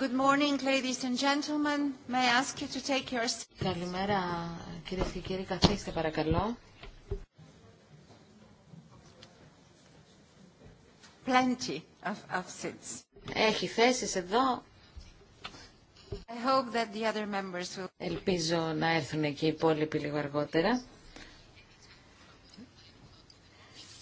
Good morning, ladies and gentlemen. May I ask you to take your... seats. Καλημέρα, κυρίε και κύριοι. Καθίστε, παρακαλώ. Plenty of, of seats. Έχει θέσεις εδώ. I hope that the other members will... Ελπίζω να έρθουν και οι υπόλοιποι λίγο αργότερα.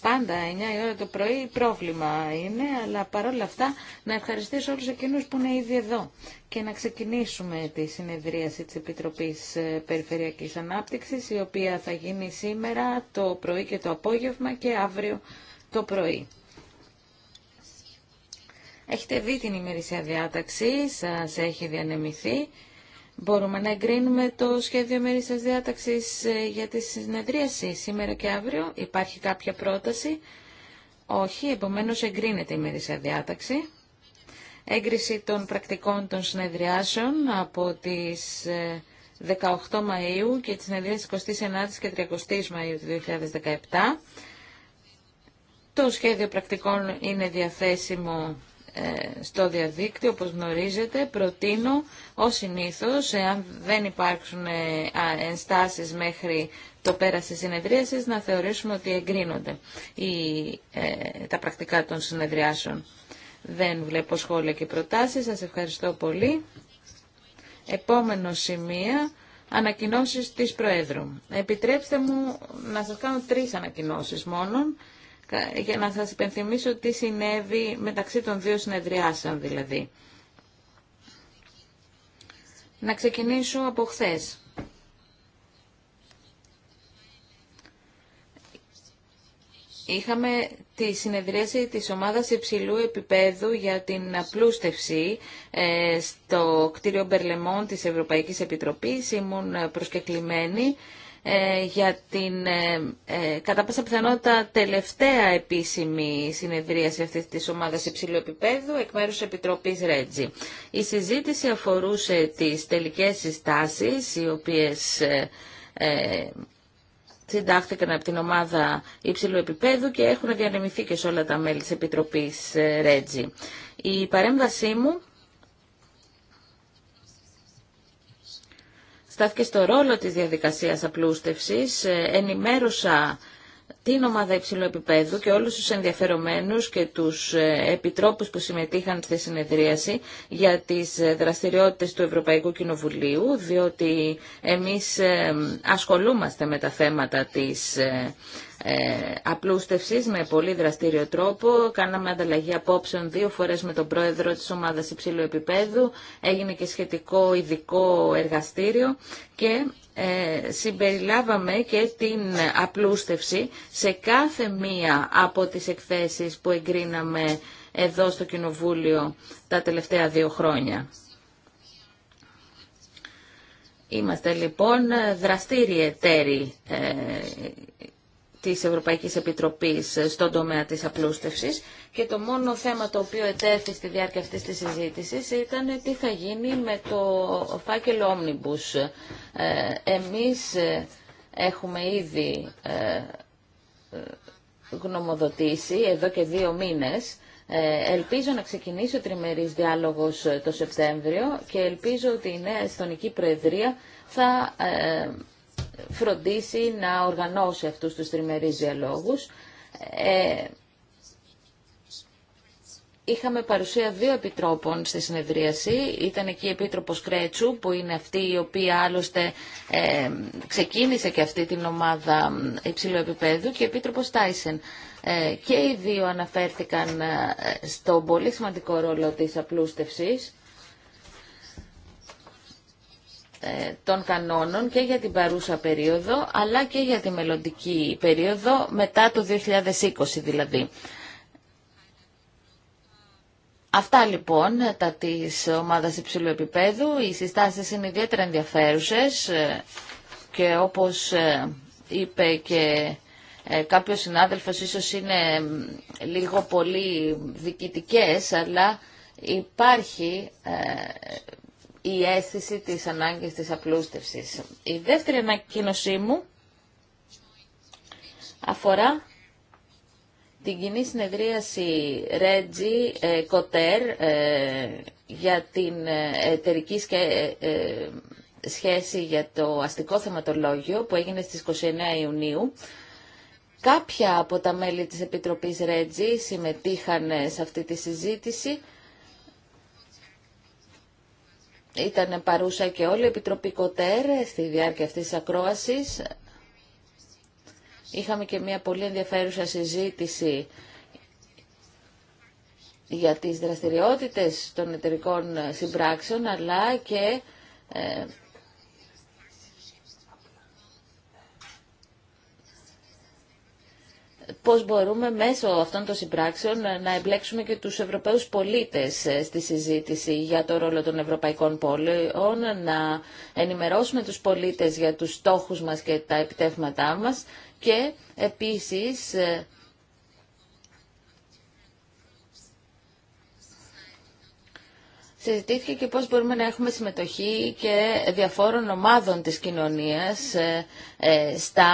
Πάντα 9 η ώρα το πρωί πρόβλημα είναι, αλλά παρόλα αυτά να ευχαριστήσω όλους εκείνους που είναι ήδη εδώ και να ξεκινήσουμε τη συνεδρίαση της Επιτροπής ε, Περιφερειακής Ανάπτυξης, η οποία θα γίνει σήμερα το πρωί και το απόγευμα και αύριο το πρωί. Έχετε δει την ημερησία διάταξη, σας έχει διανεμηθεί. Μπορούμε να εγκρίνουμε το σχέδιο μερίσας διάταξης ε, για τη συνεδρίαση σήμερα και αύριο. Υπάρχει κάποια πρόταση. Όχι, επομένως εγκρίνεται η μερίσα διάταξη. Έγκριση των πρακτικών των συνεδριάσεων από τις 18 ε, Μαΐου και τις συνεδρίες 29 και 30 Μαΐου του 2017. Το σχέδιο πρακτικών είναι διαθέσιμο ε, στο διαδίκτυο, όπως γνωρίζετε, προτείνω ως συνήθως, εάν δεν υπάρξουν ε, ενστάσεις μέχρι το πέρας της συνεδρίασης, να θεωρήσουμε ότι εγκρίνονται οι, ε, τα πρακτικά των συνεδριάσεων. Δεν βλέπω σχόλια και προτάσεις. Σας ευχαριστώ πολύ. Επόμενο σημείο, ανακοινώσεις της Προέδρου. Επιτρέψτε μου να σας κάνω τρεις ανακοινώσεις μόνον για να σας υπενθυμίσω τι συνέβη μεταξύ των δύο συνεδριάσεων δηλαδή. Να ξεκινήσω από χθες. Είχαμε τη συνεδρίαση της ομάδας υψηλού επίπεδου για την απλούστευση ε, στο κτίριο Μπερλεμόν της Ευρωπαϊκής Επιτροπής. Ήμουν προσκεκλημένη. Ε, για την ε, ε, κατά πάσα πιθανότητα τελευταία επίσημη συνεδρίαση αυτής της ομάδας υψηλού επίπεδου εκ μέρους της Επιτροπής Ρέτζη. Η συζήτηση αφορούσε τις τελικές συστάσεις οι οποίες συντάχθηκαν από την ομάδα υψηλού επίπεδου και έχουν διανεμηθεί και σε όλα τα μέλη της Επιτροπής Ρέτζη. Η παρέμβασή μου στάθηκε στο ρόλο της διαδικασίας απλούστευσης, ε, ενημέρωσα την ομάδα υψηλού επίπεδου και όλους τους ενδιαφερομένους και τους ε, επιτρόπους που συμμετείχαν στη συνεδρίαση για τις ε, δραστηριότητες του Ευρωπαϊκού Κοινοβουλίου, διότι εμείς ε, ασχολούμαστε με τα θέματα της απλούστευσης με πολύ δραστήριο τρόπο. Κάναμε ανταλλαγή απόψεων δύο φορές με τον πρόεδρο της ομάδας υψηλού επίπεδου. Έγινε και σχετικό ειδικό εργαστήριο και συμπεριλάβαμε και την απλούστευση σε κάθε μία από τις εκθέσεις που εγκρίναμε εδώ στο Κοινοβούλιο τα τελευταία δύο χρόνια. Είμαστε λοιπόν δραστήριοι εταίροι ε, της Ευρωπαϊκής Επιτροπής στον τομέα της απλούστευσης και το μόνο θέμα το οποίο ετέθη στη διάρκεια αυτής της συζήτησης ήταν τι θα γίνει με το φάκελο Omnibus. Ε, εμείς ε, έχουμε ήδη γνωμοδοτήσει εδώ και δύο μήνες. Ε, ελπίζω να ξεκινήσει ο τριμερής διάλογος ε, το Σεπτέμβριο και ελπίζω ότι η νέα Εσθονική Προεδρία θα ε, φροντίσει να οργανώσει αυτούς τους τριμερείς διαλόγους. Ε, είχαμε παρουσία δύο επιτρόπων στη συνεδρίαση. Ήταν εκεί η Επίτροπος Κρέτσου, που είναι αυτή η οποία άλλωστε ε, ξεκίνησε και αυτή την ομάδα υψηλού επίπεδου, και η Επίτροπος Τάισεν. Ε, και οι δύο αναφέρθηκαν ε, στο πολύ σημαντικό ρόλο της απλούστευσης των κανόνων και για την παρούσα περίοδο αλλά και για τη μελλοντική περίοδο μετά το 2020 δηλαδή. Αυτά λοιπόν τα της ομάδας υψηλού επίπεδου. Οι συστάσεις είναι ιδιαίτερα ενδιαφέρουσες ε, και όπως ε, είπε και ε, κάποιος συνάδελφος ίσως είναι λίγο πολύ δικητικές, αλλά υπάρχει η αίσθηση της ανάγκης της απλούστευσης. Η δεύτερη ανακοίνωσή μου αφορά την κοινή συνεδρίαση Ρέτζι ε, Κοτέρ ε, για την ε, εταιρική σχέση για το αστικό θεματολόγιο που έγινε στις 29 Ιουνίου. Κάποια από τα μέλη της Επιτροπής Ρέτζι συμμετείχαν σε αυτή τη συζήτηση. Ήταν παρούσα και όλη η Επιτροπή Κοτέρ στη διάρκεια αυτής της ακρόασης. Είχαμε και μια πολύ ενδιαφέρουσα συζήτηση για τις δραστηριότητες των εταιρικών συμπράξεων, αλλά και ε, πώς μπορούμε μέσω αυτών των συμπράξεων να εμπλέξουμε και τους Ευρωπαίους πολίτες ε, στη συζήτηση για το ρόλο των Ευρωπαϊκών Πόλεων, να ενημερώσουμε τους πολίτες για τους στόχους μας και τα επιτεύγματά μας και επίσης ε, Συζητήθηκε και πώς μπορούμε να έχουμε συμμετοχή και διαφόρων ομάδων της κοινωνίας ε, ε, στα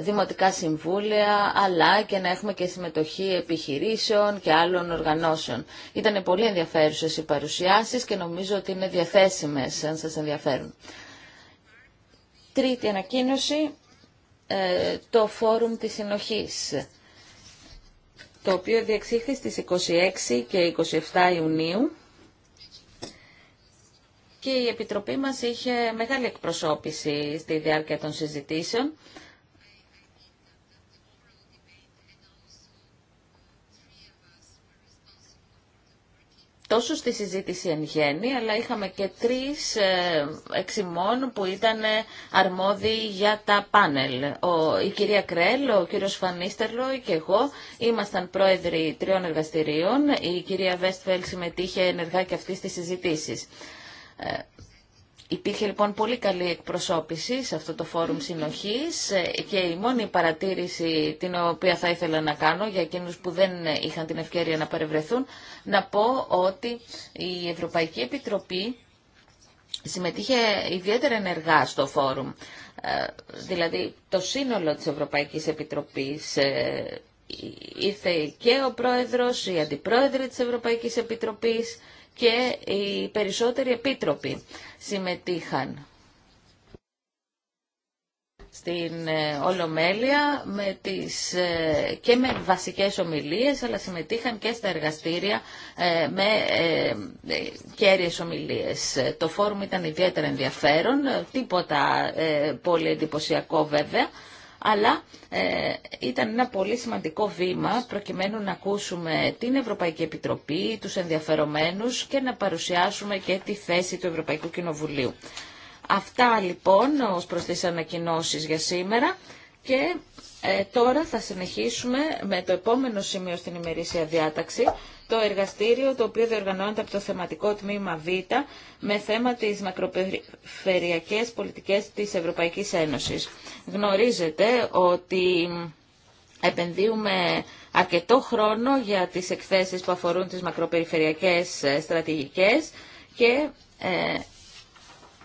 δημοτικά συμβούλια, αλλά και να έχουμε και συμμετοχή επιχειρήσεων και άλλων οργανώσεων. Ήταν πολύ ενδιαφέρουσες οι παρουσιάσεις και νομίζω ότι είναι διαθέσιμες αν σας ενδιαφέρουν. Τρίτη ανακοίνωση. Ε, το Φόρουμ της Συνοχής, το οποίο διεξήχθη στις 26 και 27 Ιουνίου και η Επιτροπή μας είχε μεγάλη εκπροσώπηση στη διάρκεια των συζητήσεων. τόσο στη συζήτηση εν γέννη, αλλά είχαμε και τρεις ε, εξημών που ήταν αρμόδιοι για τα πάνελ. Ο, η κυρία Κρέλ, ο κύριος Φανίστερλο και εγώ ήμασταν πρόεδροι τριών εργαστηρίων. Η κυρία Βέστφελ συμμετείχε ενεργά και αυτή στις συζητήσεις. Ε, Υπήρχε λοιπόν πολύ καλή εκπροσώπηση σε αυτό το φόρουμ συνοχής ε, και η μόνη παρατήρηση την οποία θα ήθελα να κάνω για εκείνους που δεν είχαν την ευκαιρία να παρευρεθούν, να πω ότι η Ευρωπαϊκή Επιτροπή συμμετείχε ιδιαίτερα ενεργά στο φόρουμ. Ε, δηλαδή το σύνολο της Ευρωπαϊκής Επιτροπής ε, ήρθε και ο πρόεδρος, η αντιπρόεδρη της Ευρωπαϊκής Επιτροπής, και οι περισσότεροι επίτροποι συμμετείχαν στην ε, Ολομέλεια με τις, ε, και με βασικές ομιλίες, αλλά συμμετείχαν και στα εργαστήρια ε, με κέρυες ομιλίες. Το φόρουμ ήταν ιδιαίτερα ενδιαφέρον, τίποτα πολύ εντυπωσιακό βέβαια αλλά ε, ήταν ένα πολύ σημαντικό βήμα προκειμένου να ακούσουμε την Ευρωπαϊκή Επιτροπή, τους ενδιαφερομένους και να παρουσιάσουμε και τη θέση του Ευρωπαϊκού Κοινοβουλίου. Αυτά λοιπόν ως προς τις ανακοινώσεις για σήμερα και ε, τώρα θα συνεχίσουμε με το επόμενο σημείο στην ημερήσια διάταξη, το εργαστήριο το οποίο διοργανώνεται από το θεματικό τμήμα Β με θέμα τις μακροπεριφερειακές πολιτικές της Ευρωπαϊκής Ένωσης. Γνωρίζετε ότι επενδύουμε αρκετό χρόνο για τις εκθέσεις που αφορούν τις μακροπεριφερειακές ε, στρατηγικές και ε,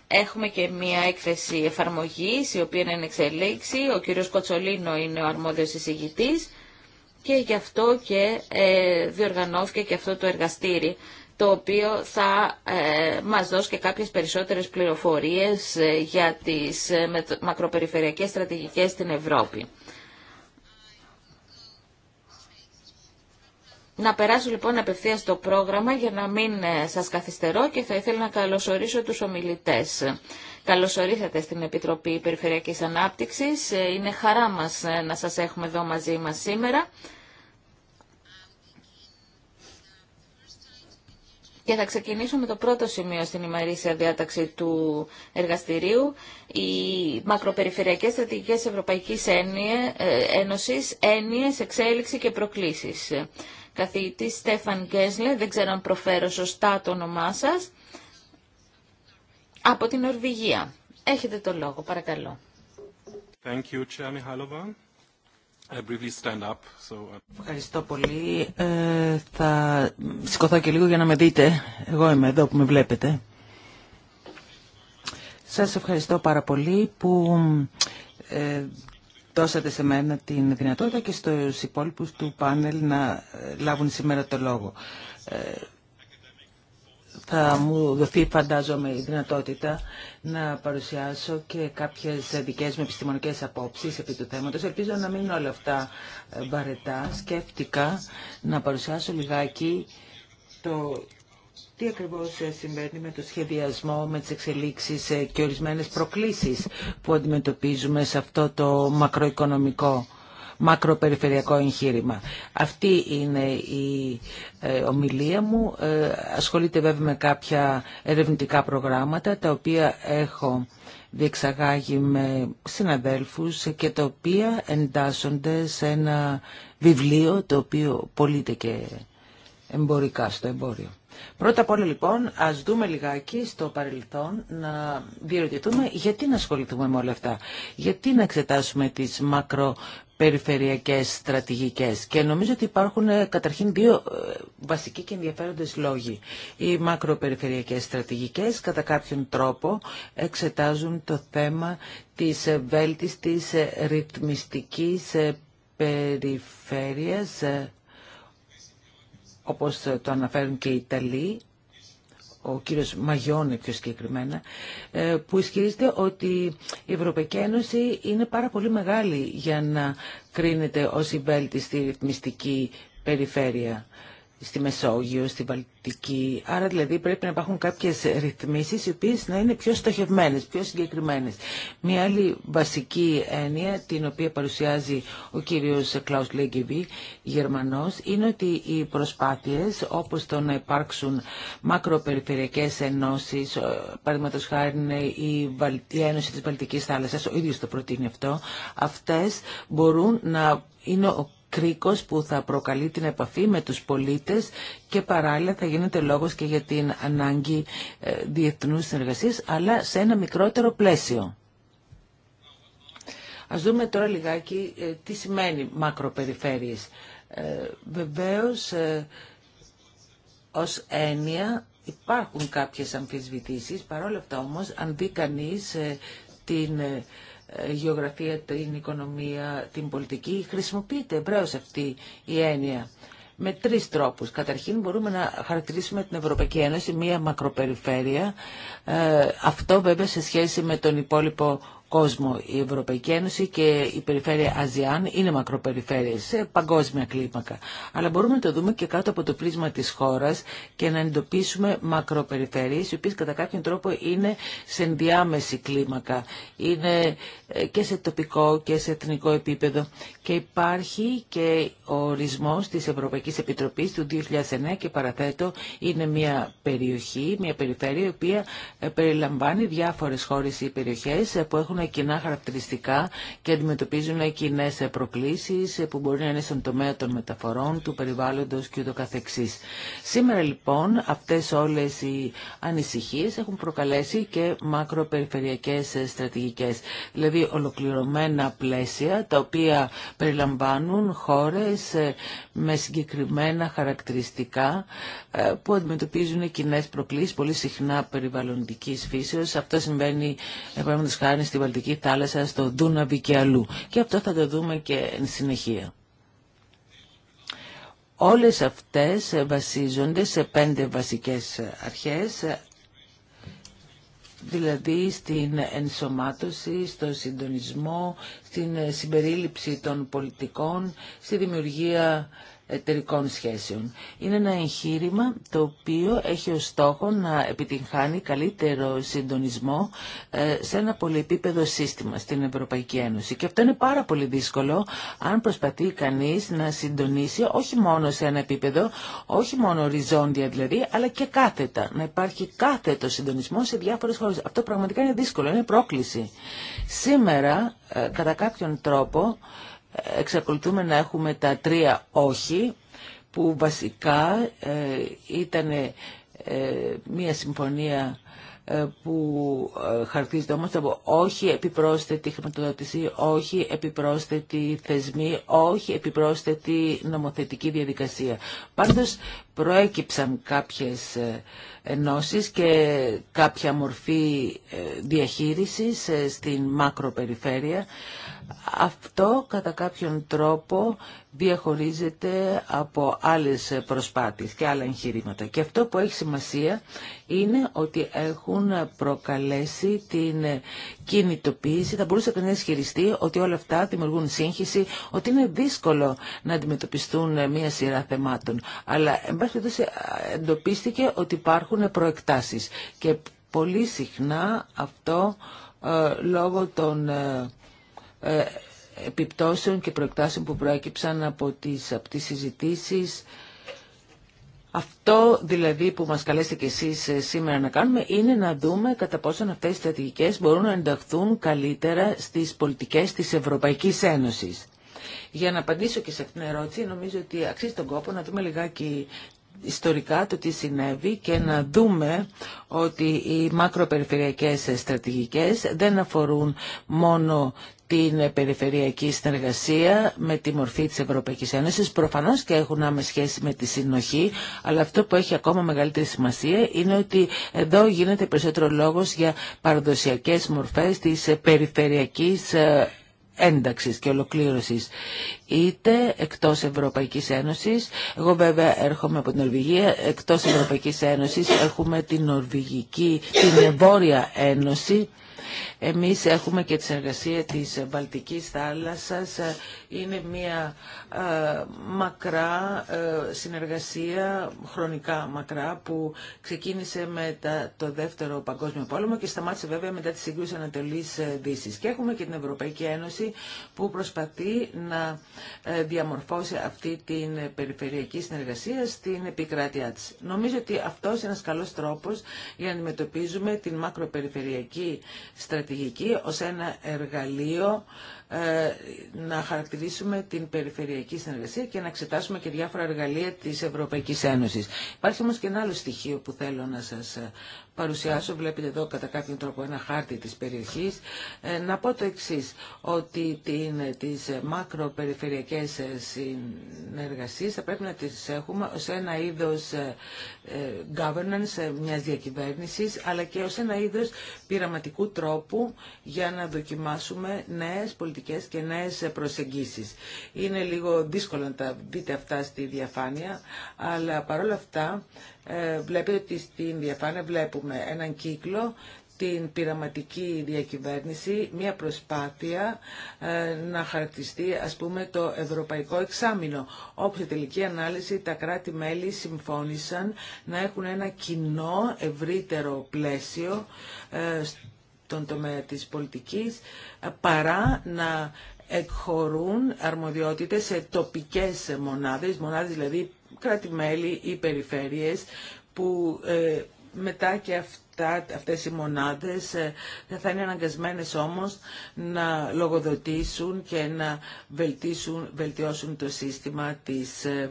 Έχουμε και μία έκθεση εφαρμογής, η οποία είναι εξελίξη. Ο κύριος Κοτσολίνο είναι ο αρμόδιος εισηγητής και γι' αυτό και ε, διοργανώθηκε και αυτό το εργαστήρι, το οποίο θα ε, μας δώσει και κάποιες περισσότερες πληροφορίες ε, για τις ε, μακροπεριφερειακές στρατηγικές στην Ευρώπη. Να περάσω λοιπόν απευθεία στο πρόγραμμα για να μην ε, σας καθυστερώ και θα ήθελα να καλωσορίσω τους ομιλητές. Καλωσορίσατε στην Επιτροπή Περιφερειακής Ανάπτυξης. Ε, είναι χαρά μας ε, να σας έχουμε εδώ μαζί μας σήμερα. Και θα ξεκινήσω με το πρώτο σημείο στην ημερήσια διάταξη του εργαστηρίου. Οι μακροπεριφερειακές στρατηγικές Ευρωπαϊκής Ένωσης, έννοιες, εξέλιξη και προκλήσεις καθηγητή Στέφαν Γκέσλε, δεν ξέρω αν προφέρω σωστά το όνομά σας, από την Νορβηγία. Έχετε το λόγο, παρακαλώ. Thank you, uh, Ευχαριστώ πολύ. Ε, θα σηκωθώ και λίγο για να με δείτε. Εγώ είμαι εδώ που με βλέπετε. Σας ευχαριστώ πάρα πολύ που ε, δώσατε σε μένα την δυνατότητα και στους υπόλοιπους του πάνελ να ε, λάβουν σήμερα το λόγο. Ε, θα μου δοθεί φαντάζομαι η δυνατότητα να παρουσιάσω και κάποιες δικές μου επιστημονικές απόψεις επί του θέματος. Ελπίζω να μην είναι όλα αυτά ε, βαρετά. Σκέφτηκα να παρουσιάσω λιγάκι το τι ακριβώς συμβαίνει με το σχεδιασμό, με τις εξελίξεις ε, και ορισμένες προκλήσεις που αντιμετωπίζουμε σε αυτό το μακροοικονομικό μακροπεριφερειακό εγχείρημα. Αυτή είναι η ε, ομιλία μου. Ε, ασχολείται βέβαια με κάποια ερευνητικά προγράμματα τα οποία έχω διεξαγάγει με συναδέλφους και τα οποία εντάσσονται σε ένα βιβλίο το οποίο πωλείται και εμπορικά στο εμπόριο. Πρώτα απ' όλα λοιπόν ας δούμε λιγάκι στο παρελθόν να διερωτηθούμε γιατί να ασχοληθούμε με όλα αυτά. Γιατί να εξετάσουμε τις μακροπεριφερειακές στρατηγικές και νομίζω ότι υπάρχουν ε, καταρχήν δύο ε, βασικοί και ενδιαφέροντες λόγοι. Οι μακροπεριφερειακές στρατηγικές κατά κάποιον τρόπο εξετάζουν το θέμα της βέλτιστης ε, ρυθμιστικής περιφέρειας όπως το αναφέρουν και οι Ιταλοί, ο κύριος Μαγιώνε πιο συγκεκριμένα, ε, που ισχυρίζεται ότι η Ευρωπαϊκή Ένωση είναι πάρα πολύ μεγάλη για να κρίνεται ως η βέλτιστη ρυθμιστική περιφέρεια στη Μεσόγειο, στη Βαλτική. Άρα δηλαδή πρέπει να υπάρχουν κάποιες ρυθμίσεις οι οποίε να είναι πιο στοχευμένε, πιο συγκεκριμένες. Μία άλλη βασική έννοια την οποία παρουσιάζει ο κύριος Κλάους Λέγκεβι, Γερμανός, είναι ότι οι προσπάθειες όπως το να υπάρξουν μακροπεριφερειακές ενώσεις, παραδείγματο χάρη είναι η Ένωση της Βαλτικής Θάλασσας, ο ίδιος το προτείνει αυτό, αυτές μπορούν να είναι ο κρίκος που θα προκαλεί την επαφή με τους πολίτες και παράλληλα θα γίνεται λόγος και για την ανάγκη ε, διεθνούς συνεργασίας, αλλά σε ένα μικρότερο πλαίσιο. Ας δούμε τώρα λιγάκι ε, τι σημαίνει μακροπεριφέρειες. Ε, βεβαίως, ως έννοια υπάρχουν κάποιες αμφισβητήσεις, παρόλα αυτά όμως, αν δει κανείς την ε, γεωγραφία, την οικονομία, την πολιτική. Χρησιμοποιείται εμπρέως αυτή η έννοια με τρεις τρόπους. Καταρχήν μπορούμε να χαρακτηρίσουμε την Ευρωπαϊκή Ένωση μία μακροπεριφέρεια. Ε, αυτό βέβαια σε σχέση με τον υπόλοιπο κόσμο η Ευρωπαϊκή Ένωση και η περιφέρεια Αζιάν είναι μακροπεριφέρειες σε παγκόσμια κλίμακα. Αλλά μπορούμε να το δούμε και κάτω από το πρίσμα της χώρας και να εντοπίσουμε μακροπεριφέρειες οι οποίες κατά κάποιον τρόπο είναι σε ενδιάμεση κλίμακα. Είναι ε, και σε τοπικό και σε εθνικό επίπεδο. Και υπάρχει και ο ορισμός της Ευρωπαϊκής Επιτροπής του 2009 και παραθέτω είναι μια περιοχή, μια περιφέρεια η οποία ε, περιλαμβάνει διάφορες χώρες ή περιοχές ε, που έχουν κοινά χαρακτηριστικά και αντιμετωπίζουν κοινέ προκλήσει που μπορεί να είναι στον τομέα των μεταφορών, του περιβάλλοντο και καθεξής. Σήμερα λοιπόν αυτέ όλε οι ανησυχίε έχουν προκαλέσει και μακροπεριφερειακές στρατηγικέ, δηλαδή ολοκληρωμένα πλαίσια τα οποία περιλαμβάνουν χώρε ε, με συγκεκριμένα χαρακτηριστικά ε, που αντιμετωπίζουν κοινέ προκλήσει πολύ συχνά περιβαλλοντική φύσεω. Αυτό συμβαίνει, χάρη, στη Βαλτική θάλασσα, στο Δούναβι και αλλού. Και αυτό θα το δούμε και συνεχεία. Όλες αυτές βασίζονται σε πέντε βασικές αρχές, δηλαδή στην ενσωμάτωση, στο συντονισμό, στην συμπερίληψη των πολιτικών, στη δημιουργία εταιρικών σχέσεων. Είναι ένα εγχείρημα το οποίο έχει ως στόχο να επιτυγχάνει καλύτερο συντονισμό ε, σε ένα πολυεπίπεδο σύστημα στην Ευρωπαϊκή Ένωση. Και αυτό είναι πάρα πολύ δύσκολο αν προσπαθεί κανείς να συντονίσει όχι μόνο σε ένα επίπεδο, όχι μόνο οριζόντια δηλαδή, αλλά και κάθετα. Να υπάρχει κάθετο συντονισμό σε διάφορες χώρες. Αυτό πραγματικά είναι δύσκολο, είναι πρόκληση. Σήμερα, ε, κατά κάποιον τρόπο, εξακολουθούμε να έχουμε τα τρία όχι που βασικά ε, ήταν ε, μια συμφωνία ε, που χαρτίζεται όμως από όχι επιπρόσθετη χρηματοδότηση, όχι επιπρόσθετη θεσμή, όχι επιπρόσθετη νομοθετική διαδικασία. Πάντως προέκυψαν κάποιες ενώσεις και κάποια μορφή διαχείρισης στην μακροπεριφέρεια. Αυτό κατά κάποιον τρόπο διαχωρίζεται από άλλες προσπάθειες και άλλα εγχειρήματα. Και αυτό που έχει σημασία είναι ότι έχουν προκαλέσει την κινητοποίηση. Θα μπορούσε κανείς να ισχυριστεί ότι όλα αυτά δημιουργούν σύγχυση, ότι είναι δύσκολο να αντιμετωπιστούν μία σειρά θεμάτων. Αλλά εν πάση εντοπίστηκε ότι υπάρχουν προεκτάσεις. Και πολύ συχνά αυτό ε, λόγω των... Ε, ε, επιπτώσεων και προεκτάσεων που προέκυψαν από τις, από τις συζητήσεις. Αυτό δηλαδή που μας καλέσετε και εσείς ε, σήμερα να κάνουμε είναι να δούμε κατά πόσον αυτές οι στρατηγικές μπορούν να ενταχθούν καλύτερα στις πολιτικές της Ευρωπαϊκής Ένωσης. Για να απαντήσω και σε αυτήν την ερώτηση, νομίζω ότι αξίζει τον κόπο να δούμε λιγάκι ιστορικά το τι συνέβη και να δούμε ότι οι μακροπεριφερειακές στρατηγικές δεν αφορούν μόνο την περιφερειακή συνεργασία με τη μορφή της Ευρωπαϊκής Ένωσης. Προφανώς και έχουν άμεση σχέση με τη συνοχή, αλλά αυτό που έχει ακόμα μεγαλύτερη σημασία είναι ότι εδώ γίνεται περισσότερο λόγος για παραδοσιακές μορφές της περιφερειακής ε, ένταξης και ολοκλήρωσης είτε εκτός Ευρωπαϊκής Ένωσης εγώ βέβαια έρχομαι από την Νορβηγία εκτός Ευρωπαϊκής Ένωσης έχουμε την Νορβηγική την Βόρεια Ένωση εμείς έχουμε και τη συνεργασία της Βαλτικής θάλασσας. Είναι μια ε, μακρά ε, συνεργασία, χρονικά μακρά, που ξεκίνησε με το Δεύτερο Παγκόσμιο Πόλεμο και σταμάτησε βέβαια μετά τη συγκρούση Ανατολής ε, Δύσης. Και έχουμε και την Ευρωπαϊκή Ένωση που προσπαθεί να διαμορφώσει αυτή την περιφερειακή συνεργασία στην επικράτειά της. Νομίζω ότι αυτός είναι ένας καλός τρόπος για να αντιμετωπίζουμε την μακροπεριφερειακή στρατηγική στρατηγική ως ένα εργαλείο ε, να χαρακτηρίσουμε την περιφερειακή συνεργασία και να εξετάσουμε και διάφορα εργαλεία της Ευρωπαϊκής Ένωσης. Υπάρχει όμως και ένα άλλο στοιχείο που θέλω να σας ε, παρουσιάσω. Βλέπετε εδώ κατά κάποιον τρόπο ένα χάρτη της περιοχής. Ε, να πω το εξής, ότι την, τις μακροπεριφερειακές ε, συνεργασίες θα πρέπει να τις έχουμε ως ένα είδος ε, governance μιας διακυβέρνησης, αλλά και ως ένα είδος πειραματικού τρόπου για να δοκιμάσουμε νέες πολιτικές και νέες προσεγγίσεις. Είναι λίγο δύσκολο να τα δείτε αυτά στη διαφάνεια, αλλά παρόλα αυτά ε, βλέπετε ότι στην διαφάνεια βλέπουμε έναν κύκλο την πειραματική διακυβέρνηση μια προσπάθεια ε, να χαρακτηριστεί ας πούμε το ευρωπαϊκό εξάμεινο όπου σε τελική ανάλυση τα κράτη-μέλη συμφώνησαν να έχουν ένα κοινό ευρύτερο πλαίσιο ε, στον τομέα της πολιτικής ε, παρά να εκχωρούν αρμοδιότητες σε τοπικές μονάδες, μονάδες δηλαδή κράτη-μέλη ή περιφέρειες που ε, μετά και αυτά, αυτές οι μονάδες ε, θα είναι αναγκασμένες όμως να λογοδοτήσουν και να βελτίσουν, βελτιώσουν το σύστημα της ε,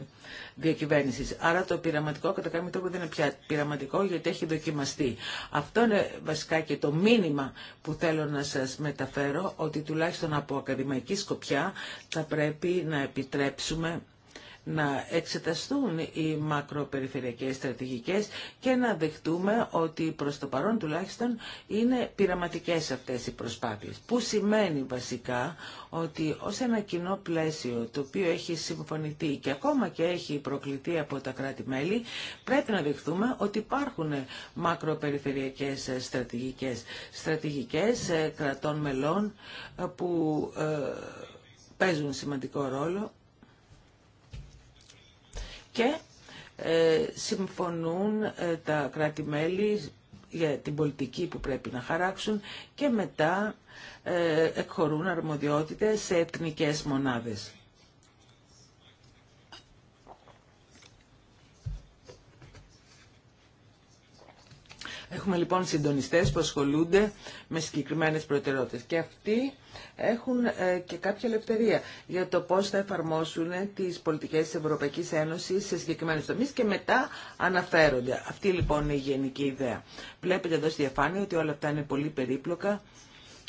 διακυβέρνησης. Άρα το πειραματικό κατά κάποιο τρόπο δεν είναι πια πειραματικό γιατί έχει δοκιμαστεί. Αυτό είναι βασικά και το μήνυμα που θέλω να σας μεταφέρω ότι τουλάχιστον από ακαδημαϊκή σκοπιά θα πρέπει να επιτρέψουμε να εξεταστούν οι μακροπεριφερειακές στρατηγικές και να δεχτούμε ότι προς το παρόν τουλάχιστον είναι πειραματικές αυτές οι προσπάθειες. Που σημαίνει βασικά ότι ως ένα κοινό πλαίσιο το οποίο έχει συμφωνηθεί και ακόμα και έχει προκληθεί από τα κράτη-μέλη πρέπει να δεχτούμε ότι υπάρχουν μακροπεριφερειακές στρατηγικές. Στρατηγικές ε, κρατών μελών ε, που ε, παίζουν σημαντικό ρόλο και ε, συμφωνούν ε, τα κράτη-μέλη για την πολιτική που πρέπει να χαράξουν και μετά ε, εκχωρούν αρμοδιότητες σε εθνικές μονάδες. Έχουμε λοιπόν συντονιστές που ασχολούνται με συγκεκριμένες προτεραιότητες και αυτοί έχουν ε, και κάποια ελευθερία για το πώς θα εφαρμόσουν τις πολιτικές της Ευρωπαϊκής Ένωσης σε συγκεκριμένες τομείς και μετά αναφέρονται. Αυτή λοιπόν είναι η γενική ιδέα. Βλέπετε εδώ στη διαφάνεια ότι όλα αυτά είναι πολύ περίπλοκα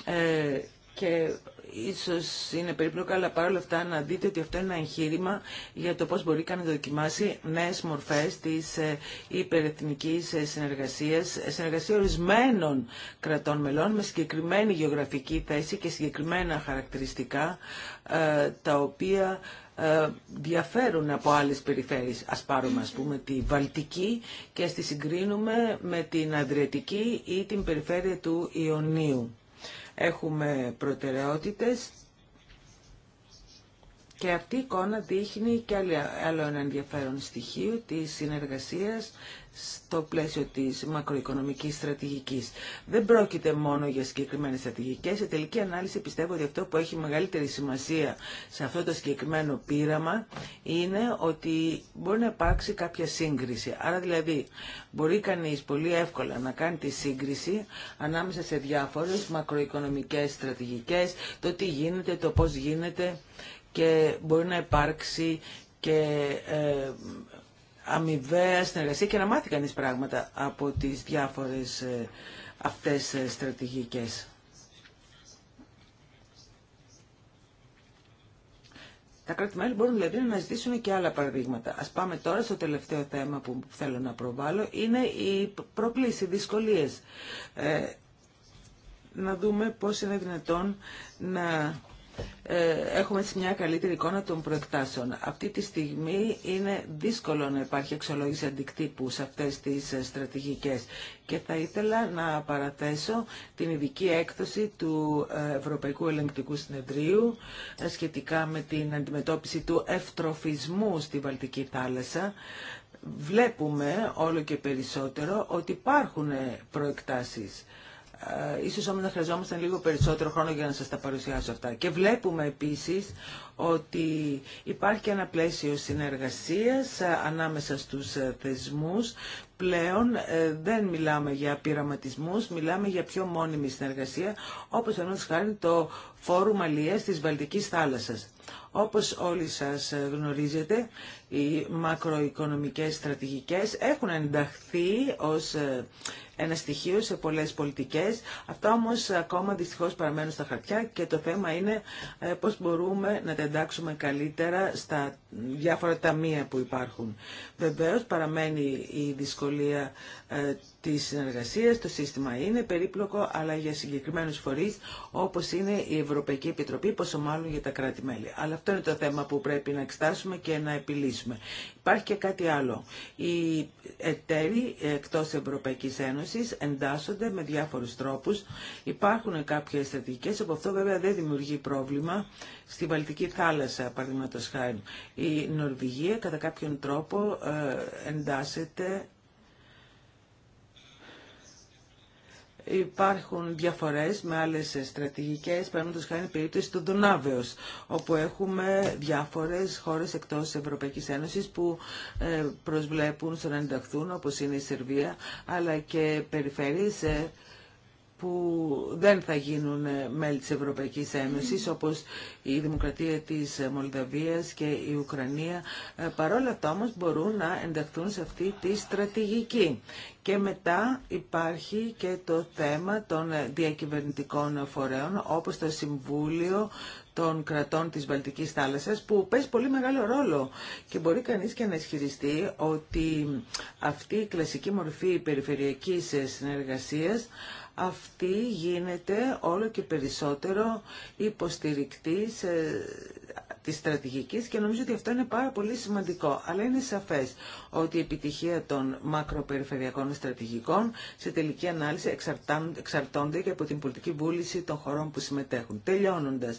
ε, και ίσως είναι περίπλοκα, αλλά παρόλα αυτά να δείτε ότι αυτό είναι ένα εγχείρημα για το πώς μπορεί κανείς να δοκιμάσει νέες μορφές της ε, υπερεθνικής ε, συνεργασίας, ε, συνεργασία ορισμένων κρατών μελών με συγκεκριμένη γεωγραφική θέση και συγκεκριμένα χαρακτηριστικά, τα οποία διαφέρουν από άλλες περιφέρειες. Ας πάρουμε ας πούμε τη Βαλτική και ας τη συγκρίνουμε με την Αδριατική ή την περιφέρεια του Ιωνίου. Έχουμε προτεραιότητες και αυτή η εικόνα δείχνει και άλλο ένα ενδιαφέρον στοιχείο της συνεργασίας στο πλαίσιο της μακροοικονομικής στρατηγικής. Δεν πρόκειται μόνο για συγκεκριμένες στρατηγικές. Σε τελική ανάλυση πιστεύω ότι αυτό που έχει μεγαλύτερη σημασία σε αυτό το συγκεκριμένο πείραμα είναι ότι μπορεί να υπάρξει κάποια σύγκριση. Άρα δηλαδή μπορεί κανείς πολύ εύκολα να κάνει τη σύγκριση ανάμεσα σε διάφορες μακροοικονομικές στρατηγικές, το τι γίνεται, το πώς γίνεται και μπορεί να υπάρξει και ε, αμοιβαία συνεργασία και να μάθει κανείς πράγματα από τις διάφορες ε, αυτές ε, στρατηγικές. Τα κράτη-μέλη μπορούν δηλαδή να ζητήσουν και άλλα παραδείγματα. Ας πάμε τώρα στο τελευταίο θέμα που θέλω να προβάλλω. Είναι οι προκλήσεις, οι δυσκολίες. Ε, να δούμε πώς είναι δυνατόν να ε, έχουμε μια καλύτερη εικόνα των προεκτάσεων. Αυτή τη στιγμή είναι δύσκολο να υπάρχει εξολόγηση αντικτύπου σε αυτές τις ε, στρατηγικές και θα ήθελα να παραθέσω την ειδική έκδοση του ε, Ευρωπαϊκού Ελεγκτικού Συνεδρίου σχετικά με την αντιμετώπιση του ευτροφισμού στη Βαλτική θάλασσα. Βλέπουμε όλο και περισσότερο ότι υπάρχουν προεκτάσεις ε, ίσως όμως να χρειαζόμαστε λίγο περισσότερο χρόνο για να σας τα παρουσιάσω αυτά. Και βλέπουμε επίσης ότι υπάρχει ένα πλαίσιο συνεργασίας ε, ανάμεσα στους ε, θεσμούς. Πλέον δεν μιλάμε για πειραματισμούς, μιλάμε για πιο μόνιμη συνεργασία, όπως ενώ χάρη το Φόρουμ Αλίας της Βαλτικής Θάλασσας. Όπως όλοι σας γνωρίζετε, οι μακροοικονομικές στρατηγικές έχουν ενταχθεί ως ε, ένα στοιχείο σε πολλές πολιτικές. Αυτά όμως ακόμα δυστυχώς παραμένουν στα χαρτιά και το θέμα είναι ε, πώς μπορούμε να τα εντάξουμε καλύτερα στα διάφορα ταμεία που υπάρχουν. Βεβαίως παραμένει η δυσκολία ε, της συνεργασίας, το σύστημα είναι περίπλοκο, αλλά για συγκεκριμένους φορείς όπως είναι η Ευρωπαϊκή Επιτροπή, πόσο μάλλον για τα κράτη-μέλη. Αλλά αυτό είναι το θέμα που πρέπει να εξετάσουμε και να επιλύσουμε. Υπάρχει και κάτι άλλο. Οι εταίροι εκτός Ευρωπαϊκής Ένωσης εντάσσονται με διάφορους τρόπους. Υπάρχουν κάποιες στρατηγικές, από αυτό βέβαια δεν δημιουργεί πρόβλημα στη Βαλτική θάλασσα, παραδείγματος χάρη. Η Νορβηγία κατά κάποιον τρόπο ε, εντάσσεται Υπάρχουν διαφορές με άλλες στρατηγικές, παραδείγματος χάρη περίπτωση του Δουνάβεως, όπου έχουμε διάφορες χώρες εκτός Ευρωπαϊκής Ένωσης που ε, προσβλέπουν στο να ενταχθούν, όπως είναι η Σερβία, αλλά και περιφέρειες ε, που δεν θα γίνουν μέλη της Ευρωπαϊκής Ένωσης όπως η Δημοκρατία της Μολδαβίας και η Ουκρανία. Ε, παρόλα αυτά όμως μπορούν να ενταχθούν σε αυτή τη στρατηγική. Και μετά υπάρχει και το θέμα των διακυβερνητικών φορέων όπως το Συμβούλιο των κρατών της Βαλτικής θάλασσας που παίζει πολύ μεγάλο ρόλο και μπορεί κανείς και να ισχυριστεί ότι αυτή η κλασική μορφή περιφερειακής συνεργασίας αυτή γίνεται όλο και περισσότερο υποστηρικτή Τη στρατηγική και νομίζω ότι αυτό είναι πάρα πολύ σημαντικό. Αλλά είναι σαφέ ότι η επιτυχία των μακροπεριφερειακών στρατηγικών σε τελική ανάλυση εξαρτώνται και από την πολιτική βούληση των χωρών που συμμετέχουν. τελειώνοντα.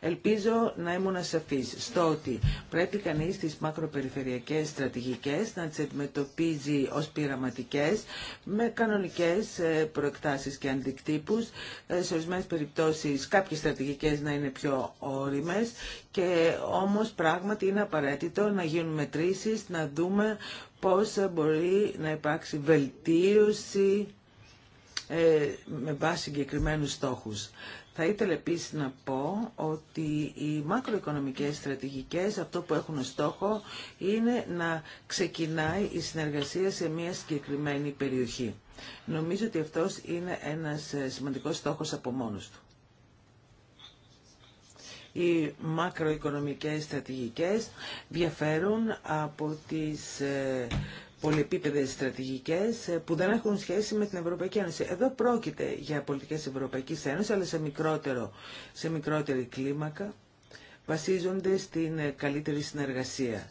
ελπίζω να ήμουν σαφής στο ότι πρέπει κανεί τι μακροπεριφερειακές στρατηγικέ, να τι αντιμετωπίζει ω πειραματικέ με κανονικέ ε, προεκτάσει και αντικτύπου, ε, σε ορισμένε περιπτώσει, κάποιε στρατηγικέ να είναι πιο όριμε και όμως πράγματι είναι απαραίτητο να γίνουν μετρήσεις, να δούμε πώς μπορεί να υπάρξει βελτίωση ε, με βάση συγκεκριμένους στόχους. Θα ήθελα επίσης να πω ότι οι μακροοικονομικές στρατηγικές αυτό που έχουν στόχο είναι να ξεκινάει η συνεργασία σε μια συγκεκριμένη περιοχή. Νομίζω ότι αυτός είναι ένας ε, σημαντικός στόχος από μόνος του. Οι μακροοικονομικές στρατηγικές διαφέρουν από τις ε, πολυεπίπεδες στρατηγικές ε, που δεν έχουν σχέση με την Ευρωπαϊκή Ένωση. Εδώ πρόκειται για πολιτικές Ευρωπαϊκής Ένωσης, αλλά σε, μικρότερο, σε μικρότερη κλίμακα βασίζονται στην ε, καλύτερη συνεργασία.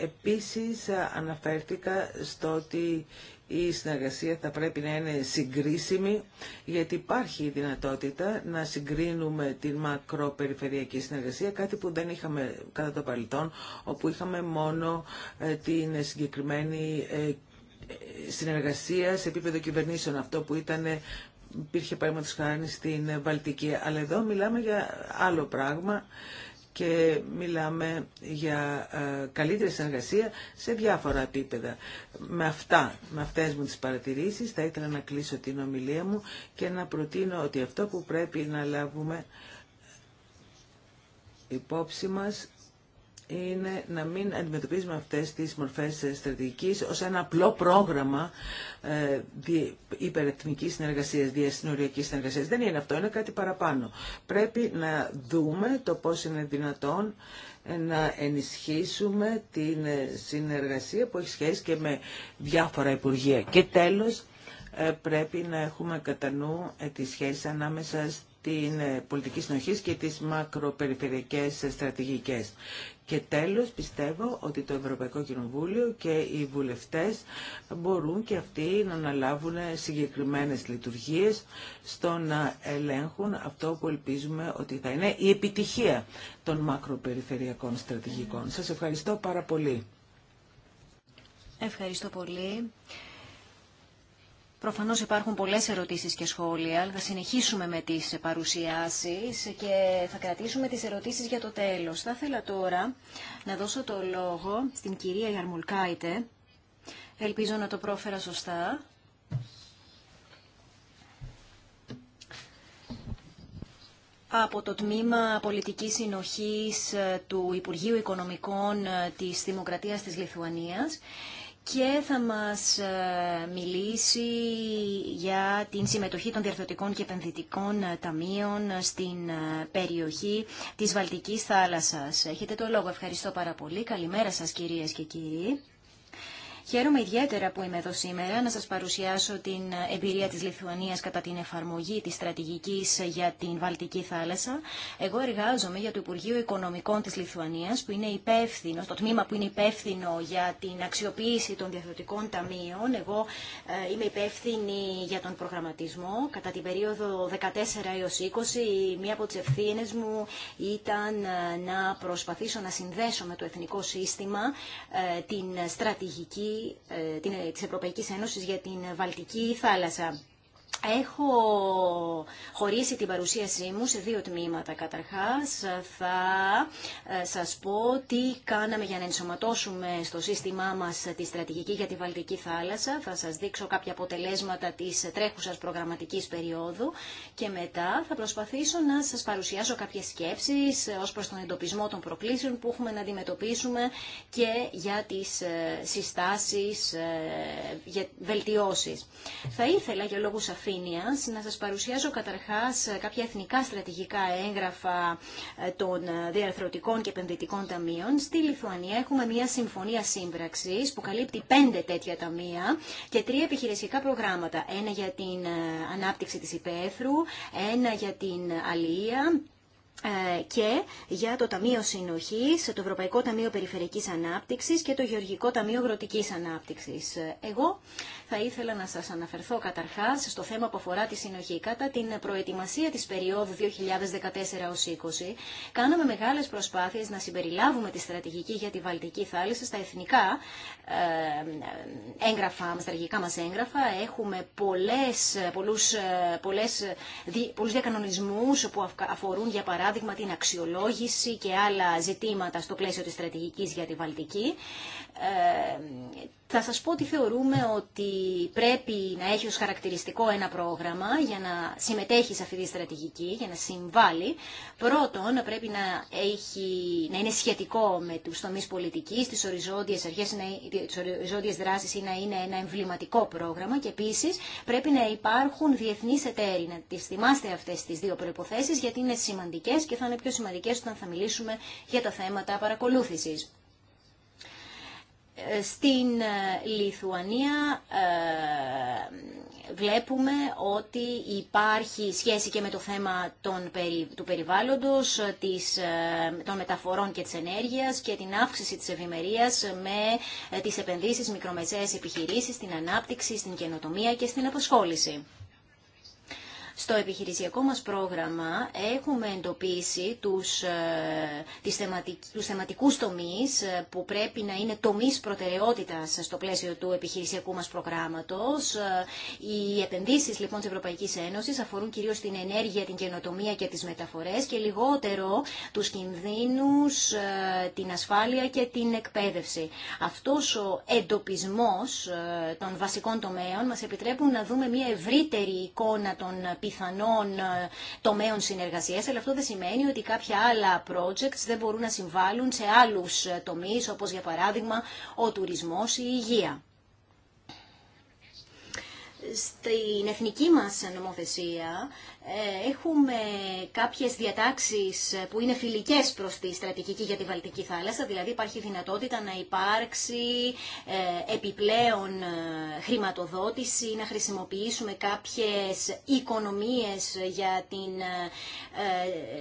Επίσης αναφερθήκα στο ότι η συνεργασία θα πρέπει να είναι συγκρίσιμη, γιατί υπάρχει η δυνατότητα να συγκρίνουμε την μακροπεριφερειακή συνεργασία, κάτι που δεν είχαμε κατά το παρελθόν, όπου είχαμε μόνο ε, την συγκεκριμένη ε, συνεργασία σε επίπεδο κυβερνήσεων, αυτό που ήταν ε, υπήρχε παραδείγματος χάρη στην Βαλτική. Αλλά εδώ μιλάμε για άλλο πράγμα και μιλάμε για ε, καλύτερη συνεργασία σε διάφορα επίπεδα. Με αυτά, με αυτές μου τις παρατηρήσεις θα ήθελα να κλείσω την ομιλία μου και να προτείνω ότι αυτό που πρέπει να λάβουμε υπόψη μας είναι να μην αντιμετωπίζουμε αυτές τις μορφές στρατηγικής ως ένα απλό πρόγραμμα ε, υπερεθνικής συνεργασίας, διασυνοριακής συνεργασίας. Δεν είναι αυτό, είναι κάτι παραπάνω. Πρέπει να δούμε το πώς είναι δυνατόν ε, να ενισχύσουμε την ε, συνεργασία που έχει σχέση και με διάφορα υπουργεία. Και τέλος, πρέπει να έχουμε κατά νου τη σχέση ανάμεσα στην πολιτική συνοχή και τις μακροπεριφερειακές στρατηγικές. Και τέλος πιστεύω ότι το Ευρωπαϊκό Κοινοβούλιο και οι βουλευτές μπορούν και αυτοί να αναλάβουν συγκεκριμένες λειτουργίες στο να ελέγχουν αυτό που ελπίζουμε ότι θα είναι η επιτυχία των μακροπεριφερειακών στρατηγικών. Σας ευχαριστώ πάρα πολύ. Ευχαριστώ πολύ. Προφανώς υπάρχουν πολλές ερωτήσεις και σχόλια, αλλά θα συνεχίσουμε με τις παρουσιάσει και θα κρατήσουμε τις ερωτήσεις για το τέλος. Θα ήθελα τώρα να δώσω το λόγο στην κυρία Γιαρμουλκάιτε. Ελπίζω να το πρόφερα σωστά. από το Τμήμα Πολιτικής Συνοχής του Υπουργείου Οικονομικών της Δημοκρατίας της Λιθουανίας και θα μας ε, μιλήσει για την συμμετοχή των διαρθρωτικών και επενδυτικών ε, ταμείων ε, στην περιοχή της Βαλτικής θάλασσας. Έχετε το λόγο. Ευχαριστώ πάρα πολύ. Καλημέρα σας κυρίες και κύριοι. Χαίρομαι ιδιαίτερα που είμαι εδώ σήμερα να σας παρουσιάσω την εμπειρία της Λιθουανίας κατά την εφαρμογή της στρατηγικής για την Βαλτική θάλασσα. Εγώ εργάζομαι για το Υπουργείο Οικονομικών της Λιθουανίας που είναι υπεύθυνο, το τμήμα που είναι υπεύθυνο για την αξιοποίηση των διαδοτικών ταμείων. Εγώ ε, είμαι υπεύθυνη για τον προγραμματισμό. Κατά την περίοδο 14 έως 20 μία από τις ευθύνε μου ήταν ε, να προσπαθήσω να συνδέσω με το εθνικό σύστημα ε, την στρατηγική ε, την, ε, της Ευρωπαϊκής Ένωσης για την Βαλτική θάλασσα. Έχω χωρίσει την παρουσίασή μου σε δύο τμήματα. Καταρχάς θα ε, σας πω τι κάναμε για να ενσωματώσουμε στο σύστημά μας τη στρατηγική για τη Βαλτική θάλασσα. Θα σας δείξω κάποια αποτελέσματα της τρέχουσας προγραμματικής περίοδου και μετά θα προσπαθήσω να σας παρουσιάσω κάποιες σκέψεις ως προς τον εντοπισμό των προκλήσεων που έχουμε να αντιμετωπίσουμε και για τις ε, συστάσεις ε, για βελτιώσεις. Θα ήθελα για λόγους να σας παρουσιάσω καταρχάς κάποια εθνικά στρατηγικά έγγραφα ε, των ε, διαρθρωτικών και επενδυτικών ταμείων. Στη Λιθουανία έχουμε μια συμφωνία σύμπραξης που καλύπτει πέντε τέτοια ταμεία και τρία επιχειρησιακά προγράμματα. Ένα για την ε, ανάπτυξη της υπαίθρου, ένα για την αλληλεία και για το Ταμείο Συνοχής, το Ευρωπαϊκό Ταμείο Περιφερειακής Ανάπτυξης και το Γεωργικό Ταμείο Αγροτικής Ανάπτυξης. Εγώ θα ήθελα να σας αναφερθώ καταρχάς στο θέμα που αφορά τη συνοχή. Κατά την προετοιμασία της περίοδου 2014-2020. κάναμε μεγάλες προσπάθειες να συμπεριλάβουμε τη στρατηγική για τη Βαλτική θάλασσα στα εθνικά ε, έγγραφα, στρατηγικά μας έγγραφα. Έχουμε πολλές, πολλούς, ε, πολλές, πολλούς διακανονισμούς που αφορούν για παράδειγμα την αξιολόγηση και άλλα ζητήματα στο πλαίσιο της στρατηγικής για τη Βαλτική ε, θα σας πω ότι θεωρούμε ότι πρέπει να έχει ως χαρακτηριστικό ένα πρόγραμμα για να συμμετέχει σε αυτή τη στρατηγική, για να συμβάλλει. Πρώτον, πρέπει να, έχει, να είναι σχετικό με τους τομείς πολιτικής, τις οριζόντιες, αρχές, δράσεις ή να είναι ένα εμβληματικό πρόγραμμα και επίσης πρέπει να υπάρχουν διεθνείς εταίροι. Να τις θυμάστε αυτές τις δύο προϋποθέσεις γιατί είναι σημαντικές και θα είναι πιο σημαντικές όταν θα μιλήσουμε για τα θέματα παρακολούθησης. Στην ε, Λιθουανία ε, βλέπουμε ότι υπάρχει σχέση και με το θέμα των, του περιβάλλοντος, της, ε, των μεταφορών και της ενέργειας και την αύξηση της ευημερία με τις επενδύσεις μικρομεσαίες επιχειρήσεις, την ανάπτυξη, στην καινοτομία και στην αποσχόληση. Στο επιχειρησιακό μας πρόγραμμα έχουμε εντοπίσει τους, ε, τις θεματικ, θεματικούς τομείς ε, που πρέπει να είναι τομείς προτεραιότητας στο πλαίσιο του επιχειρησιακού μας προγράμματος. Ε, οι επενδύσεις λοιπόν της Ευρωπαϊκής Ένωσης αφορούν κυρίως την ενέργεια, την καινοτομία και τις μεταφορές και λιγότερο τους κινδύνους, την ασφάλεια και την εκπαίδευση. Αυτός ο εντοπισμός των βασικών τομέων μας επιτρέπουν να δούμε μια ευρύτερη εικόνα των πιθανών ε, τομέων συνεργασίας, αλλά αυτό δεν σημαίνει ότι κάποια άλλα projects δεν μπορούν να συμβάλλουν σε άλλους ε, τομείς, όπως για παράδειγμα ο τουρισμός ή η υγεία. Στην εθνική μας νομοθεσία ε, έχουμε κάποιες διατάξεις που είναι φιλικές προς τη στρατηγική για τη Βαλτική θάλασσα, δηλαδή υπάρχει δυνατότητα να υπάρξει ε, επιπλέον ε, χρηματοδότηση, να χρησιμοποιήσουμε κάποιες οικονομίες για την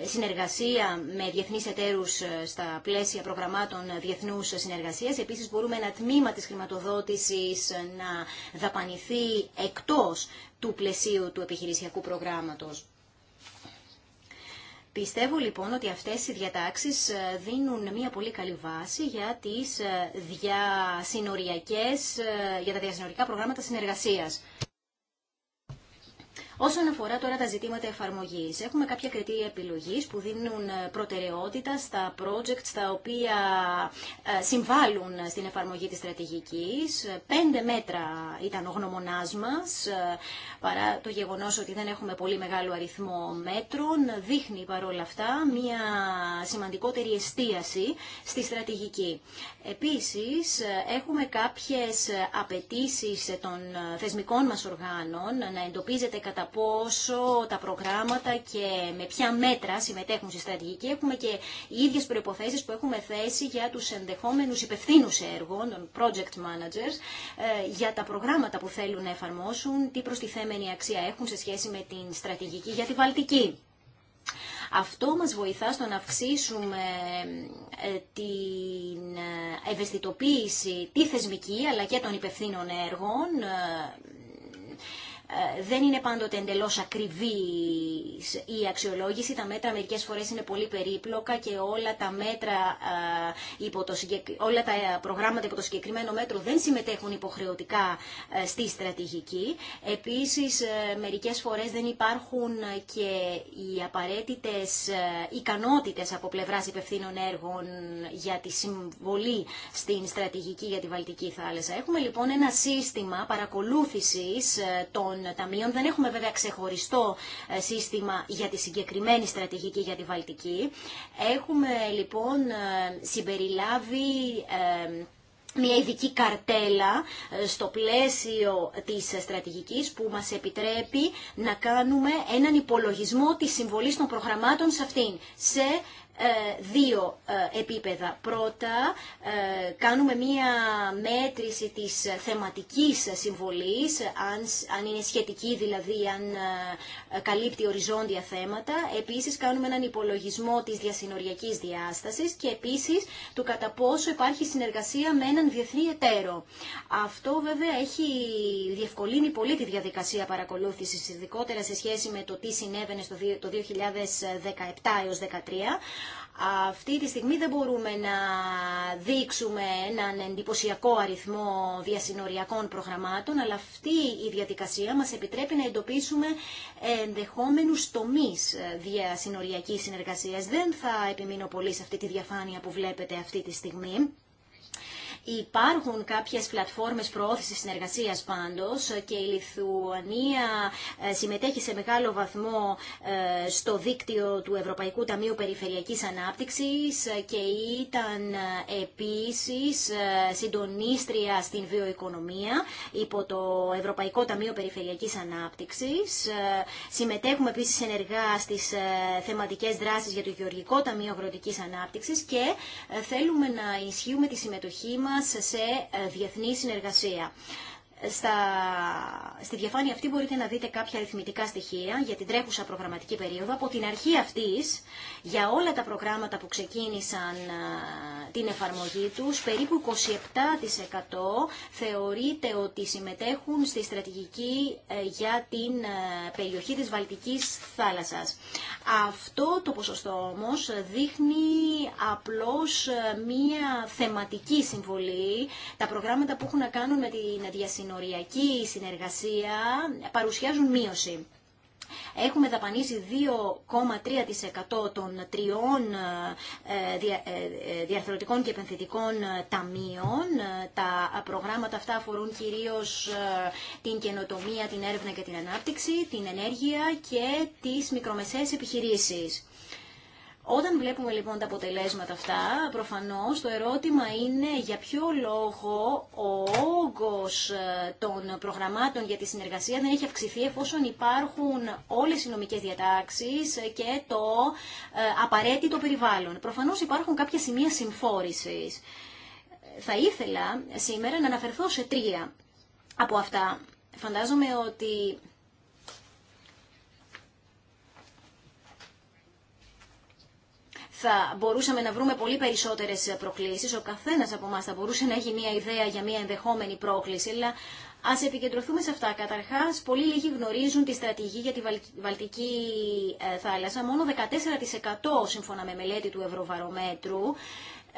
συνεργασία με διεθνείς εταίρους στα πλαίσια προγραμμάτων διεθνούς συνεργασίας. Επίσης μπορούμε ένα τμήμα της χρηματοδότησης να δαπανηθεί εκτός του πλαισίου του επιχειρησιακού προγράμματος. Πιστεύω λοιπόν ότι αυτές οι διατάξεις ε, δίνουν μια πολύ καλή βάση για, τις ε, διασυνοριακές, ε, για τα διασυνοριακά προγράμματα συνεργασίας. Όσον αφορά τώρα τα ζητήματα εφαρμογής, έχουμε κάποια κριτήρια επιλογής που δίνουν ε, προτεραιότητα στα projects τα οποία ε, συμβάλλουν στην εφαρμογή της στρατηγικής. Πέντε μέτρα ήταν ο γνωμονά μας, ε, παρά το γεγονός ότι δεν έχουμε πολύ μεγάλο αριθμό μέτρων, δείχνει παρόλα αυτά μια σημαντικότερη εστίαση στη στρατηγική. Επίσης, έχουμε κάποιες απαιτήσει των θεσμικών μας οργάνων να εντοπίζεται κατά πόσο τα προγράμματα και με ποια μέτρα συμμετέχουν στη στρατηγική. Έχουμε και οι ίδιες προϋποθέσεις που έχουμε θέσει για τους ενδεχόμενους υπευθύνου έργων, των project managers, ε, για τα προγράμματα που θέλουν να εφαρμόσουν, τι προστιθέμενη αξία έχουν σε σχέση με την στρατηγική για τη Βαλτική. Αυτό μας βοηθά στο να αυξήσουμε ε, την ε, ευαισθητοποίηση τη θεσμική αλλά και των υπευθύνων έργων ε, ε, δεν είναι πάντοτε εντελώς ακριβής η αξιολόγηση. Τα μέτρα μερικές φορές είναι πολύ περίπλοκα και όλα τα, μέτρα, ε, υπό όλα τα προγράμματα υπό το συγκεκριμένο μέτρο δεν συμμετέχουν υποχρεωτικά ε, στη στρατηγική. Επίσης, μερικές φορές δεν υπάρχουν και οι απαραίτητες ικανότητες από πλευράς υπευθύνων έργων για τη συμβολή στην στρατηγική για τη Βαλτική θάλασσα. Έχουμε λοιπόν ένα σύστημα παρακολούθησης των των Δεν έχουμε βέβαια ξεχωριστό ε, σύστημα για τη συγκεκριμένη στρατηγική για τη Βαλτική. Έχουμε λοιπόν ε, συμπεριλάβει ε, μια ειδική καρτέλα στο πλαίσιο της στρατηγικής που μας επιτρέπει να κάνουμε έναν υπολογισμό της συμβολής των προγραμμάτων σε αυτήν, σε ε, δύο ε, επίπεδα. Πρώτα, ε, κάνουμε μία μέτρηση της θεματικής συμβολής, αν είναι σχετική δηλαδή, αν καλύπτει οριζόντια θέματα. Επίσης, κάνουμε έναν υπολογισμό της διασυνοριακής διάστασης και επίσης του κατά πόσο υπάρχει συνεργασία με έναν διεθνή εταίρο. Αυτό βέβαια έχει διευκολύνει πολύ τη διαδικασία παρακολούθησης, ειδικότερα σε σχέση με το τι συνέβαινε το 2017 έως 2013, αυτή τη στιγμή δεν μπορούμε να δείξουμε έναν εντυπωσιακό αριθμό διασυνοριακών προγραμμάτων, αλλά αυτή η διαδικασία μας επιτρέπει να εντοπίσουμε ενδεχόμενους τομείς διασυνοριακής συνεργασίας. Δεν θα επιμείνω πολύ σε αυτή τη διαφάνεια που βλέπετε αυτή τη στιγμή. Υπάρχουν κάποιες πλατφόρμες προώθησης συνεργασίας πάντως και η Λιθουανία ε, συμμετέχει σε μεγάλο βαθμό ε, στο δίκτυο του Ευρωπαϊκού Ταμείου Περιφερειακής Ανάπτυξης ε, και ήταν επίσης συντονίστρια στην βιοοικονομία υπό το Ευρωπαϊκό Ταμείο Περιφερειακής Ανάπτυξης. Συμμετέχουμε επίσης ενεργά στις θεματικές δράσεις για το Γεωργικό Ταμείο Αγροτικής Ανάπτυξης και θέλουμε να ισχύουμε τη συμμετοχή σε ε, διεθνή συνεργασία. Στα, στη διαφάνεια αυτή μπορείτε να δείτε κάποια αριθμητικά στοιχεία για την τρέχουσα προγραμματική περίοδο. Από την αρχή αυτής, για όλα τα προγράμματα που ξεκίνησαν την εφαρμογή τους, περίπου 27% θεωρείται ότι συμμετέχουν στη στρατηγική ε, για την ε, περιοχή της Βαλτικής θάλασσας. Αυτό το ποσοστό όμως δείχνει απλώς ε, μία θεματική συμβολή. Τα προγράμματα που έχουν να κάνουν με την συνοριακή συνεργασία παρουσιάζουν μείωση. Έχουμε δαπανίσει 2,3% των τριών ε, ε, διαρθρωτικών και επενθετικών ε, ταμείων. Τα προγράμματα αυτά αφορούν κυρίως την καινοτομία, την έρευνα και την ανάπτυξη, την ενέργεια και τις μικρομεσαίες επιχειρήσεις. Όταν βλέπουμε λοιπόν τα αποτελέσματα αυτά, προφανώς το ερώτημα είναι για ποιο λόγο ο όγκος ε, των προγραμμάτων για τη συνεργασία δεν έχει αυξηθεί εφόσον υπάρχουν όλες οι νομικές διατάξεις και το ε, απαραίτητο περιβάλλον. Προφανώς υπάρχουν κάποια σημεία συμφόρησης. Θα ήθελα σήμερα να αναφερθώ σε τρία από αυτά. Φαντάζομαι ότι θα μπορούσαμε να βρούμε πολύ περισσότερες προκλήσεις. Ο καθένα από εμά θα μπορούσε να έχει μια ιδέα για μια ενδεχόμενη πρόκληση, αλλά ας επικεντρωθούμε σε αυτά. Καταρχάς, πολύ λίγοι γνωρίζουν τη στρατηγική για τη Βαλτική ε, θάλασσα. Μόνο 14% σύμφωνα με μελέτη του Ευρωβαρομέτρου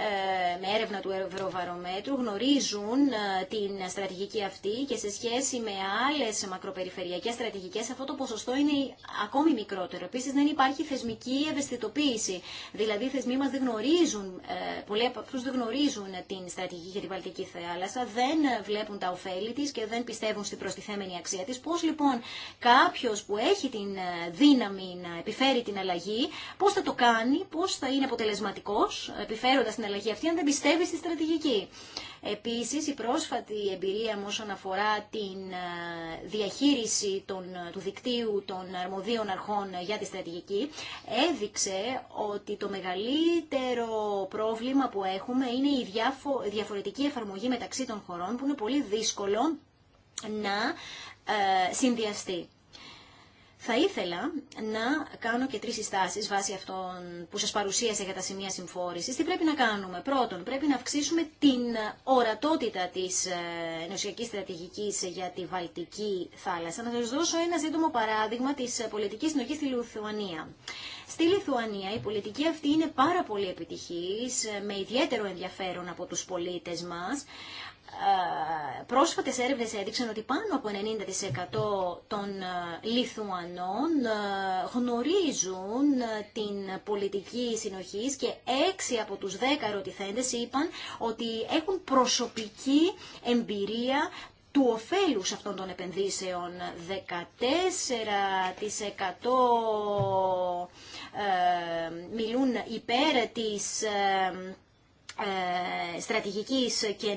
ε, με έρευνα του Ευρωβαρομέτρου γνωρίζουν ε, την στρατηγική αυτή και σε σχέση με άλλες μακροπεριφερειακές στρατηγικές αυτό το ποσοστό είναι ακόμη μικρότερο. Επίσης δεν υπάρχει θεσμική ευαισθητοποίηση. Δηλαδή οι θεσμοί μας δεν γνωρίζουν, ε, πολλοί από αυτούς δεν γνωρίζουν την στρατηγική για την Βαλτική Θάλασσα, δεν βλέπουν τα ωφέλη της και δεν πιστεύουν στην προστιθέμενη αξία της. Πώς λοιπόν κάποιος που έχει την δύναμη να επιφέρει την αλλαγή, πώς θα το κάνει, πώς θα είναι αποτελεσματικός επιφέροντας την και αυτή αν δεν πιστεύει στη στρατηγική. Επίσης, η πρόσφατη εμπειρία μου όσον αφορά την ε, διαχείριση των, ε, του δικτύου των αρμοδίων αρχών για τη στρατηγική έδειξε ότι το μεγαλύτερο πρόβλημα που έχουμε είναι η διάφο, διαφορετική εφαρμογή μεταξύ των χωρών που είναι πολύ δύσκολο να ε, συνδυαστεί. Θα ήθελα να κάνω και τρεις συστάσεις βάσει αυτών που σας παρουσίασα για τα σημεία συμφόρησης. Τι πρέπει να κάνουμε. Πρώτον, πρέπει να αυξήσουμε την ορατότητα της ενωσιακής στρατηγικής για τη Βαλτική θάλασσα. Να σας δώσω ένα σύντομο παράδειγμα της πολιτικής συνοχής στη Λιθουανία. Στη Λιθουανία η πολιτική αυτή είναι πάρα πολύ επιτυχής, ε, με ιδιαίτερο ενδιαφέρον από τους πολίτες μας πρόσφατες έρευνες έδειξαν ότι πάνω από 90% των ε, Λιθουανών ε, γνωρίζουν ε, την πολιτική συνοχής και 6 από τους 10 ερωτηθέντες είπαν ότι έχουν προσωπική εμπειρία του ωφέλου αυτών των επενδύσεων 14% μιλούν υπέρ της ε, στρατηγικής και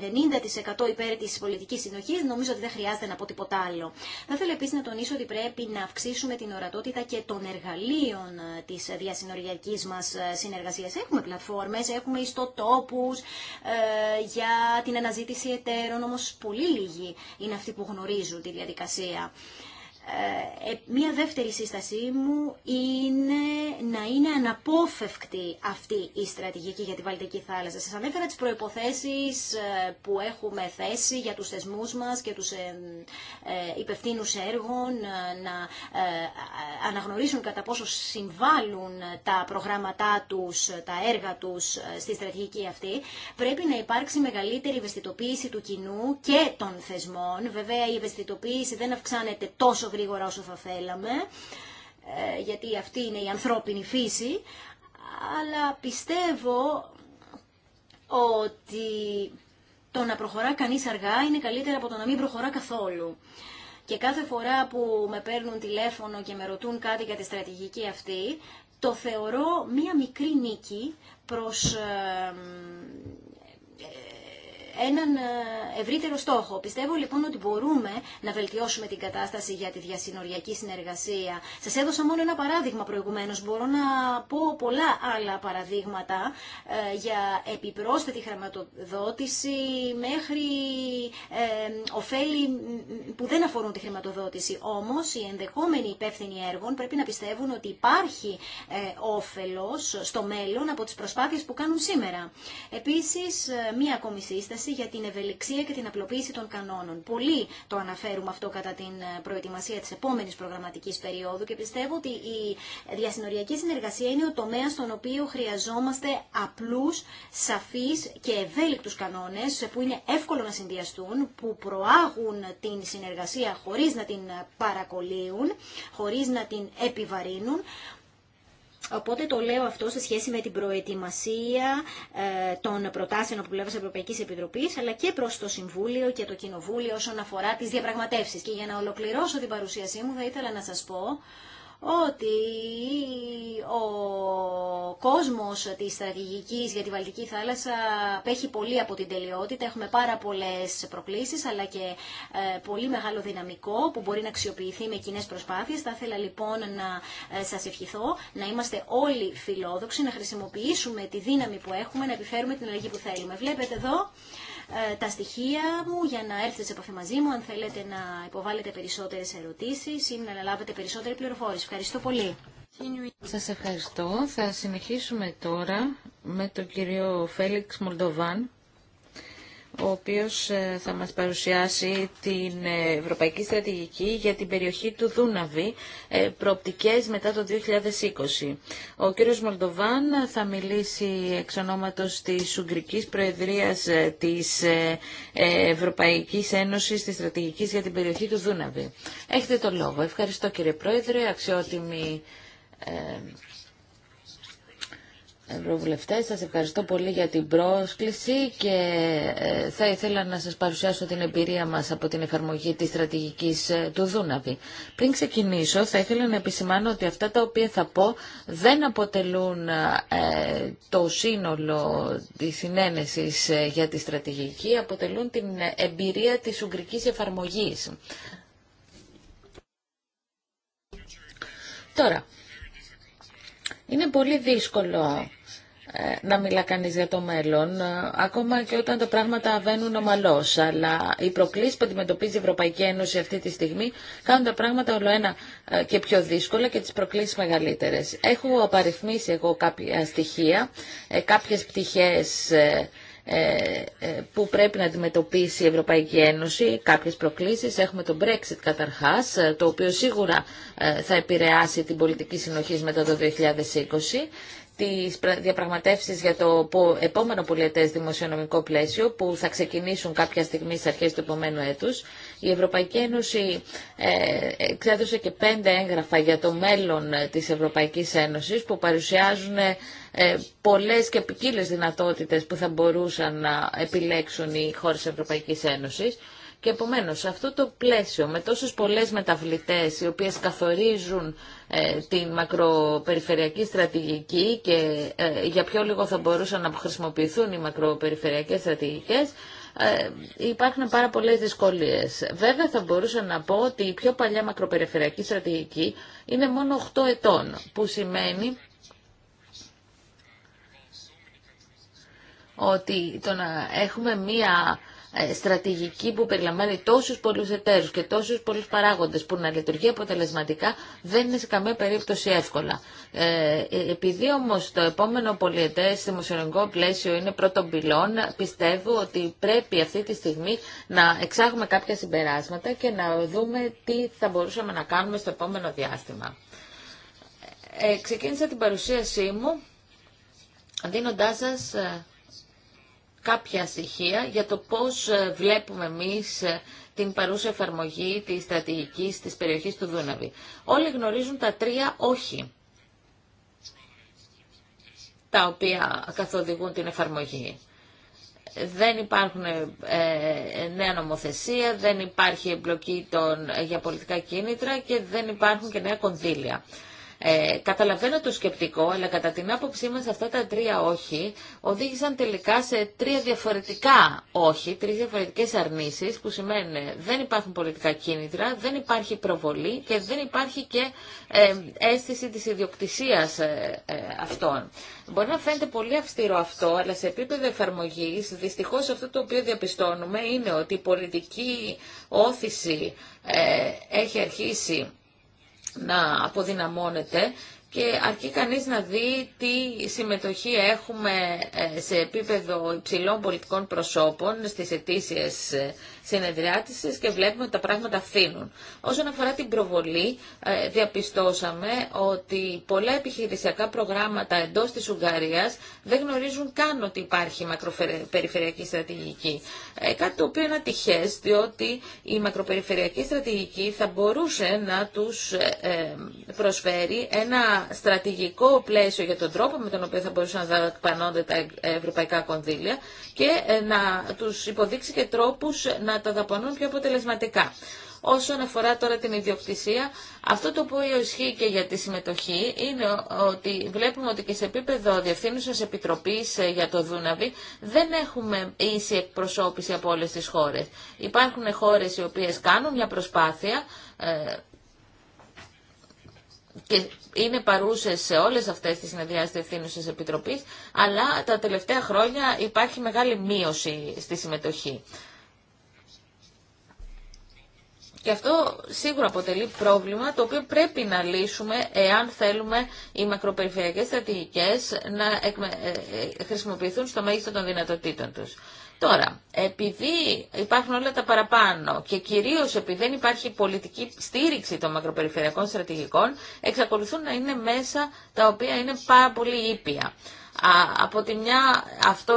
90% υπέρ της πολιτικής συνοχής, νομίζω ότι δεν χρειάζεται να πω τίποτα άλλο. Θα ήθελα επίσης να τονίσω ότι πρέπει να αυξήσουμε την ορατότητα και των εργαλείων της διασυνοριακής μας συνεργασίας. Έχουμε πλατφόρμες, έχουμε ιστοτόπους ε, για την αναζήτηση εταίρων, όμως πολύ λίγοι είναι αυτοί που γνωρίζουν τη διαδικασία. Ε, ε, μία δεύτερη σύστασή μου είναι να είναι αναπόφευκτη αυτή η στρατηγική για τη Βαλτική θάλασσα. Σας ανέφερα τις προϋποθέσεις ε, που έχουμε θέσει για τους θεσμούς μας και τους υπευθύνου έργων να αναγνωρίσουν κατά πόσο συμβάλλουν τα προγράμματά τους, τα έργα τους στη στρατηγική αυτή. Πρέπει να υπάρξει μεγαλύτερη ευαισθητοποίηση του κοινού και των θεσμών. Βέβαια η ευαισθητοποίηση δεν αυξάνεται τόσο γρήγορα όσο θα θέλαμε, ε, γιατί αυτή είναι η ανθρώπινη φύση, αλλά πιστεύω ότι το να προχωρά κανείς αργά είναι καλύτερα από το να μην προχωρά καθόλου. Και κάθε φορά που με παίρνουν τηλέφωνο και με ρωτούν κάτι για τη στρατηγική αυτή, το θεωρώ μία μικρή νίκη προς ε, έναν ε, ευρύτερο στόχο. Πιστεύω λοιπόν ότι μπορούμε να βελτιώσουμε την κατάσταση για τη διασυνοριακή συνεργασία. Σας έδωσα μόνο ένα παράδειγμα προηγουμένω. Μπορώ να πω πολλά άλλα παραδείγματα ε, για επιπρόσθετη χρηματοδότηση μέχρι ε, ωφέλη που δεν αφορούν τη χρηματοδότηση. Όμως οι ενδεχόμενοι υπεύθυνοι έργων πρέπει να πιστεύουν ότι υπάρχει όφελο στο μέλλον από τι προσπάθειε που κάνουν σήμερα. Επίσης, μία ακόμη για την ευελιξία και την απλοποίηση των κανόνων. Πολύ το αναφέρουμε αυτό κατά την ε, προετοιμασία της επόμενης προγραμματικής περίοδου και πιστεύω ότι η διασυνοριακή συνεργασία είναι ο τομέας στον οποίο χρειαζόμαστε απλούς, σαφείς και ευέλικτου κανόνες που είναι εύκολο να συνδυαστούν, που προάγουν την συνεργασία χωρί να την παρακολύουν, χωρί να την επιβαρύνουν, Οπότε το λέω αυτό σε σχέση με την προετοιμασία ε, των προτάσεων από πλευρά Ευρωπαϊκή Επιτροπή, αλλά και προ το Συμβούλιο και το Κοινοβούλιο όσον αφορά τι διαπραγματεύσει. Και για να ολοκληρώσω την παρουσίασή μου, θα ήθελα να σα πω ότι ο κόσμος της στρατηγικής για τη Βαλτική θάλασσα πέχει πολύ από την τελειότητα. Έχουμε πάρα πολλές προκλήσεις αλλά και ε, πολύ μεγάλο δυναμικό που μπορεί να αξιοποιηθεί με κοινέ προσπάθειες. Θα ήθελα λοιπόν να ε, σας ευχηθώ να είμαστε όλοι φιλόδοξοι, να χρησιμοποιήσουμε τη δύναμη που έχουμε, να επιφέρουμε την αλλαγή που θέλουμε. Βλέπετε εδώ ε, τα στοιχεία μου για να έρθετε σε επαφή μαζί μου αν θέλετε να υποβάλλετε περισσότερες ερωτήσεις ή να λάβετε περισσότερη πληροφόρηση. Ευχαριστώ πολύ. Σας ευχαριστώ. Θα συνεχίσουμε τώρα με τον κύριο Φέλιξ Μολτοβάν ο οποίος ε, θα μας παρουσιάσει την ε, Ευρωπαϊκή Στρατηγική για την περιοχή του Δούναβη, ε, προοπτικές μετά το 2020. Ο κύριος Μολτοβάν θα μιλήσει εξ ονόματος της Ουγγρικής Προεδρίας της Ευρωπαϊκής Ένωσης της Στρατηγικής για την περιοχή του Δούναβη. Έχετε το λόγο. Ευχαριστώ κύριε Πρόεδρε, αξιότιμη Ευρωβουλευτέ, σα ευχαριστώ πολύ για την πρόσκληση και ε, θα ήθελα να σας παρουσιάσω την εμπειρία μα από την εφαρμογή της στρατηγικής ε, του Δούναβη. Πριν ξεκινήσω, θα ήθελα να επισημάνω ότι αυτά τα οποία θα πω δεν αποτελούν ε, το σύνολο τη συνένεση για τη στρατηγική, αποτελούν την εμπειρία της ουγγρική εφαρμογή. Τώρα, είναι πολύ δύσκολο ε, να μιλά κανείς για το μέλλον, ε, ακόμα και όταν τα πράγματα βαίνουν ομαλώς. Αλλά οι προκλήσεις που αντιμετωπίζει η Ευρωπαϊκή Ένωση αυτή τη στιγμή κάνουν τα πράγματα όλο ένα ε, και πιο δύσκολα και τις προκλήσεις μεγαλύτερες. Έχω απαριθμίσει εγώ κάποια στοιχεία, κάποιες πτυχές που πρέπει να αντιμετωπίσει η Ευρωπαϊκή Ένωση κάποιες προκλήσεις. Έχουμε το Brexit καταρχάς, το οποίο σίγουρα θα επηρεάσει την πολιτική συνοχή μετά το 2020 τις διαπραγματεύσεις για το επόμενο πολιετές δημοσιονομικό πλαίσιο που θα ξεκινήσουν κάποια στιγμή στις αρχές του επόμενου έτους. Η Ευρωπαϊκή Ένωση ε, εξέδωσε και πέντε έγγραφα για το μέλλον της Ευρωπαϊκής Ένωσης που παρουσιάζουν ε, πολλές και ποικίλε δυνατότητες που θα μπορούσαν να επιλέξουν οι χώρες Ευρωπαϊκής Ένωσης. Και επομένως, σε αυτό το πλαίσιο, με τόσες πολλές μεταβλητές, οι οποίες καθορίζουν ε, την μακροπεριφερειακή στρατηγική και ε, για πιο λίγο θα μπορούσαν να χρησιμοποιηθούν οι μακροπεριφερειακές στρατηγικές, ε, υπάρχουν πάρα πολλές δυσκολίες. Βέβαια θα μπορούσα να πω ότι η πιο παλιά μακροπεριφερειακή στρατηγική είναι μόνο 8 ετών, που σημαίνει ότι το να έχουμε μία ε, στρατηγική που περιλαμβάνει τόσους πολλούς εταίρους και τόσους πολλούς παράγοντες που να λειτουργεί αποτελεσματικά δεν είναι σε καμία περίπτωση εύκολα. Ε, επειδή όμως το επόμενο πολιετές δημοσιονομικό πλαίσιο είναι πρώτον πυλών, πιστεύω ότι πρέπει αυτή τη στιγμή να εξάγουμε κάποια συμπεράσματα και να δούμε τι θα μπορούσαμε να κάνουμε στο επόμενο διάστημα. Ε, ξεκίνησα την παρουσίασή μου δίνοντάς σας ε, κάποια στοιχεία για το πώς ε, βλέπουμε εμείς ε, την παρούσα εφαρμογή της στρατηγικής της περιοχής του Δούναβη. Όλοι γνωρίζουν τα τρία όχι, τα οποία καθοδηγούν την εφαρμογή. Δεν υπάρχουν ε, νέα νομοθεσία, δεν υπάρχει εμπλοκή των, για πολιτικά κίνητρα και δεν υπάρχουν και νέα κονδύλια. Ε, καταλαβαίνω το σκεπτικό, αλλά κατά την άποψή μας αυτά τα τρία όχι οδήγησαν τελικά σε τρία διαφορετικά όχι, τρεις διαφορετικές αρνήσεις που σημαίνουν δεν υπάρχουν πολιτικά κίνητρα, δεν υπάρχει προβολή και δεν υπάρχει και αίσθηση της ιδιοκτησίας ε, ε, αυτών. Μπορεί να φαίνεται πολύ αυστηρό αυτό, αλλά σε επίπεδο εφαρμογή, δυστυχώ αυτό το οποίο διαπιστώνουμε είναι ότι η πολιτική όθηση ε, έχει αρχίσει να αποδυναμώνεται και αρκεί κανείς να δει τι συμμετοχή έχουμε ε, σε επίπεδο υψηλών πολιτικών προσώπων στις αιτήσιες ε, συνεδριάτηση και βλέπουμε ότι τα πράγματα φθήνουν. Όσον αφορά την προβολή, ε, διαπιστώσαμε ότι πολλά επιχειρησιακά προγράμματα εντό τη Ουγγαρίας δεν γνωρίζουν καν ότι υπάρχει μακροπεριφερειακή στρατηγική. Ε, κάτι το οποίο είναι ατυχέ, διότι η μακροπεριφερειακή στρατηγική θα μπορούσε να του ε, προσφέρει ένα στρατηγικό πλαίσιο για τον τρόπο με τον οποίο θα μπορούσαν να δαπανώνται τα ευρωπαϊκά κονδύλια και να τους υποδείξει και να να τα δαπανούν πιο αποτελεσματικά. Όσον αφορά τώρα την ιδιοκτησία, αυτό το οποίο ισχύει και για τη συμμετοχή είναι ότι βλέπουμε ότι και σε επίπεδο διευθύνουσας επιτροπής ε, για το Δούναβι δεν έχουμε ίση εκπροσώπηση από όλες τις χώρες. Υπάρχουν χώρες οι οποίες κάνουν μια προσπάθεια ε, και είναι παρούσες σε όλες αυτές τις συνεδριάσεις επιτροπής, αλλά τα τελευταία χρόνια υπάρχει μεγάλη μείωση στη συμμετοχή. Και αυτό σίγουρα αποτελεί πρόβλημα το οποίο πρέπει να λύσουμε εάν θέλουμε οι μακροπεριφερειακές στρατηγικές να ε, ε, χρησιμοποιηθούν στο μέγιστο των δυνατοτήτων τους. Τώρα, επειδή υπάρχουν όλα τα παραπάνω και κυρίως επειδή δεν υπάρχει πολιτική στήριξη των μακροπεριφερειακών στρατηγικών, εξακολουθούν να είναι μέσα τα οποία είναι πάρα πολύ ήπια. Από τη μια αυτό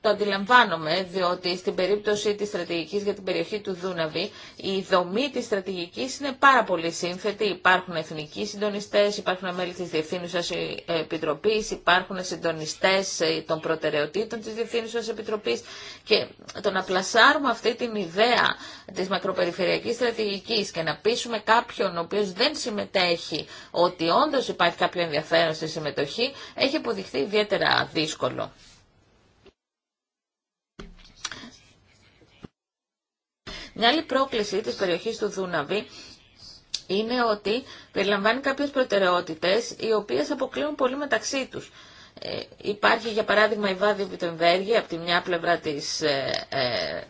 το αντιλαμβάνομαι, διότι στην περίπτωση της στρατηγικής για την περιοχή του Δούναβη, η δομή της στρατηγικής είναι πάρα πολύ σύνθετη. Υπάρχουν εθνικοί συντονιστές, υπάρχουν μέλη της Διευθύνουσας ε, Επιτροπής, υπάρχουν συντονιστές ε, των προτεραιοτήτων της Διευθύνουσας Επιτροπής και το να πλασάρουμε αυτή την ιδέα της μακροπεριφερειακής στρατηγικής και να πείσουμε κάποιον ο οποίος δεν συμμετέχει ότι όντως υπάρχει κάποιο ενδιαφέρον στη συμμετοχή, έχει αποδειχθεί ιδιαίτερα ιδιαίτερα δύσκολο. Μια άλλη πρόκληση της περιοχής του Δούναβη είναι ότι περιλαμβάνει κάποιες προτεραιότητες οι οποίες αποκλείουν πολύ μεταξύ τους. Ε, υπάρχει για παράδειγμα η Βάδη Βιτεμβέργη από τη μια πλευρά της ε, ε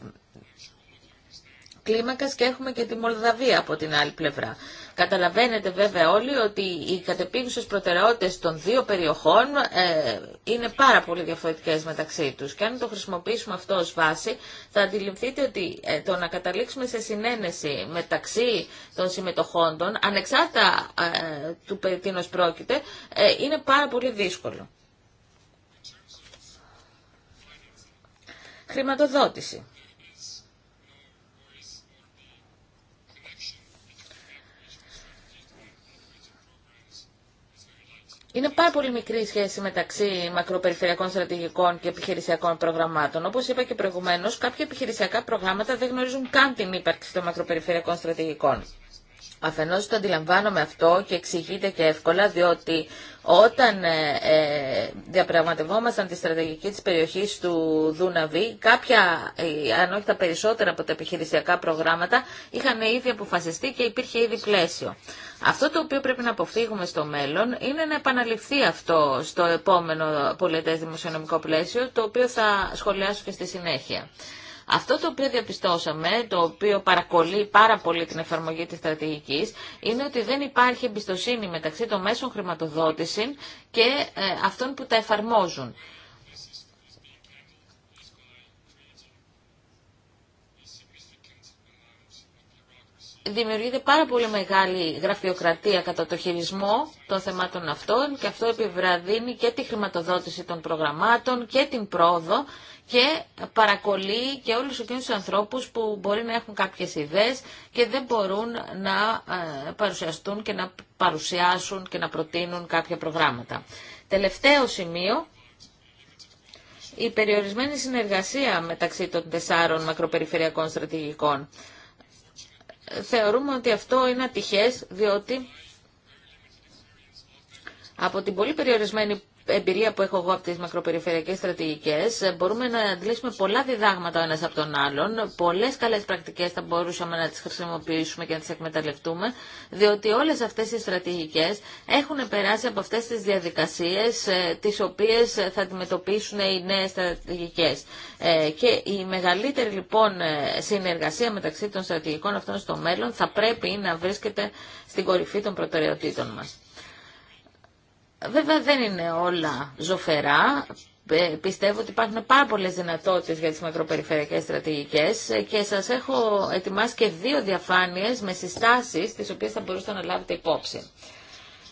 κλίμακας και έχουμε και τη Μολδαβία από την άλλη πλευρά. Καταλαβαίνετε βέβαια όλοι ότι οι κατεπίγουσες προτεραιότητες των δύο περιοχών ε, είναι πάρα πολύ διαφορετικές μεταξύ τους. Και αν το χρησιμοποιήσουμε αυτό ως βάση, θα αντιληφθείτε ότι ε, το να καταλήξουμε σε συνένεση μεταξύ των συμμετοχών ανεξάρτητα ε, του τι πρόκειται, πρόκειται, είναι πάρα πολύ δύσκολο. Χρηματοδότηση. Είναι πάρα πολύ μικρή η σχέση μεταξύ μακροπεριφερειακών στρατηγικών και επιχειρησιακών προγραμμάτων. Όπω είπα και προηγουμένω, κάποια επιχειρησιακά προγράμματα δεν γνωρίζουν καν την ύπαρξη των μακροπεριφερειακών στρατηγικών. Αφενός το αντιλαμβάνομαι αυτό και εξηγείται και εύκολα, διότι όταν ε, ε, διαπραγματευόμασταν τη στρατηγική της περιοχής του Δούναβη, κάποια, ε, αν όχι τα περισσότερα από τα επιχειρησιακά προγράμματα, είχαν ήδη αποφασιστεί και υπήρχε ήδη πλαίσιο. Αυτό το οποίο πρέπει να αποφύγουμε στο μέλλον είναι να επαναληφθεί αυτό στο επόμενο πολιτές δημοσιονομικό πλαίσιο, το οποίο θα σχολιάσω και στη συνέχεια. Αυτό το οποίο διαπιστώσαμε, το οποίο παρακολεί πάρα πολύ την εφαρμογή της στρατηγικής, είναι ότι δεν υπάρχει εμπιστοσύνη μεταξύ των μέσων χρηματοδότηση και ε, αυτών που τα εφαρμόζουν. δημιουργείται πάρα πολύ μεγάλη γραφειοκρατία κατά το χειρισμό των θεμάτων αυτών και αυτό επιβραδύνει και τη χρηματοδότηση των προγραμμάτων και την πρόοδο και παρακολεί και όλους εκείνους τους ανθρώπους που μπορεί να έχουν κάποιες ιδέες και δεν μπορούν να ε, παρουσιαστούν και να παρουσιάσουν και να προτείνουν κάποια προγράμματα. Τελευταίο σημείο, η περιορισμένη συνεργασία μεταξύ των τεσσάρων μακροπεριφερειακών στρατηγικών. Θεωρούμε ότι αυτό είναι ατυχές, διότι από την πολύ περιορισμένη εμπειρία που έχω εγώ από τι μακροπεριφερειακές στρατηγικέ, μπορούμε να αντλήσουμε πολλά διδάγματα ο ένα από τον άλλον. Πολλέ καλέ πρακτικέ θα μπορούσαμε να τι χρησιμοποιήσουμε και να τι εκμεταλλευτούμε, διότι όλε αυτέ οι στρατηγικέ έχουν περάσει από αυτέ τι διαδικασίε ε, τι οποίε θα αντιμετωπίσουν οι νέε στρατηγικέ. Ε, και η μεγαλύτερη λοιπόν ε, συνεργασία μεταξύ των στρατηγικών αυτών στο μέλλον θα πρέπει να βρίσκεται στην κορυφή των προτεραιοτήτων μας. Βέβαια δεν είναι όλα ζωφερά. Ε, πιστεύω ότι υπάρχουν πάρα πολλέ δυνατότητε για τις μακροπεριφερειακές στρατηγικές ε, και σας έχω ετοιμάσει και δύο διαφάνειες με συστάσεις τις οποίες θα μπορούσατε να λάβετε υπόψη.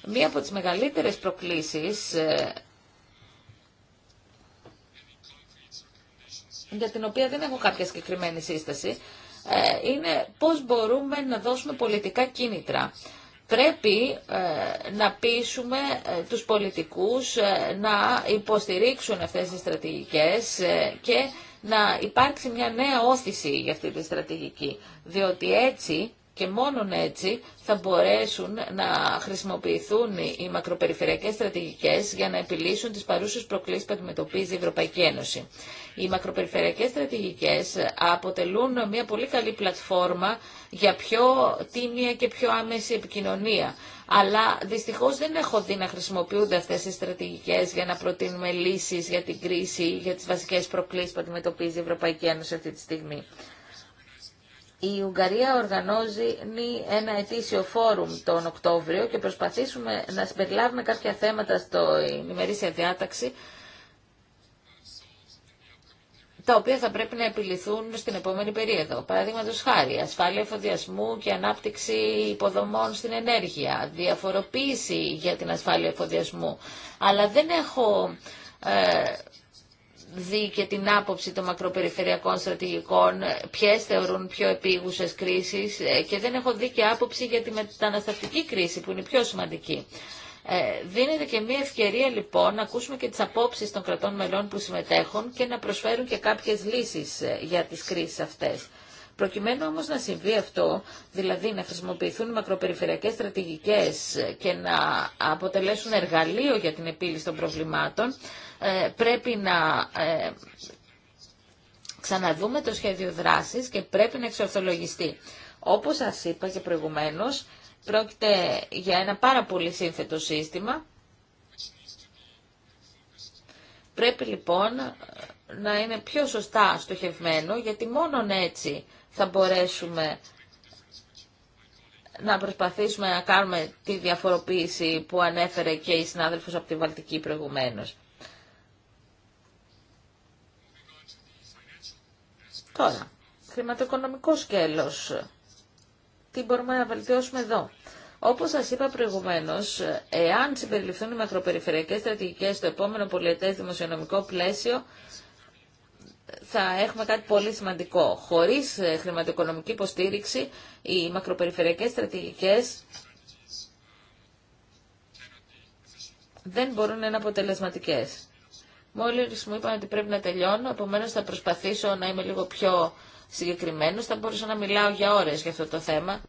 Μία από τι μεγαλύτερε προκλήσεις ε, για την οποία δεν έχω κάποια συγκεκριμένη σύσταση είναι πώς μπορούμε να δώσουμε πολιτικά κίνητρα. Πρέπει ε, να πείσουμε ε, τους πολιτικούς ε, να υποστηρίξουν αυτές τις στρατηγικές και να υπάρξει μια νέα όθηση για αυτή τη στρατηγική, διότι έτσι και μόνον έτσι θα μπορέσουν να χρησιμοποιηθούν οι μακροπεριφερειακές στρατηγικές για να επιλύσουν τις παρούσες προκλήσεις που αντιμετωπίζει η Ευρωπαϊκή Ένωση. Οι μακροπεριφερειακές στρατηγικές αποτελούν μια πολύ καλή πλατφόρμα για πιο τίμια και πιο άμεση επικοινωνία. Αλλά δυστυχώς δεν έχω δει να χρησιμοποιούνται αυτές οι στρατηγικές για να προτείνουμε λύσεις για την κρίση, για τις βασικές προκλήσεις που αντιμετωπίζει η Ευρωπαϊκή Ένωση αυτή τη στιγμή. Η Ουγγαρία οργανώζει ένα ετήσιο φόρουμ τον Οκτώβριο και προσπαθήσουμε να συμπεριλάβουμε κάποια θέματα στο ημερήσια διάταξη τα οποία θα πρέπει να επιληθούν στην επόμενη περίοδο. Παραδείγματο χάρη, ασφάλεια εφοδιασμού και ανάπτυξη υποδομών στην ενέργεια, διαφοροποίηση για την ασφάλεια εφοδιασμού. Αλλά δεν έχω ε, δει και την άποψη των μακροπεριφερειακών στρατηγικών, ποιε θεωρούν πιο επίγουσε κρίσει ε, και δεν έχω δει και άποψη για τη μεταναστευτική κρίση που είναι πιο σημαντική. Ε, δίνεται και μια ευκαιρία λοιπόν να ακούσουμε και τις απόψεις των κρατών μελών που συμμετέχουν και να προσφέρουν και κάποιες λύσεις ε, για τις κρίσεις αυτές. Προκειμένου όμως να συμβεί αυτό, δηλαδή να χρησιμοποιηθούν μακροπεριφερειακές στρατηγικές ε, και να αποτελέσουν εργαλείο για την επίλυση των προβλημάτων, πρέπει να ξαναδούμε το σχέδιο δράσης και πρέπει να εξορθολογιστεί. Όπως σας είπα και προηγουμένως, Πρόκειται για ένα πάρα πολύ σύνθετο σύστημα. Πρέπει λοιπόν να είναι πιο σωστά στοχευμένο, γιατί μόνον έτσι θα μπορέσουμε να προσπαθήσουμε να κάνουμε τη διαφοροποίηση που ανέφερε και η συνάδελφος από τη Βαλτική προηγουμένως. Τώρα, χρηματοοικονομικό σκέλος τι μπορούμε να βελτιώσουμε εδώ. Όπω σα είπα προηγουμένω, εάν συμπεριληφθούν οι μακροπεριφερειακέ στρατηγικέ στο επόμενο πολιετέ δημοσιονομικό πλαίσιο, θα έχουμε κάτι πολύ σημαντικό. Χωρί ε, χρηματοοικονομική υποστήριξη, οι μακροπεριφερειακέ στρατηγικέ δεν μπορούν να είναι αποτελεσματικέ. Μόλι μου είπαν ότι πρέπει να τελειώνω, επομένω θα προσπαθήσω να είμαι λίγο πιο Συγκεκριμένως Θα μπορούσα να μιλάω για ώρες για αυτό το θέμα.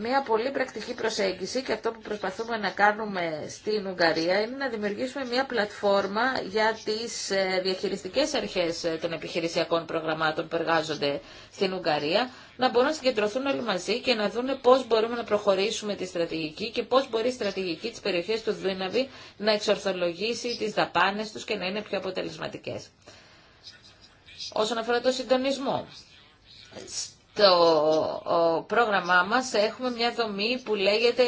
Μία πολύ πρακτική προσέγγιση και αυτό που προσπαθούμε να κάνουμε στην Ουγγαρία είναι να δημιουργήσουμε μία πλατφόρμα για τις ε, διαχειριστικές αρχές ε, των επιχειρησιακών προγραμμάτων που εργάζονται στην Ουγγαρία, να μπορούν να συγκεντρωθούν όλοι μαζί και να δούνε πώς μπορούμε να προχωρήσουμε τη στρατηγική και πώς μπορεί η στρατηγική της περιοχής του Δύναβη να εξορθολογήσει τις δαπάνες τους και να είναι πιο αποτελεσματικές. Όσον αφορά το συντονισμό, το πρόγραμμά μας έχουμε μια δομή που λέγεται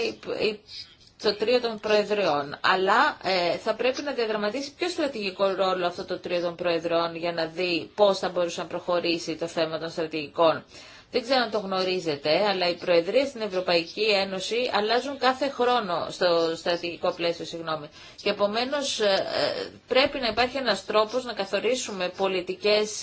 το τρίο των προεδριών. Αλλά ε, θα πρέπει να διαδραματίσει πιο στρατηγικό ρόλο αυτό το τρίο των Προεδρεών για να δει πώς θα μπορούσε να προχωρήσει το θέμα των στρατηγικών. Δεν ξέρω αν το γνωρίζετε, αλλά οι προεδρίες στην Ευρωπαϊκή Ένωση αλλάζουν κάθε χρόνο στο στρατηγικό πλαίσιο, συγγνώμη. Και επομένως ε, ε, πρέπει να υπάρχει ένας τρόπος να καθορίσουμε πολιτικές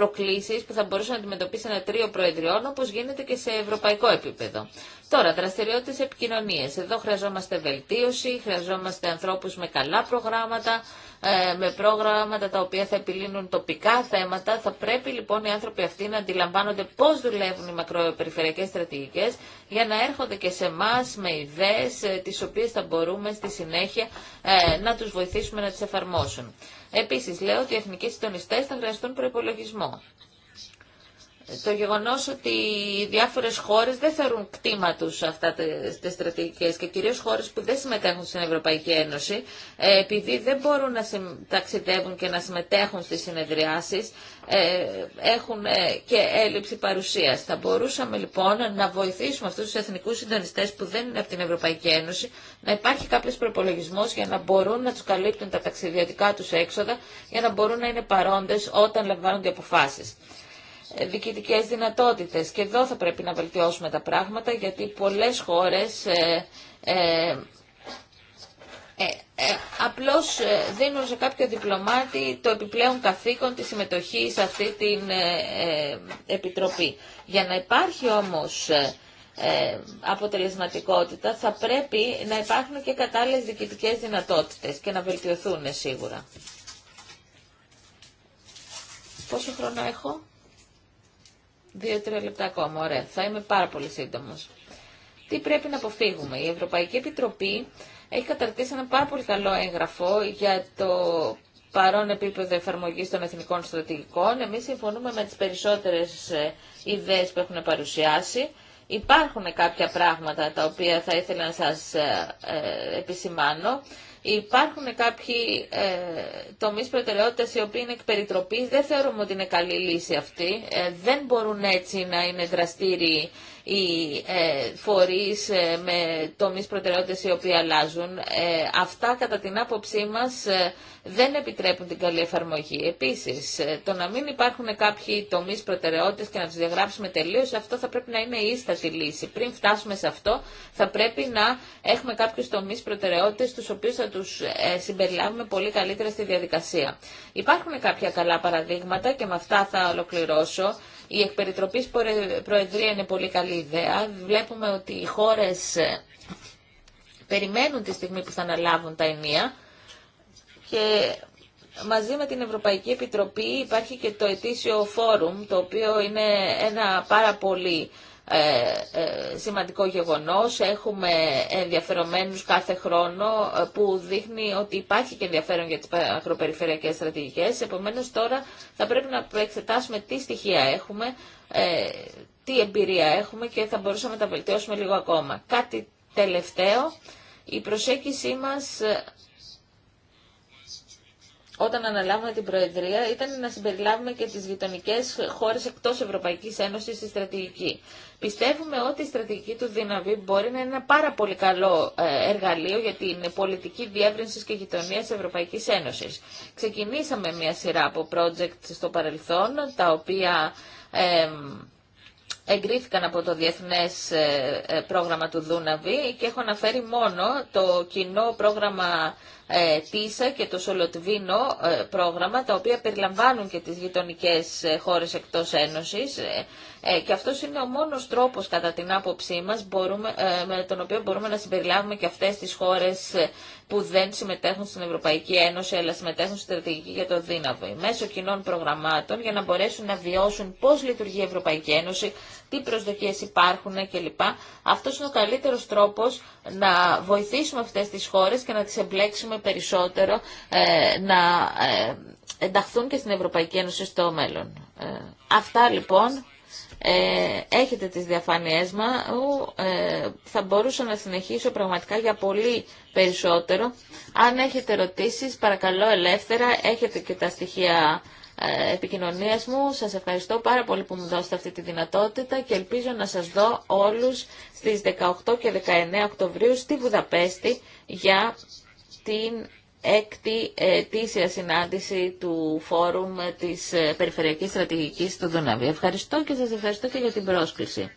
προκλήσεις που θα μπορούσαν να αντιμετωπίσει ένα τρίο προεδριών όπως γίνεται και σε ευρωπαϊκό επίπεδο. Τώρα, δραστηριότητες επικοινωνίες. Εδώ χρειαζόμαστε βελτίωση, χρειαζόμαστε ανθρώπους με καλά προγράμματα, ε, με πρόγραμματα τα οποία θα επιλύνουν τοπικά θέματα. Θα πρέπει λοιπόν οι άνθρωποι αυτοί να αντιλαμβάνονται πώς δουλεύουν οι μακροπεριφερειακές στρατηγικές για να έρχονται και σε εμά με ιδέες ε, τις οποίες θα μπορούμε στη συνέχεια ε, να τους βοηθήσουμε να τις εφαρμόσουν. Επίσης, λέω ότι οι εθνικοί συντονιστές θα χρειαστούν προπολογισμό το γεγονός ότι οι διάφορες χώρες δεν θεωρούν κτήμα τους αυτά τις στρατηγικές και κυρίως χώρες που δεν συμμετέχουν στην Ευρωπαϊκή Ένωση ε, επειδή δεν μπορούν να ταξιδεύουν και να συμμετέχουν στις συνεδριάσεις ε, έχουν ε, και έλλειψη παρουσίας. Θα μπορούσαμε λοιπόν να βοηθήσουμε αυτούς τους εθνικούς συντονιστές που δεν είναι από την Ευρωπαϊκή Ένωση να υπάρχει κάποιο προπολογισμό για να μπορούν να τους καλύπτουν τα ταξιδιωτικά τους έξοδα για να μπορούν να είναι παρόντες όταν λαμβάνονται αποφάσεις. Ε, διοικητικές δυνατότητες. Και εδώ θα πρέπει να βελτιώσουμε τα πράγματα γιατί πολλές χώρες ε, ε, ε, ε απλώς ε, δίνουν σε κάποιο διπλωμάτι το επιπλέον καθήκον της συμμετοχή σε αυτή την επιτροπή. Για να υπάρχει όμως αποτελεσματικότητα θα πρέπει να υπάρχουν και κατάλληλες διοικητικές δυνατότητες και να βελτιωθούν σίγουρα. Πόσο χρόνο έχω? Δύο-τρία λεπτά ακόμα, ωραία. Θα είμαι πάρα πολύ σύντομο. Τι πρέπει να αποφύγουμε. Η Ευρωπαϊκή Επιτροπή έχει καταρτήσει ένα πάρα πολύ καλό έγγραφο για το παρόν επίπεδο εφαρμογή των εθνικών στρατηγικών. Εμεί συμφωνούμε με τι περισσότερε ε, ιδέε που έχουν παρουσιάσει. Υπάρχουν κάποια πράγματα τα οποία θα ήθελα να σας ε, ε, επισημάνω. Υπάρχουν κάποιοι ε, τομείς προτεραιότητας οι οποίοι είναι εκ Δεν θεωρούμε ότι είναι καλή λύση αυτή. Ε, δεν μπορούν έτσι να είναι δραστήριοι οι ε, φορείς ε, με τομείς προτεραιότητες οι οποίοι αλλάζουν. Ε, αυτά κατά την άποψή μας δεν επιτρέπουν την καλή εφαρμογή. Επίσης, το να μην υπάρχουν κάποιοι τομείς προτεραιότητες και να τους διαγράψουμε τελείως, αυτό θα πρέπει να είναι η ίστατη λύση. Πριν φτάσουμε σε αυτό, θα πρέπει να έχουμε κάποιους τομείς προτεραιότητες, τους οποίους θα τους συμπεριλάβουμε πολύ καλύτερα στη διαδικασία. Υπάρχουν κάποια καλά παραδείγματα και με αυτά θα ολοκληρώσω. Η εκπεριτροπή προεδρία είναι πολύ καλή ιδέα. Βλέπουμε ότι οι χώρες ε, περιμένουν τη στιγμή που θα αναλάβουν τα ενία και μαζί με την Ευρωπαϊκή Επιτροπή υπάρχει και το ετήσιο φόρουμ, το οποίο είναι ένα πάρα πολύ ε, ε, σημαντικό γεγονός. Έχουμε ενδιαφερομένους κάθε χρόνο ε, που δείχνει ότι υπάρχει και ενδιαφέρον για τις αγροπεριφερειακές στρατηγικές. Επομένως τώρα θα πρέπει να εξετάσουμε τι στοιχεία έχουμε, τι εμπειρία έχουμε και θα μπορούσαμε να τα βελτιώσουμε λίγο ακόμα. Κάτι τελευταίο, η προσέγγιση μας όταν αναλάβουμε την Προεδρία ήταν να συμπεριλάβουμε και τις γειτονικές χώρες εκτός Ευρωπαϊκής Ένωσης στη στρατηγική. Πιστεύουμε ότι η στρατηγική του δύναμη μπορεί να είναι ένα πάρα πολύ καλό ε, εργαλείο για την πολιτική διεύρυνση και γειτονία τη Ευρωπαϊκή Ένωση. Ξεκινήσαμε μια σειρά από project στο παρελθόν, τα οποία ε, εγκρίθηκαν από το Διεθνές ε, ε, Πρόγραμμα του Δούναβη και έχω αναφέρει μόνο το κοινό πρόγραμμα ε, ΤΙΣΑ και το Σολοτβίνο πρόγραμμα, τα οποία περιλαμβάνουν και τις γειτονικές χώρες εκτός Ένωσης. Ε, και αυτό είναι ο μόνος τρόπος κατά την άποψή μας μπορούμε, ε, με τον οποίο μπορούμε να συμπεριλάβουμε και αυτές τις χώρες ε, που δεν συμμετέχουν στην Ευρωπαϊκή Ένωση αλλά συμμετέχουν στη στρατηγική για το δύναμο. μέσω κοινών προγραμμάτων για να μπορέσουν να βιώσουν πώς λειτουργεί η Ευρωπαϊκή Ένωση, τι προσδοκίες υπάρχουν κλπ. Αυτό είναι ο καλύτερος τρόπος να βοηθήσουμε αυτές τις χώρες και να τις εμπλέξουμε περισσότερο ε, να ενταχθούν και στην Ευρωπαϊκή Ένωση στο μέλλον. Αυτά λοιπόν. Ε, έχετε τις διαφανειές μου, ε, θα μπορούσα να συνεχίσω πραγματικά για πολύ περισσότερο. Αν έχετε ερωτήσεις, παρακαλώ ελεύθερα, έχετε και τα στοιχεία ε, επικοινωνίας μου. Σας ευχαριστώ πάρα πολύ που μου δώσετε αυτή τη δυνατότητα και ελπίζω να σας δω όλους στις 18 και 19 Οκτωβρίου στη Βουδαπέστη για την έκτη ετήσια συνάντηση του Φόρουμ της ε, Περιφερειακής Στρατηγικής στο Δουναβή. Ευχαριστώ και σας ευχαριστώ και για την πρόσκληση.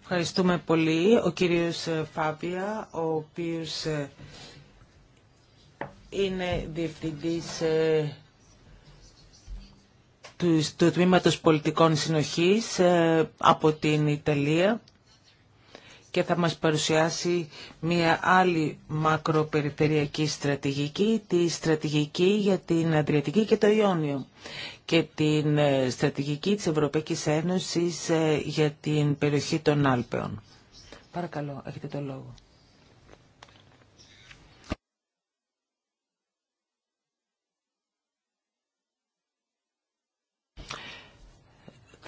Ευχαριστούμε πολύ. Ο κύριος ε, Φάβια, ο οποίος ε, είναι διευθυντής του, του Τμήματος Πολιτικών Συνοχής από την Ιταλία και θα μας παρουσιάσει μια άλλη μακροπεριφερειακή στρατηγική, τη στρατηγική για την Αδριατική και το Ιόνιο και την ε, στρατηγική της Ευρωπαϊκής Ένωσης ε, για την περιοχή των Άλπαιων. Παρακαλώ, έχετε το λόγο.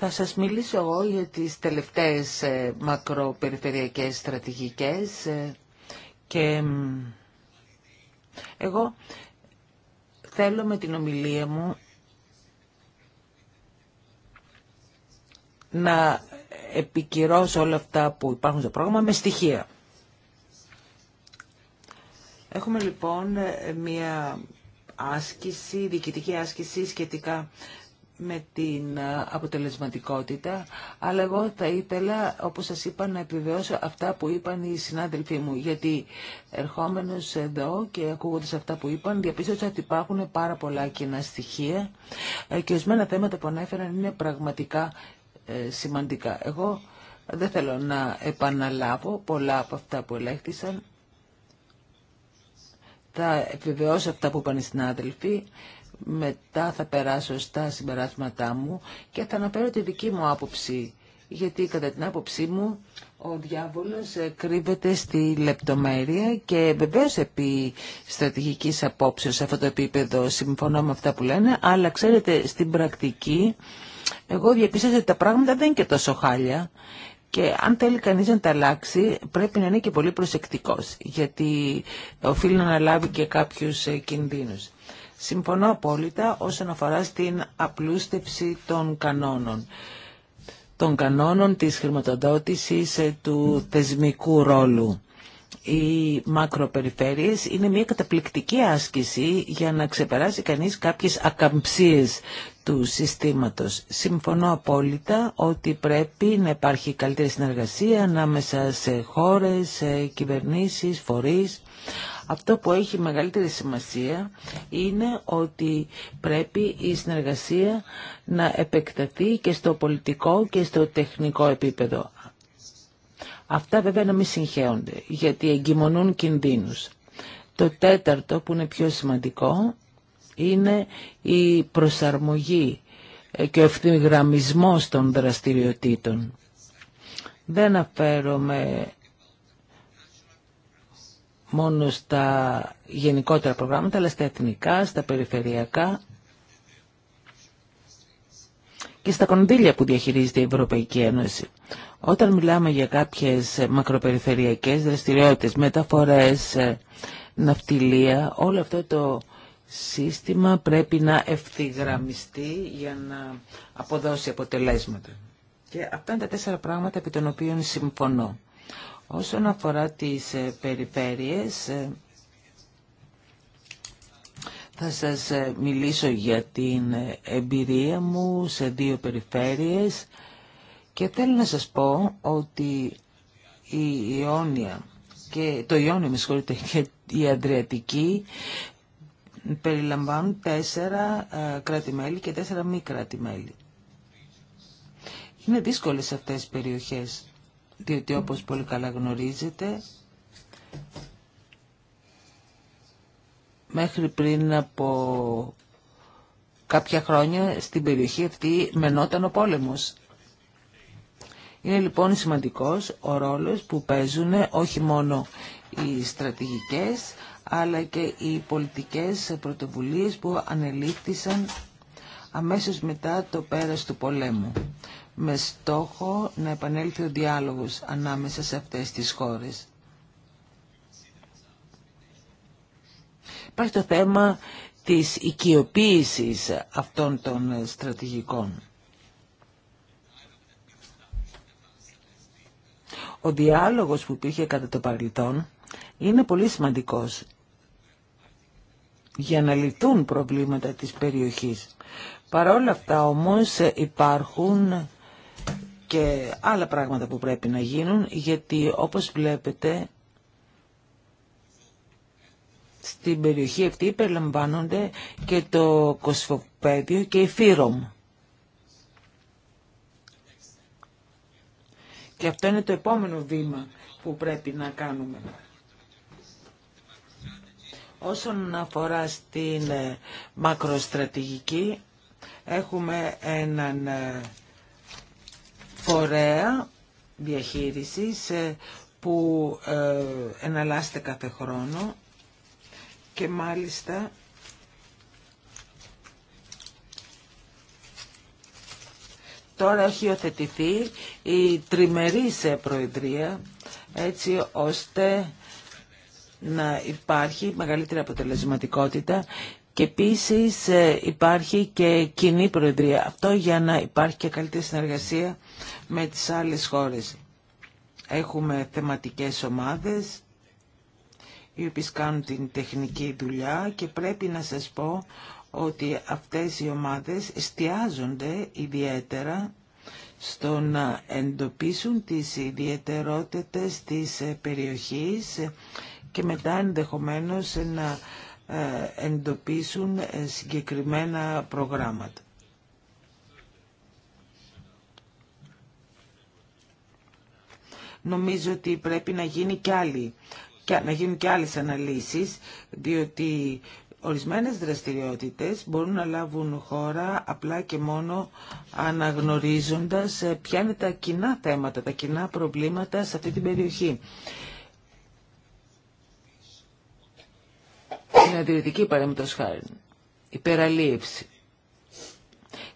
Θα σας μιλήσω εγώ για τις τελευταίες ε, μακροπεριφερειακές στρατηγικές ε, και εγώ θέλω με την ομιλία μου να επικυρώσω όλα αυτά που υπάρχουν στο πρόγραμμα με στοιχεία. Έχουμε λοιπόν ε, μια άσκηση, διοικητική άσκηση σχετικά με την ε, αποτελεσματικότητα, αλλά εγώ θα ήθελα, όπως σας είπα, να επιβεβαιώσω αυτά που είπαν οι συνάδελφοί μου, γιατί ερχόμενος εδώ και ακούγοντας αυτά που είπαν, διαπίστωσα ότι υπάρχουν πάρα πολλά κοινά στοιχεία ε, και ορισμένα θέματα που ανέφεραν είναι πραγματικά ε, σημαντικά. Εγώ δεν θέλω να επαναλάβω πολλά από αυτά που ελέγχθησαν. Θα επιβεβαιώσω αυτά που είπαν οι συνάδελφοι μετά θα περάσω στα συμπεράσματά μου και θα αναφέρω τη δική μου άποψη. Γιατί κατά την άποψή μου ο διάβολος ε, κρύβεται στη λεπτομέρεια και βεβαίω επί στρατηγικής απόψεως σε αυτό το επίπεδο συμφωνώ με αυτά που λένε, αλλά ξέρετε στην πρακτική εγώ διαπίστωσα ότι τα πράγματα δεν είναι και τόσο χάλια και αν θέλει κανείς να τα αλλάξει πρέπει να είναι και πολύ προσεκτικός γιατί οφείλει να αναλάβει και κάποιους ε, κινδύνους. Συμφωνώ απόλυτα όσον αφορά στην απλούστευση των κανόνων των κανόνων της χρηματοδότησης ε, του θεσμικού ρόλου. Οι μακροπεριφέρειες είναι μια καταπληκτική άσκηση για να ξεπεράσει κανείς κάποιες ακαμψίες του συστήματος. Συμφωνώ απόλυτα ότι πρέπει να υπάρχει καλύτερη συνεργασία ανάμεσα σε χώρες, σε κυβερνήσεις, φορείς. Αυτό που έχει μεγαλύτερη σημασία είναι ότι πρέπει η συνεργασία να επεκταθεί και στο πολιτικό και στο τεχνικό επίπεδο. Αυτά βέβαια να μην συγχέονται, γιατί εγκυμονούν κινδύνους. Το τέταρτο που είναι πιο σημαντικό είναι η προσαρμογή ε, και ο ευθυγραμμισμός των δραστηριοτήτων. Δεν αφαίρομαι μόνο στα γενικότερα προγράμματα, αλλά στα εθνικά, στα περιφερειακά και στα κονδύλια που διαχειρίζεται η Ευρωπαϊκή Ένωση. Όταν μιλάμε για κάποιες μακροπεριφερειακές δραστηριότητες, μεταφορές, ε, ναυτιλία, όλο αυτό το σύστημα πρέπει να ευθυγραμμιστεί για να αποδώσει αποτελέσματα. Και αυτά είναι τα τέσσερα πράγματα επί των οποίων συμφωνώ. Όσον αφορά τις ε, περιφέρειες, ε, θα σας ε, μιλήσω για την εμπειρία μου σε δύο περιφέρειες και θέλω να σας πω ότι η Ιόνια και το Ιόνιο με συγχωρείτε και η Αντριατική περιλαμβάνουν τέσσερα ε, κράτη-μέλη και τέσσερα μη κράτη-μέλη. Είναι δύσκολες αυτές οι περιοχές, διότι όπως πολύ καλά γνωρίζετε, μέχρι πριν από κάποια χρόνια στην περιοχή αυτή μενόταν ο πόλεμος. Είναι λοιπόν σημαντικός ο ρόλος που παίζουν όχι μόνο οι στρατηγικές, αλλά και οι πολιτικές πρωτοβουλίες που ανελήφθησαν αμέσως μετά το πέρας του πολέμου με στόχο να επανέλθει ο διάλογος ανάμεσα σε αυτές τις χώρες. Υπάρχει το θέμα της οικειοποίησης αυτών των στρατηγικών. Ο διάλογος που υπήρχε κατά το παρελθόν είναι πολύ σημαντικός για να λυθούν προβλήματα της περιοχής. όλα αυτά όμως υπάρχουν και άλλα πράγματα που πρέπει να γίνουν γιατί όπως βλέπετε στην περιοχή αυτή περιλαμβάνονται και το Κοσφοπέδιο και η Φύρομ. Και αυτό είναι το επόμενο βήμα που πρέπει να κάνουμε. Όσον αφορά στην ε, μακροστρατηγική, έχουμε έναν ε, φορέα διαχείρισης ε, που εναλλάσσεται κάθε χρόνο και μάλιστα τώρα έχει οθετηθεί η τριμερής προεδρία έτσι ώστε να υπάρχει μεγαλύτερη αποτελεσματικότητα και επίση ε, υπάρχει και κοινή προεδρία. Αυτό για να υπάρχει και καλύτερη συνεργασία με τις άλλες χώρες. Έχουμε θεματικές ομάδες οι οποίες κάνουν την τεχνική δουλειά και πρέπει να σας πω ότι αυτές οι ομάδες εστιάζονται ιδιαίτερα στο να εντοπίσουν τις ιδιαιτερότητες της ε, περιοχής και μετά ενδεχομένως να ε, εντοπίσουν ε, συγκεκριμένα προγράμματα. Νομίζω ότι πρέπει να γίνει και άλλη και να γίνουν και άλλες αναλύσεις, διότι ορισμένες δραστηριότητες μπορούν να λάβουν χώρα απλά και μόνο αναγνωρίζοντας ε, ποια είναι τα κοινά θέματα, τα κοινά προβλήματα σε αυτή την περιοχή. συνεδριωτική παραμύθος χάρη, υπεραλίευση.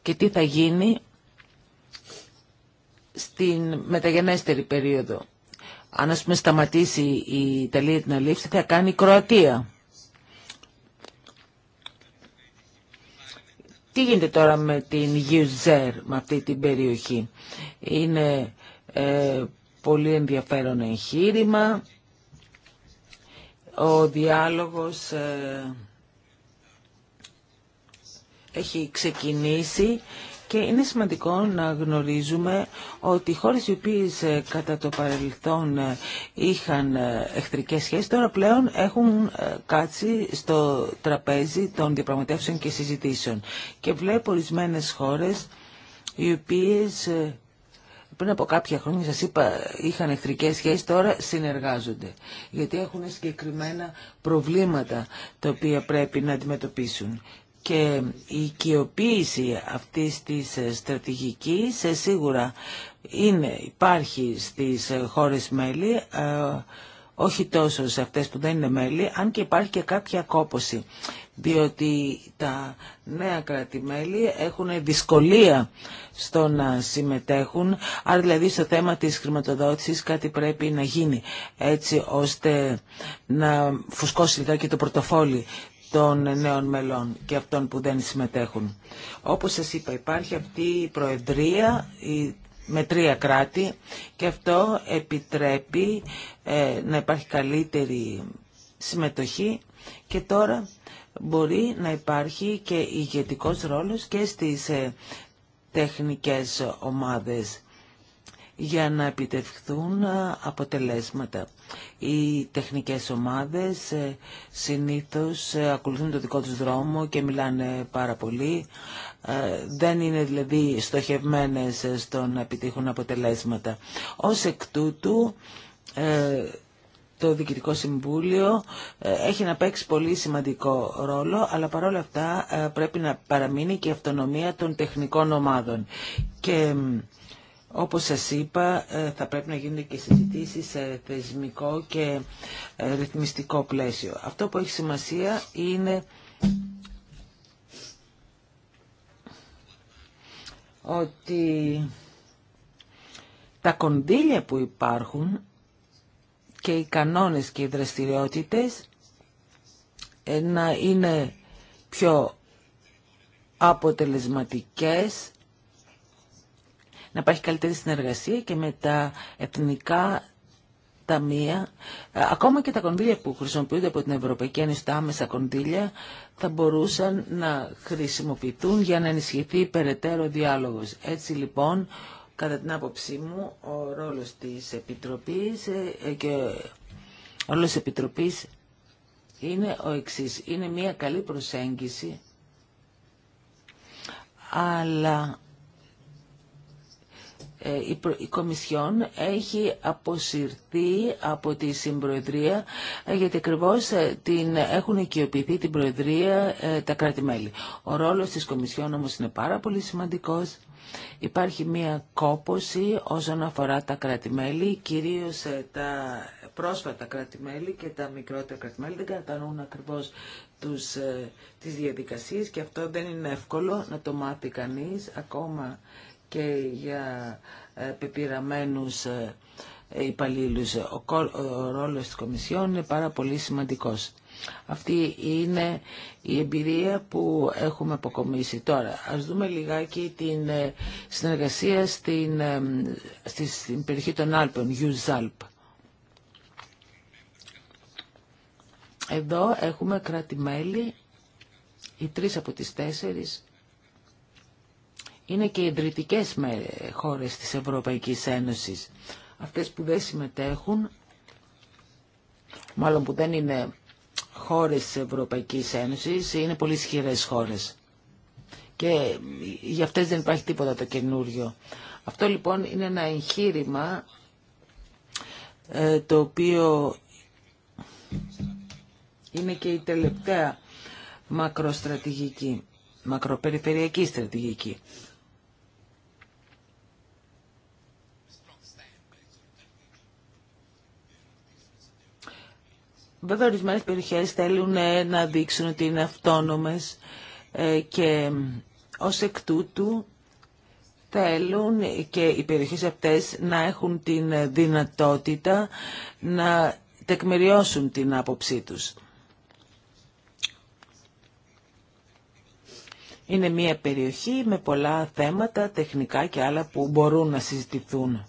Και τι θα γίνει στην μεταγενέστερη περίοδο. Αν ας πούμε σταματήσει η Ιταλία την αλήψη θα κάνει η Κροατία. Τι γίνεται τώρα με την Γιουζέρ, με αυτή την περιοχή. Είναι ε, πολύ ενδιαφέρον εγχείρημα. Ο διάλογος ε, έχει ξεκινήσει και είναι σημαντικό να γνωρίζουμε ότι οι χώρες οι οποίες ε, κατά το παρελθόν ε, είχαν εχθρικές σχέσεις τώρα πλέον έχουν κάτσει στο τραπέζι των διαπραγματεύσεων και συζητήσεων. Και βλέπω ορισμένε χώρες οι οποίες πριν από κάποια χρόνια, σας είπα, είχαν εχθρικές σχέσεις, τώρα συνεργάζονται. Γιατί έχουν συγκεκριμένα προβλήματα τα οποία πρέπει να αντιμετωπίσουν. Και η οικειοποίηση αυτής της ε, στρατηγικής ε, σίγουρα είναι, υπάρχει στις ε, χώρες μέλη, όχι τόσο σε αυτές που δεν είναι μέλη, αν και υπάρχει και κάποια κόπωση. διότι τα νέα κράτη-μέλη έχουν δυσκολία στο να συμμετέχουν, άρα δηλαδή στο θέμα της χρηματοδότησης κάτι πρέπει να γίνει, έτσι ώστε να φουσκώσει και το πορτοφόλι των νέων μελών και αυτών που δεν συμμετέχουν. Όπως σας είπα υπάρχει αυτή η Προεδρία με τρία κράτη και αυτό επιτρέπει ε, να υπάρχει καλύτερη συμμετοχή και τώρα μπορεί να υπάρχει και ηγετικός ρόλος και στις ε, τεχνικές ομάδες για να επιτευχθούν ε, αποτελέσματα. Οι τεχνικές ομάδες συνήθως ακολουθούν το δικό τους δρόμο και μιλάνε πάρα πολύ. Ε, δεν είναι δηλαδή στοχευμένες στο να επιτύχουν αποτελέσματα. Ως εκ τούτου ε, το Διοικητικό Συμβούλιο ε, έχει να παίξει πολύ σημαντικό ρόλο, αλλά παρόλα αυτά πρέπει να παραμείνει και η αυτονομία των τεχνικών ομάδων. Και όπως σας είπα, θα πρέπει να γίνονται και συζητήσει σε θεσμικό και ρυθμιστικό πλαίσιο. Αυτό που έχει σημασία είναι ότι τα κονδύλια που υπάρχουν και οι κανόνες και οι δραστηριότητες ε, να είναι πιο αποτελεσματικές, να υπάρχει καλύτερη συνεργασία και με τα εθνικά ταμεία, ε, ακόμα και τα κονδύλια που χρησιμοποιούνται από την Ευρωπαϊκή Ένωση, τα άμεσα κονδύλια, θα μπορούσαν να χρησιμοποιηθούν για να ενισχυθεί περαιτέρω διάλογος. Έτσι λοιπόν, κατά την άποψή μου, ο ρόλος της Επιτροπής ε, ε, και ο ρόλος της Επιτροπής είναι ο εξής. Είναι μια καλή προσέγγιση, αλλά ε, η Κομισιόν έχει αποσυρθεί από τη Συμπροεδρία ε, γιατί ακριβώ ε, την έχουν οικειοποιηθεί την Προεδρία τα κράτη-μέλη. Ο ρόλος της Κομισιόν όμως είναι πάρα πολύ σημαντικός. Υπάρχει μία κόποση όσον αφορά τα κράτη-μέλη, κυρίως τα πρόσφατα κράτη-μέλη και τα μικρότερα κράτη-μέλη δεν κατανοούν ακριβώς τους, τις διαδικασίες και αυτό δεν είναι εύκολο να το μάθει κανείς ακόμα και για ε, πεπειραμένους ε, υπαλλήλους. Ο, ρόλος της Κομισιόν είναι πάρα πολύ σημαντικός. Αυτή είναι η εμπειρία που έχουμε αποκομίσει. Τώρα, ας δούμε λιγάκι την ε, συνεργασία στην, περιοχή των Άλπων, Ιουζάλπ. Εδώ έχουμε κράτη-μέλη, οι τρεις από τις τέσσερις, είναι και ιδρυτικές με χώρες της Ευρωπαϊκής Ένωσης. Αυτές που δεν συμμετέχουν, μάλλον που δεν είναι χώρες της Ευρωπαϊκής Ένωσης, είναι πολύ ισχυρέ χώρες. Και για αυτές δεν υπάρχει τίποτα το καινούριο. Αυτό λοιπόν είναι ένα εγχείρημα ε, το οποίο είναι και η τελευταία μακροστρατηγική, μακροπεριφερειακή στρατηγική. Βέβαια, ορισμένε περιοχές θέλουν ε, να δείξουν ότι είναι αυτόνομες ε, και ως εκ τούτου θέλουν και οι περιοχές αυτές να έχουν την δυνατότητα να τεκμηριώσουν την άποψή τους. Είναι μια περιοχή με πολλά θέματα τεχνικά και άλλα που μπορούν να συζητηθούν.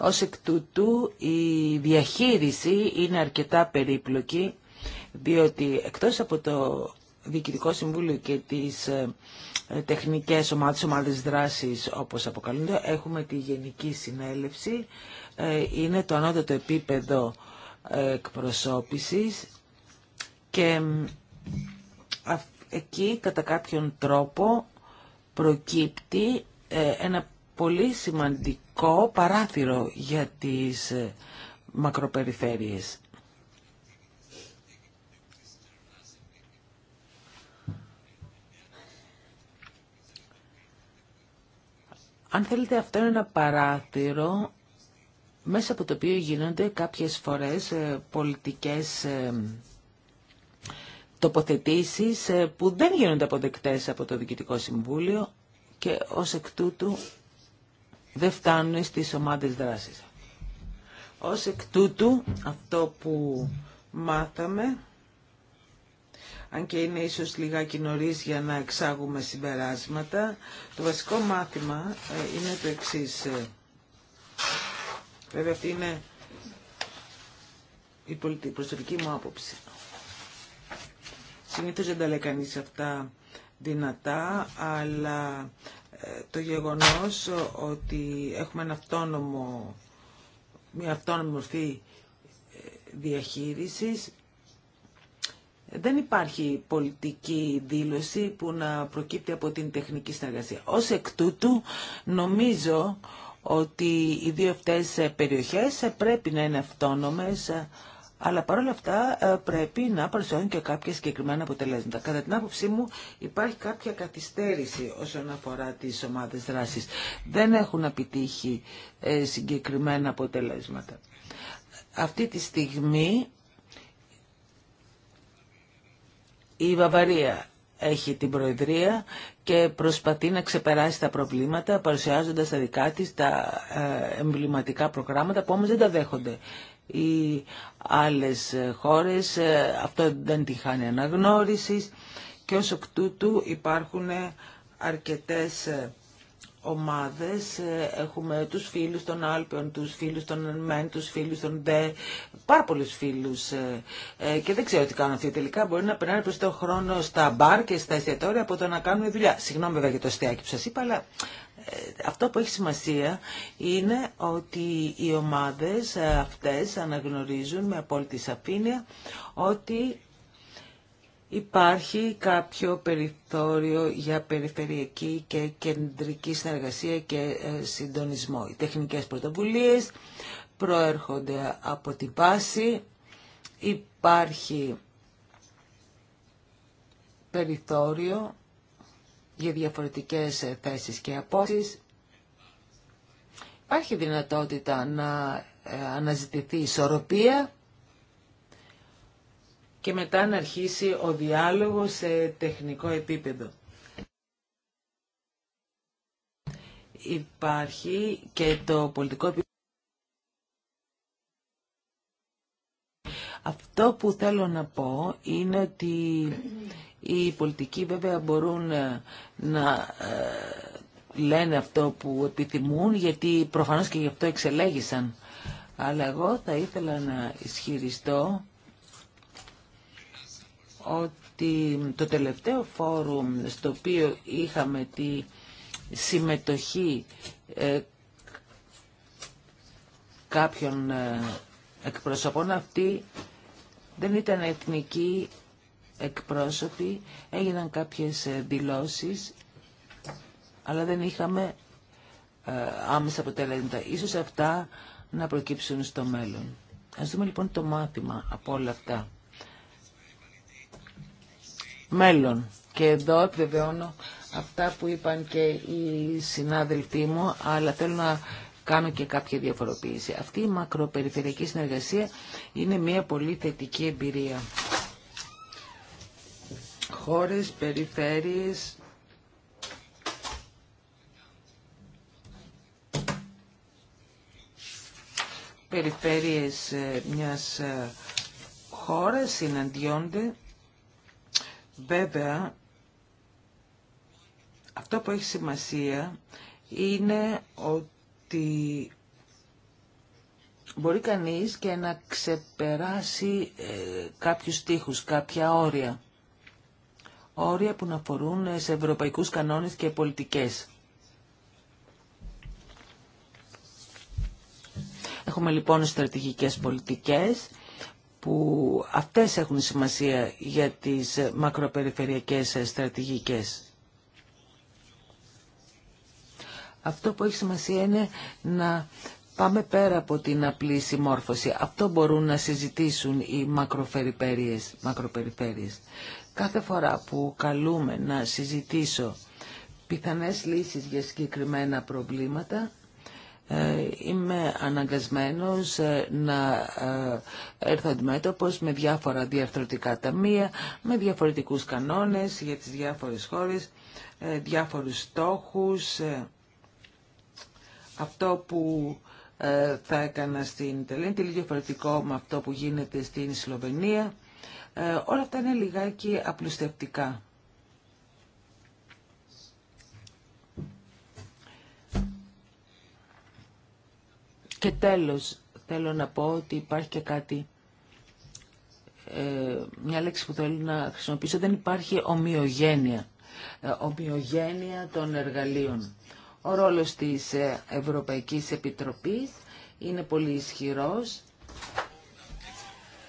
Ως εκ τούτου η διαχείριση είναι αρκετά περίπλοκη διότι εκτός από το Διοικητικό Συμβούλιο και τις ε, ε, τεχνικές ομάδες, ομάδες δράσης όπως αποκαλούνται, έχουμε τη Γενική Συνέλευση, ε, είναι το ανώτατο επίπεδο εκπροσώπησης και εκεί κατά κάποιον τρόπο προκύπτει ένα πολύ σημαντικό σημαντικό παράθυρο για τις ε, μακροπεριφέρειες. Αν θέλετε αυτό είναι ένα παράθυρο μέσα από το οποίο γίνονται κάποιες φορές ε, πολιτικές ε, τοποθετήσεις που δεν γίνονται αποδεκτές από το Διοικητικό Συμβούλιο και ως εκ τούτου δεν φτάνουν στις ομάδες δράσης. Ως εκ τούτου, αυτό που μάθαμε, αν και είναι ίσως λιγάκι νωρίς για να εξάγουμε συμπεράσματα, το βασικό μάθημα ε, είναι το εξής. Ε. Βέβαια αυτή είναι η προσωπική μου άποψη. Συνήθως δεν τα λέει αυτά δυνατά, αλλά το γεγονός ότι έχουμε ένα αυτόνομο, μια αυτόνομη μορφή ε, διαχείρισης δεν υπάρχει πολιτική δήλωση που να προκύπτει από την τεχνική συνεργασία. Ως εκ τούτου νομίζω ότι οι δύο αυτές περιοχές πρέπει να είναι αυτόνομες αλλά παρόλα αυτά ε, πρέπει να παρουσιάζουν και κάποια συγκεκριμένα αποτελέσματα. Κατά την άποψή μου υπάρχει κάποια καθυστέρηση όσον αφορά τις ομάδες δράσης. Δεν έχουν επιτύχει ε, συγκεκριμένα αποτελέσματα. Αυτή τη στιγμή η Βαβαρία έχει την Προεδρία και προσπαθεί να ξεπεράσει τα προβλήματα παρουσιάζοντας τα δικά της τα ε, εμβληματικά προγράμματα που όμως δεν τα δέχονται άλλες ε, χώρες. Ε, αυτό δεν τη χάνει αναγνώρισης και ως εκ τούτου υπάρχουν αρκετές ε, ομάδες, ε, έχουμε τους φίλους των Άλπαιων, τους φίλους των ΜΕΝ, τους φίλους των ΔΕ, πάρα πολλούς φίλους ε, ε, και δεν ξέρω τι κάνουν αυτοί τελικά, μπορεί να περνάνε προς το χρόνο στα μπαρ και στα εστιατόρια από το να κάνουν δουλειά. Συγγνώμη βέβαια για το στιάκι, που σας είπα, αλλά αυτό που έχει σημασία είναι ότι οι ομάδες αυτές αναγνωρίζουν με απόλυτη σαφήνεια ότι Υπάρχει κάποιο περιθώριο για περιφερειακή και κεντρική συνεργασία και ε, συντονισμό. Οι τεχνικές πρωτοβουλίες προέρχονται από την βάση. Υπάρχει περιθώριο για διαφορετικές ε, θέσεις και απόψεις. Υπάρχει δυνατότητα να ε, αναζητηθεί ισορροπία και μετά να αρχίσει ο διάλογος σε τεχνικό επίπεδο. Υπάρχει και το πολιτικό επίπεδο. Αυτό που θέλω να πω είναι ότι οι πολιτικοί βέβαια μπορούν να ε, λένε αυτό που επιθυμούν γιατί προφανώς και γι' αυτό εξελέγησαν. Αλλά εγώ θα ήθελα να ισχυριστώ ότι το τελευταίο φόρουμ στο οποίο είχαμε τη συμμετοχή ε, κάποιων ε, εκπροσωπών αυτή δεν ήταν εθνικοί εκπρόσωποι, έγιναν κάποιες ε, δηλώσεις, αλλά δεν είχαμε άμεσα αποτελέσματα. Ίσως αυτά να προκύψουν στο μέλλον. Ας δούμε λοιπόν το μάθημα από όλα αυτά μέλλον. Και εδώ επιβεβαιώνω αυτά που είπαν και οι συνάδελφοί μου, αλλά θέλω να κάνω και κάποια διαφοροποίηση. Αυτή η μακροπεριφερειακή συνεργασία είναι μια πολύ θετική εμπειρία. Χώρες, περιφέρειες, περιφέρειες ε, μιας ε, χώρας συναντιόνται Βέβαια, αυτό που έχει σημασία είναι ότι μπορεί κανείς και να ξεπεράσει ε, κάποιους στίχους, κάποια όρια. Όρια που να αφορούν σε ευρωπαϊκούς κανόνες και πολιτικές. Έχουμε λοιπόν στρατηγικές πολιτικές που αυτές έχουν σημασία για τις μακροπεριφερειακές στρατηγικές. Αυτό που έχει σημασία είναι να πάμε πέρα από την απλή συμμόρφωση. Αυτό μπορούν να συζητήσουν οι μακροπεριφέρειες. Κάθε φορά που καλούμε να συζητήσω πιθανές λύσεις για συγκεκριμένα προβλήματα, ε, είμαι αναγκασμένος ε, να ε, έρθω αντιμέτωπος με διάφορα διαρθρωτικά ταμεία, με διαφορετικούς κανόνες για τις διάφορες χώρες, διάφορους στόχους. Αυτό που θα έκανα στην Ιταλία είναι διαφορετικό με αυτό που γίνεται στην Σλοβενία. Όλα αυτά είναι λιγάκι απλουστευτικά. Και τέλος, θέλω να πω ότι υπάρχει και κάτι, ε, μια λέξη που θέλω να χρησιμοποιήσω, δεν υπάρχει ομοιογένεια, ε, ομοιογένεια των εργαλείων. Ο ρόλος της ε, Ευρωπαϊκής Επιτροπής είναι πολύ ισχυρός.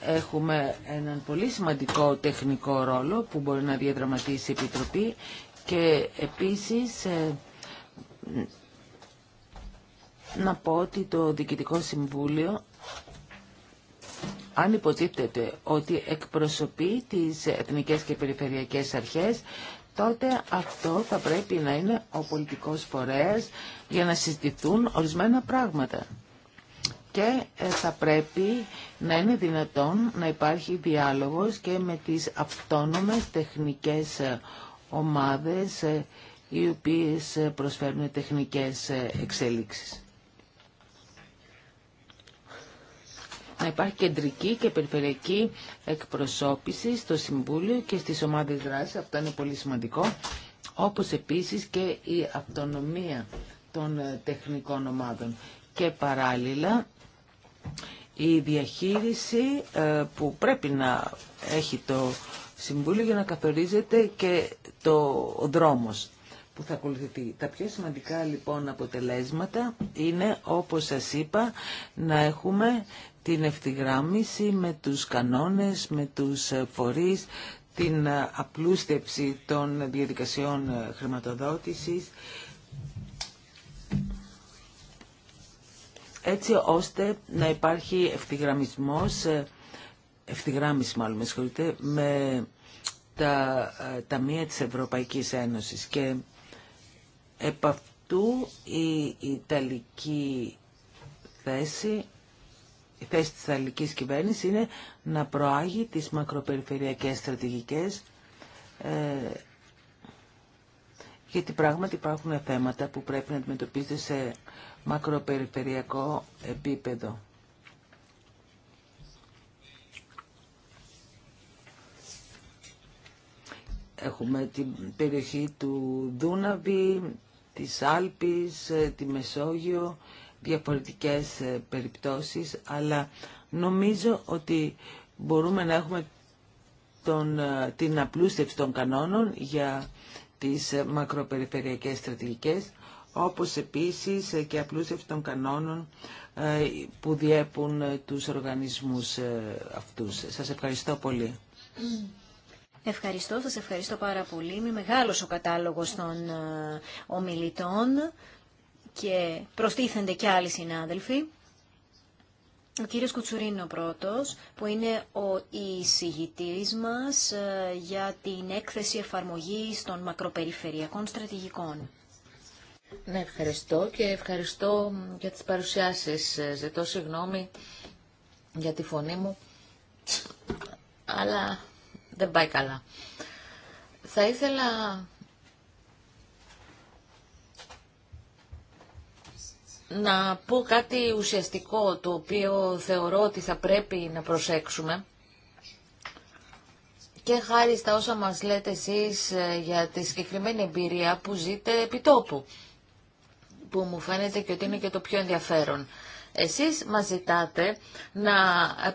Έχουμε έναν πολύ σημαντικό τεχνικό ρόλο που μπορεί να διαδραματίσει η Επιτροπή και επίσης να πω ότι το Διοικητικό Συμβούλιο αν υποτίθεται ότι εκπροσωπεί τις εθνικές και περιφερειακές αρχές, τότε αυτό θα πρέπει να είναι ο πολιτικός φορέας για να συζητηθούν ορισμένα πράγματα. Και ε, θα πρέπει να είναι δυνατόν να υπάρχει διάλογος και με τις αυτόνομες τεχνικές ε, ομάδες ε, οι οποίες προσφέρουν τεχνικές εξέλιξεις. να υπάρχει κεντρική και περιφερειακή εκπροσώπηση στο Συμβούλιο και στις ομάδες δράσης. Αυτό είναι πολύ σημαντικό. Όπως επίσης και η αυτονομία των ε, τεχνικών ομάδων. Και παράλληλα η διαχείριση ε, που πρέπει να έχει το Συμβούλιο για να καθορίζεται και το δρόμος που θα ακολουθηθεί. Τα πιο σημαντικά λοιπόν αποτελέσματα είναι όπως σας είπα να έχουμε την ευθυγράμμιση με τους κανόνες, με τους ε, φορείς, την ε, απλούστευση των διαδικασιών ε, χρηματοδότησης, έτσι ώστε να υπάρχει ευθυγραμμισμός, ευθυγράμμιση μάλλον με με τα ταμεία της Ευρωπαϊκής Ένωσης και επ' αυτού η Ιταλική θέση η θέση της αλληλικής κυβέρνηση είναι να προάγει τις μακροπεριφερειακές στρατηγικές ε, γιατί πράγματι υπάρχουν θέματα που πρέπει να αντιμετωπίζονται σε μακροπεριφερειακό επίπεδο. Έχουμε την περιοχή του Δούναβη, της Άλπης, ε, τη Μεσόγειο διαφορετικές ε, περιπτώσεις, αλλά νομίζω ότι μπορούμε να έχουμε τον, ε, την απλούστευση των κανόνων για τις ε, μακροπεριφερειακές στρατηγικές, όπως επίσης και απλούστευση των κανόνων που διέπουν τους οργανισμούς αυτούς. Σας ευχαριστώ πολύ. Ευχαριστώ, σας ευχαριστώ πάρα πολύ. Είμαι μεγάλος ο κατάλογος των ομιλητών και προστίθενται και άλλοι συνάδελφοι. Ο κύριος Κουτσουρίνο πρώτος, που είναι ο εισηγητής μας ε, για την έκθεση εφαρμογής των μακροπεριφερειακών στρατηγικών. Ναι, ευχαριστώ και ευχαριστώ για τις παρουσιάσεις. Ε, ζητώ συγγνώμη για τη φωνή μου, αλλά δεν πάει καλά. Θα ήθελα να πω κάτι ουσιαστικό το οποίο θεωρώ ότι θα πρέπει να προσέξουμε και χάρη στα όσα μας λέτε εσείς ε, για τη συγκεκριμένη εμπειρία που ζείτε επί τόπου, που μου φαίνεται και ότι είναι και το πιο ενδιαφέρον. Εσείς μας ζητάτε να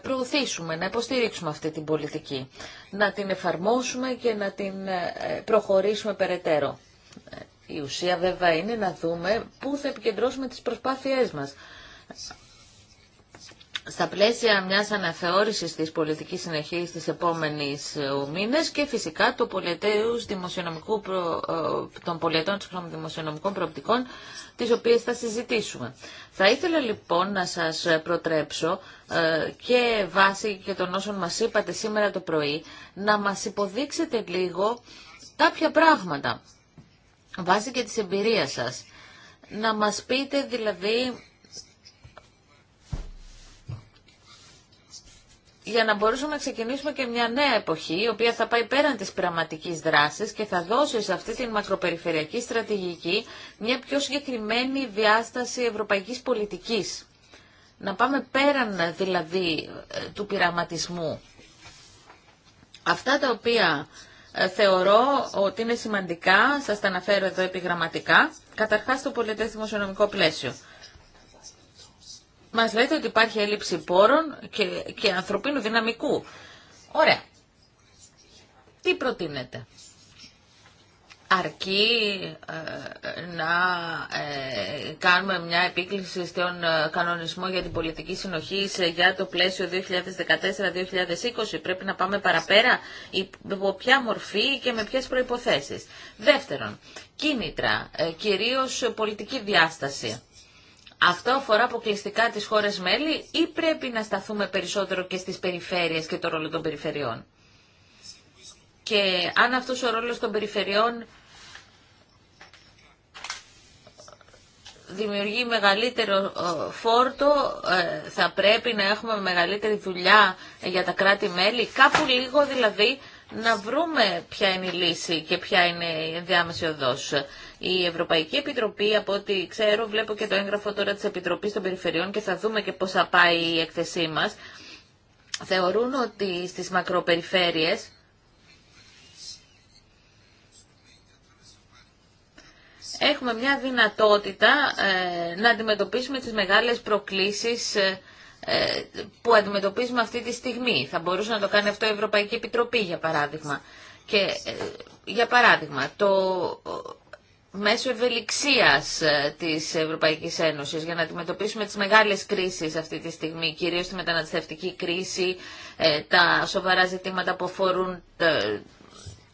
προωθήσουμε, να υποστηρίξουμε αυτή την πολιτική, να την εφαρμόσουμε και να την ε, προχωρήσουμε περαιτέρω. Η ουσία βέβαια είναι να δούμε πού θα επικεντρώσουμε τις προσπάθειές μας. Στα πλαίσια μιας αναθεώρησης της πολιτικής συνεχής της επόμενης ε, μήνες και φυσικά του δημοσιονομικού προ... Ε, των πολιτών των δημοσιονομικών προοπτικών τις οποίες θα συζητήσουμε. Θα ήθελα λοιπόν να σας προτρέψω ε, και βάσει και των όσων μας είπατε σήμερα το πρωί να μας υποδείξετε λίγο κάποια πράγματα βάσει και της εμπειρίας σας. Να μας πείτε δηλαδή για να μπορούσαμε να ξεκινήσουμε και μια νέα εποχή, η οποία θα πάει πέραν της πραγματικής δράσης και θα δώσει σε αυτή την μακροπεριφερειακή στρατηγική μια πιο συγκεκριμένη διάσταση ευρωπαϊκής πολιτικής. Να πάμε πέραν δηλαδή ε, του πειραματισμού. Αυτά τα οποία ε, θεωρώ ότι είναι σημαντικά, σας τα αναφέρω εδώ επιγραμματικά, καταρχάς το πολιτές οικονομικό πλαίσιο. Μας λέτε ότι υπάρχει έλλειψη πόρων και, και ανθρωπίνου δυναμικού. Ωραία. Τι προτείνετε αρκεί ε, να ε, κάνουμε μια επίκληση στον ε, κανονισμό για την πολιτική συνοχή για το πλαίσιο 2014-2020. Πρέπει να πάμε παραπέρα υπό ποια μορφή και με ποιες προϋποθέσεις. Δεύτερον, κίνητρα, ε, κυρίως πολιτική διάσταση. Αυτό αφορά αποκλειστικά τις χώρες μέλη ή πρέπει να σταθούμε περισσότερο και στις περιφέρειες και το ρόλο των περιφερειών. Και αν αυτός ο ρόλος των περιφερειών δημιουργεί μεγαλύτερο ε, φόρτο, ε, θα πρέπει να έχουμε μεγαλύτερη δουλειά για τα κράτη-μέλη, κάπου λίγο δηλαδή να βρούμε ποια είναι η λύση και ποια είναι η διάμεση οδός. Η Ευρωπαϊκή Επιτροπή, από ό,τι ξέρω, βλέπω και το έγγραφο τώρα της Επιτροπής των Περιφερειών και θα δούμε και πώς θα πάει η έκθεσή μας, θεωρούν ότι στις μακροπεριφέρειες έχουμε μια δυνατότητα ε, να αντιμετωπίσουμε τις μεγάλες προκλήσεις ε, ε, που αντιμετωπίζουμε αυτή τη στιγμή. Θα μπορούσε να το κάνει αυτό η Ευρωπαϊκή Επιτροπή, για παράδειγμα. Και, για παράδειγμα, το μέσω ευελιξίας της Ευρωπαϊκής Ένωσης για να αντιμετωπίσουμε τις μεγάλες κρίσεις αυτή τη στιγμή, κυρίως τη μεταναστευτική κρίση, τα σοβαρά ζητήματα που αφορούν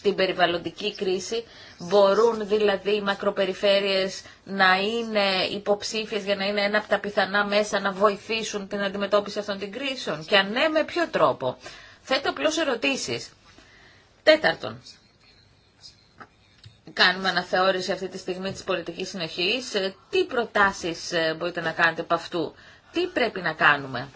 την περιβαλλοντική κρίση, Μπορούν δηλαδή οι μακροπεριφέρειες να είναι υποψήφιες για να είναι ένα από τα πιθανά μέσα να βοηθήσουν την αντιμετώπιση αυτών των κρίσεων. Και αν ναι, με ποιο τρόπο. Θέτω απλώ ερωτήσεις. Τέταρτον, κάνουμε αναθεώρηση αυτή τη στιγμή της πολιτικής συνοχής. Ε, τι προτάσεις ε, μπορείτε να κάνετε από αυτού. Τι πρέπει να κάνουμε.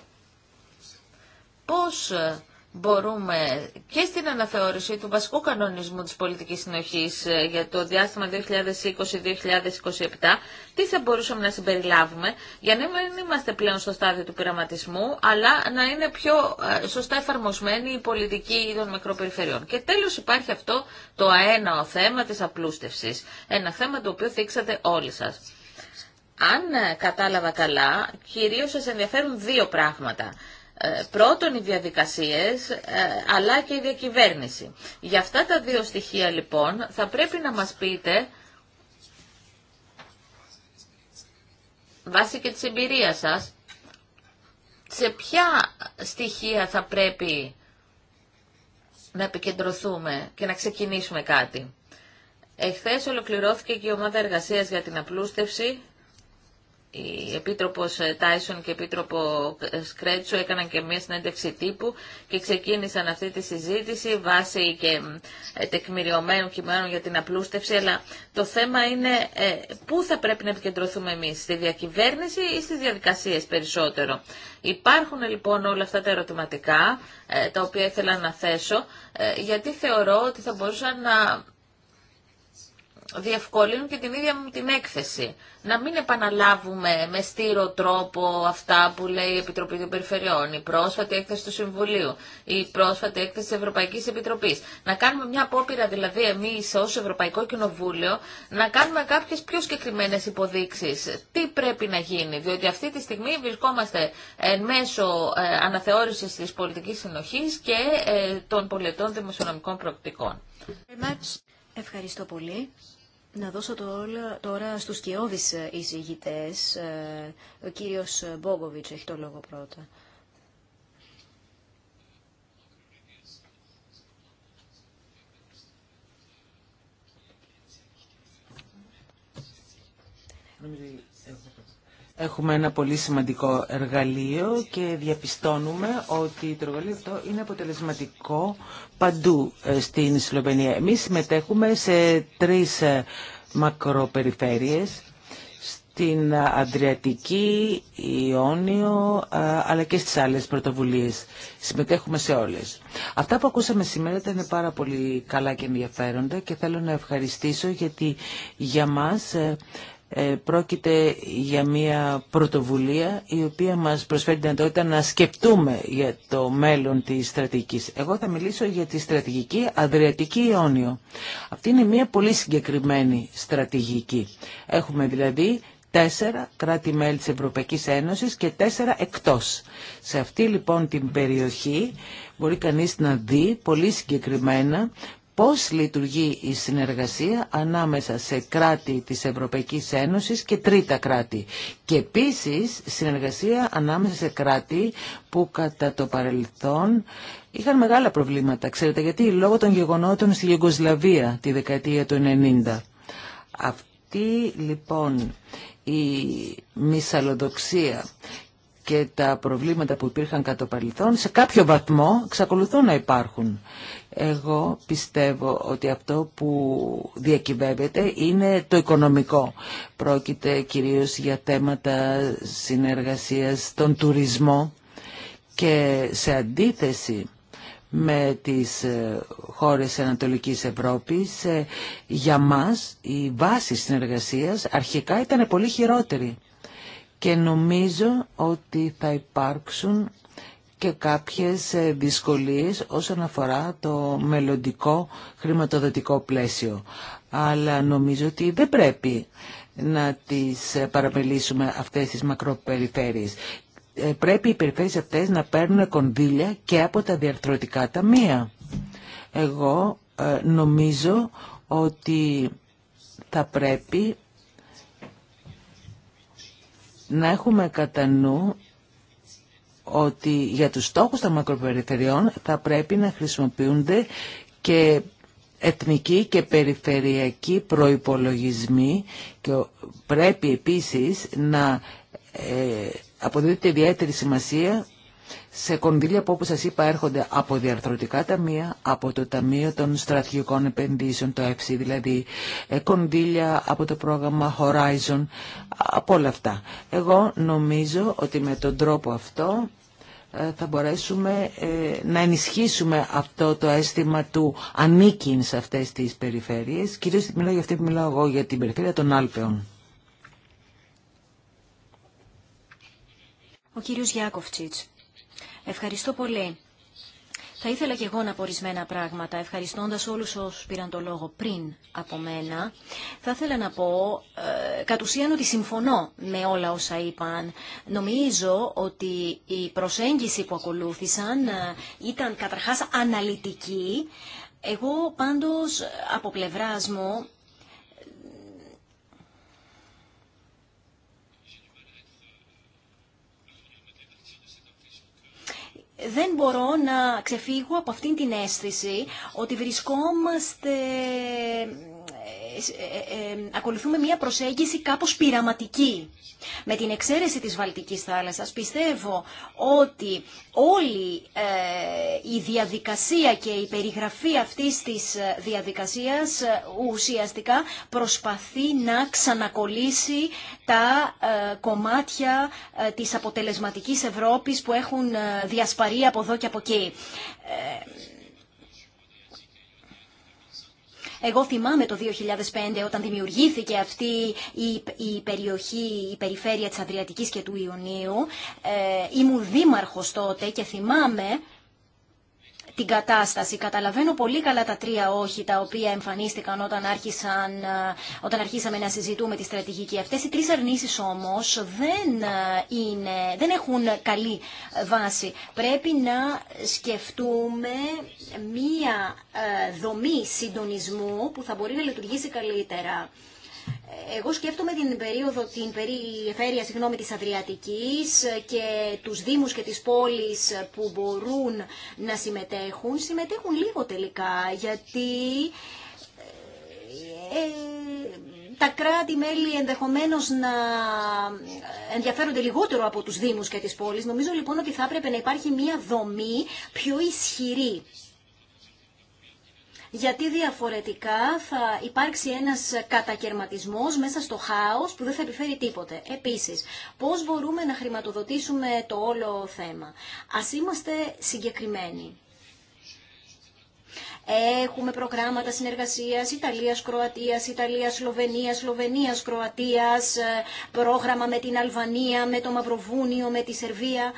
Πώς ε, μπορούμε και στην αναθεώρηση του βασικού κανονισμού της πολιτικής συνοχής ε, για το διάστημα 2020-2027, τι θα μπορούσαμε να συμπεριλάβουμε για να μην είμαστε πλέον στο στάδιο του πειραματισμού, αλλά να είναι πιο ε, σωστά εφαρμοσμένη η πολιτική των μικροπεριφερειών. Και τέλος υπάρχει αυτό το αέναο θέμα της απλούστευσης, ένα θέμα το οποίο θίξατε όλοι σας. Αν ε, κατάλαβα καλά, κυρίως σας ενδιαφέρουν δύο πράγματα. Ε, πρώτον οι διαδικασίες ε, αλλά και η διακυβέρνηση. Για αυτά τα δύο στοιχεία λοιπόν θα πρέπει να μας πείτε βάσει και της εμπειρίας σας σε ποια στοιχεία θα πρέπει να επικεντρωθούμε και να ξεκινήσουμε κάτι. Εχθές ολοκληρώθηκε και η ομάδα εργασίας για την απλούστευση η Επίτροπος Τάισον και η Επίτροπο Σκρέτσο έκαναν και μία συνέντευξη τύπου και ξεκίνησαν αυτή τη συζήτηση βάσει και ε, τεκμηριωμένων κειμένων για την απλούστευση, αλλά το θέμα είναι ε, πού θα πρέπει να επικεντρωθούμε εμείς, στη διακυβέρνηση ή στις διαδικασίες περισσότερο. Υπάρχουν λοιπόν όλα αυτά τα ερωτηματικά, ε, τα οποία ήθελα να θέσω, γιατί θεωρώ ότι θα μπορούσαν να διευκολύνουν και την ίδια μου την έκθεση. Να μην επαναλάβουμε με στήρο τρόπο αυτά που λέει η Επιτροπή των Περιφερειών, η πρόσφατη έκθεση του Συμβουλίου, η πρόσφατη έκθεση τη Ευρωπαϊκή Επιτροπής. Να κάνουμε μια απόπειρα δηλαδή εμεί ω Ευρωπαϊκό Κοινοβούλιο να κάνουμε κάποιε πιο συγκεκριμένε υποδείξει. Τι πρέπει να γίνει, διότι αυτή τη στιγμή βρισκόμαστε εν μέσω ε, αναθεώρηση τη πολιτική συνοχή και ε, των πολιτών δημοσιονομικών προοπτικών. Ευχαριστώ πολύ. Να δώσω το τώρα, τώρα στους σκιώδεις ε, εισηγητές. Ε, ο κύριος Μπόγκοβιτς έχει το λόγο πρώτα. Έχουμε ένα πολύ σημαντικό εργαλείο και διαπιστώνουμε ότι το εργαλείο αυτό είναι αποτελεσματικό παντού ε, στην Σλοβενία. Εμείς συμμετέχουμε σε τρεις ε, μακροπεριφέρειες, στην ε, Αντριατική, Ιόνιο, αλλά και στις άλλες πρωτοβουλίες. Συμμετέχουμε σε όλες. Αυτά που ακούσαμε σήμερα ήταν πάρα πολύ καλά και ενδιαφέροντα και θέλω να ευχαριστήσω γιατί για μας ε, πρόκειται για μια πρωτοβουλία η οποία μας προσφέρει την δυνατότητα να σκεπτούμε για το μέλλον της στρατηγικής. Εγώ θα μιλήσω για τη στρατηγική Αδριατική Ιόνιο. Αυτή είναι μια πολύ συγκεκριμένη στρατηγική. Έχουμε δηλαδή τέσσερα κράτη-μέλη της Ευρωπαϊκής Ένωσης και τέσσερα εκτός. Σε αυτή λοιπόν την περιοχή μπορεί κανείς να δει πολύ συγκεκριμένα πώς λειτουργεί η συνεργασία ανάμεσα σε κράτη της Ευρωπαϊκής Ένωσης και τρίτα κράτη. Και επίσης συνεργασία ανάμεσα σε κράτη που κατά το παρελθόν είχαν μεγάλα προβλήματα. Ξέρετε γιατί, λόγω των γεγονότων στη Γεγκοσλαβία τη δεκαετία του 90. Αυτή λοιπόν η μυσαλλοδοξία και τα προβλήματα που υπήρχαν κατά το παρελθόν σε κάποιο βαθμό εξακολουθούν να υπάρχουν. Εγώ πιστεύω ότι αυτό που διακυβεύεται είναι το οικονομικό. Πρόκειται κυρίως για θέματα συνεργασίας, τον τουρισμό και σε αντίθεση με τις ε, χώρες Ανατολικής Ευρώπης, ε, για μας η βάση συνεργασίας αρχικά ήταν πολύ χειρότερη και νομίζω ότι θα υπάρξουν και κάποιες ε, δυσκολίες όσον αφορά το μελλοντικό χρηματοδοτικό πλαίσιο. Αλλά νομίζω ότι δεν πρέπει να τις ε, παραμελήσουμε αυτές τις μακροπεριφέρειες. Ε, πρέπει οι περιφέρειες αυτές να παίρνουν κονδύλια και από τα διαρθρωτικά ταμεία. Εγώ νομίζω ότι θα πρέπει να έχουμε κατά νου ότι για τους στόχους των μακροπεριφερειών θα πρέπει να χρησιμοποιούνται και εθνικοί και περιφερειακοί προϋπολογισμοί και πρέπει επίσης να ε, αποδίδεται ιδιαίτερη σημασία σε κονδύλια που όπως σας είπα έρχονται από διαρθρωτικά ταμεία, από το Ταμείο των Στρατηγικών Επενδύσεων, το ΕΦΣΥ δηλαδή, ε, κονδύλια από το πρόγραμμα Horizon, από όλα αυτά. Εγώ νομίζω ότι με τον τρόπο αυτό ε, θα μπορέσουμε ε, να ενισχύσουμε αυτό το αίσθημα του ανήκειν σε αυτές τις περιφέρειες. Κυρίως μιλάω για αυτή που μιλάω εγώ, για την περιφέρεια των Άλπαιων. Ο κύριος Γιάκοφτσιτς. Ευχαριστώ πολύ. Θα ήθελα και εγώ να πω ορισμένα πράγματα, ευχαριστώντας όλους όσους πήραν το λόγο πριν από μένα. Θα ήθελα να πω, ε, κατ' ουσίαν, ότι συμφωνώ με όλα όσα είπαν. Νομίζω ότι η προσέγγιση που ακολούθησαν ε, ήταν καταρχάς αναλυτική. Εγώ πάντως από πλευράς μου δεν μπορώ να ξεφύγω από αυτήν την αίσθηση ότι βρισκόμαστε ε, ε, ε, ακολουθούμε μια προσέγγιση κάπως πειραματική. Με την εξαίρεση της Βαλτικής θάλασσας πιστεύω ότι όλη η διαδικασία και η περιγραφή αυτής της διαδικασίας ουσιαστικά προσπαθεί να ξανακολλήσει τα κομμάτια της αποτελεσματικής Ευρώπης που έχουν διασπαρεί από εδώ και από εκεί. Εγώ θυμάμαι το 2005 όταν δημιουργήθηκε αυτή η περιοχή, η περιφέρεια της Αδριατικής και του Ιωνίου. Ε, ήμουν δήμαρχος τότε και θυμάμαι την κατάσταση. Καταλαβαίνω πολύ καλά τα τρία όχι τα οποία εμφανίστηκαν όταν, άρχισαν, ε, όταν αρχίσαμε να συζητούμε τη στρατηγική. Αυτέ οι τρει αρνήσεις όμω δεν, ε, δεν έχουν καλή ε, βάση. Πρέπει να σκεφτούμε μία δομή συντονισμού που θα μπορεί να λειτουργήσει καλύτερα. Εγώ σκέφτομαι την περίοδο, την περιφέρεια συγγνώμη, της Αδριατικής και τους δήμους και τις πόλεις που μπορούν να συμμετέχουν. Συμμετέχουν λίγο τελικά, γιατί ε, ε, τα κράτη-μέλη ενδεχομένως να ενδιαφέρονται λιγότερο από τους δήμους και τις πόλεις. Νομίζω λοιπόν ότι θα έπρεπε να υπάρχει μια δομή πιο ισχυρή γιατί διαφορετικά θα υπάρξει ένας κατακαιρματισμός μέσα στο χάος που δεν θα επιφέρει τίποτε. Επίσης, πώς μπορούμε να χρηματοδοτήσουμε το όλο θέμα. Ας είμαστε συγκεκριμένοι. Έχουμε προγράμματα συνεργασίας Ιταλίας, Κροατίας, Ιταλίας, Σλοβενίας, Σλοβενίας, Κροατίας, ε, πρόγραμμα με την Αλβανία, με το Μαυροβούνιο, με τη Σερβία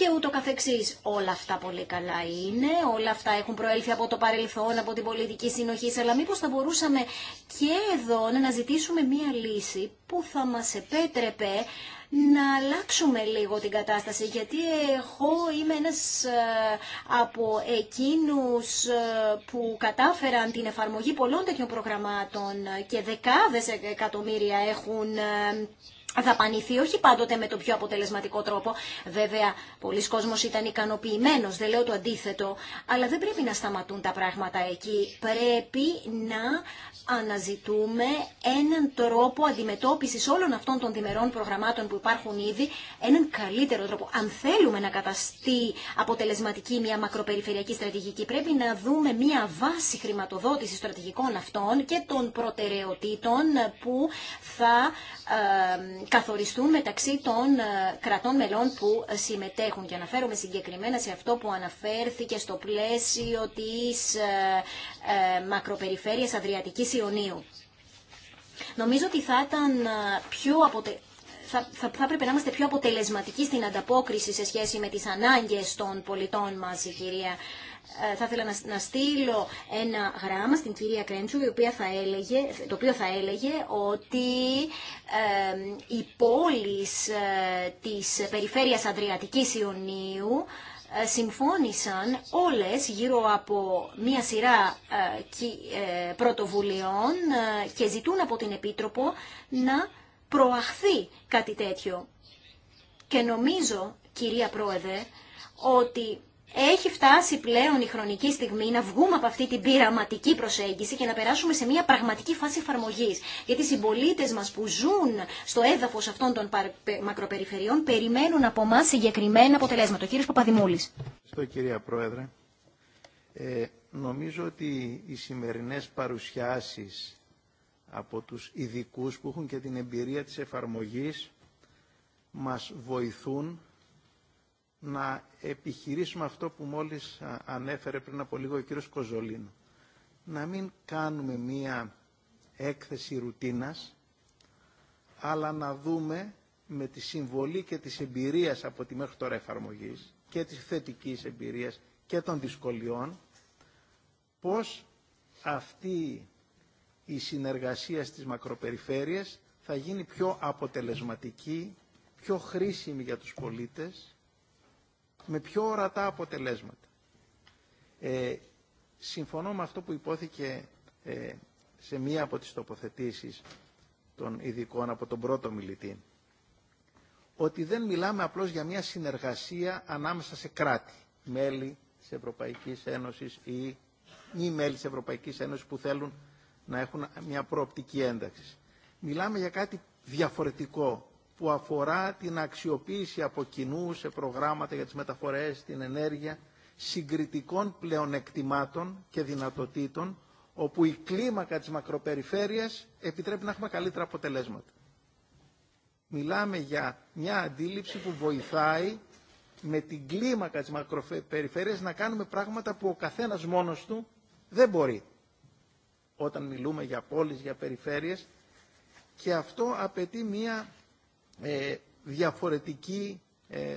και ούτω καθεξής. Όλα αυτά πολύ καλά είναι, όλα αυτά έχουν προέλθει από το παρελθόν, από την πολιτική συνοχή, αλλά μήπως θα μπορούσαμε και εδώ να αναζητήσουμε μία λύση που θα μας επέτρεπε να αλλάξουμε λίγο την κατάσταση, γιατί εγώ είμαι ένας ε, από εκείνους ε, που κατάφεραν την εφαρμογή πολλών τέτοιων προγραμμάτων και δεκάδες εκατομμύρια έχουν ε, δαπανηθεί όχι πάντοτε με το πιο αποτελεσματικό τρόπο. Βέβαια, πολλοί κόσμοι ήταν ικανοποιημένος, δεν λέω το αντίθετο, αλλά δεν πρέπει να σταματούν τα πράγματα εκεί. Πρέπει να αναζητούμε έναν τρόπο αντιμετώπισης όλων αυτών των διμερών προγραμμάτων που υπάρχουν ήδη, έναν καλύτερο τρόπο. Αν θέλουμε να καταστεί αποτελεσματική μια μακροπεριφερειακή στρατηγική, πρέπει να δούμε μια βάση χρηματοδότηση στρατηγικών αυτών και των προτεραιοτήτων που θα καθοριστούν μεταξύ των ε, κρατών μελών που ε, συμμετέχουν. Και αναφέρομαι συγκεκριμένα σε αυτό που αναφέρθηκε στο πλαίσιο της ε, μακροπεριφέρειας Αδριατικής Ιωνίου. Νομίζω ότι θα ήταν πιο αποτε... Θα, θα, πρέπει να είμαστε πιο αποτελεσματικοί στην ανταπόκριση σε σχέση με τις ανάγκες των πολιτών μας, η κυρία ε, θα ήθελα να, στείλω ένα γράμμα στην κυρία κρέντσου, η οποία θα έλεγε, το οποίο θα έλεγε ότι οι πόλεις ε, της περιφέρειας Αδριατικής Ιωνίου ε, συμφώνησαν όλες γύρω από μία σειρά πρωτοβουλειών και ζητούν από την Επίτροπο να προαχθεί κάτι τέτοιο. Και νομίζω, κυρία Πρόεδρε, ότι έχει φτάσει πλέον η χρονική στιγμή να βγούμε από αυτή την πειραματική προσέγγιση και να περάσουμε σε μια πραγματική φάση εφαρμογή. Γιατί οι συμπολίτε μα που ζουν στο έδαφο αυτών των μακροπεριφερειών περιμένουν από εμά συγκεκριμένα αποτελέσματα. Κύριε κύριο Παπαδημούλη. Ευχαριστώ κυρία Πρόεδρε. Ε, νομίζω ότι οι σημερινέ παρουσιάσει από τους ειδικού που έχουν και την εμπειρία της εφαρμογής μας βοηθούν να επιχειρήσουμε αυτό που μόλις ανέφερε πριν από λίγο ο κύριος Κοζολίνο. Να μην κάνουμε μία έκθεση ρουτίνας, αλλά να δούμε με τη συμβολή και της εμπειρίας από τη μέχρι τώρα εφαρμογής και της θετικής εμπειρίας και των δυσκολιών, πώς αυτή η συνεργασία στις μακροπεριφέρειες θα γίνει πιο αποτελεσματική, πιο χρήσιμη για τους πολίτες με πιο ορατά αποτελέσματα. Ε, συμφωνώ με αυτό που υπόθηκε ε, σε μία από τις τοποθετήσεις των ειδικών από τον πρώτο μιλητή, ότι δεν μιλάμε απλώς για μια συνεργασία ανάμεσα σε κράτη, μέλη της Ευρωπαϊκής Ένωσης ή μη μέλη της Ευρωπαϊκής Ένωσης που θέλουν να έχουν μια προοπτική ένταξη. Μιλάμε για κάτι διαφορετικό που αφορά την αξιοποίηση από κοινού σε προγράμματα για τις μεταφορές, την ενέργεια, συγκριτικών πλεονεκτημάτων και δυνατοτήτων, όπου η κλίμακα της μακροπεριφέρειας επιτρέπει να έχουμε καλύτερα αποτελέσματα. Μιλάμε για μια αντίληψη που βοηθάει με την κλίμακα της μακροπεριφέρειας να κάνουμε πράγματα που ο καθένας μόνος του δεν μπορεί. Όταν μιλούμε για πόλεις, για περιφέρειες και αυτό απαιτεί μια ε, διαφορετική ε,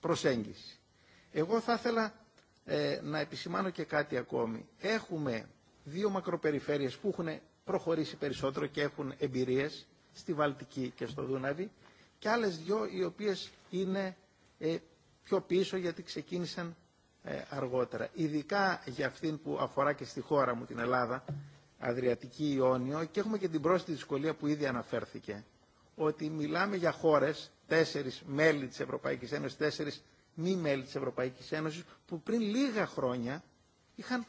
προσέγγιση. Εγώ θα ήθελα ε, να επισημάνω και κάτι ακόμη. Έχουμε δύο μακροπεριφέρειες που έχουν προχωρήσει περισσότερο και έχουν εμπειρίες στη Βαλτική και στο Δούναβι και άλλες δυο οι οποίες είναι πιο πίσω γιατί ξεκίνησαν αργότερα. Ειδικά για αυτήν που αφορά και στη χώρα μου την Ελλάδα, Αδριατική Ιόνιο και έχουμε και την πρόσθετη δυσκολία που ήδη αναφέρθηκε ότι μιλάμε για χώρες, τέσσερις μέλη της Ευρωπαϊκής Ένωσης, τέσσερις μη μέλη της Ευρωπαϊκής Ένωσης, που πριν λίγα χρόνια είχαν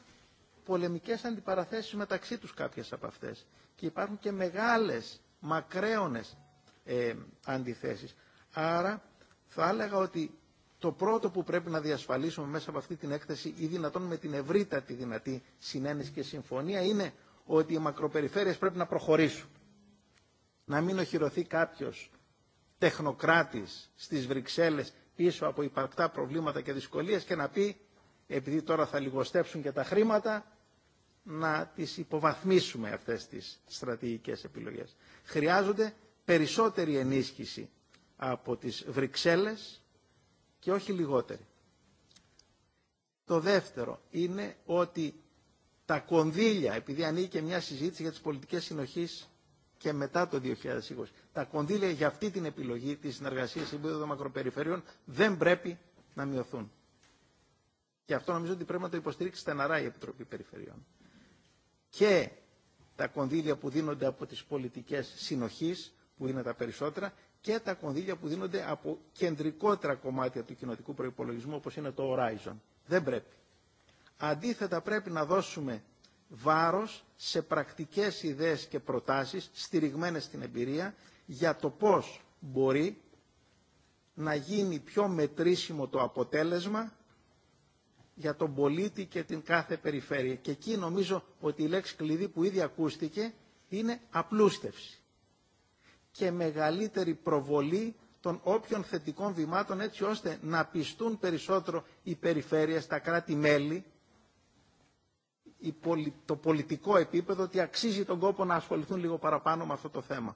πολεμικές αντιπαραθέσεις μεταξύ τους κάποιες από αυτές. Και υπάρχουν και μεγάλες, μακραίωνες ε, αντιθέσεις. Άρα θα έλεγα ότι το πρώτο που πρέπει να διασφαλίσουμε μέσα από αυτή την έκθεση ή δυνατόν με την ευρύτατη δυνατή συνένεση και συμφωνία είναι ότι οι μακροπεριφέρειες πρέπει να προχωρήσουν να μην οχυρωθεί κάποιος τεχνοκράτης στις Βρυξέλλες πίσω από υπαρκτά προβλήματα και δυσκολίες και να πει επειδή τώρα θα λιγοστέψουν και τα χρήματα να τις υποβαθμίσουμε αυτές τις στρατηγικές επιλογές. Χρειάζονται περισσότερη ενίσχυση από τις Βρυξέλλες και όχι λιγότερη. Το δεύτερο είναι ότι τα κονδύλια, επειδή ανήκει και μια συζήτηση για τις πολιτικές συνοχής και μετά το 2020. Τα κονδύλια για αυτή την επιλογή τη συνεργασία σε επίπεδο μακροπεριφερειών δεν πρέπει να μειωθούν. Και αυτό νομίζω ότι πρέπει να το υποστηρίξει στεναρά η Επιτροπή Περιφερειών. Και τα κονδύλια που δίνονται από τις πολιτικές συνοχής, που είναι τα περισσότερα, και τα κονδύλια που δίνονται από κεντρικότερα κομμάτια του κοινοτικού προϋπολογισμού, όπως είναι το Horizon. Δεν πρέπει. Αντίθετα πρέπει να δώσουμε βάρος σε πρακτικές ιδέες και προτάσεις στηριγμένες στην εμπειρία για το πώς μπορεί να γίνει πιο μετρήσιμο το αποτέλεσμα για τον πολίτη και την κάθε περιφέρεια. Και εκεί νομίζω ότι η λέξη κλειδί που ήδη ακούστηκε είναι απλούστευση και μεγαλύτερη προβολή των όποιων θετικών βημάτων έτσι ώστε να πιστούν περισσότερο οι περιφέρειες, τα κράτη-μέλη το πολιτικό επίπεδο ότι αξίζει τον κόπο να ασχοληθούν λίγο παραπάνω με αυτό το θέμα.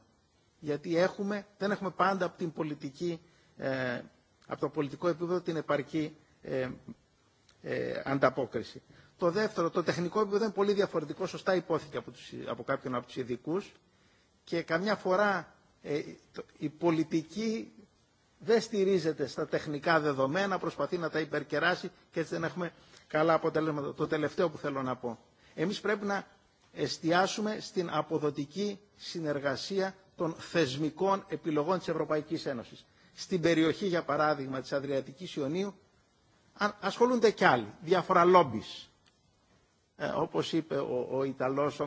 Γιατί έχουμε, δεν έχουμε πάντα από, την πολιτική, ε, από το πολιτικό επίπεδο την επαρκή ε, ε, ανταπόκριση. Το δεύτερο, το τεχνικό επίπεδο είναι πολύ διαφορετικό, σωστά υπόθηκε από, τους, από κάποιον από τους ειδικού και καμιά φορά ε, η πολιτική δεν στηρίζεται στα τεχνικά δεδομένα, προσπαθεί να τα υπερκεράσει και έτσι δεν έχουμε καλά αποτελέσματα. Το τελευταίο που θέλω να πω. Εμείς πρέπει να εστιάσουμε στην αποδοτική συνεργασία των θεσμικών επιλογών της Ευρωπαϊκής Ένωσης. Στην περιοχή, για παράδειγμα, της Αδριατικής Ιωνίου ασχολούνται κι άλλοι, διάφορα λόμπις. Ε, όπως είπε ο, ο Ιταλός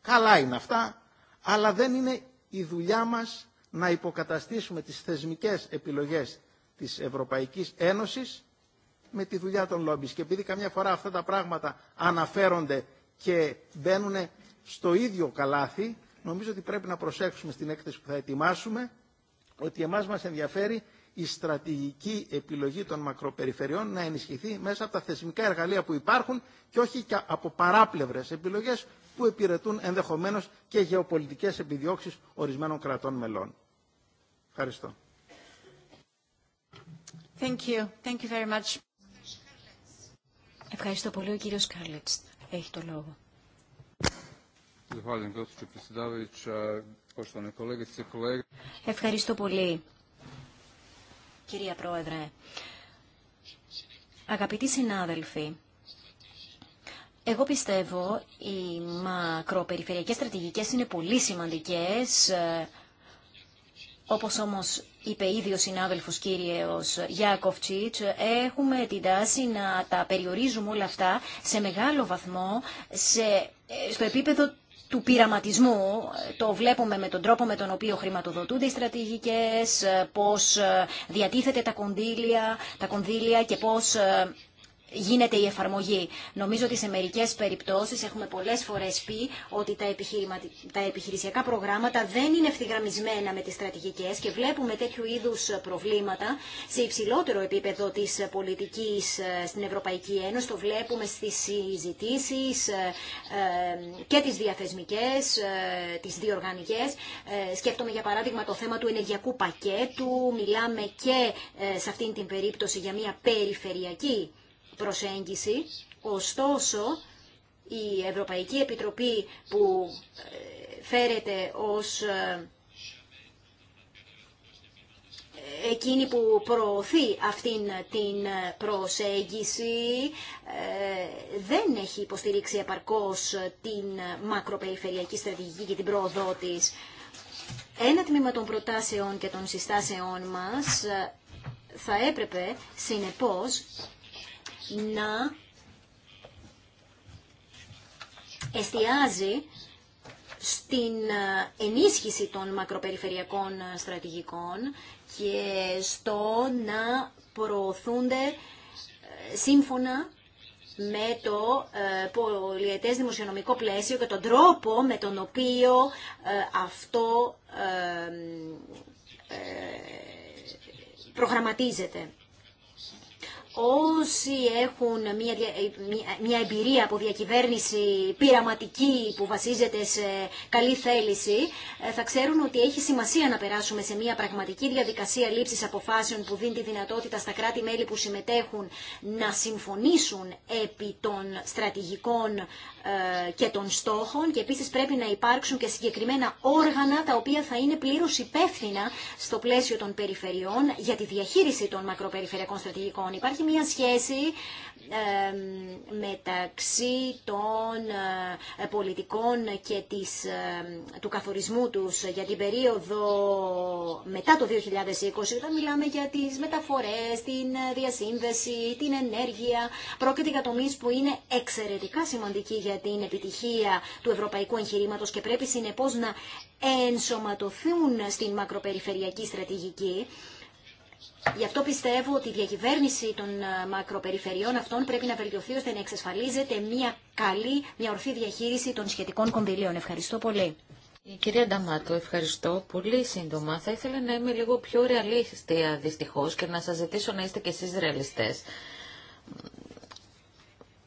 καλά είναι αυτά, αλλά δεν είναι η δουλειά μας να υποκαταστήσουμε τις θεσμικές επιλογές της Ευρωπαϊκής Ένωσης με τη δουλειά των λόμπις. Και επειδή καμιά φορά αυτά τα πράγματα αναφέρονται και μπαίνουν στο ίδιο καλάθι, νομίζω ότι πρέπει να προσέξουμε στην έκθεση που θα ετοιμάσουμε ότι εμάς μας ενδιαφέρει η στρατηγική επιλογή των μακροπεριφερειών να ενισχυθεί μέσα από τα θεσμικά εργαλεία που υπάρχουν και όχι και από παράπλευρες επιλογές που επιρετούν ενδεχομένως και γεωπολιτικές επιδιώξεις ορισμένων κρατών μελών. Ευχαριστώ. Thank you. Thank you very much. Ευχαριστώ πολύ. Ο κύριος Κάρλετς έχει το λόγο. Ευχαριστώ πολύ, κυρία Πρόεδρε. Αγαπητοί συνάδελφοι, εγώ πιστεύω οι μακροπεριφερειακές στρατηγικές είναι πολύ σημαντικές ε, όπως όμως είπε ήδη ο συνάδελφος κύριος Γιάκοφ έχουμε την τάση να τα περιορίζουμε όλα αυτά σε μεγάλο βαθμό σε, ε, στο επίπεδο του πειραματισμού, το βλέπουμε με τον τρόπο με τον οποίο χρηματοδοτούνται οι στρατηγικές, πώς ε, διατίθεται τα κονδύλια, τα κονδύλια και πώς ε, γίνεται η εφαρμογή. Νομίζω ότι σε μερικέ περιπτώσει, έχουμε πολλέ φορέ πει ότι τα, τα επιχειρησιακά προγράμματα δεν είναι ευθυγραμμισμένα με τι στρατηγικέ και βλέπουμε τέτοιου είδου προβλήματα σε υψηλότερο επίπεδο τη πολιτική ε, στην Ευρωπαϊκή Ένωση. Το βλέπουμε στι συζητήσει ε, ε, και τι διαθεσμικέ, τι διοργανικέ, Σκέφτομαι για παράδειγμα το θέμα του ενεργειακού πακέτου. Μιλάμε και σε αυτήν την περίπτωση για μια περιφερειακή προσέγγιση, ωστόσο η Ευρωπαϊκή Επιτροπή που ε, φέρεται ως ε, εκείνη που προωθεί αυτήν την προσέγγιση ε, δεν έχει υποστηρίξει επαρκώς την μακροπεριφερειακή στρατηγική και την πρόοδό της. Ένα τμήμα των προτάσεων και των συστάσεών μας θα έπρεπε συνεπώς να εστιάζει στην ε, ενίσχυση των μακροπεριφερειακών ε, στρατηγικών και στο να προωθούνται ε, σύμφωνα με το πολιετές δημοσιονομικό πλαίσιο και τον τρόπο με τον οποίο αυτό προγραμματίζεται όσοι έχουν ε, μια, μια εμπειρία από διακυβέρνηση πειραματική που βασίζεται σε καλή θέληση, ε, θα ξέρουν ότι έχει σημασία να περάσουμε σε μια πραγματική διαδικασία λήψης αποφάσεων που δίνει τη δυνατότητα στα κράτη-μέλη που συμμετέχουν να συμφωνήσουν επί των στρατηγικών ε, και των στόχων και επίσης πρέπει να υπάρξουν και συγκεκριμένα όργανα τα οποία θα είναι πλήρως υπεύθυνα στο πλαίσιο των περιφερειών για τη διαχείριση των μακροπεριφερειακών στρατηγικών. Υπάρχει μια σχέση μεταξύ των ε, πολιτικών και της, του καθορισμού τους για την περίοδο μετά το 2020 όταν μιλάμε για τις μεταφορές, την διασύνδεση, την ενέργεια πρόκειται για τομείς που είναι εξαιρετικά σημαντικοί για για την επιτυχία του ευρωπαϊκού εγχειρήματο και πρέπει συνεπώ να ενσωματωθούν στην μακροπεριφερειακή στρατηγική. Γι' αυτό πιστεύω ότι η διακυβέρνηση των ε, μακροπεριφερειών αυτών πρέπει να βελτιωθεί ώστε να εξασφαλίζεται μια καλή, μια ορθή διαχείριση των σχετικών κονδυλίων. Ευχαριστώ πολύ. Η κυρία Νταμάτου, ευχαριστώ πολύ σύντομα. Θα ήθελα να είμαι λίγο πιο ρεαλίστια ε, δυστυχώ και να σα ζητήσω να είστε κι εσεί ρεαλιστέ.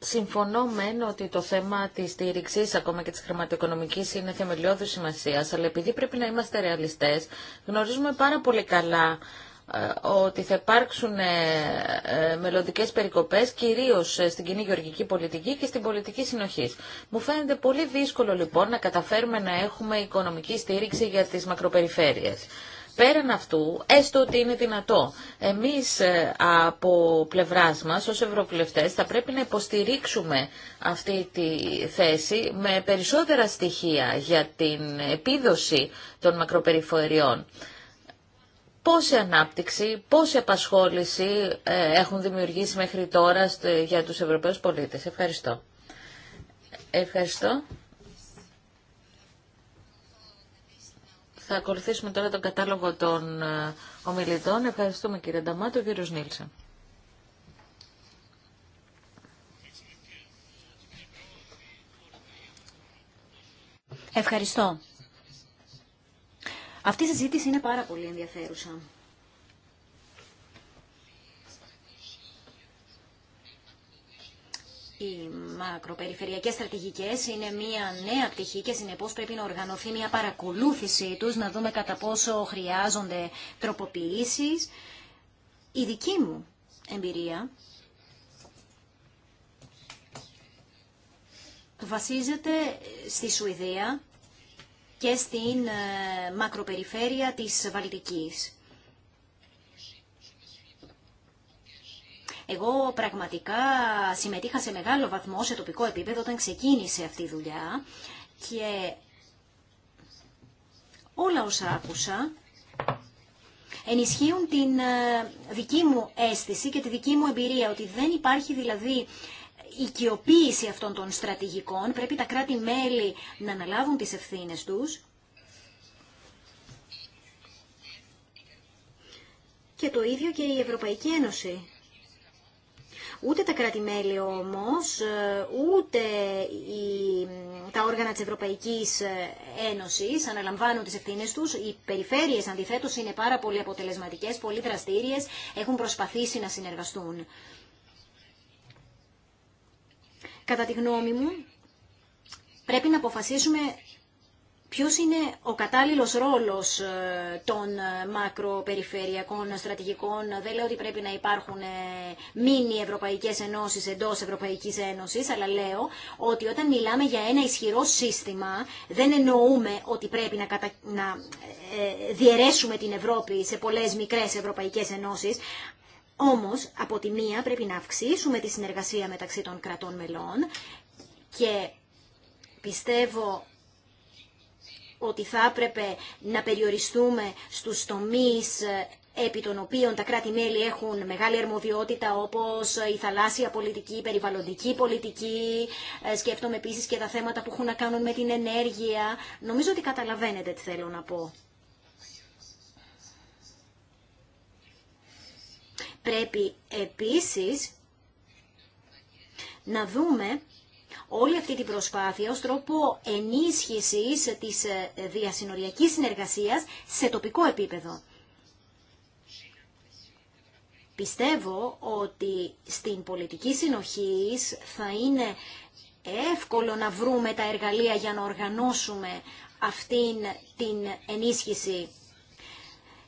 Συμφωνώ μεν ότι το θέμα της στήριξη ακόμα και της χρηματοοικονομικής είναι θεμελιώδη σημασία, αλλά επειδή πρέπει να είμαστε ρεαλιστέ, γνωρίζουμε πάρα πολύ καλά ε, ότι θα υπάρξουν ε, ε, μελλοντικέ περικοπές κυρίως στην κοινή γεωργική πολιτική και στην πολιτική συνοχή. Μου φαίνεται πολύ δύσκολο λοιπόν να καταφέρουμε να έχουμε οικονομική στήριξη για τις μακροπεριφέρειες. Πέραν αυτού, έστω ότι είναι δυνατό, εμείς ε, από πλευράς μας ως ευρωβουλευτές θα πρέπει να υποστηρίξουμε αυτή τη θέση με περισσότερα στοιχεία για την επίδοση των μακροπεριφοριών πόση ανάπτυξη, πόση απασχόληση ε, έχουν δημιουργήσει μέχρι τώρα για τους Ευρωπαίους πολίτες. Ευχαριστώ. Ευχαριστώ. Θα ακολουθήσουμε τώρα τον κατάλογο των ε, ομιλητών. Ευχαριστούμε κύριε Νταμάτο, κύριο Νίλσεν. Ευχαριστώ. Αυτή η συζήτηση είναι πάρα πολύ ενδιαφέρουσα. Οι μακροπεριφερειακές στρατηγικές είναι μια νέα πτυχή και συνεπώς πρέπει να οργανωθεί μια παρακολούθησή τους, να δούμε κατά πόσο χρειάζονται τροποποιήσεις. Η δική μου εμπειρία βασίζεται στη Σουηδία και στην ε, μακροπεριφέρεια της Βαλτικής. Εγώ πραγματικά συμμετείχα σε μεγάλο βαθμό σε τοπικό επίπεδο όταν ξεκίνησε αυτή η δουλειά και όλα όσα άκουσα ενισχύουν την ε, δική μου αίσθηση και τη δική μου εμπειρία ότι δεν υπάρχει δηλαδή οικειοποίηση αυτών των στρατηγικών. Πρέπει τα κράτη-μέλη να αναλάβουν τις ευθύνες τους και το ίδιο και η Ευρωπαϊκή Ένωση. Ούτε τα κράτη-μέλη όμως, ε, ούτε οι, τα όργανα της Ευρωπαϊκής ε, Ένωσης αναλαμβάνουν τις ευθύνες τους. Οι περιφέρειες αντιθέτως είναι πάρα πολύ αποτελεσματικές, πολύ δραστήριες, έχουν προσπαθήσει να συνεργαστούν. Κατά τη γνώμη μου, πρέπει να αποφασίσουμε ποιος είναι ο κατάλληλος ρόλος ε, των ε, μακροπεριφερειακών στρατηγικών. Δεν λέω ότι πρέπει να υπάρχουν ε, μίνι ευρωπαϊκές ενώσεις εντός Ευρωπαϊκής Ένωσης, αλλά λέω ότι όταν μιλάμε για ένα ισχυρό σύστημα, δεν εννοούμε ότι πρέπει να, να διαιρέσουμε την Ευρώπη σε πολλές μικρές ευρωπαϊκές ενώσεις, όμως, από τη μία πρέπει να αυξήσουμε τη συνεργασία μεταξύ των κρατών μελών και πιστεύω ότι θα έπρεπε να περιοριστούμε στους τομείς ε, επί των οποίων τα κράτη-μέλη έχουν μεγάλη αρμοδιότητα όπως η θαλάσσια πολιτική, η περιβαλλοντική πολιτική, ε, σκέφτομαι επίσης και τα θέματα που έχουν να κάνουν με την ενέργεια. Νομίζω ότι καταλαβαίνετε τι θέλω να πω. Πρέπει επίσης να δούμε όλη αυτή την προσπάθεια ως τρόπο ενίσχυσης της ε, διασυνοριακής συνεργασίας σε τοπικό επίπεδο. Πιστεύω ότι στην πολιτική συνοχή θα είναι εύκολο να βρούμε τα εργαλεία για να οργανώσουμε αυτήν την ενίσχυση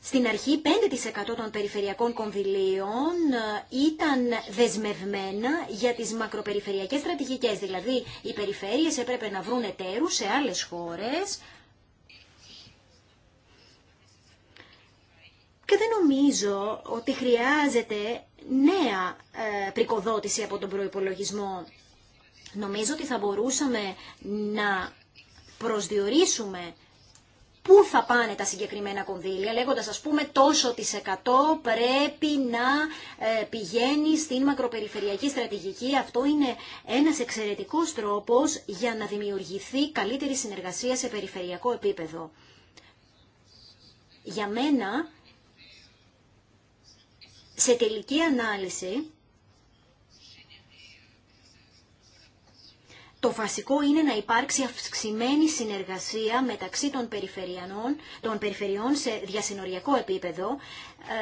στην αρχή 5% των περιφερειακών κονδυλίων ε, ήταν δεσμευμένα για τις μακροπεριφερειακές στρατηγικές. Δηλαδή οι περιφέρειες έπρεπε να βρουν εταίρους σε άλλες χώρες Και δεν νομίζω ότι χρειάζεται νέα ε, πρικοδότηση από τον προϋπολογισμό. Νομίζω ότι θα μπορούσαμε να προσδιορίσουμε πού θα πάνε τα συγκεκριμένα κονδύλια, λέγοντας ας πούμε τόσο τις 100 πρέπει να ε, πηγαίνει στην μακροπεριφερειακή στρατηγική. Αυτό είναι ένας εξαιρετικός τρόπος για να δημιουργηθεί καλύτερη συνεργασία σε περιφερειακό επίπεδο. Για μένα, σε τελική ανάλυση, Το βασικό είναι να υπάρξει αυξημένη συνεργασία μεταξύ των, των περιφερειών σε διασυνοριακό επίπεδο,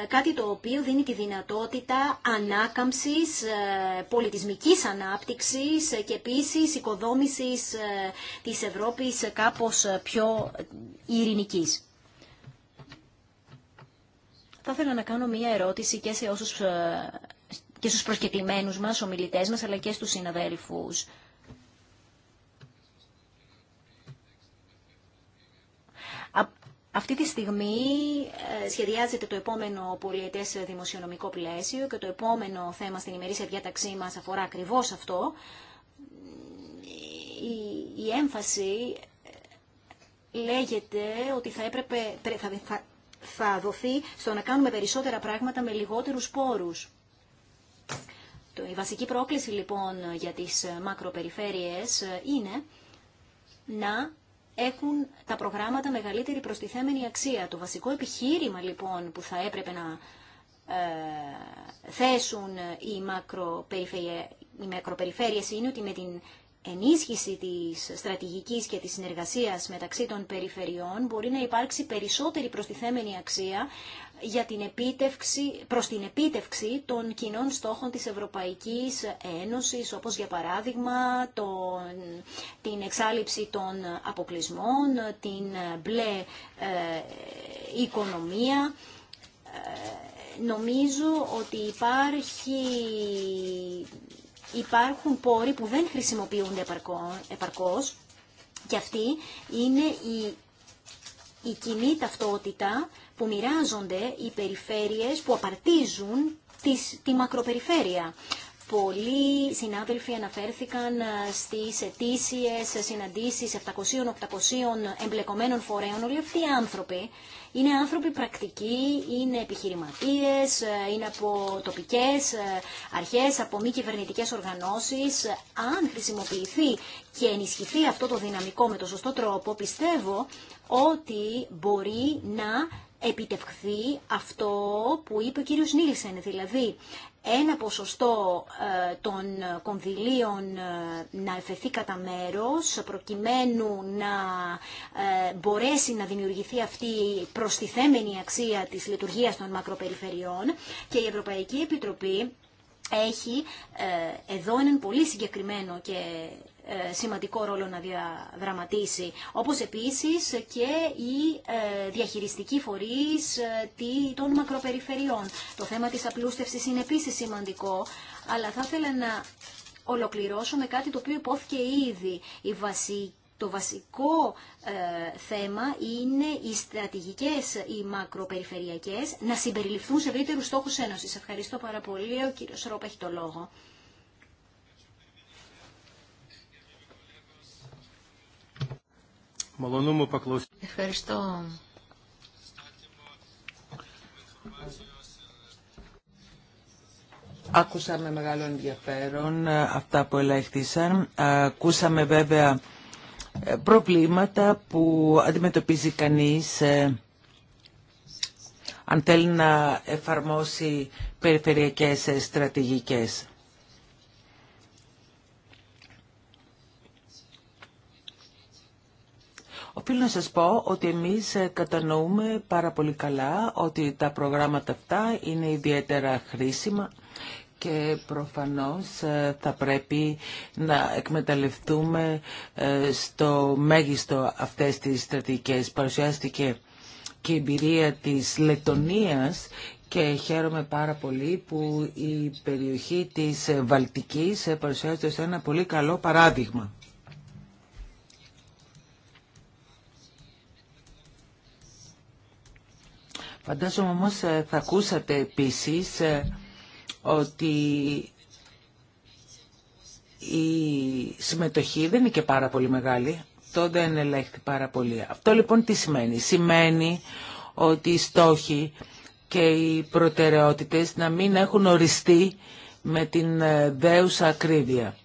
ε, κάτι το οποίο δίνει τη δυνατότητα ανάκαμψης, ε, πολιτισμικής ανάπτυξης και επίσης οικοδόμησης ε, της Ευρώπης κάπως πιο ειρηνικής. Θα ήθελα να κάνω μία ερώτηση και σε όσους και στους προσκεκλημένους μας, ομιλητές μας, αλλά και στους συναδέλφους. Αυτή τη στιγμή ε, σχεδιάζεται το επόμενο πολιετές δημοσιονομικό πλαίσιο και το επόμενο θέμα στην ημερήσια διάταξή μας αφορά ακριβώς αυτό. Η, έμφαση ε, λέγεται ότι θα, έπρεπε, θα, θα, θα δοθεί στο να κάνουμε περισσότερα πράγματα με λιγότερους πόρους. Η βασική πρόκληση λοιπόν για τις μακροπεριφέρειες ε, είναι να έχουν τα προγράμματα μεγαλύτερη προστιθέμενη αξία. Το βασικό επιχείρημα λοιπόν που θα έπρεπε να ε, θέσουν οι, οι μακροπεριφέρειες είναι ότι με την ενίσχυση της στρατηγικής και της συνεργασίας μεταξύ των περιφερειών μπορεί να υπάρξει περισσότερη προστιθέμενη αξία για την επίτευξη, προς την επίτευξη των κοινών στόχων της Ευρωπαϊκής Ένωσης, όπως για παράδειγμα την εξάλληψη των αποκλεισμών, την μπλε ε, οικονομία. Ε, νομίζω ότι υπάρχει υπάρχουν πόροι που δεν χρησιμοποιούνται επαρκώς και αυτή είναι η, η κοινή ταυτότητα που μοιράζονται οι περιφέρειες που απαρτίζουν τη μακροπεριφέρεια. Πολλοί συνάδελφοι αναφέρθηκαν ε, στις ετήσιες συναντήσεις 700-800 εμπλεκομένων φορέων. Όλοι αυτοί οι άνθρωποι είναι άνθρωποι πρακτικοί, είναι επιχειρηματίες, ε, είναι από τοπικές ε, αρχές, από μη κυβερνητικέ οργανώσεις. Αν χρησιμοποιηθεί και ενισχυθεί αυτό το δυναμικό με το σωστό τρόπο, πιστεύω ότι μπορεί να επιτευχθεί αυτό που είπε ο κύριος Νίλσεν, δηλαδή ένα ποσοστό ε, των κονδυλίων ε, να εφεθεί κατά μέρος προκειμένου να ε, μπορέσει να δημιουργηθεί αυτή η προστιθέμενη αξία της λειτουργίας των μακροπεριφερειών και η Ευρωπαϊκή Επιτροπή έχει εδώ έναν πολύ συγκεκριμένο και ε, σημαντικό ρόλο να διαδραματίσει. Όπως επίσης και οι ε, διαχειριστικοί φορείς ε, των μακροπεριφερειών. Το θέμα της απλούστευσης είναι επίσης σημαντικό, αλλά θα ήθελα να ολοκληρώσω με κάτι το οποίο υπόθηκε ήδη. Η το βασικό θέμα είναι οι στρατηγικές, οι μακροπεριφερειακές, να συμπεριληφθούν σε ευρύτερους στόχους Ένωσης. Ευχαριστώ πάρα πολύ. Ο κύριος Ρόπ έχει το λόγο. Ευχαριστώ. Άκουσα μεγάλο ενδιαφέρον ε, αυτά που ελέγχθησαν. Ε, ακούσαμε βέβαια ε, προβλήματα που αντιμετωπίζει κανείς αν θέλει να εφαρμόσει περιφερειακές στρατηγικές. Οφείλω να σας πω ότι εμείς ε, κατανοούμε πάρα πολύ καλά ότι τα προγράμματα αυτά είναι ιδιαίτερα χρήσιμα και προφανώς ε, θα πρέπει να εκμεταλλευτούμε ε, στο μέγιστο αυτές τις στρατηγικές. Παρουσιάστηκε και η εμπειρία της Λετωνίας και χαίρομαι πάρα πολύ που η περιοχή της Βαλτικής παρουσιάζεται σε ένα πολύ καλό παράδειγμα. Φαντάζομαι όμως ε, θα ακούσατε επίσης ε, ότι η συμμετοχή δεν είναι και πάρα πολύ μεγάλη. Αυτό δεν ελέγχθη πάρα πολύ. Αυτό λοιπόν τι σημαίνει. Σημαίνει ότι οι στόχοι και οι προτεραιότητες να μην έχουν οριστεί με την ε, δέουσα ακρίβεια.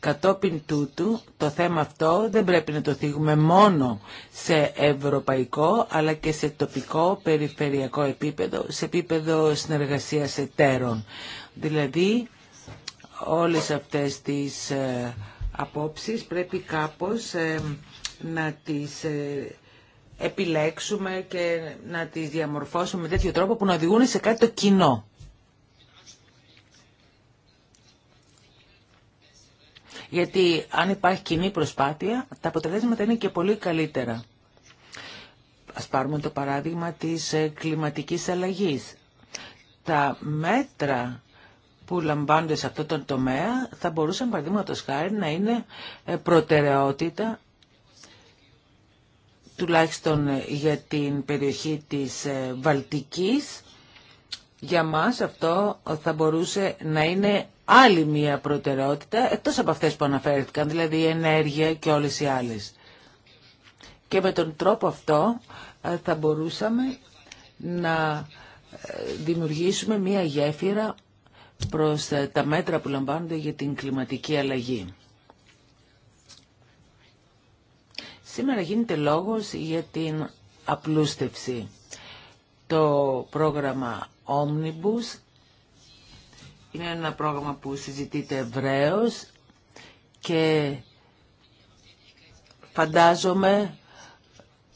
Κατόπιν τούτου το θέμα αυτό δεν πρέπει να το θίγουμε μόνο σε ευρωπαϊκό αλλά και σε τοπικό περιφερειακό επίπεδο, σε επίπεδο συνεργασίας εταίρων. Δηλαδή όλες αυτές τις ε, απόψεις πρέπει κάπως ε, να τις ε, επιλέξουμε και να τις διαμορφώσουμε με τέτοιο τρόπο που να οδηγούν σε κάτι το κοινό. Γιατί αν υπάρχει κοινή προσπάθεια, τα αποτελέσματα είναι και πολύ καλύτερα. Ας πάρουμε το παράδειγμα της ε, κλιματικής αλλαγής. Τα μέτρα που λαμβάνονται σε αυτό το τομέα θα μπορούσαν παραδείγματο χάρη να είναι ε, προτεραιότητα τουλάχιστον ε, για την περιοχή της Βαλτικής. Για μας αυτό θα μπορούσε να είναι άλλη μία προτεραιότητα, εκτός από αυτές που αναφέρθηκαν, δηλαδή η ενέργεια και όλες οι άλλες. Και με τον τρόπο αυτό ε, θα μπορούσαμε να ε, δημιουργήσουμε μία γέφυρα προς ε, τα μέτρα που λαμβάνονται για την κλιματική αλλαγή. Σήμερα γίνεται λόγος για την απλούστευση. Το πρόγραμμα Omnibus είναι ένα πρόγραμμα που συζητείται ευρέως και φαντάζομαι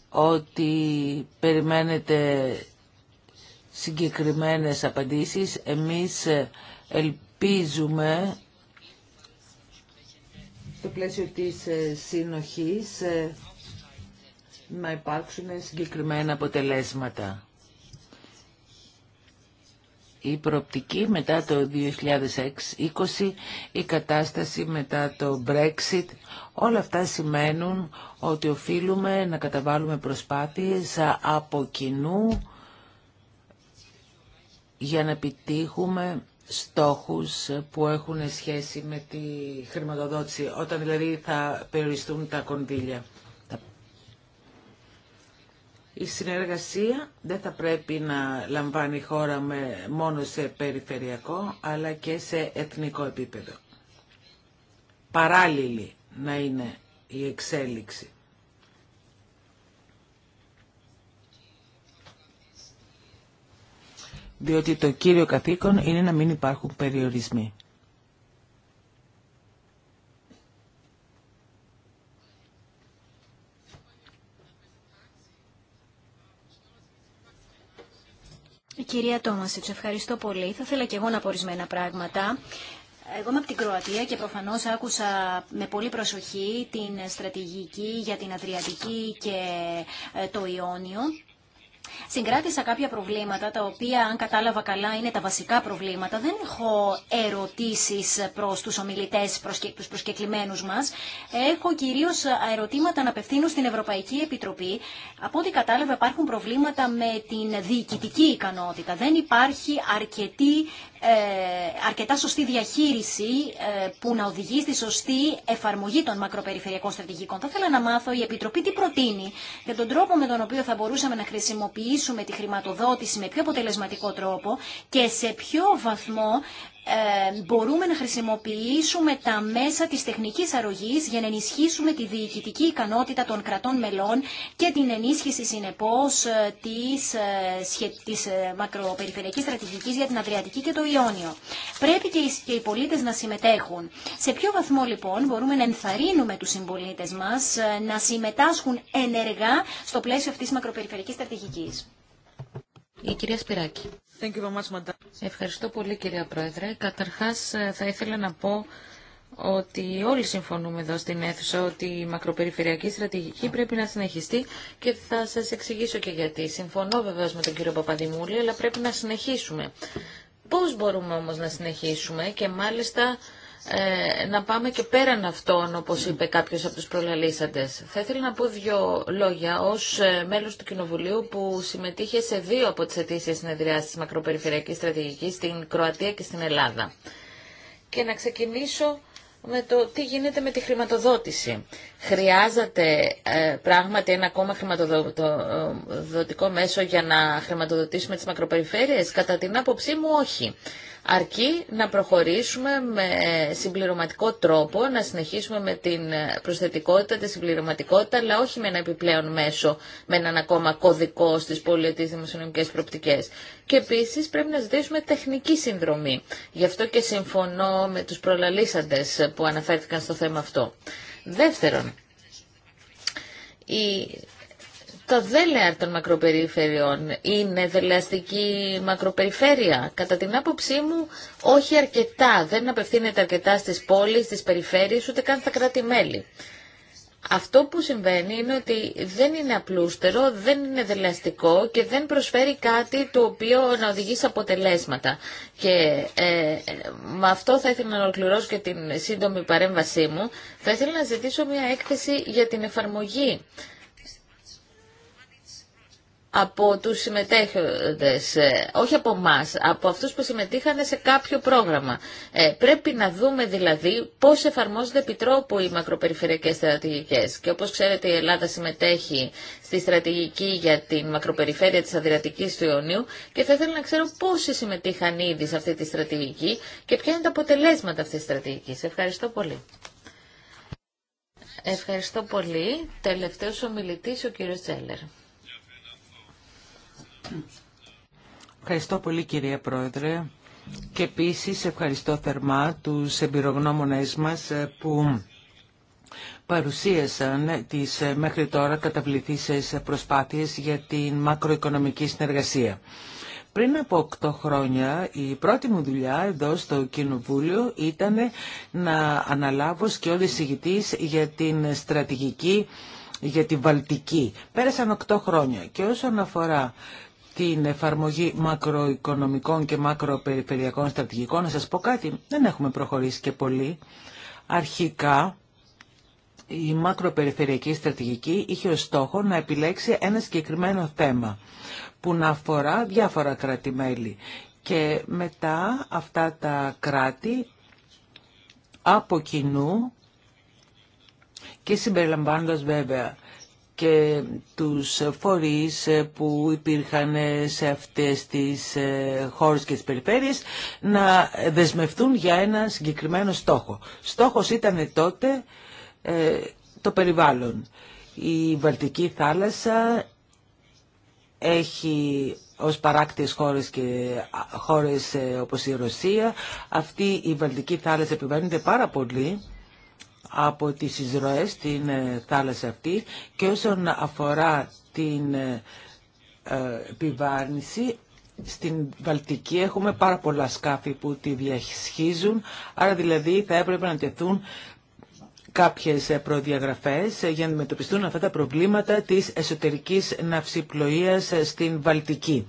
ότι περιμένετε συγκεκριμένες απαντήσεις. Εμείς ελπίζουμε στο πλαίσιο της ε, συνοχής ε, να υπάρξουν συγκεκριμένα αποτελέσματα η προοπτική μετά το 2020, η κατάσταση μετά το Brexit. Όλα αυτά σημαίνουν ότι οφείλουμε να καταβάλουμε προσπάθειες από κοινού για να επιτύχουμε στόχους που έχουν σχέση με τη χρηματοδότηση, όταν δηλαδή θα περιοριστούν τα κονδύλια. Η συνεργασία δεν θα πρέπει να λαμβάνει χώρα με, μόνο σε περιφερειακό, αλλά και σε εθνικό επίπεδο. Παράλληλη να είναι η εξέλιξη. Διότι το κύριο καθήκον είναι να μην υπάρχουν περιορισμοί. Κυρία Τόμασιτς, ευχαριστώ πολύ. Θα ήθελα και εγώ να πω ορισμένα πράγματα. Εγώ είμαι από την Κροατία και προφανώς άκουσα με πολύ προσοχή την στρατηγική για την Αδριατική και ε, το Ιόνιο. Συγκράτησα κάποια προβλήματα, τα οποία, αν κατάλαβα καλά, είναι τα βασικά προβλήματα. Δεν έχω ερωτήσεις προς τους ομιλητές, προς τους προσκεκλημένους μας. Έχω κυρίως ερωτήματα να απευθύνω στην Ευρωπαϊκή Επιτροπή. Από ό,τι κατάλαβα, υπάρχουν προβλήματα με την διοικητική ικανότητα. Δεν υπάρχει αρκετή ε, αρκετά σωστή διαχείριση ε, που να οδηγεί στη σωστή εφαρμογή των μακροπεριφερειακών στρατηγικών. Θα ήθελα να μάθω η Επιτροπή τι προτείνει για τον τρόπο με τον οποίο θα μπορούσαμε να χρησιμοποιήσουμε τη χρηματοδότηση με πιο αποτελεσματικό τρόπο και σε ποιο βαθμό ε, μπορούμε να χρησιμοποιήσουμε τα μέσα της τεχνικής αρρωγής για να ενισχύσουμε τη διοικητική ικανότητα των κρατών μελών και την ενίσχυση συνεπώς ε, της, ε, της ε, μακροπεριφερειακής στρατηγικής για την Αδριατική και το Ιόνιο. Πρέπει και οι, και οι πολίτες να συμμετέχουν. Σε ποιο βαθμό λοιπόν μπορούμε να ενθαρρύνουμε τους συμπολίτες μας να συμμετάσχουν ενεργά στο πλαίσιο αυτής της μακροπεριφερειακής στρατηγικής. Η κυρία Σπυράκη. Ευχαριστώ πολύ κυρία Πρόεδρε. Καταρχάς ε, θα ήθελα να πω ότι όλοι συμφωνούμε εδώ στην αίθουσα ότι η μακροπεριφερειακή στρατηγική πρέπει να συνεχιστεί και θα σας εξηγήσω και γιατί. Συμφωνώ βεβαίως με τον κύριο Παπαδημούλη, αλλά πρέπει να συνεχίσουμε. Πώς μπορούμε όμως να συνεχίσουμε και μάλιστα ε, να πάμε και πέραν αυτών, όπως είπε κάποιος από τους προλαλήσαντες. Θα ήθελα να πω δύο λόγια ως ε, μέλος του Κοινοβουλίου που συμμετείχε σε δύο από τις αιτήσεις συνεδριάσεις της Μακροπεριφερειακής Στρατηγικής στην Κροατία και στην Ελλάδα. Και να ξεκινήσω με το τι γίνεται με τη χρηματοδότηση. Χρειάζεται ε, πράγματι ένα ακόμα χρηματοδοτικό μέσο για να χρηματοδοτήσουμε τις μακροπεριφέρειες. Κατά την άποψή μου όχι αρκεί να προχωρήσουμε με συμπληρωματικό τρόπο, να συνεχίσουμε με την προσθετικότητα, τη συμπληρωματικότητα, αλλά όχι με ένα επιπλέον μέσο, με έναν ακόμα κωδικό στις πολιτικές δημοσιονομικές προπτικές. Και επίσης πρέπει να ζητήσουμε τεχνική συνδρομή. Γι' αυτό και συμφωνώ με τους προλαλήσαντες που αναφέρθηκαν στο θέμα αυτό. Δεύτερον, η τα δέλεαρ των μακροπεριφερειών. Είναι δελεαστική μακροπεριφέρεια. Κατά την άποψή μου, όχι αρκετά. Δεν απευθύνεται αρκετά στις πόλεις, στις περιφέρειες, ούτε καν στα κράτη-μέλη. Αυτό που συμβαίνει είναι ότι δεν είναι απλούστερο, δεν είναι δελεαστικό και δεν προσφέρει κάτι το οποίο να οδηγεί σε αποτελέσματα. Και ε, με αυτό θα ήθελα να ολοκληρώσω και την σύντομη παρέμβασή μου. Θα ήθελα να ζητήσω μια έκθεση για την εφαρμογή από τους συμμετέχοντες, ε, όχι από εμά, από αυτούς που συμμετείχαν σε κάποιο πρόγραμμα. Ε, πρέπει να δούμε δηλαδή πώς εφαρμόζονται επιτρόπου οι μακροπεριφερειακές στρατηγικές. Και όπως ξέρετε η Ελλάδα συμμετέχει στη στρατηγική για την μακροπεριφέρεια της Αδριατικής του Ιωνίου και θα ήθελα να ξέρω πόσοι συμμετείχαν ήδη σε αυτή τη στρατηγική και ποια είναι τα αποτελέσματα αυτής της στρατηγικής. Ευχαριστώ πολύ. Ευχαριστώ πολύ. Τελευταίος ομιλητής ο κύριος Τσέλερ. Ευχαριστώ πολύ κυρία Πρόεδρε και επίσης ευχαριστώ θερμά τους εμπειρογνώμονες μας ε, που παρουσίασαν ε, τις ε, μέχρι τώρα καταβληθήσεις προσπάθειες για την μακροοικονομική συνεργασία. Πριν από 8 χρόνια η πρώτη μου δουλειά εδώ στο Κοινοβούλιο ήταν να αναλάβω σκιώδης ηγητής για την στρατηγική για τη Βαλτική. Πέρασαν 8 χρόνια και όσον αφορά την εφαρμογή μακροοικονομικών και μακροπεριφερειακών στρατηγικών, να σας πω κάτι, δεν έχουμε προχωρήσει και πολύ. Αρχικά, η μακροπεριφερειακή στρατηγική είχε ως στόχο να επιλέξει ένα συγκεκριμένο θέμα που να αφορά διάφορα κράτη-μέλη. Και μετά αυτά τα κράτη από κοινού και συμπεριλαμβάνοντας βέβαια και τους φορείς που υπήρχαν σε αυτές τις ε, χώρες και τις περιφέρειες να δεσμευτούν για ένα συγκεκριμένο στόχο. Στόχος ήταν τότε ε, το περιβάλλον. Η Βαλτική θάλασσα έχει ως παράκτης χώρες και χώρες ε, όπως η Ρωσία. Αυτή η Βαλτική θάλασσα επιβαίνεται πάρα πολύ από τις εισρωές στην ε, θάλασσα αυτή και όσον αφορά την ε, ε, επιβάρνηση... στην Βαλτική έχουμε πάρα πολλά σκάφη που τη διασχίζουν, άρα δηλαδή θα έπρεπε να τεθούν κάποιες προδιαγραφές για να αντιμετωπιστούν αυτά τα προβλήματα της εσωτερικής ναυσιπλοείας στην Βαλτική.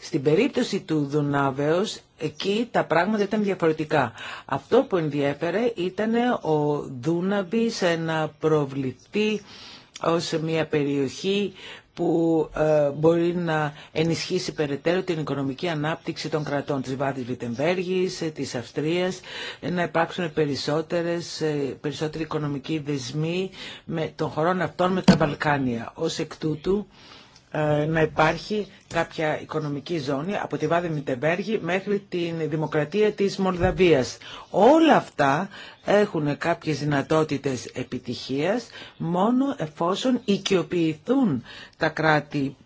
Στην περίπτωση του Δουνάβεως εκεί τα πράγματα ήταν διαφορετικά. Αυτό που ενδιέφερε ήταν ο Δούναμπης να προβληθεί ως μια περιοχή που ε, μπορεί να ενισχύσει περαιτέρω την οικονομική ανάπτυξη των κρατών της Βάδης Βιτεμβέργης, ε, της Αυστρίας, ε, να υπάρξουν περισσότερες, περισσότεροι οικονομικοί δεσμοί με, των χωρών αυτών με τα Βαλκάνια. Ως εκ τούτου ε, να υπάρχει κάποια οικονομική ζώνη από τη Βάδη Μιτεμπέργη μέχρι τη Δημοκρατία της Μολδαβίας. Όλα αυτά έχουν κάποιες δυνατότητες επιτυχίας μόνο εφόσον οικειοποιηθούν τα κράτη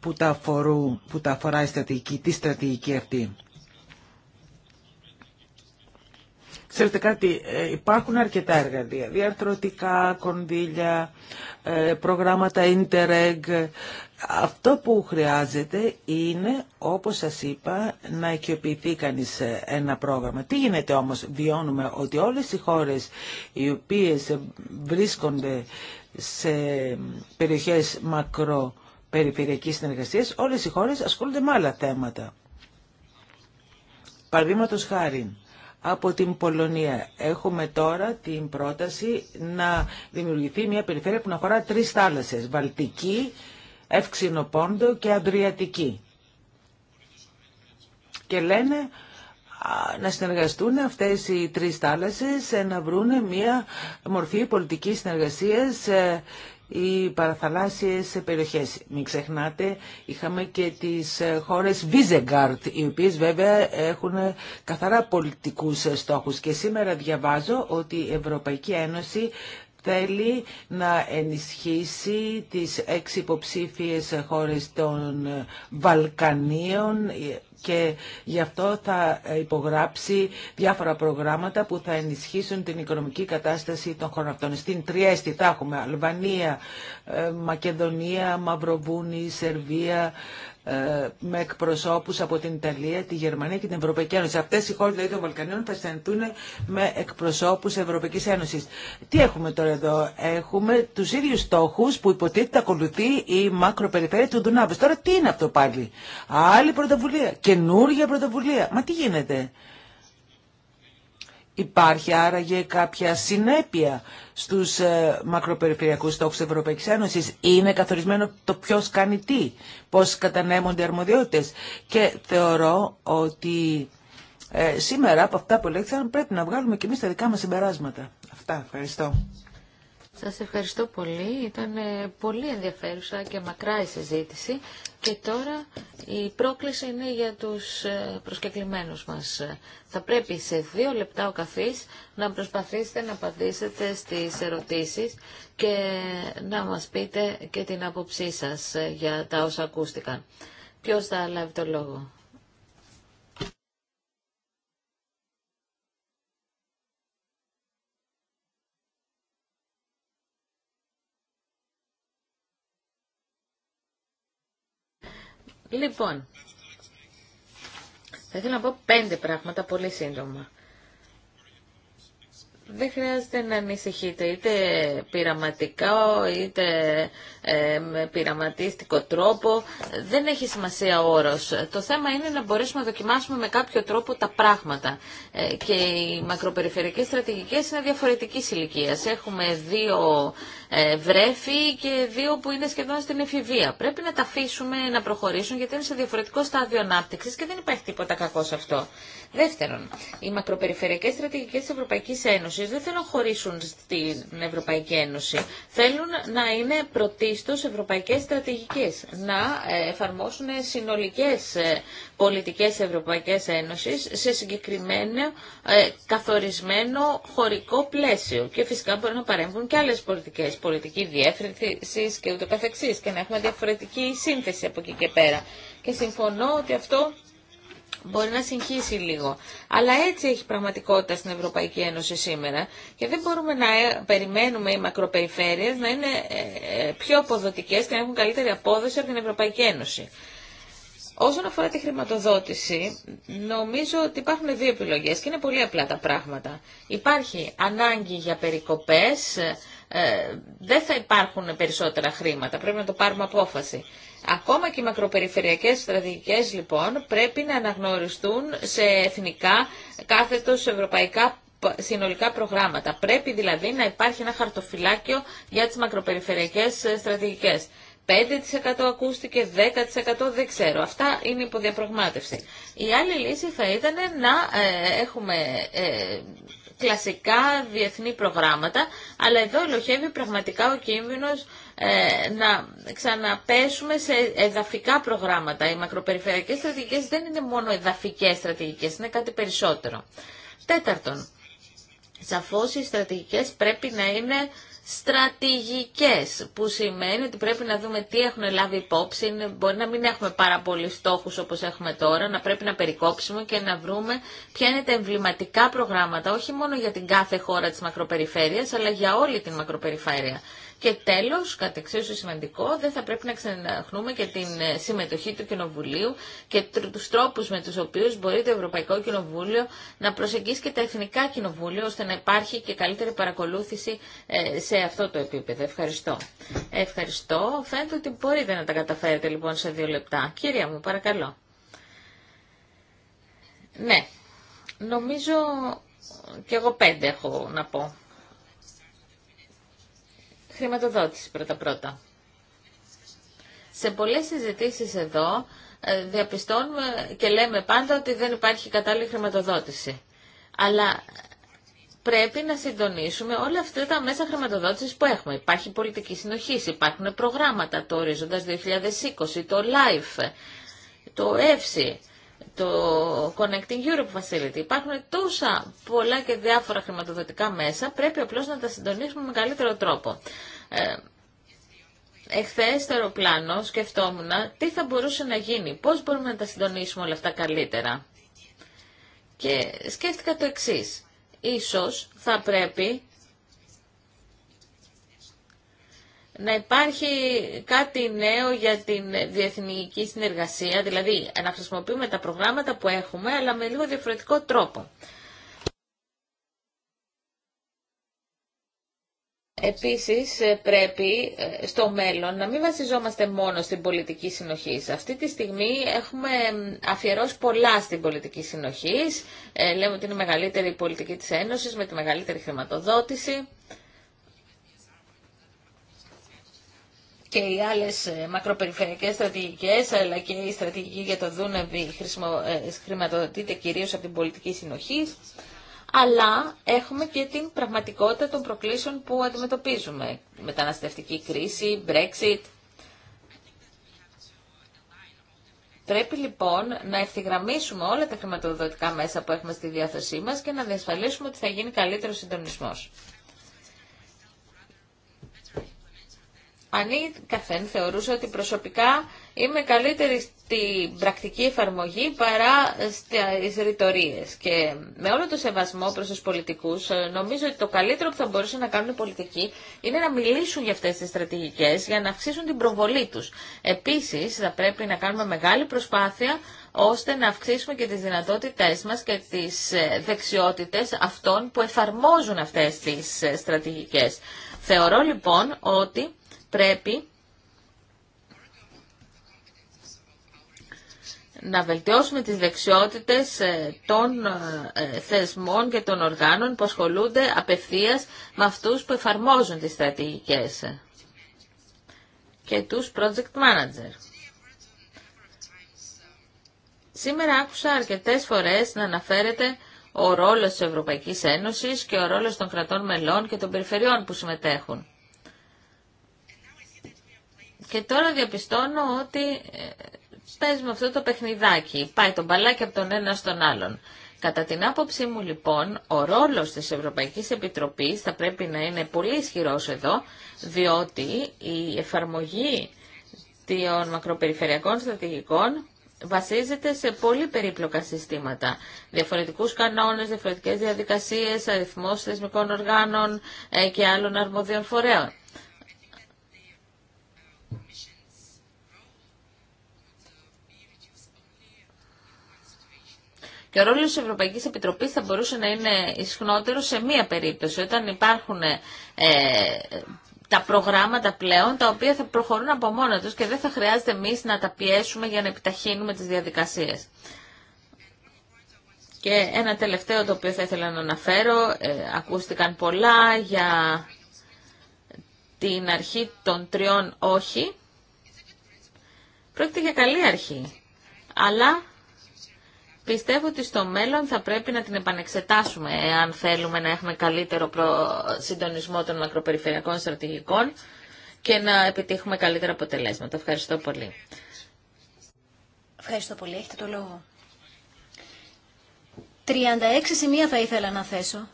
που τα, που τα αφορά η στρατηγική, τη στρατηγική αυτή. Ξέρετε κάτι, ε, υπάρχουν αρκετά εργαλεία, διαρθρωτικά, κονδύλια, ε, προγράμματα Interreg, αυτό που χρειάζεται είναι, όπως σας είπα, να οικειοποιηθεί κανεί ένα πρόγραμμα. Τι γίνεται όμως, βιώνουμε ότι όλες οι χώρες οι οποίες βρίσκονται σε περιοχές μακροπεριφερειακής συνεργασίας, όλες οι χώρες ασχολούνται με άλλα θέματα. Παραδείγματο χάρη, από την Πολωνία έχουμε τώρα την πρόταση να δημιουργηθεί μια περιφέρεια που να αφορά τρεις θάλασσες, Βαλτική, Πόντο και Ανδριατική. Και λένε να συνεργαστούν αυτές οι τρεις θάλασσες, ε, να βρουν μια μορφή πολιτικής συνεργασίας ε, οι παραθαλάσσιες περιοχές. Μην ξεχνάτε, είχαμε και τις ε, χώρες Βίζεγκάρτ, οι οποίες βέβαια έχουν καθαρά πολιτικούς στόχους. Και σήμερα διαβάζω ότι η Ευρωπαϊκή Ένωση θέλει να ενισχύσει τις έξι υποψήφιες χώρες των Βαλκανίων και γι' αυτό θα ε, υπογράψει διάφορα προγράμματα που θα ενισχύσουν την οικονομική κατάσταση των χωρών αυτών. Στην Τριέστη θα έχουμε Αλβανία, ε, Μακεδονία, Μαυροβούνη, Σερβία, ε, με εκπροσώπους από την Ιταλία, τη Γερμανία και την Ευρωπαϊκή Ένωση. Αυτές οι χώρες δηλαδή, των Βαλκανίων θα συναντούν με εκπροσώπους Ευρωπαϊκής Ένωσης. Τι έχουμε τώρα εδώ. Έχουμε τους ίδιους στόχους που υποτίθεται ακολουθεί η μακροπεριφέρεια του Δουνάβης. Τώρα τι είναι αυτό πάλι. Άλλη πρωτοβουλία καινούργια πρωτοβουλία. Μα τι γίνεται. Υπάρχει άραγε κάποια συνέπεια στους ε, μακροπεριφερειακούς στόχους της Ευρωπαϊκής Ένωσης. Είναι καθορισμένο το ποιος κάνει τι, πώς κατανέμονται αρμοδιότητες. Και θεωρώ ότι ε, σήμερα από αυτά που λέξαμε πρέπει να βγάλουμε και εμείς τα δικά μας συμπεράσματα. Αυτά, ευχαριστώ. Σας ευχαριστώ πολύ. Ήταν ε, πολύ ενδιαφέρουσα και μακρά η συζήτηση. Και τώρα η πρόκληση είναι για τους ε, προσκεκλημένους μας. Θα πρέπει σε δύο λεπτά ο καθής να προσπαθήσετε να απαντήσετε στις ερωτήσεις και να μας πείτε και την άποψή σας ε, για τα όσα ακούστηκαν. Ποιος θα λάβει το λόγο. Λοιπόν, θα ήθελα να πω πέντε πράγματα πολύ σύντομα. Δεν χρειάζεται να ανησυχείτε είτε πειραματικά είτε ε, με πειραματίστικο τρόπο. Δεν έχει σημασία ο όρος. Το θέμα είναι να μπορέσουμε να δοκιμάσουμε με κάποιο τρόπο τα πράγματα. Ε, και οι μακροπεριφερειακές στρατηγικές είναι διαφορετικής ηλικίας. Έχουμε δύο ε, βρέφη και δύο που είναι σχεδόν στην εφηβεία. Πρέπει να τα αφήσουμε να προχωρήσουν γιατί είναι σε διαφορετικό στάδιο ανάπτυξη και δεν υπάρχει τίποτα κακό σε αυτό. Δεύτερον, οι μακροπεριφερειακές στρατηγικέ της Ευρωπαϊκής Ένωσης δεν θέλουν να χωρίσουν στην Ευρωπαϊκή Ένωση. Θέλουν να είναι πρωτίστω Ευρωπαϊκέ Στρατηγικέ, να ε, εφαρμόσουν συνολικέ. Ε, πολιτικές Ευρωπαϊκές Ένωσης σε συγκεκριμένο ε, καθορισμένο χωρικό πλαίσιο. Και φυσικά μπορεί να παρέμβουν και άλλες πολιτικές, πολιτική διεύθυνση και ούτω καθεξής και να έχουμε διαφορετική σύνθεση από εκεί και πέρα. Και συμφωνώ ότι αυτό μπορεί να συγχύσει λίγο. Αλλά έτσι έχει πραγματικότητα στην Ευρωπαϊκή Ένωση σήμερα και δεν μπορούμε να ε, περιμένουμε οι μακροπεριφέρειες να είναι ε, πιο αποδοτικές και να έχουν καλύτερη απόδοση από την Ευρωπαϊκή Ένωση. Όσον αφορά τη χρηματοδότηση, νομίζω ότι υπάρχουν δύο επιλογές και είναι πολύ απλά τα πράγματα. Υπάρχει ανάγκη για περικοπές, ε, δεν θα υπάρχουν περισσότερα χρήματα, πρέπει να το πάρουμε απόφαση. Ακόμα και οι μακροπεριφερειακές στρατηγικές λοιπόν πρέπει να αναγνωριστούν σε εθνικά κάθετος ευρωπαϊκά συνολικά προγράμματα. Πρέπει δηλαδή να υπάρχει ένα χαρτοφυλάκιο για τις μακροπεριφερειακές ε, στρατηγικές. 5% ακούστηκε, 10% δεν ξέρω. Αυτά είναι υποδιαπραγμάτευση. Η άλλη λύση θα ήταν να ε, έχουμε ε, κλασικά διεθνή προγράμματα, αλλά εδώ ελοχεύει πραγματικά ο κίνδυνος ε, να ξαναπέσουμε σε εδαφικά προγράμματα. Οι μακροπεριφερειακές στρατηγικές δεν είναι μόνο εδαφικές στρατηγικές, είναι κάτι περισσότερο. Τέταρτον, σαφώς οι στρατηγικές πρέπει να είναι στρατηγικές, που σημαίνει ότι πρέπει να δούμε τι έχουν λάβει υπόψη. Μπορεί να μην έχουμε πάρα πολλού στόχους όπως έχουμε τώρα, να πρέπει να περικόψουμε και να βρούμε ποια είναι τα εμβληματικά προγράμματα, όχι μόνο για την κάθε χώρα της μακροπεριφέρειας, αλλά για όλη την μακροπεριφέρεια. Και τέλος, κατ' εξίσου σημαντικό, δεν θα πρέπει να ξεναχνούμε και την ε, συμμετοχή του Κοινοβουλίου και τους τρόπους με τους οποίους μπορεί το Ευρωπαϊκό Κοινοβούλιο να προσεγγίσει και τα Εθνικά Κοινοβούλια, ώστε να υπάρχει και καλύτερη παρακολούθηση ε, σε αυτό το επίπεδο. Ευχαριστώ. Ευχαριστώ. Φαίνεται ότι μπορείτε να τα καταφέρετε λοιπόν σε δύο λεπτά. Κυρία μου, παρακαλώ. Ναι, νομίζω και εγώ πέντε έχω να πω. Χρηματοδότηση πρώτα-πρώτα. Σε πολλές συζητήσεις εδώ ε, διαπιστώνουμε και λέμε πάντα ότι δεν υπάρχει κατάλληλη χρηματοδότηση. Αλλά πρέπει να συντονίσουμε όλα αυτά τα μέσα χρηματοδότησης που έχουμε. Υπάρχει πολιτική συνοχή, υπάρχουν προγράμματα, το ορίζοντα 2020, το LIFE, το EFSI το Connecting Europe Facility. Υπάρχουν τόσα πολλά και διάφορα χρηματοδοτικά μέσα, πρέπει απλώς να τα συντονίσουμε με καλύτερο τρόπο. Ε, Εχθέ στο αεροπλάνο σκεφτόμουν τι θα μπορούσε να γίνει, πώς μπορούμε να τα συντονίσουμε όλα αυτά καλύτερα. Και σκέφτηκα το εξής. Ίσως θα πρέπει να υπάρχει κάτι νέο για την διεθνική συνεργασία, δηλαδή να χρησιμοποιούμε τα προγράμματα που έχουμε, αλλά με λίγο διαφορετικό τρόπο. Επίσης ε, πρέπει ε, στο μέλλον να μην βασιζόμαστε μόνο στην πολιτική συνοχή. Αυτή τη στιγμή έχουμε αφιερώσει πολλά στην πολιτική συνοχή. Ε, λέμε ότι είναι η μεγαλύτερη πολιτική της Ένωσης με τη μεγαλύτερη χρηματοδότηση. και οι άλλες ε, μακροπεριφερειακές στρατηγικές αλλά και η στρατηγική για το Δούναβι ε, χρηματοδοτείται κυρίως από την πολιτική συνοχή. Αλλά έχουμε και την πραγματικότητα των προκλήσεων που αντιμετωπίζουμε. Μεταναστευτική κρίση, Brexit. Πρέπει λοιπόν να ευθυγραμμίσουμε όλα τα χρηματοδοτικά μέσα που έχουμε στη διάθεσή μας και να διασφαλίσουμε ότι θα γίνει καλύτερο συντονισμός. Αν ή καθέν θεωρούσα ότι προσωπικά είμαι καλύτερη στην πρακτική εφαρμογή παρά στις ρητορίες. Και με όλο το σεβασμό προς τους πολιτικούς, νομίζω ότι το καλύτερο που θα μπορούσαν να κάνουν οι πολιτικοί είναι να μιλήσουν για αυτές τις στρατηγικές, για να αυξήσουν την προβολή τους. Επίσης, θα πρέπει να κάνουμε μεγάλη προσπάθεια ώστε να αυξήσουμε και τις δυνατότητές μας και τις ε, δεξιότητες αυτών που εφαρμόζουν αυτές τις ε, στρατηγικές. Θεωρώ λοιπόν ότι πρέπει να βελτιώσουμε τις δεξιότητες ε, των ε, θεσμών και των οργάνων που ασχολούνται απευθείας με αυτούς που εφαρμόζουν τις στρατηγικές και τους project manager. Σήμερα άκουσα αρκετές φορές να αναφέρεται ο ρόλος της Ευρωπαϊκής Ένωσης και ο ρόλος των κρατών μελών και των περιφερειών που συμμετέχουν. Και τώρα διαπιστώνω ότι ε, με αυτό το παιχνιδάκι. Πάει το μπαλάκι από τον ένα στον άλλον. Κατά την άποψή μου λοιπόν, ο ρόλος της Ευρωπαϊκής Επιτροπής θα πρέπει να είναι πολύ ισχυρός εδώ, διότι η εφαρμογή των μακροπεριφερειακών στρατηγικών βασίζεται σε πολύ περίπλοκα συστήματα. Διαφορετικούς κανόνες, διαφορετικές διαδικασίες, αριθμός θεσμικών οργάνων ε, και άλλων αρμοδίων φορέων. Και ο ρόλος της Ευρωπαϊκής Επιτροπής θα μπορούσε να είναι ισχνότερο σε μία περίπτωση, όταν υπάρχουν ε, τα προγράμματα πλέον, τα οποία θα προχωρούν από μόνα τους και δεν θα χρειάζεται εμείς να τα πιέσουμε για να επιταχύνουμε τις διαδικασίες. Και ένα τελευταίο το οποίο θα ήθελα να αναφέρω, ε, ακούστηκαν πολλά για την αρχή των τριών όχι. Πρόκειται για καλή αρχή, αλλά Πιστεύω ότι στο μέλλον θα πρέπει να την επανεξετάσουμε αν θέλουμε να έχουμε καλύτερο συντονισμό των μακροπεριφερειακών στρατηγικών και να επιτύχουμε καλύτερα αποτελέσματα. Ευχαριστώ πολύ. Ευχαριστώ πολύ. Έχετε το λόγο. 36 σημεία θα ήθελα να θέσω.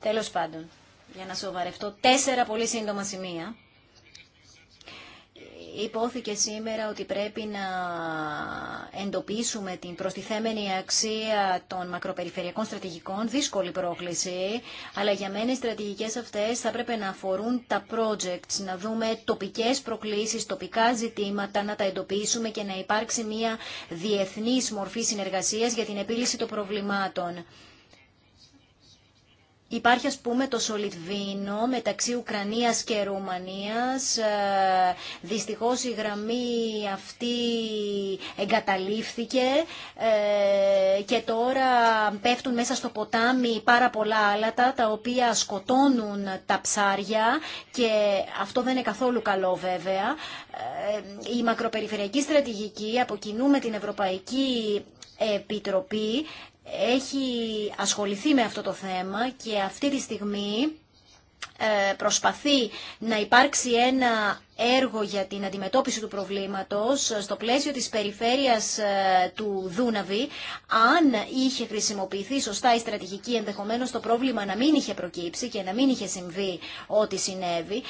Τέλος πάντων, για να σοβαρευτώ, τέσσερα πολύ σύντομα σημεία. Υπόθηκε σήμερα ότι πρέπει να εντοπίσουμε την προστιθέμενη αξία των μακροπεριφερειακών στρατηγικών, δύσκολη πρόκληση, αλλά για μένα οι στρατηγικές αυτές θα πρέπει να αφορούν τα projects, να δούμε τοπικές προκλήσεις, τοπικά ζητήματα, να τα εντοπίσουμε και να υπάρξει μια διεθνής μορφή συνεργασίας για την επίλυση των προβλημάτων. Υπάρχει ας πούμε το Σολιτβίνο μεταξύ Ουκρανίας και Ρουμανίας. Ε, δυστυχώς η γραμμή αυτή εγκαταλείφθηκε ε, και τώρα πέφτουν μέσα στο ποτάμι πάρα πολλά άλατα τα οποία σκοτώνουν τα ψάρια και αυτό δεν είναι καθόλου καλό βέβαια. Ε, η μακροπεριφερειακή στρατηγική από την Ευρωπαϊκή Επιτροπή έχει ασχοληθεί με αυτό το θέμα και αυτή τη στιγμή ε, προσπαθεί να υπάρξει ένα έργο για την αντιμετώπιση του προβλήματος στο πλαίσιο της περιφέρειας ε, του Δούναβη. Αν είχε χρησιμοποιηθεί σωστά η στρατηγική, ενδεχομένως το πρόβλημα να μην είχε προκύψει και να μην είχε συμβεί ό,τι συνέβη.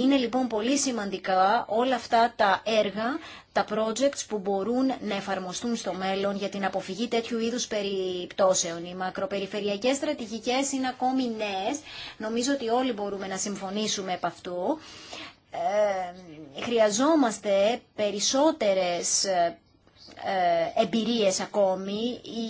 Είναι λοιπόν πολύ σημαντικά όλα αυτά τα έργα, τα projects που μπορούν να εφαρμοστούν στο μέλλον για την αποφυγή τέτοιου είδους περιπτώσεων. Οι μακροπεριφερειακές στρατηγικές είναι ακόμη νέες. Νομίζω ότι όλοι μπορούν μπορούμε να συμφωνήσουμε επ' αυτού. Ε, χρειαζόμαστε περισσότερες ε, εμπειρίες ακόμη. Η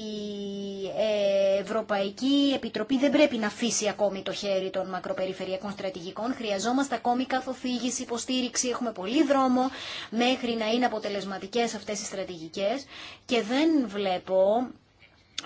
Ευρωπαϊκή Επιτροπή δεν πρέπει να αφήσει ακόμη το χέρι των μακροπεριφερειακών στρατηγικών. Χρειαζόμαστε ακόμη καθοθήγηση, υποστήριξη. Έχουμε πολύ δρόμο μέχρι να είναι αποτελεσματικές αυτές οι στρατηγικές και δεν βλέπω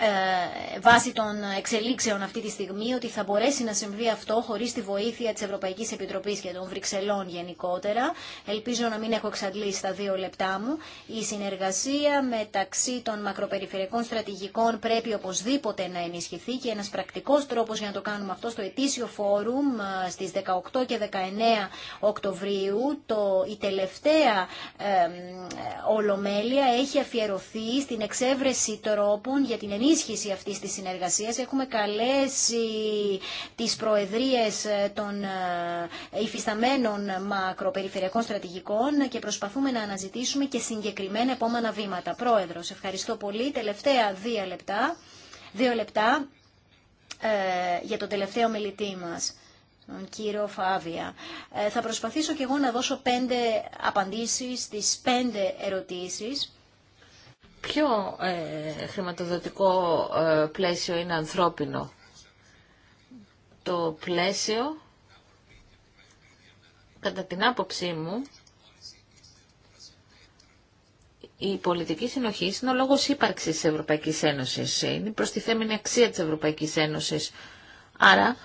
ε, βάσει των εξελίξεων αυτή τη στιγμή ότι θα μπορέσει να συμβεί αυτό χωρίς τη βοήθεια της Ευρωπαϊκής Επιτροπής και των Βρυξελών γενικότερα. Ελπίζω να μην έχω εξαντλήσει τα δύο λεπτά μου. Η συνεργασία μεταξύ των μακροπεριφερειακών στρατηγικών πρέπει οπωσδήποτε να ενισχυθεί και ένας πρακτικός τρόπος για να το κάνουμε αυτό στο ετήσιο φόρουμ ε, στις 18 και 19 Οκτωβρίου το, η τελευταία ε, ε, ολομέλεια έχει αφιερωθεί στην εξέβρεση τρόπων για την ενίσχυση αυτής της συνεργασίας. Έχουμε καλέσει τις προεδρίες των ε, υφισταμένων μακροπεριφερειακών στρατηγικών και προσπαθούμε να αναζητήσουμε και συγκεκριμένα επόμενα βήματα. Πρόεδρος, ευχαριστώ πολύ. Τελευταία δύο λεπτά, δύο λεπτά ε, για τον τελευταίο μιλητή μας τον κύριο Φάβια. Ε, θα προσπαθήσω και εγώ να δώσω πέντε απαντήσεις στις πέντε ερωτήσεις. Ποιο ε, χρηματοδοτικό ε, πλαίσιο είναι ανθρώπινο. Το πλαίσιο, κατά την άποψή μου, η πολιτική συνοχή είναι ο λόγος ύπαρξης της Ευρωπαϊκής Ένωσης. Είναι προστιθέμενη αξία της Ευρωπαϊκής Ένωσης. Άρα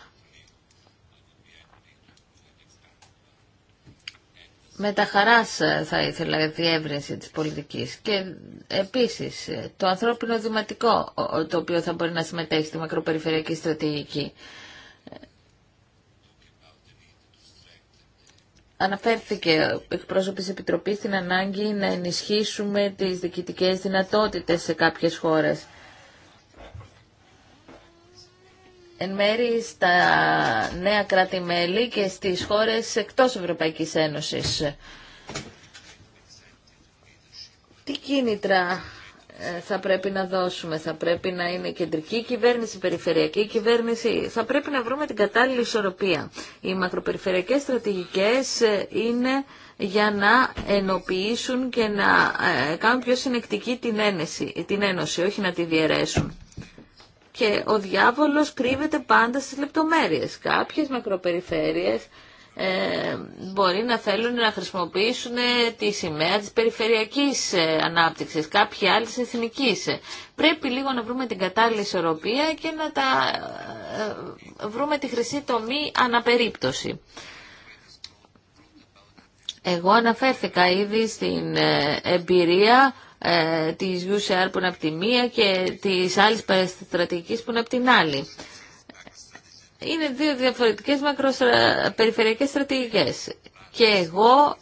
με τα χαράς ε, θα ήθελα διεύρυνση της πολιτικής και επίσης ε, το ανθρώπινο δηματικό το οποίο θα μπορεί να συμμετέχει στη μακροπεριφερειακή στρατηγική. Ε, αναφέρθηκε εκπρόσωπη τη Επιτροπή στην ανάγκη να ενισχύσουμε τις διοικητικές δυνατότητες σε κάποιες χώρες. εν μέρη στα νέα κράτη-μέλη και στις χώρες εκτός Ευρωπαϊκής Ένωσης. Τι κίνητρα ε, θα πρέπει να δώσουμε, θα πρέπει να είναι κεντρική κυβέρνηση, περιφερειακή κυβέρνηση, θα πρέπει να βρούμε την κατάλληλη ισορροπία. Οι μακροπεριφερειακές στρατηγικές ε, είναι για να ενοποιήσουν και να ε, κάνουν πιο συνεκτική την, την ένωση, όχι να τη διαιρέσουν και ο διάβολος κρύβεται πάντα στις λεπτομέρειες. Κάποιες μακροπεριφέρειες ε, μπορεί να θέλουν να χρησιμοποιήσουν ε, τη σημαία της περιφερειακής ε, ανάπτυξης, κάποιοι άλλοι της εθνικής. Πρέπει λίγο να βρούμε την κατάλληλη ισορροπία και να τα βρούμε τη χρυσή τομή αναπερίπτωση. Εγώ αναφέρθηκα ήδη στην εμπειρία ε, της UCR που είναι από τη μία και της άλλης στρατηγικής που είναι από την άλλη. Είναι δύο διαφορετικές μακροπεριφερειακές στρατηγικές. Και εγώ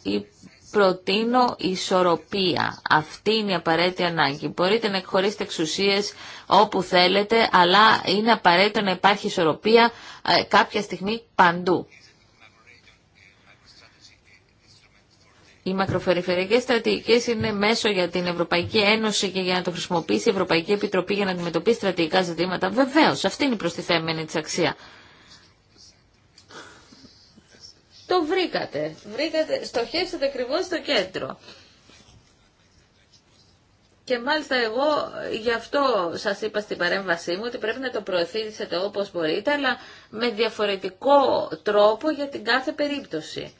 προτείνω ισορροπία. Αυτή είναι η απαραίτητη ανάγκη. Μπορείτε να εκχωρήσετε εξουσίες όπου θέλετε, αλλά είναι απαραίτητο να υπάρχει ισορροπία ε, κάποια στιγμή παντού. Οι μακροφερειφερειακές στρατηγικές είναι μέσο για την Ευρωπαϊκή Ένωση και για να το χρησιμοποιήσει η Ευρωπαϊκή Επιτροπή για να αντιμετωπίσει στρατηγικά ζητήματα. Βεβαίως, αυτή είναι η προστιθέμενη της αξία. Το βρήκατε. Βρήκατε, στοχεύσατε ακριβώ στο κέντρο. Και μάλιστα εγώ γι' αυτό σας είπα στην παρέμβασή μου ότι πρέπει να το προωθήσετε όπως μπορείτε, αλλά με διαφορετικό τρόπο για την κάθε περίπτωση.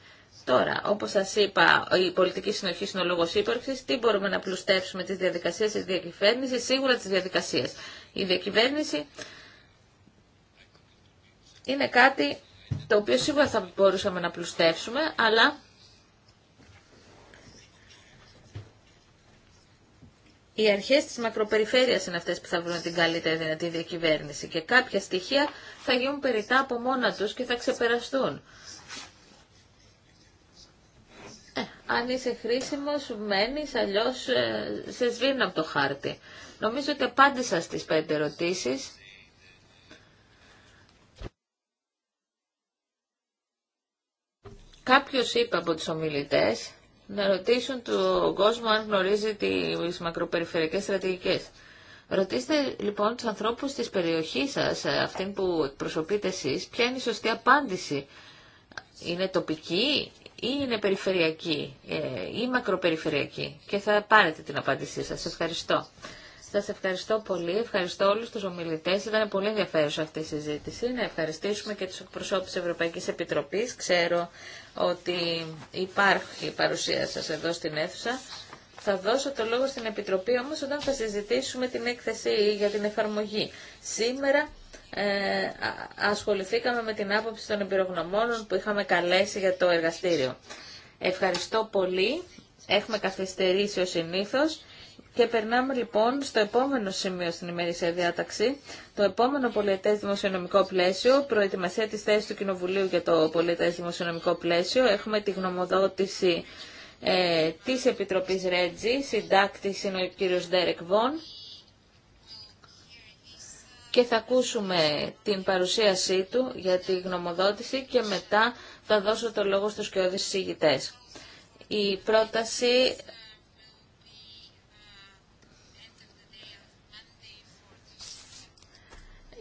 Τώρα, όπως σα είπα, η πολιτική συνοχή είναι ο λόγο ύπαρξη. Τι μπορούμε να πλουστεύσουμε τις διαδικασίες τη διακυβέρνηση. σίγουρα τις διαδικασίες. Η διακυβέρνηση είναι κάτι το οποίο σίγουρα θα μπορούσαμε να πλουστεύσουμε, αλλά οι αρχές της μακροπεριφέρειας είναι αυτές που θα βρουν την καλύτερη δυνατή διακυβέρνηση και κάποια στοιχεία θα γίνουν περιτά από μόνα τους και θα ξεπεραστούν. αν είσαι χρήσιμος, μένεις, αλλιώς ε, σε σβήνω από το χάρτη. Νομίζω ότι απάντησα στις πέντε ερωτήσεις. Κάποιος είπε από τους ομιλητές να ρωτήσουν τον κόσμο αν γνωρίζει τις μακροπεριφερειακές στρατηγικές. Ρωτήστε λοιπόν τους ανθρώπους της περιοχής σας, ε, αυτήν που εκπροσωπείτε εσείς, ποια είναι η σωστή απάντηση. Είναι τοπική ή είναι περιφερειακή ε, ή μακροπεριφερειακή και θα πάρετε την απάντησή σας. Σας ευχαριστώ. Σας ευχαριστώ πολύ. Ευχαριστώ όλους τους ομιλητές. Ήταν πολύ ενδιαφέρουσα αυτή η συζήτηση. Να ευχαριστήσουμε και τους προσώπους της Ευρωπαϊκής Επιτροπής. Ξέρω ότι υπάρχει η παρουσία σας εδώ στην αίθουσα. Θα δώσω το λόγο στην Επιτροπή όμως όταν θα συζητήσουμε την έκθεση για την εφαρμογή. Σήμερα ε, ασχοληθήκαμε με την άποψη των εμπειρογνωμόνων που είχαμε καλέσει για το εργαστήριο. Ευχαριστώ πολύ. Έχουμε καθυστερήσει ως συνήθως. Και περνάμε λοιπόν στο επόμενο σημείο στην ημερήσια διάταξη, το επόμενο πολιτέ δημοσιονομικό πλαίσιο, προετοιμασία τη θέση του Κοινοβουλίου για το πολιτέ δημοσιονομικό πλαίσιο. Έχουμε τη γνωμοδότηση ε, τη Επιτροπή Ρέτζη, συντάκτη είναι ο κ. Ντέρεκ Βον και θα ακούσουμε την παρουσίασή του για τη γνωμοδότηση και μετά θα δώσω το λόγο στους κοιόδης συζητητές. Η πρόταση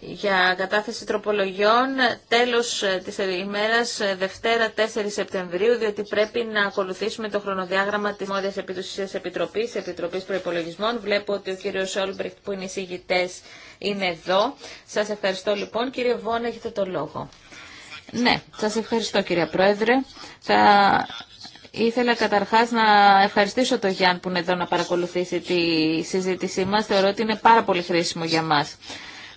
για κατάθεση τροπολογιών τέλος ε, της ημέρας ε, Δευτέρα 4 Σεπτεμβρίου διότι πρέπει να ακολουθήσουμε το χρονοδιάγραμμα της Μόδιας Επιτουσίας Επιτροπής Επιτροπής Προϋπολογισμών βλέπω ότι ο κύριος Όλμπρεχτ που είναι εισηγητές είναι εδώ Σας ευχαριστώ λοιπόν κύριε Βόν έχετε το λόγο Ναι, σας ευχαριστώ κύριε Πρόεδρε Θα Ήθελα καταρχάς να ευχαριστήσω τον Γιάνν που είναι εδώ να παρακολουθήσει τη συζήτησή μας. Θεωρώ ότι είναι πάρα πολύ χρήσιμο για μας.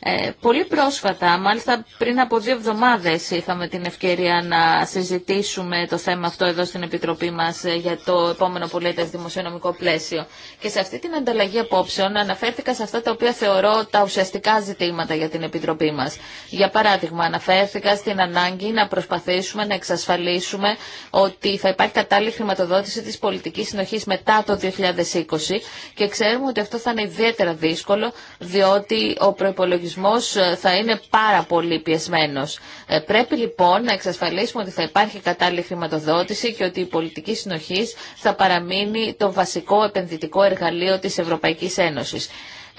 Ε, πολύ πρόσφατα, μάλιστα πριν από δύο εβδομάδες είχαμε την ευκαιρία να συζητήσουμε το θέμα αυτό εδώ στην Επιτροπή μας ε, για το επόμενο πολίτες δημοσιονομικό πλαίσιο. Και σε αυτή την ανταλλαγή απόψεων αναφέρθηκα σε αυτά τα οποία θεωρώ τα ουσιαστικά ζητήματα για την Επιτροπή μας. Για παράδειγμα, αναφέρθηκα στην ανάγκη να προσπαθήσουμε να εξασφαλίσουμε ότι θα υπάρχει κατάλληλη χρηματοδότηση της πολιτικής συνοχής μετά το 2020 και ξέρουμε ότι αυτό θα είναι ιδιαίτερα δύσκολο διότι ο προπολογισμό ε, θα είναι πάρα πολύ πιεσμένος. Ε, πρέπει λοιπόν να εξασφαλίσουμε ότι θα υπάρχει κατάλληλη χρηματοδότηση και ότι η πολιτική συνοχής θα παραμείνει το βασικό επενδυτικό εργαλείο της Ευρωπαϊκής Ένωσης.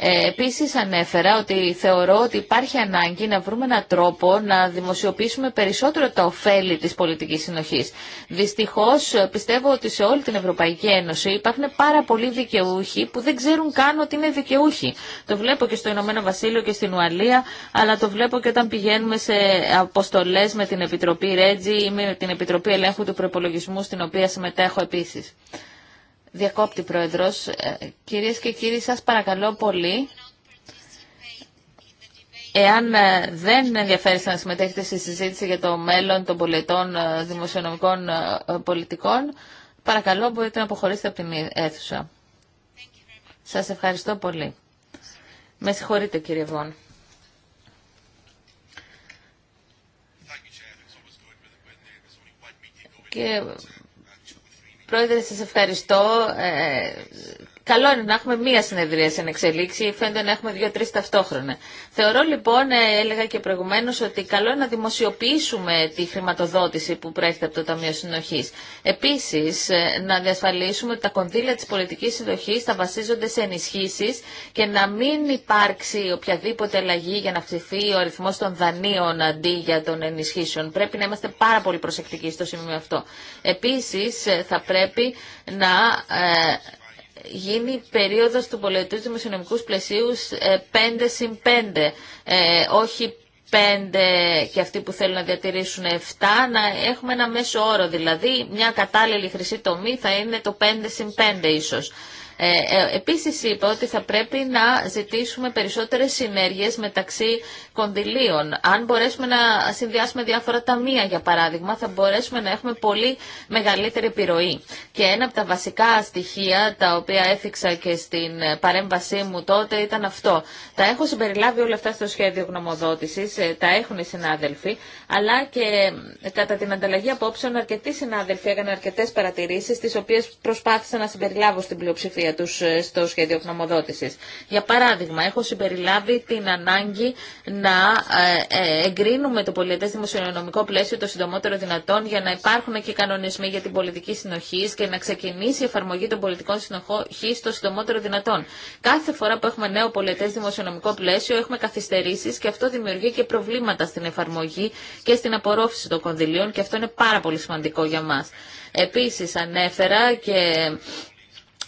Ε, επίσης ανέφερα ότι θεωρώ ότι υπάρχει ανάγκη να βρούμε έναν τρόπο να δημοσιοποιήσουμε περισσότερο τα ωφέλη τη πολιτική συνοχή. Δυστυχώ, πιστεύω ότι σε όλη την Ευρωπαϊκή Ένωση υπάρχουν πάρα πολλοί δικαιούχοι που δεν ξέρουν καν ότι είναι δικαιούχοι. Το βλέπω και στο Ηνωμένο Βασίλειο και στην Ουαλία, αλλά το βλέπω και όταν πηγαίνουμε σε αποστολέ με την Επιτροπή Ρέτζι ή με την Επιτροπή Ελέγχου του Προπολογισμού, στην οποία συμμετέχω επίση. Διακόπτη Πρόεδρος, ε, κυρίες και κύριοι σας παρακαλώ πολύ Εάν ε, δεν ενδιαφέρεστε να συμμετέχετε στη συζήτηση για το μέλλον των πολιτών ε, δημοσιονομικών πολιτικών, παρακαλώ μπορείτε να αποχωρήσετε από την αίθουσα. Σας ευχαριστώ πολύ. Με συγχωρείτε κύριε Βόν. Πρόεδρε, σας ευχαριστώ. Ε, Καλό είναι να έχουμε μία συνεδρία σε εξελίξη, φαίνεται να έχουμε δύο-τρει ταυτόχρονα. Θεωρώ λοιπόν, ε, έλεγα και προηγουμένω, ότι καλό είναι να δημοσιοποιήσουμε τη χρηματοδότηση που προέρχεται από το Ταμείο Συνοχή. Επίση, ε, να διασφαλίσουμε ότι τα κονδύλια τη πολιτική συνοχή θα βασίζονται σε ενισχύσει και να μην υπάρξει οποιαδήποτε αλλαγή για να αυξηθεί ο αριθμό των δανείων αντί για των ενισχύσεων. Πρέπει να είμαστε πάρα πολύ προσεκτικοί στο σημείο αυτό. Επίση, ε, θα πρέπει να γίνει περίοδος του πολιτικού δημοσιονομικού πλαισίου 5 ε, 5, ε, όχι 5 και αυτοί που θέλουν να διατηρήσουν 7, να έχουμε ένα μέσο όρο, δηλαδή μια κατάλληλη χρυσή τομή θα είναι το 5 5 ίσως. Ε, ε, επίσης είπα ότι θα πρέπει να ζητήσουμε περισσότερες συνέργειες μεταξύ κονδυλίων. Αν μπορέσουμε να συνδυάσουμε διάφορα ταμεία, για παράδειγμα, θα μπορέσουμε να έχουμε πολύ μεγαλύτερη επιρροή. Και ένα από τα βασικά στοιχεία, τα οποία έφυξα και στην παρέμβασή μου τότε, ήταν αυτό. Τα έχω συμπεριλάβει όλα αυτά στο σχέδιο γνωμοδότησης, ε, τα έχουν οι συνάδελφοι, αλλά και κατά την ανταλλαγή απόψεων αρκετοί συνάδελφοι έκαναν αρκετές παρατηρήσει τις οποίες προσπάθησα να συμπεριλάβω στην πλειοψηφία τους ε, στο σχέδιο γνωμοδότησης. Για παράδειγμα, έχω συμπεριλάβει την ανάγκη να ε, ε, εγκρίνουμε το πολιτεύσιο δημοσιονομικό πλαίσιο το συντομότερο δυνατόν για να υπάρχουν και κανονισμοί για την πολιτική συνοχή και να ξεκινήσει η εφαρμογή των πολιτικών συνοχή το συντομότερο δυνατόν. Κάθε φορά που έχουμε νέο πολιτεύσιο δημοσιονομικό πλαίσιο έχουμε καθυστερήσει και αυτό δημιουργεί και προβλήματα στην εφαρμογή και στην απορρόφηση των κονδυλίων και αυτό είναι πάρα πολύ σημαντικό για μα. Επίσης ανέφερα και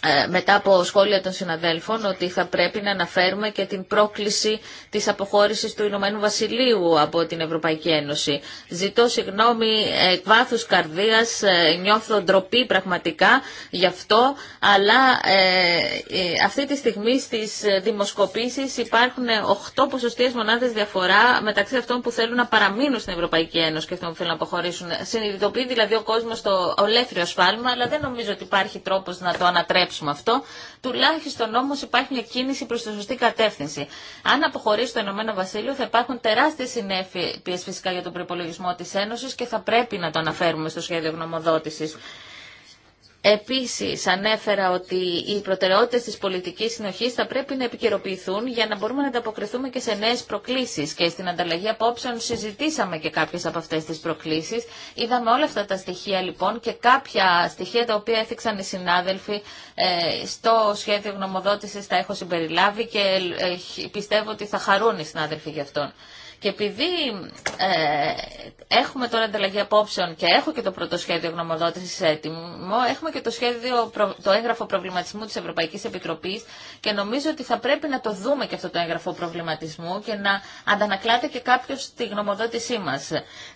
ε, μετά από σχόλια των συναδέλφων ότι θα πρέπει να αναφέρουμε και την πρόκληση της αποχώρησης του Ηνωμένου Βασιλείου από την Ευρωπαϊκή Ένωση. Ζητώ συγγνώμη εκ βάθους καρδίας, ε, νιώθω ντροπή πραγματικά γι' αυτό, αλλά ε, αυτή τη στιγμή στις δημοσκοπήσεις υπάρχουν 8 ποσοστίες μονάδες διαφορά μεταξύ αυτών που θέλουν να παραμείνουν στην Ευρωπαϊκή Ένωση και αυτών που θέλουν να αποχωρήσουν. Συνειδητοποιεί δηλαδή ο κόσμος το ολέθριο σφάλμα, αλλά δεν νομίζω ότι υπάρχει τρόπος να το ανατρέψει αυτό. Τουλάχιστον όμω υπάρχει μια κίνηση προ τη σωστή κατεύθυνση. Αν αποχωρήσει το Ηνωμένο Βασίλειο, θα υπάρχουν τεράστιε συνέπειε φυσικά για τον προπολογισμό τη Ένωση και θα πρέπει να το αναφέρουμε στο σχέδιο γνωμοδότηση. Επίσης ανέφερα ότι οι προτεραιότητες της πολιτικής συνοχής θα πρέπει να επικαιροποιηθούν για να μπορούμε να ανταποκριθούμε και σε νέες προκλήσεις και στην ανταλλαγή απόψεων συζητήσαμε και κάποιες από αυτές τις προκλήσεις. Είδαμε όλα αυτά τα στοιχεία λοιπόν και κάποια στοιχεία τα οποία έθιξαν οι συνάδελφοι ε, στο σχέδιο γνωμοδότησης τα έχω συμπεριλάβει και ε, πιστεύω ότι θα χαρούν οι συνάδελφοι γι' αυτόν. Και επειδή ε, έχουμε τώρα ανταλλαγή απόψεων και έχω και το πρώτο σχέδιο γνωμοδότηση έτοιμο, έχουμε και το, σχέδιο, το έγγραφο προβληματισμού τη Ευρωπαϊκή Επιτροπή και νομίζω ότι θα πρέπει να το δούμε και αυτό το έγγραφο προβληματισμού και να αντανακλάται και κάποιο στη γνωμοδότησή μα.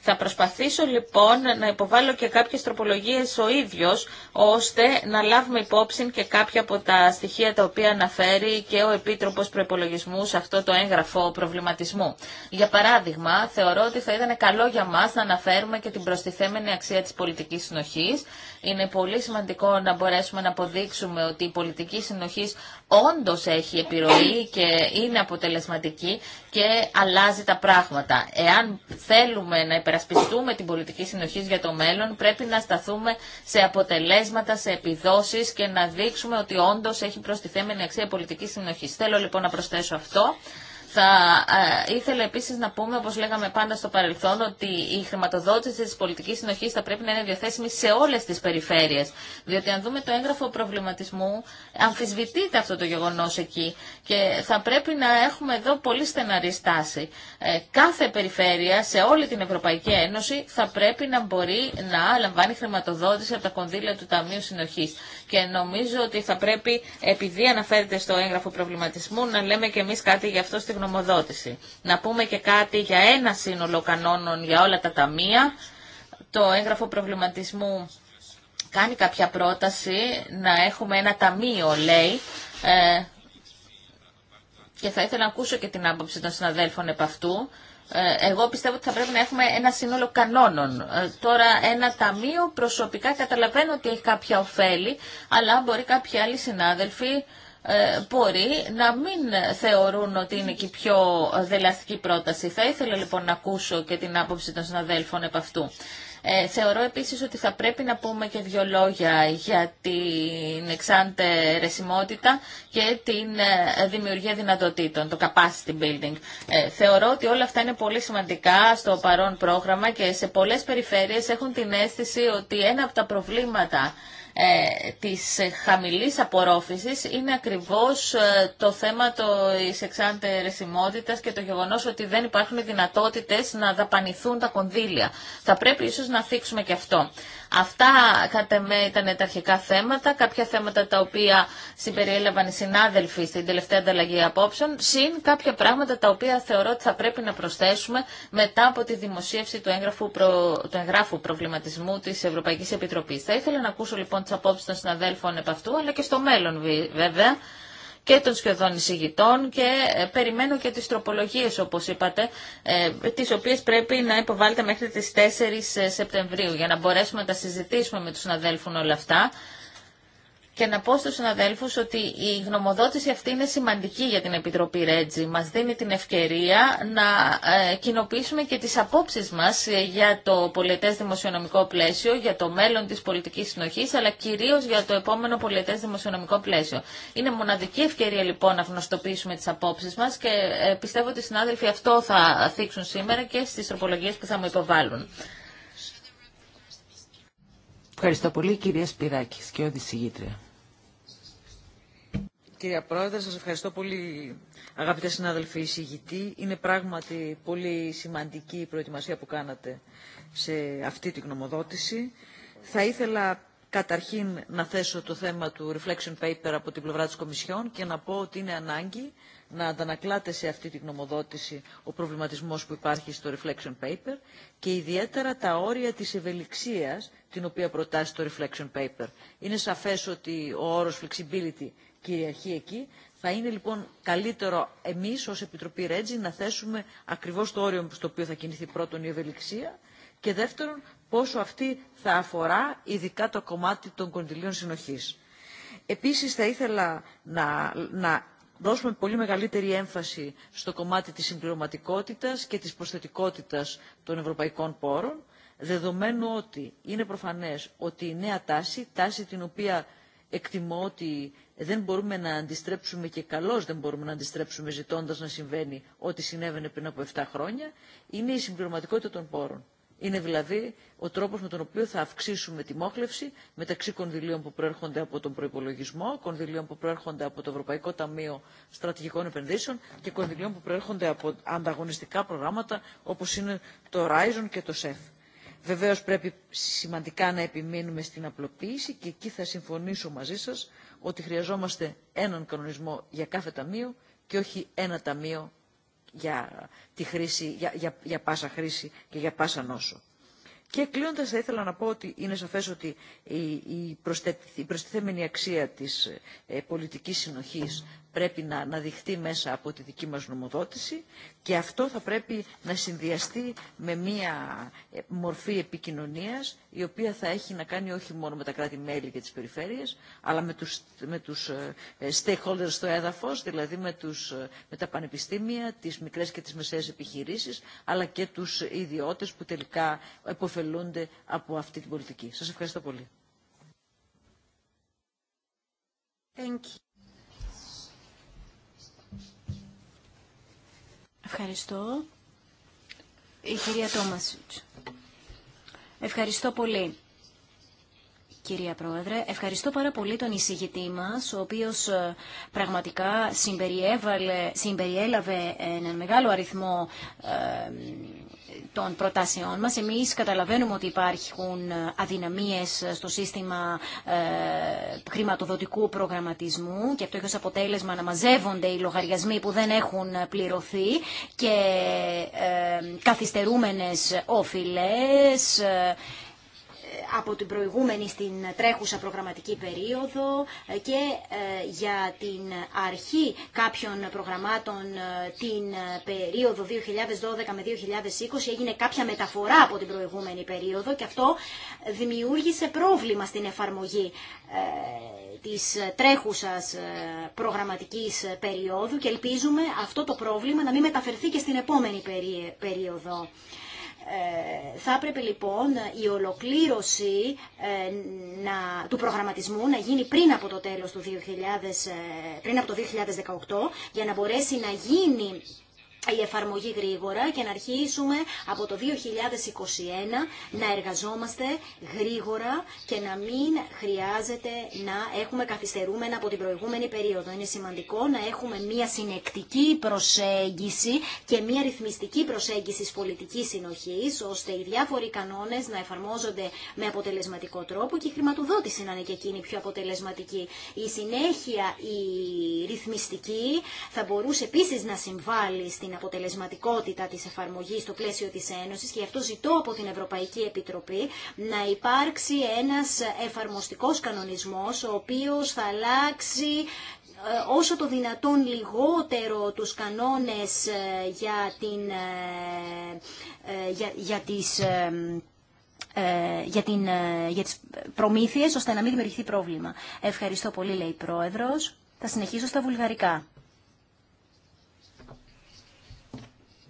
Θα προσπαθήσω λοιπόν να υποβάλω και κάποιε τροπολογίε ο ίδιο, ώστε να λάβουμε υπόψη και κάποια από τα στοιχεία τα οποία αναφέρει και ο Επίτροπο Προπολογισμού σε αυτό το έγγραφο προβληματισμού παράδειγμα, θεωρώ ότι θα ήταν καλό για μα να αναφέρουμε και την προστιθέμενη αξία τη πολιτική συνοχή. Είναι πολύ σημαντικό να μπορέσουμε να αποδείξουμε ότι η πολιτική συνοχή όντω έχει επιρροή και είναι αποτελεσματική και αλλάζει τα πράγματα. Εάν θέλουμε να υπερασπιστούμε την πολιτική συνοχή για το μέλλον, πρέπει να σταθούμε σε αποτελέσματα, σε επιδόσει και να δείξουμε ότι όντω έχει προστιθέμενη αξία η πολιτική συνοχή. Θέλω λοιπόν να προσθέσω αυτό. Θα ε, ήθελα επίση να πούμε, όπω λέγαμε πάντα στο παρελθόν, ότι η χρηματοδότηση τη πολιτική συνοχή θα πρέπει να είναι διαθέσιμη σε όλε τι περιφέρειε. Διότι αν δούμε το έγγραφο προβληματισμού, αμφισβητείται αυτό το γεγονό εκεί. Και θα πρέπει να έχουμε εδώ πολύ στεναρή στάση. Ε, κάθε περιφέρεια σε όλη την Ευρωπαϊκή Ένωση θα πρέπει να μπορεί να λαμβάνει χρηματοδότηση από τα κονδύλια του Ταμείου Συνοχή. Και νομίζω ότι θα πρέπει, επειδή αναφέρεται στο έγγραφο προβληματισμού, να λέμε και εμεί κάτι γι' αυτό στη να πούμε και κάτι για ένα σύνολο κανόνων για όλα τα ταμεία. Το έγγραφο προβληματισμού κάνει κάποια πρόταση να έχουμε ένα ταμείο, λέει, ε, και θα ήθελα να ακούσω και την άποψη των συναδέλφων επ' αυτού. Ε, εγώ πιστεύω ότι θα πρέπει να έχουμε ένα σύνολο κανόνων. Ε, τώρα ένα ταμείο προσωπικά καταλαβαίνω ότι έχει κάποια ωφέλη, αλλά μπορεί κάποιοι άλλοι συνάδελφοι ε, μπορεί να μην θεωρούν ότι είναι και η πιο δελαστική πρόταση. Θα ήθελα λοιπόν να ακούσω και την άποψη των συναδέλφων επ' αυτού. Ε, θεωρώ επίσης ότι θα πρέπει να πούμε και δύο λόγια για την εξάντε και την ε, δημιουργία δυνατοτήτων, το capacity building. Ε, θεωρώ ότι όλα αυτά είναι πολύ σημαντικά στο παρόν πρόγραμμα και σε πολλές περιφέρειες έχουν την αίσθηση ότι ένα από τα προβλήματα ε, της χαμηλής απορρόφησης είναι ακριβώς ε, το θέμα της εξάντερεσιμότητας και το γεγονός ότι δεν υπάρχουν δυνατότητες να δαπανηθούν τα κονδύλια. Θα πρέπει ίσως να θίξουμε και αυτό. Αυτά κατά με ήταν τα αρχικά θέματα, κάποια θέματα τα οποία συμπεριέλαβαν οι συνάδελφοι στην τελευταία ανταλλαγή απόψεων, συν κάποια πράγματα τα οποία θεωρώ ότι θα πρέπει να προσθέσουμε μετά από τη δημοσίευση του εγγράφου, προ... του εγγράφου προβληματισμού της Ευρωπαϊκής Επιτροπής. Θα ήθελα να ακούσω λοιπόν τις απόψεις των συναδέλφων επ' αυτού, αλλά και στο μέλλον βέβαια και των σχεδόν εισηγητών και ε, περιμένω και τις τροπολογίες όπως είπατε, ε, τις οποίες πρέπει να υποβάλλετε μέχρι τις 4 ε, Σεπτεμβρίου για να μπορέσουμε να τα συζητήσουμε με τους συναδέλφους όλα αυτά και να πω στους συναδέλφους ότι η γνωμοδότηση αυτή είναι σημαντική για την Επιτροπή Ρέτζη. Μας δίνει την ευκαιρία να ε, κοινοποιήσουμε και τις απόψεις μας ε, για το πολιτές δημοσιονομικό πλαίσιο, για το μέλλον της πολιτικής συνοχής, αλλά κυρίως για το επόμενο πολιτές δημοσιονομικό πλαίσιο. Είναι μοναδική ευκαιρία λοιπόν να γνωστοποιήσουμε τις απόψεις μας και ε, πιστεύω ότι οι συνάδελφοι αυτό θα θίξουν σήμερα και στις τροπολογίες που θα μου υποβάλουν. Ευχαριστώ πολύ κυρία Σπυράκη και οδησηγήτρια. Κυρία Πρόεδρε, σας ευχαριστώ πολύ αγαπητέ συνάδελφοι εισηγητή. Είναι πράγματι πολύ σημαντική η προετοιμασία που κάνατε σε αυτή τη γνωμοδότηση. Θα ήθελα καταρχήν να θέσω το θέμα του reflection paper από την πλευρά της Κομισιόν και να πω ότι είναι ανάγκη να αντανακλάτε σε αυτή την γνωμοδότηση ο προβληματισμός που υπάρχει στο reflection paper και ιδιαίτερα τα όρια της ευελιξίας την οποία προτάσει το reflection paper. Είναι σαφές ότι ο όρος flexibility κυριαρχεί εκεί. Θα είναι λοιπόν καλύτερο εμείς ως Επιτροπή Ρέτζι να θέσουμε ακριβώς το όριο στο οποίο θα κινηθεί πρώτον η ευελιξία και δεύτερον πόσο αυτή θα αφορά ειδικά το κομμάτι των κοντιλίων συνοχής. Επίσης θα ήθελα να, να δώσουμε πολύ μεγαλύτερη έμφαση στο κομμάτι της συμπληρωματικότητας και της προσθετικότητας των ευρωπαϊκών πόρων, δεδομένου ότι είναι προφανές ότι η νέα τάση, τάση την οποία εκτιμώ ότι δεν μπορούμε να αντιστρέψουμε και καλώς δεν μπορούμε να αντιστρέψουμε ζητώντας να συμβαίνει ό,τι συνέβαινε πριν από 7 χρόνια, είναι η συμπληρωματικότητα των πόρων. Είναι δηλαδή ο τρόπος με τον οποίο θα αυξήσουμε τη μόχλευση μεταξύ κονδυλίων που προέρχονται από τον προϋπολογισμό, κονδυλίων που προέρχονται από το Ευρωπαϊκό Ταμείο Στρατηγικών Επενδύσεων και κονδυλίων που προέρχονται από ανταγωνιστικά προγράμματα όπως είναι το Horizon και το SEF. Βεβαίως πρέπει σημαντικά να επιμείνουμε στην απλοποίηση και εκεί θα συμφωνήσω μαζί σας ότι χρειαζόμαστε έναν κανονισμό για κάθε ταμείο και όχι ένα ταμείο για, τη για, πάσα χρήση και για πάσα νόσο. Και κλείνοντα, θα ήθελα να πω ότι είναι σαφές ότι η, η προστιθέμενη αξία της ε, πολιτικής συνοχής πρέπει να, να μέσα από τη δική μας νομοδότηση και αυτό θα πρέπει να συνδυαστεί με μια ε, μορφή επικοινωνίας η οποία θα έχει να κάνει όχι μόνο με τα κράτη-μέλη και τις περιφέρειες αλλά με τους, με τους ε, ε, stakeholders στο έδαφος, δηλαδή με, τους, με τα πανεπιστήμια, τις μικρές και τις μεσαίες επιχειρήσεις αλλά και τους ιδιώτες που τελικά επωφελούνται από αυτή την πολιτική. Σας ευχαριστώ πολύ. Ευχαριστώ. Η κυρία Τόμασιτς. Ευχαριστώ πολύ. Κυρία Πρόεδρε, ευχαριστώ πάρα πολύ τον εισηγητή μας, ο οποίος ε, πραγματικά συμπεριέλαβε έναν μεγάλο αριθμό ε, των προτάσεών μας. Εμείς καταλαβαίνουμε ότι υπάρχουν ε, αδυναμίες στο σύστημα ε, χρηματοδοτικού προγραμματισμού και αυτό έχει ως αποτέλεσμα να μαζεύονται οι λογαριασμοί που δεν έχουν πληρωθεί και ε, καθυστερούμενες όφιλες από την προηγούμενη στην τρέχουσα προγραμματική περίοδο και ε, για την αρχή κάποιων προγραμμάτων ε, την ε, περίοδο 2012 με 2020 έγινε κάποια μεταφορά από την προηγούμενη περίοδο και αυτό δημιούργησε πρόβλημα στην εφαρμογή της τρέχουσας προγραμματικής περίοδου και ελπίζουμε αυτό το πρόβλημα να μην μεταφερθεί και στην επόμενη περίοδο. Ε, θα έπρεπε λοιπόν η ολοκλήρωση ε, να, του προγραμματισμού να γίνει πριν από το τέλος του 2000, ε, πριν από το 2018 για να μπορέσει να γίνει η εφαρμογή γρήγορα και να αρχίσουμε από το 2021 να εργαζόμαστε γρήγορα και να μην χρειάζεται να έχουμε καθυστερούμενα από την προηγούμενη περίοδο. Είναι σημαντικό να έχουμε μια συνεκτική προσέγγιση και μια ρυθμιστική προσέγγιση της πολιτικής συνοχής, ώστε οι διάφοροι κανόνες να εφαρμόζονται με αποτελεσματικό τρόπο και η χρηματοδότηση να είναι και εκείνη πιο αποτελεσματική. Η συνέχεια η ρυθμιστική θα μπορούσε επίσης να συμβάλλει στην αποτελεσματικότητα της εφαρμογής στο πλαίσιο της Ένωσης και γι' αυτό ζητώ από την Ευρωπαϊκή Επιτροπή να υπάρξει ένας εφαρμοστικός κανονισμός ο οποίος θα αλλάξει ε, όσο το δυνατόν λιγότερο τους κανόνες ε, για, την, ε, για, για τις για, την, για τις προμήθειες, ώστε να μην δημιουργηθεί πρόβλημα. Ευχαριστώ πολύ, λέει η Πρόεδρος. Θα συνεχίσω στα βουλγαρικά.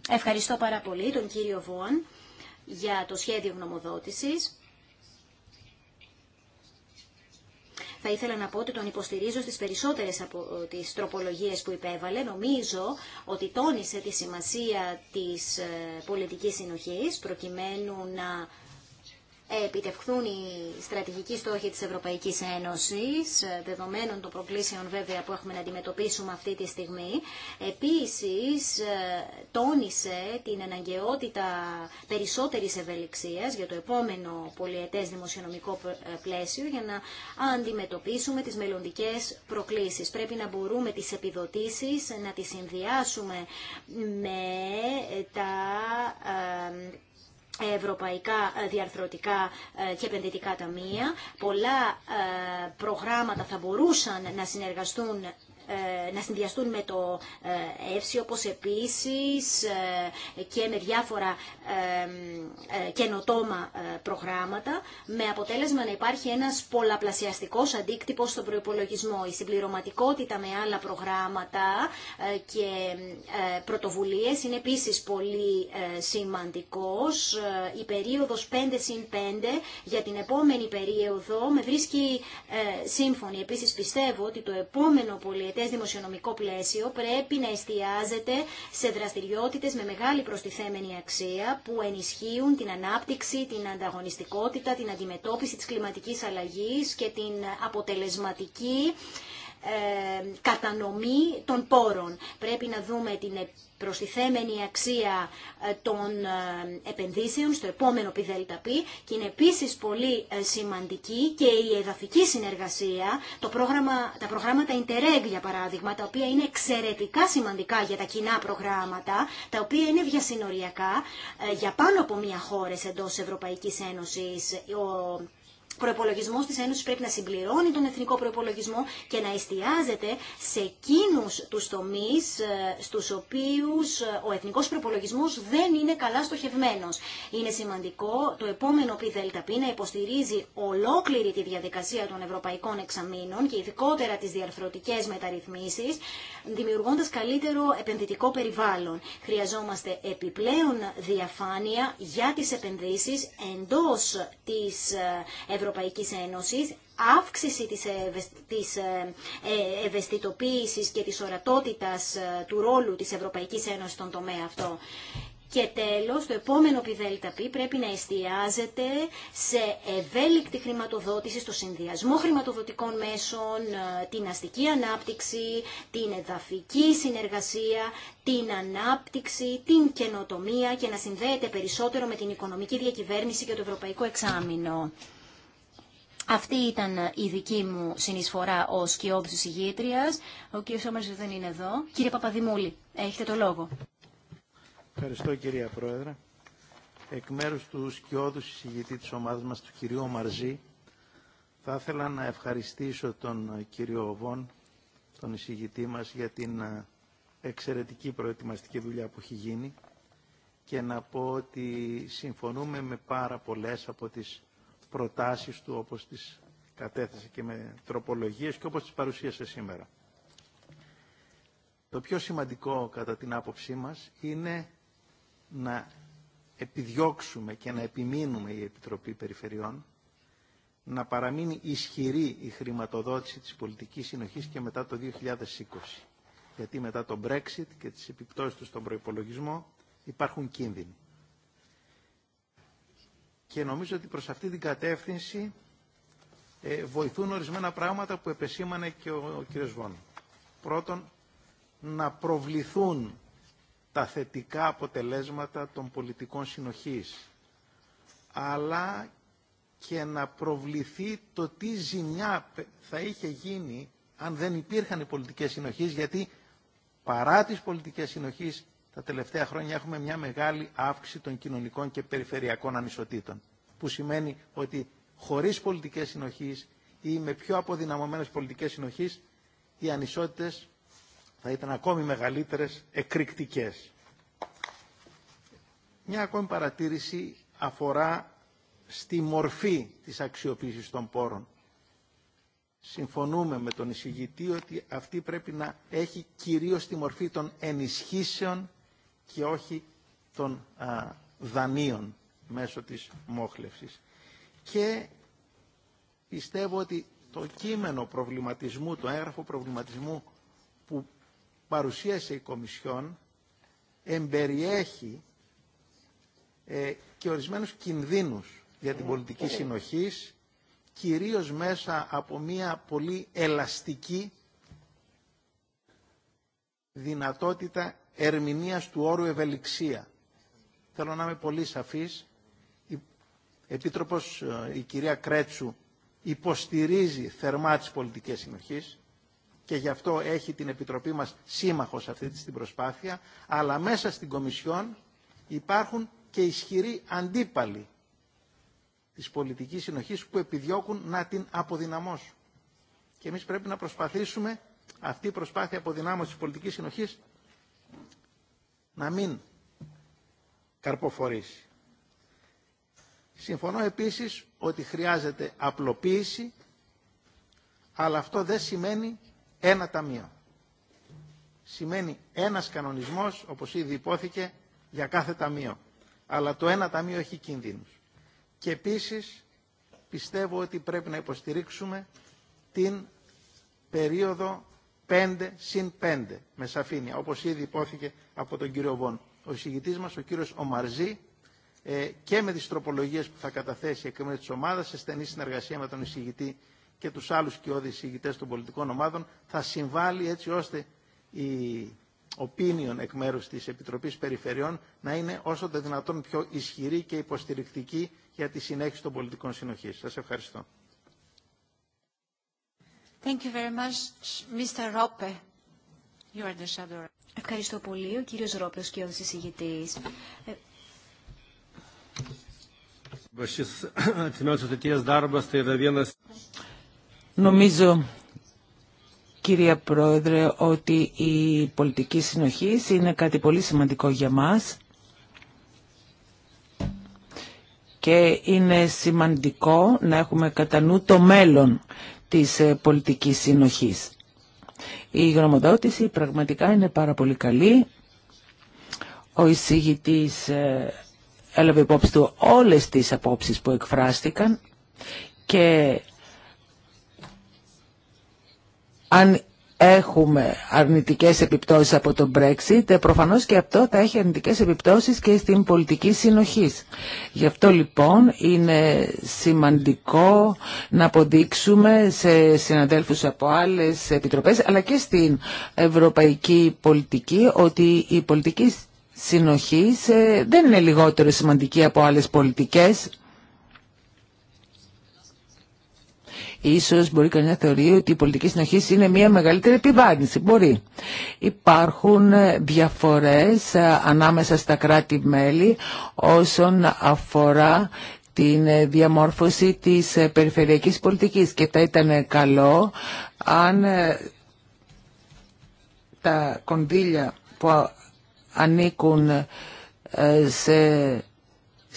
Ευχαριστώ πάρα πολύ τον κύριο Βόαν για το σχέδιο γνωμοδότησης. Θα ήθελα να πω ότι τον υποστηρίζω στις περισσότερες από τις τροπολογίες που υπέβαλε. Νομίζω ότι τόνισε τη σημασία της ε, πολιτικής συνοχής προκειμένου να επιτευχθούν οι στρατηγικοί στόχοι της Ευρωπαϊκής Ένωσης, δεδομένων των προκλήσεων βέβαια που έχουμε να αντιμετωπίσουμε αυτή τη στιγμή. Επίσης, ε, τόνισε την αναγκαιότητα περισσότερης ευελιξίας για το επόμενο πολιετές δημοσιονομικό ε, πλαίσιο για να αντιμετωπίσουμε τις μελλοντικέ προκλήσεις. Πρέπει να μπορούμε τις επιδοτήσεις να τις συνδυάσουμε με τα ε, ευρωπαϊκά ε, διαρθρωτικά ε, και επενδυτικά ταμεία. Πολλά ε, προγράμματα θα μπορούσαν να συνεργαστούν ε, να συνδυαστούν με το ε, ΕΦΣΙ, όπως επίσης ε, και με διάφορα καινοτόμα προγράμματα, με αποτέλεσμα να υπάρχει ένας πολλαπλασιαστικός αντίκτυπος στον προϋπολογισμό. Η συμπληρωματικότητα με άλλα προγράμματα και πρωτοβουλίες είναι επίσης πολύ σημαντικός. Η περίοδος 5 συν 5 για την επόμενη περίοδο με βρίσκει σύμφωνη. Επίσης πιστεύω ότι το επόμενο δημοσιονομικό πλαίσιο πρέπει να εστιάζεται σε δραστηριότητες με μεγάλη προστιθέμενη αξία που ενισχύουν την ανάπτυξη, την ανταγωνιστικότητα, την αντιμετώπιση της κλιματικής αλλαγής και την αποτελεσματική ε, κατανομή των πόρων. Πρέπει να δούμε την προστιθέμενη αξία ε, των ε, επενδύσεων στο επόμενο πι και είναι επίσης πολύ σημαντική και η εδαφική συνεργασία, το πρόγραμμα, τα προγράμματα Interreg για παράδειγμα, τα οποία είναι εξαιρετικά σημαντικά για τα κοινά προγράμματα, τα οποία είναι διασυνοριακά για πάνω από μία χώρες εντός Ευρωπαϊκής Ένωσης προπολογισμό τη Ένωση πρέπει να συμπληρώνει τον εθνικό προπολογισμό και να εστιάζεται σε εκείνου του τομεί ε, στου οποίου ε, ο εθνικό προπολογισμό δεν είναι καλά στοχευμένο. Είναι σημαντικό το επόμενο ΠΔΠ να υποστηρίζει ολόκληρη τη διαδικασία των ευρωπαϊκών εξαμήνων και ειδικότερα τι διαρθρωτικέ μεταρρυθμίσει, δημιουργώντα καλύτερο επενδυτικό περιβάλλον. Χρειαζόμαστε επιπλέον διαφάνεια για τι επενδύσει εντό τη Ευρωπαϊκή Ευρωπαϊκής Ένωσης, αύξηση της, ευαισ... της ε, ε, ευαισθητοποίησης και της ορατότητας ε, του ρόλου της Ευρωπαϊκής Ένωσης στον τομέα αυτό. Και τέλος, το επόμενο πι πρέπει να εστιάζεται σε ευέλικτη χρηματοδότηση, στο συνδυασμό χρηματοδοτικών μέσων, την αστική ανάπτυξη, την εδαφική συνεργασία, την ανάπτυξη, την καινοτομία και να συνδέεται περισσότερο με την οικονομική διακυβέρνηση και το ευρωπαϊκό εξάμεινο. Αυτή ήταν η δική μου συνεισφορά ω κοιόδου εισηγήτρια. Ο κ. Σόμερ δεν είναι εδώ. Κύριε Παπαδημούλη, έχετε το λόγο. Ευχαριστώ κυρία Πρόεδρε. Εκ μέρου του σκιώδου συζητητή τη ομάδα μας, του κυρίου Μαρζή, θα ήθελα να ευχαριστήσω τον κύριο Οβόν, τον εισηγητή μας, για την ε, εξαιρετική προετοιμαστική δουλειά που έχει γίνει και να πω ότι συμφωνούμε με πάρα πολλέ από τις προτάσεις του όπως τις κατέθεσε και με τροπολογίες και όπως τις παρουσίασε σήμερα. Το πιο σημαντικό κατά την άποψή μας είναι να επιδιώξουμε και να επιμείνουμε η Επιτροπή Περιφερειών να παραμείνει ισχυρή η χρηματοδότηση της πολιτικής συνοχής και μετά το 2020. Γιατί μετά το Brexit και τις επιπτώσεις του στον προϋπολογισμό υπάρχουν κίνδυνοι και νομίζω ότι προς αυτή την κατεύθυνση ε, βοηθούν ορισμένα πράγματα που επεσήμανε και ο, ο κ. Βόν. Πρώτον, να προβληθούν τα θετικά αποτελέσματα των πολιτικών συνοχής, αλλά και να προβληθεί το τι ζημιά θα είχε γίνει αν δεν υπήρχαν οι πολιτικές συνοχής, γιατί παρά τις πολιτικές συνοχής τα τελευταία χρόνια έχουμε μια μεγάλη αύξηση των κοινωνικών και περιφερειακών ανισοτήτων. Που σημαίνει ότι χωρίς πολιτικές συνοχής ή με πιο αποδυναμωμένες πολιτικές συνοχής οι ανισότητες θα ήταν ακόμη μεγαλύτερες εκρηκτικέ. Μια ακόμη παρατήρηση αφορά στη μορφή της αξιοποίησης των πόρων. Συμφωνούμε με τον εισηγητή ότι αυτή πρέπει να έχει κυρίως τη μορφή των ενισχύσεων και όχι των α, δανείων μέσω της μόχλευσης. Και πιστεύω ότι το κείμενο προβληματισμού, το έγγραφο προβληματισμού που παρουσίασε η Κομισιόν εμπεριέχει ε, και ορισμένους κινδύνους για την πολιτική συνοχής, κυρίως μέσα από μια πολύ ελαστική δυνατότητα ερμηνείας του όρου ευελιξία. Θέλω να είμαι πολύ σαφής. Η Επίτροπος, ε, η κυρία Κρέτσου, υποστηρίζει θερμά τις πολιτικές συνοχής και γι' αυτό έχει την Επιτροπή μας σύμμαχος αυτή την προσπάθεια, αλλά μέσα στην Κομισιόν υπάρχουν και ισχυροί αντίπαλοι της πολιτικής συνοχής που επιδιώκουν να την αποδυναμώσουν. Και εμείς πρέπει να προσπαθήσουμε αυτή η προσπάθεια αποδυνάμωσης της πολιτικής συνοχής να μην καρποφορήσει. Συμφωνώ επίσης ότι χρειάζεται απλοποίηση, αλλά αυτό δεν σημαίνει ένα ταμείο. Σημαίνει ένας κανονισμός, όπως ήδη υπόθηκε, για κάθε ταμείο. Αλλά το ένα ταμείο έχει κινδύνους. Και επίσης πιστεύω ότι πρέπει να υποστηρίξουμε την περίοδο 5 συν 5 με σαφήνεια, όπως ήδη υπόθηκε από τον κύριο Βόν. Ο εισηγητής μας, ο κύριος Ομαρζή, ε, και με τις τροπολογίες που θα καταθέσει εκ μέρους της ομάδας, σε στενή συνεργασία με τον εισηγητή και τους άλλους κοιόδη εισηγητές των πολιτικών ομάδων, θα συμβάλλει έτσι ώστε η opinion εκ μέρους της Επιτροπής Περιφερειών να είναι όσο το δυνατόν πιο ισχυρή και υποστηρικτική για τη συνέχιση των πολιτικών συνοχής. Σας ευχαριστώ. Ευχαριστώ πολύ. Ο κύριος Ρόπιος και ο συζητητής. Ε, Νομίζω, κυρία Πρόεδρε, ότι η πολιτική συνοχή είναι κάτι πολύ σημαντικό για μας και είναι σημαντικό να έχουμε κατά νου το μέλλον της ε, πολιτικής συνοχής. Η γνωμοδότηση πραγματικά είναι πάρα πολύ καλή. Ο εισηγητής ε, έλαβε υπόψη του όλες τις απόψεις που εκφράστηκαν και αν έχουμε αρνητικές επιπτώσεις από το Brexit, προφανώς και αυτό θα έχει αρνητικές επιπτώσεις και στην πολιτική συνοχή. Γι' αυτό λοιπόν είναι σημαντικό να αποδείξουμε σε συναδέλφους από άλλες επιτροπές, αλλά και στην ευρωπαϊκή πολιτική, ότι η πολιτική συνοχή ε, δεν είναι λιγότερο σημαντική από άλλες πολιτικές. Ίσως μπορεί κανένα να θεωρεί ότι η πολιτική συνοχή είναι μια μεγαλύτερη επιβάρυνση. Μπορεί. Υπάρχουν ε, διαφορές ε, ανάμεσα στα κράτη-μέλη όσον αφορά την ε, διαμόρφωση της περιφερειακής πολιτικής και θα ήταν καλό αν τα κονδύλια που ανήκουν σε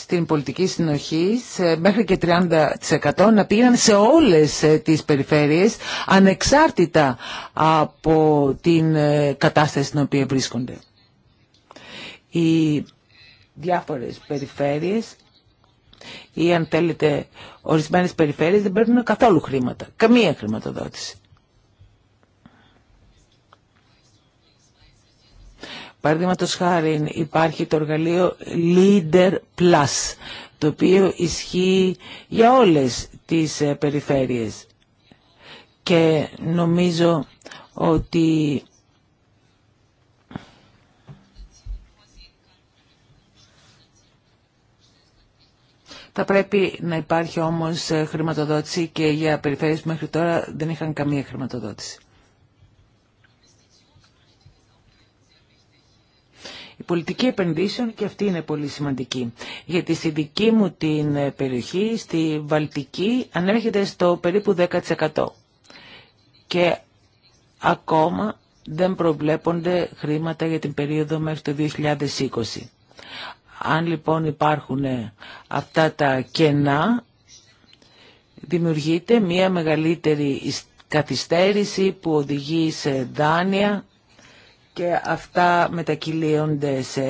στην πολιτική συνοχή μέχρι και 30% να πήγαν σε όλες ε, τις περιφέρειες ανεξάρτητα από την ε, κατάσταση στην οποία βρίσκονται. Οι διάφορες περιφέρειες ή αν θέλετε ορισμένες περιφέρειες δεν παίρνουν καθόλου χρήματα, καμία χρηματοδότηση. Παραδείγματο χάρη υπάρχει το εργαλείο Leader Plus, το οποίο ισχύει για όλες τις ε, περιφέρειες. Και νομίζω ότι Θα πρέπει να υπάρχει όμως ε, χρηματοδότηση και για περιφέρειες που μέχρι τώρα δεν είχαν καμία χρηματοδότηση. πολιτική επενδύσεων και αυτή είναι πολύ σημαντική. Γιατί στη δική μου την περιοχή, στη Βαλτική, ανέρχεται στο περίπου 10%. Και ακόμα δεν προβλέπονται χρήματα για την περίοδο μέχρι το 2020. Αν λοιπόν υπάρχουν αυτά τα κενά, δημιουργείται μια μεγαλύτερη καθυστέρηση που οδηγεί σε δάνεια και αυτά μετακυλίονται σε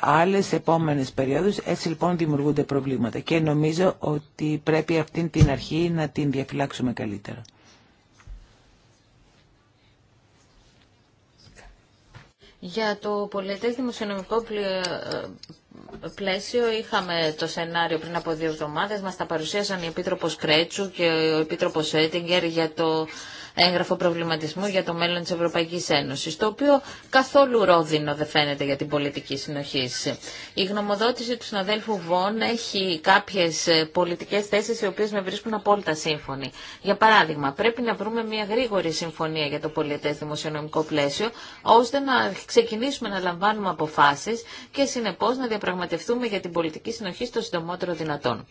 άλλες επόμενες περίοδους. Έτσι λοιπόν δημιουργούνται προβλήματα και νομίζω ότι πρέπει αυτήν την αρχή να την διαφυλάξουμε καλύτερα. Για το πολιτές δημοσιονομικό ε, πλαίσιο είχαμε το σενάριο πριν από δύο εβδομάδες. Μας τα παρουσίασαν η Επίτροπος Κρέτσου και ο Επίτροπος Έτιγκερ για το έγγραφο προβληματισμού για το μέλλον της Ευρωπαϊκής Ένωσης, το οποίο καθόλου ρόδινο δεν φαίνεται για την πολιτική συνοχή. Η γνωμοδότηση του συναδέλφου Βον έχει κάποιες ε, πολιτικές θέσεις οι οποίες με βρίσκουν απόλυτα σύμφωνοι. Για παράδειγμα, πρέπει να βρούμε μια γρήγορη συμφωνία για το πολιτές δημοσιονομικό πλαίσιο, ώστε να ξεκινήσουμε να λαμβάνουμε αποφάσεις και συνεπώς να διαπραγματευτούμε για την πολιτική συνοχή στο συντομότερο δυνατόν.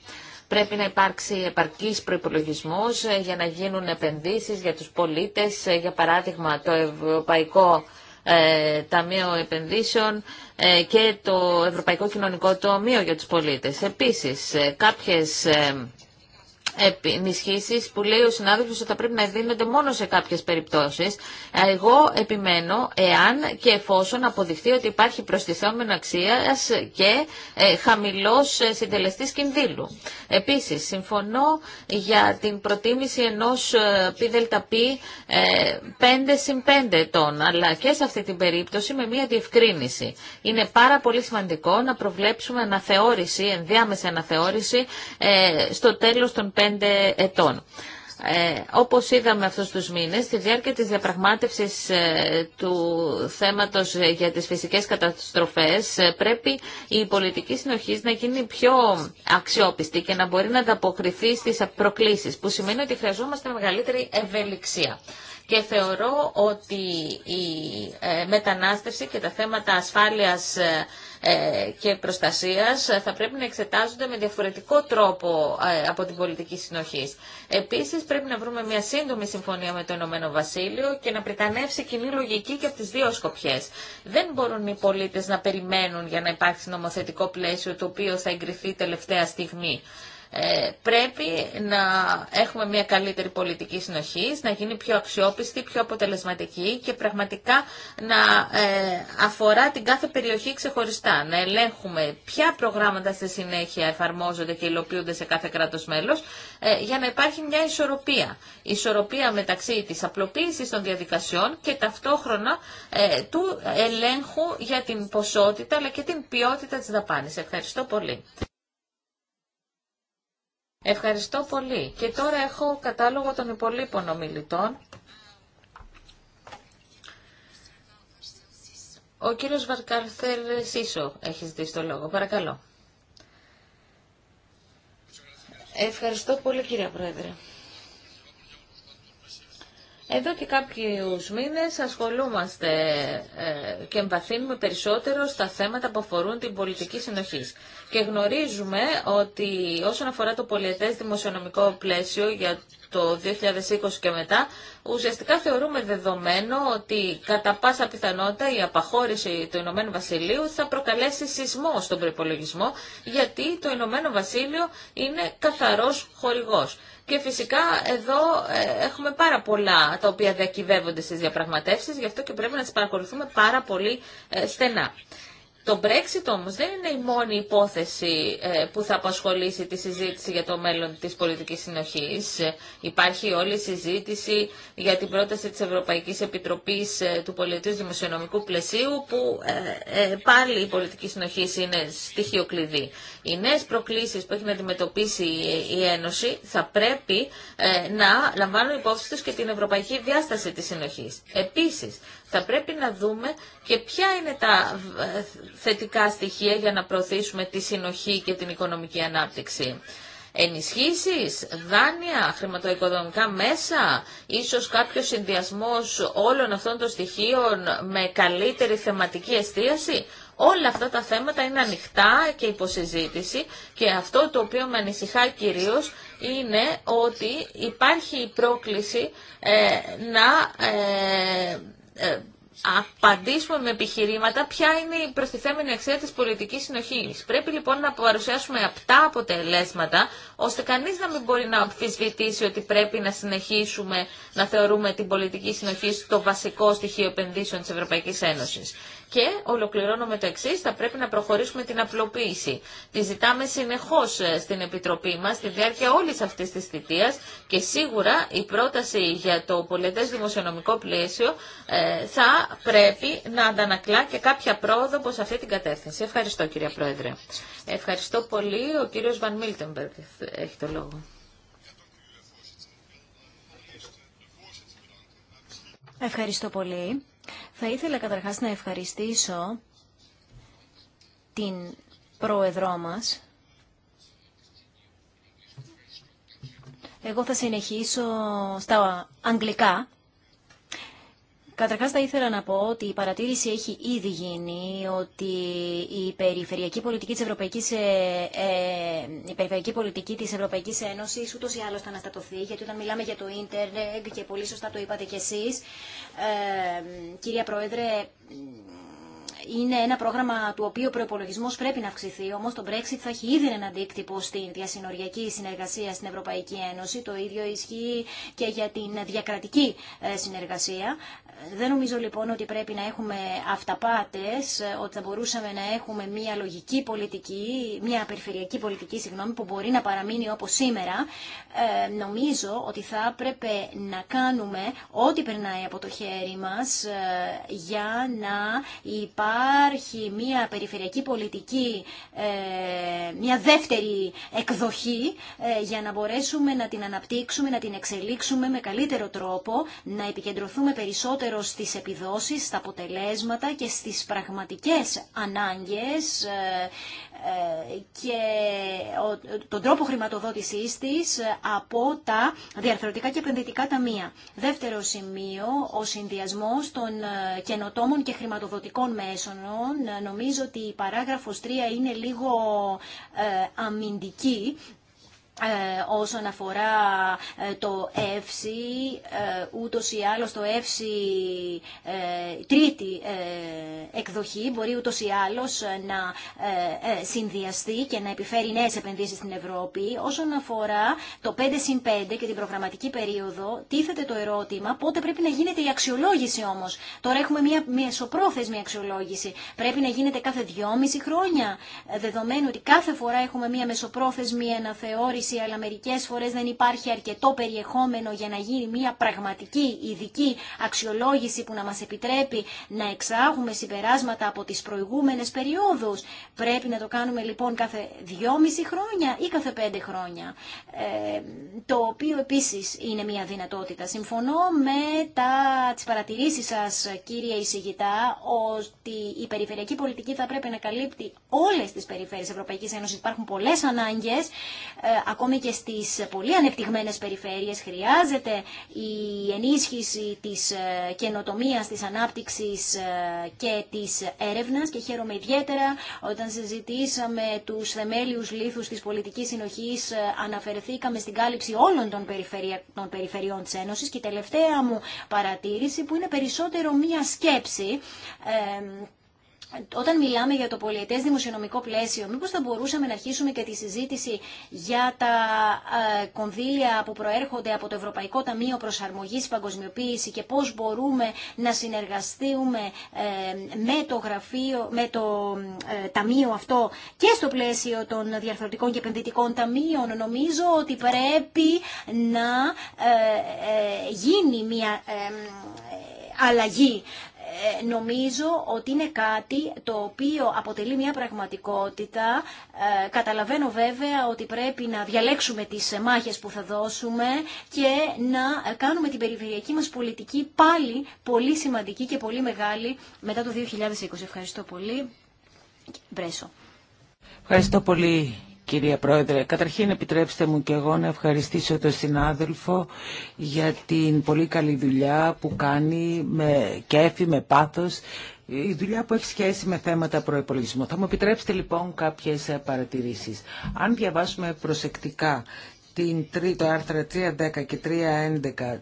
Πρέπει να υπάρξει επαρκής προϋπολογισμός ε, για να γίνουν επενδύσεις για τους πολίτες, ε, για παράδειγμα το Ευρωπαϊκό ε, Ταμείο Επενδύσεων και το Ευρωπαϊκό Κοινωνικό Ταμείο για τους πολίτες. Επίσης, κάποιες ενισχύσει που λέει ο συνάδελφο ότι θα πρέπει να δίνονται μόνο σε κάποιε περιπτώσει. Εγώ επιμένω εάν και εφόσον αποδειχθεί ότι υπάρχει προστιθόμενο αξία και ε, χαμηλό ε, συντελεστή κινδύλου. Επίση, συμφωνώ για την προτίμηση ενό πι 5 συν 5 ετών, αλλά και σε αυτή την περίπτωση με μία διευκρίνηση. Είναι πάρα πολύ σημαντικό να προβλέψουμε αναθεώρηση, ενδιάμεση αναθεώρηση, ε, στο τέλο των ετών. Ε, όπως είδαμε αυτούς τους μήνες, στη διάρκεια της διαπραγμάτευσης ε, του θέματος για τις φυσικές καταστροφές, ε, πρέπει η πολιτική συνοχή να γίνει πιο αξιόπιστη και να μπορεί να ανταποκριθεί στις προκλήσεις, που σημαίνει ότι χρειαζόμαστε μεγαλύτερη ευελιξία. Και θεωρώ ότι η ε, μετανάστευση και τα θέματα ασφάλειας ε, ε, και προστασίας θα πρέπει να εξετάζονται με διαφορετικό τρόπο από την πολιτική συνοχή. Επίσης πρέπει να βρούμε μια σύντομη συμφωνία με το Ηνωμένο Βασίλειο και να πριτανεύσει κοινή λογική και από τις δύο σκοπιές. Δεν μπορούν οι πολίτες να περιμένουν για να υπάρξει νομοθετικό πλαίσιο το οποίο θα εγκριθεί τελευταία στιγμή. Ε, πρέπει να έχουμε μια καλύτερη πολιτική συνοχή, να γίνει πιο αξιόπιστη, πιο αποτελεσματική και πραγματικά να ε, αφορά την κάθε περιοχή ξεχωριστά. Να ελέγχουμε ποια προγράμματα στη συνέχεια εφαρμόζονται και υλοποιούνται σε κάθε κράτος μέλος ε, για να υπάρχει μια ισορροπία. Ισορροπία μεταξύ της απλοποίησης των διαδικασιών και ταυτόχρονα του ελέγχου για την ποσότητα αλλά και την ποιότητα της δαπάνης. Ευχαριστώ πολύ. Ευχαριστώ πολύ. Και τώρα έχω κατάλογο των υπολείπων ομιλητών. Ο κύριος Βαρκάρθερ Σίσο έχει ζητήσει το λόγο. Παρακαλώ. Ευχαριστώ πολύ κύριε Πρόεδρε. Εδώ και κάποιους μήνες ασχολούμαστε ε, και εμβαθύνουμε περισσότερο στα θέματα που αφορούν την πολιτική συνοχής. Και γνωρίζουμε ότι όσον αφορά το πολιετές δημοσιονομικό πλαίσιο για το 2020 και μετά, ουσιαστικά θεωρούμε δεδομένο ότι κατά πάσα πιθανότητα η απαχώρηση του Ηνωμένου Βασιλείου θα προκαλέσει σεισμό στον προπολογισμό, γιατί το Ηνωμένο Βασίλειο είναι καθαρός χορηγός. Και φυσικά εδώ ε, έχουμε πάρα πολλά τα οποία διακυβεύονται στις διαπραγματεύσεις, γι' αυτό και πρέπει να τις παρακολουθούμε πάρα πολύ ε, στενά. Το Brexit όμως δεν είναι η μόνη υπόθεση ε, που θα απασχολήσει τη συζήτηση για το μέλλον της πολιτικής συνοχής. Υπάρχει όλη η συζήτηση για την πρόταση της Ευρωπαϊκής Επιτροπής του Πολιτικού Δημοσιονομικού Πλαισίου που πάλι η πολιτική συνοχή είναι στοιχείο κλειδί οι νέες προκλήσεις που έχει να αντιμετωπίσει η Ένωση θα πρέπει ε, να λαμβάνουν υπόψη τους και την ευρωπαϊκή διάσταση της συνοχής. Επίσης, θα πρέπει να δούμε και ποια είναι τα ε, θετικά στοιχεία για να προωθήσουμε τη συνοχή και την οικονομική ανάπτυξη. Ενισχύσεις, δάνεια, χρηματοοικονομικά μέσα, ίσως κάποιος συνδυασμός όλων αυτών των στοιχείων με καλύτερη θεματική εστίαση. Όλα αυτά τα θέματα είναι ανοιχτά και υποσυζήτηση και αυτό το οποίο με ανησυχά κυρίως είναι ότι υπάρχει η πρόκληση ε, να ε, ε, απαντήσουμε με επιχειρήματα ποια είναι η προστιθέμενη αξία της πολιτικής συνοχής. Πρέπει λοιπόν να παρουσιάσουμε απτά αποτελέσματα, ώστε κανείς να μην μπορεί να αμφισβητήσει ότι πρέπει να συνεχίσουμε να θεωρούμε την πολιτική συνοχή το βασικό στοιχείο επενδύσεων της Ευρωπαϊκής Ένωσης. Και ολοκληρώνω με το εξή, θα πρέπει να προχωρήσουμε την απλοποίηση. Τη ζητάμε συνεχώ ε, στην Επιτροπή μα στη διάρκεια όλη αυτή τη θητεία και σίγουρα η πρόταση για το πολιτέ δημοσιονομικό πλαίσιο ε, θα πρέπει να αντανακλά και κάποια πρόοδο προ αυτή την κατεύθυνση. Ευχαριστώ κύριε Πρόεδρε. Ευχαριστώ πολύ. Ο κύριο Βαν Μίλτεμπεργκ έχει το λόγο. Ευχαριστώ πολύ. Θα ήθελα καταρχάς να ευχαριστήσω την πρόεδρό μας. Εγώ θα συνεχίσω στα αγγλικά Καταρχά θα ήθελα να πω ότι η παρατήρηση έχει ήδη γίνει ότι η περιφερειακή πολιτική της Ευρωπαϊκής, ε, ε, η περιφερειακή πολιτική της Ευρωπαϊκής Ένωσης ούτως ή άλλως θα αναστατωθεί γιατί όταν μιλάμε για το ίντερνετ και πολύ σωστά το είπατε κι εσείς ε, κυρία Πρόεδρε είναι ένα πρόγραμμα του οποίου ο προπολογισμό πρέπει να αυξηθεί. Όμω το Brexit θα έχει ήδη έναν αντίκτυπο στη διασυνοριακή συνεργασία στην Ευρωπαϊκή Ένωση. Το ίδιο ισχύει και για την διακρατική ε, συνεργασία. Δεν νομίζω λοιπόν ότι πρέπει να έχουμε αυτάπάτε, ε, ότι θα μπορούσαμε να έχουμε μια λογική πολιτική, μια περιφερειακή πολιτική, συγγνώμη, που μπορεί να παραμείνει όπω σήμερα. Ε, νομίζω ότι θα έπρεπε να κάνουμε ό,τι περνάει από το χέρι για να υπάρχει υπάρχει μια περιφερειακή πολιτική, ε, μια δεύτερη εκδοχή ε, για να μπορέσουμε να την αναπτύξουμε, να την εξελίξουμε με καλύτερο τρόπο, να επικεντρωθούμε περισσότερο στις επιδόσεις, στα αποτελέσματα και στις πραγματικές ανάγκες ε, ε, και τον τρόπο χρηματοδότησής της ε, από τα διαρθρωτικά και επενδυτικά ταμεία. Δεύτερο σημείο, ο συνδυασμός των ε, καινοτόμων και χρηματοδοτικών μέσων. Νομίζω ότι η παράγραφος 3 είναι λίγο αμυντική ε, όσον αφορά ε, το ΕΦΣΙ, ούτως ή άλλως το ΕΦΣΙ τρίτη ε, εκδοχή μπορεί ούτως ή άλλως να συνδυαστεί και να επιφέρει νέες επενδύσεις στην Ευρώπη. Όσον αφορά το 5 5 και την προγραμματική περίοδο, τίθεται το ερώτημα πότε πρέπει να γίνεται η αξιολόγηση όμως. Τώρα έχουμε μια μεσοπρόθεσμη αξιολόγηση. Πρέπει να γίνεται κάθε δυόμιση χρόνια, δεδομένου ότι κάθε φορά έχουμε μια μεσοπρόθεσμη αναθεώρηση αλλά μερικέ φορέ δεν υπάρχει αρκετό περιεχόμενο για να γίνει μια πραγματική ειδική αξιολόγηση που να μα επιτρέπει να εξάγουμε συμπεράσματα από τι προηγούμενε περιόδου. Πρέπει να το κάνουμε λοιπόν κάθε δυόμιση χρόνια ή κάθε πέντε χρόνια, ε, το οποίο επίση είναι μια δυνατότητα. Συμφωνώ με τι παρατηρήσει σα, κύριε εισηγητά ότι η περιφερειακή πολιτική θα πρέπει να καλύπτει όλε τι περιφέρειες Ευρωπαϊκή Ένωση, Υπάρχουν πολλές ανάγκες, ε, ακόμη και στις πολύ ανεπτυγμένες περιφέρειες χρειάζεται η ενίσχυση της ε, καινοτομίας, της ανάπτυξης ε, και της έρευνας και χαίρομαι ιδιαίτερα όταν συζητήσαμε τους θεμέλιους λήθους της πολιτικής συνοχής ε, αναφερθήκαμε στην κάλυψη όλων των, περιφερειών της Ένωσης και η τελευταία μου παρατήρηση που είναι περισσότερο μία σκέψη όταν μιλάμε για το πολιετές δημοσιονομικό πλαίσιο, μήπως θα μπορούσαμε να αρχίσουμε και τη συζήτηση για τα ε, κονδύλια που προέρχονται από το Ευρωπαϊκό Ταμείο Προσαρμογής Παγκοσμιοποίηση και πώς μπορούμε να συνεργαστούμε ε, με το, γραφείο, με το ε, ταμείο αυτό και στο πλαίσιο των διαρθρωτικών και επενδυτικών ταμείων. Νομίζω ότι πρέπει να γίνει μια αλλαγή. Ε, νομίζω ότι είναι κάτι το οποίο αποτελεί μια πραγματικότητα. Ε, καταλαβαίνω βέβαια ότι πρέπει να διαλέξουμε τις μάχες που θα δώσουμε και να κάνουμε την περιφερειακή μας πολιτική πάλι πολύ σημαντική και πολύ μεγάλη μετά το 2020. Ευχαριστώ πολύ. Μπρέσο. Ευχαριστώ πολύ κυρία Πρόεδρε. Καταρχήν επιτρέψτε μου και εγώ να ευχαριστήσω τον συνάδελφο για την πολύ καλή δουλειά που κάνει με κέφι, με πάθος η δουλειά που έχει σχέση με θέματα προϋπολογισμού. Θα μου επιτρέψετε λοιπόν κάποιες παρατηρήσεις. Αν διαβάσουμε προσεκτικά την τρίτο άρθρα 3.10 και 3.11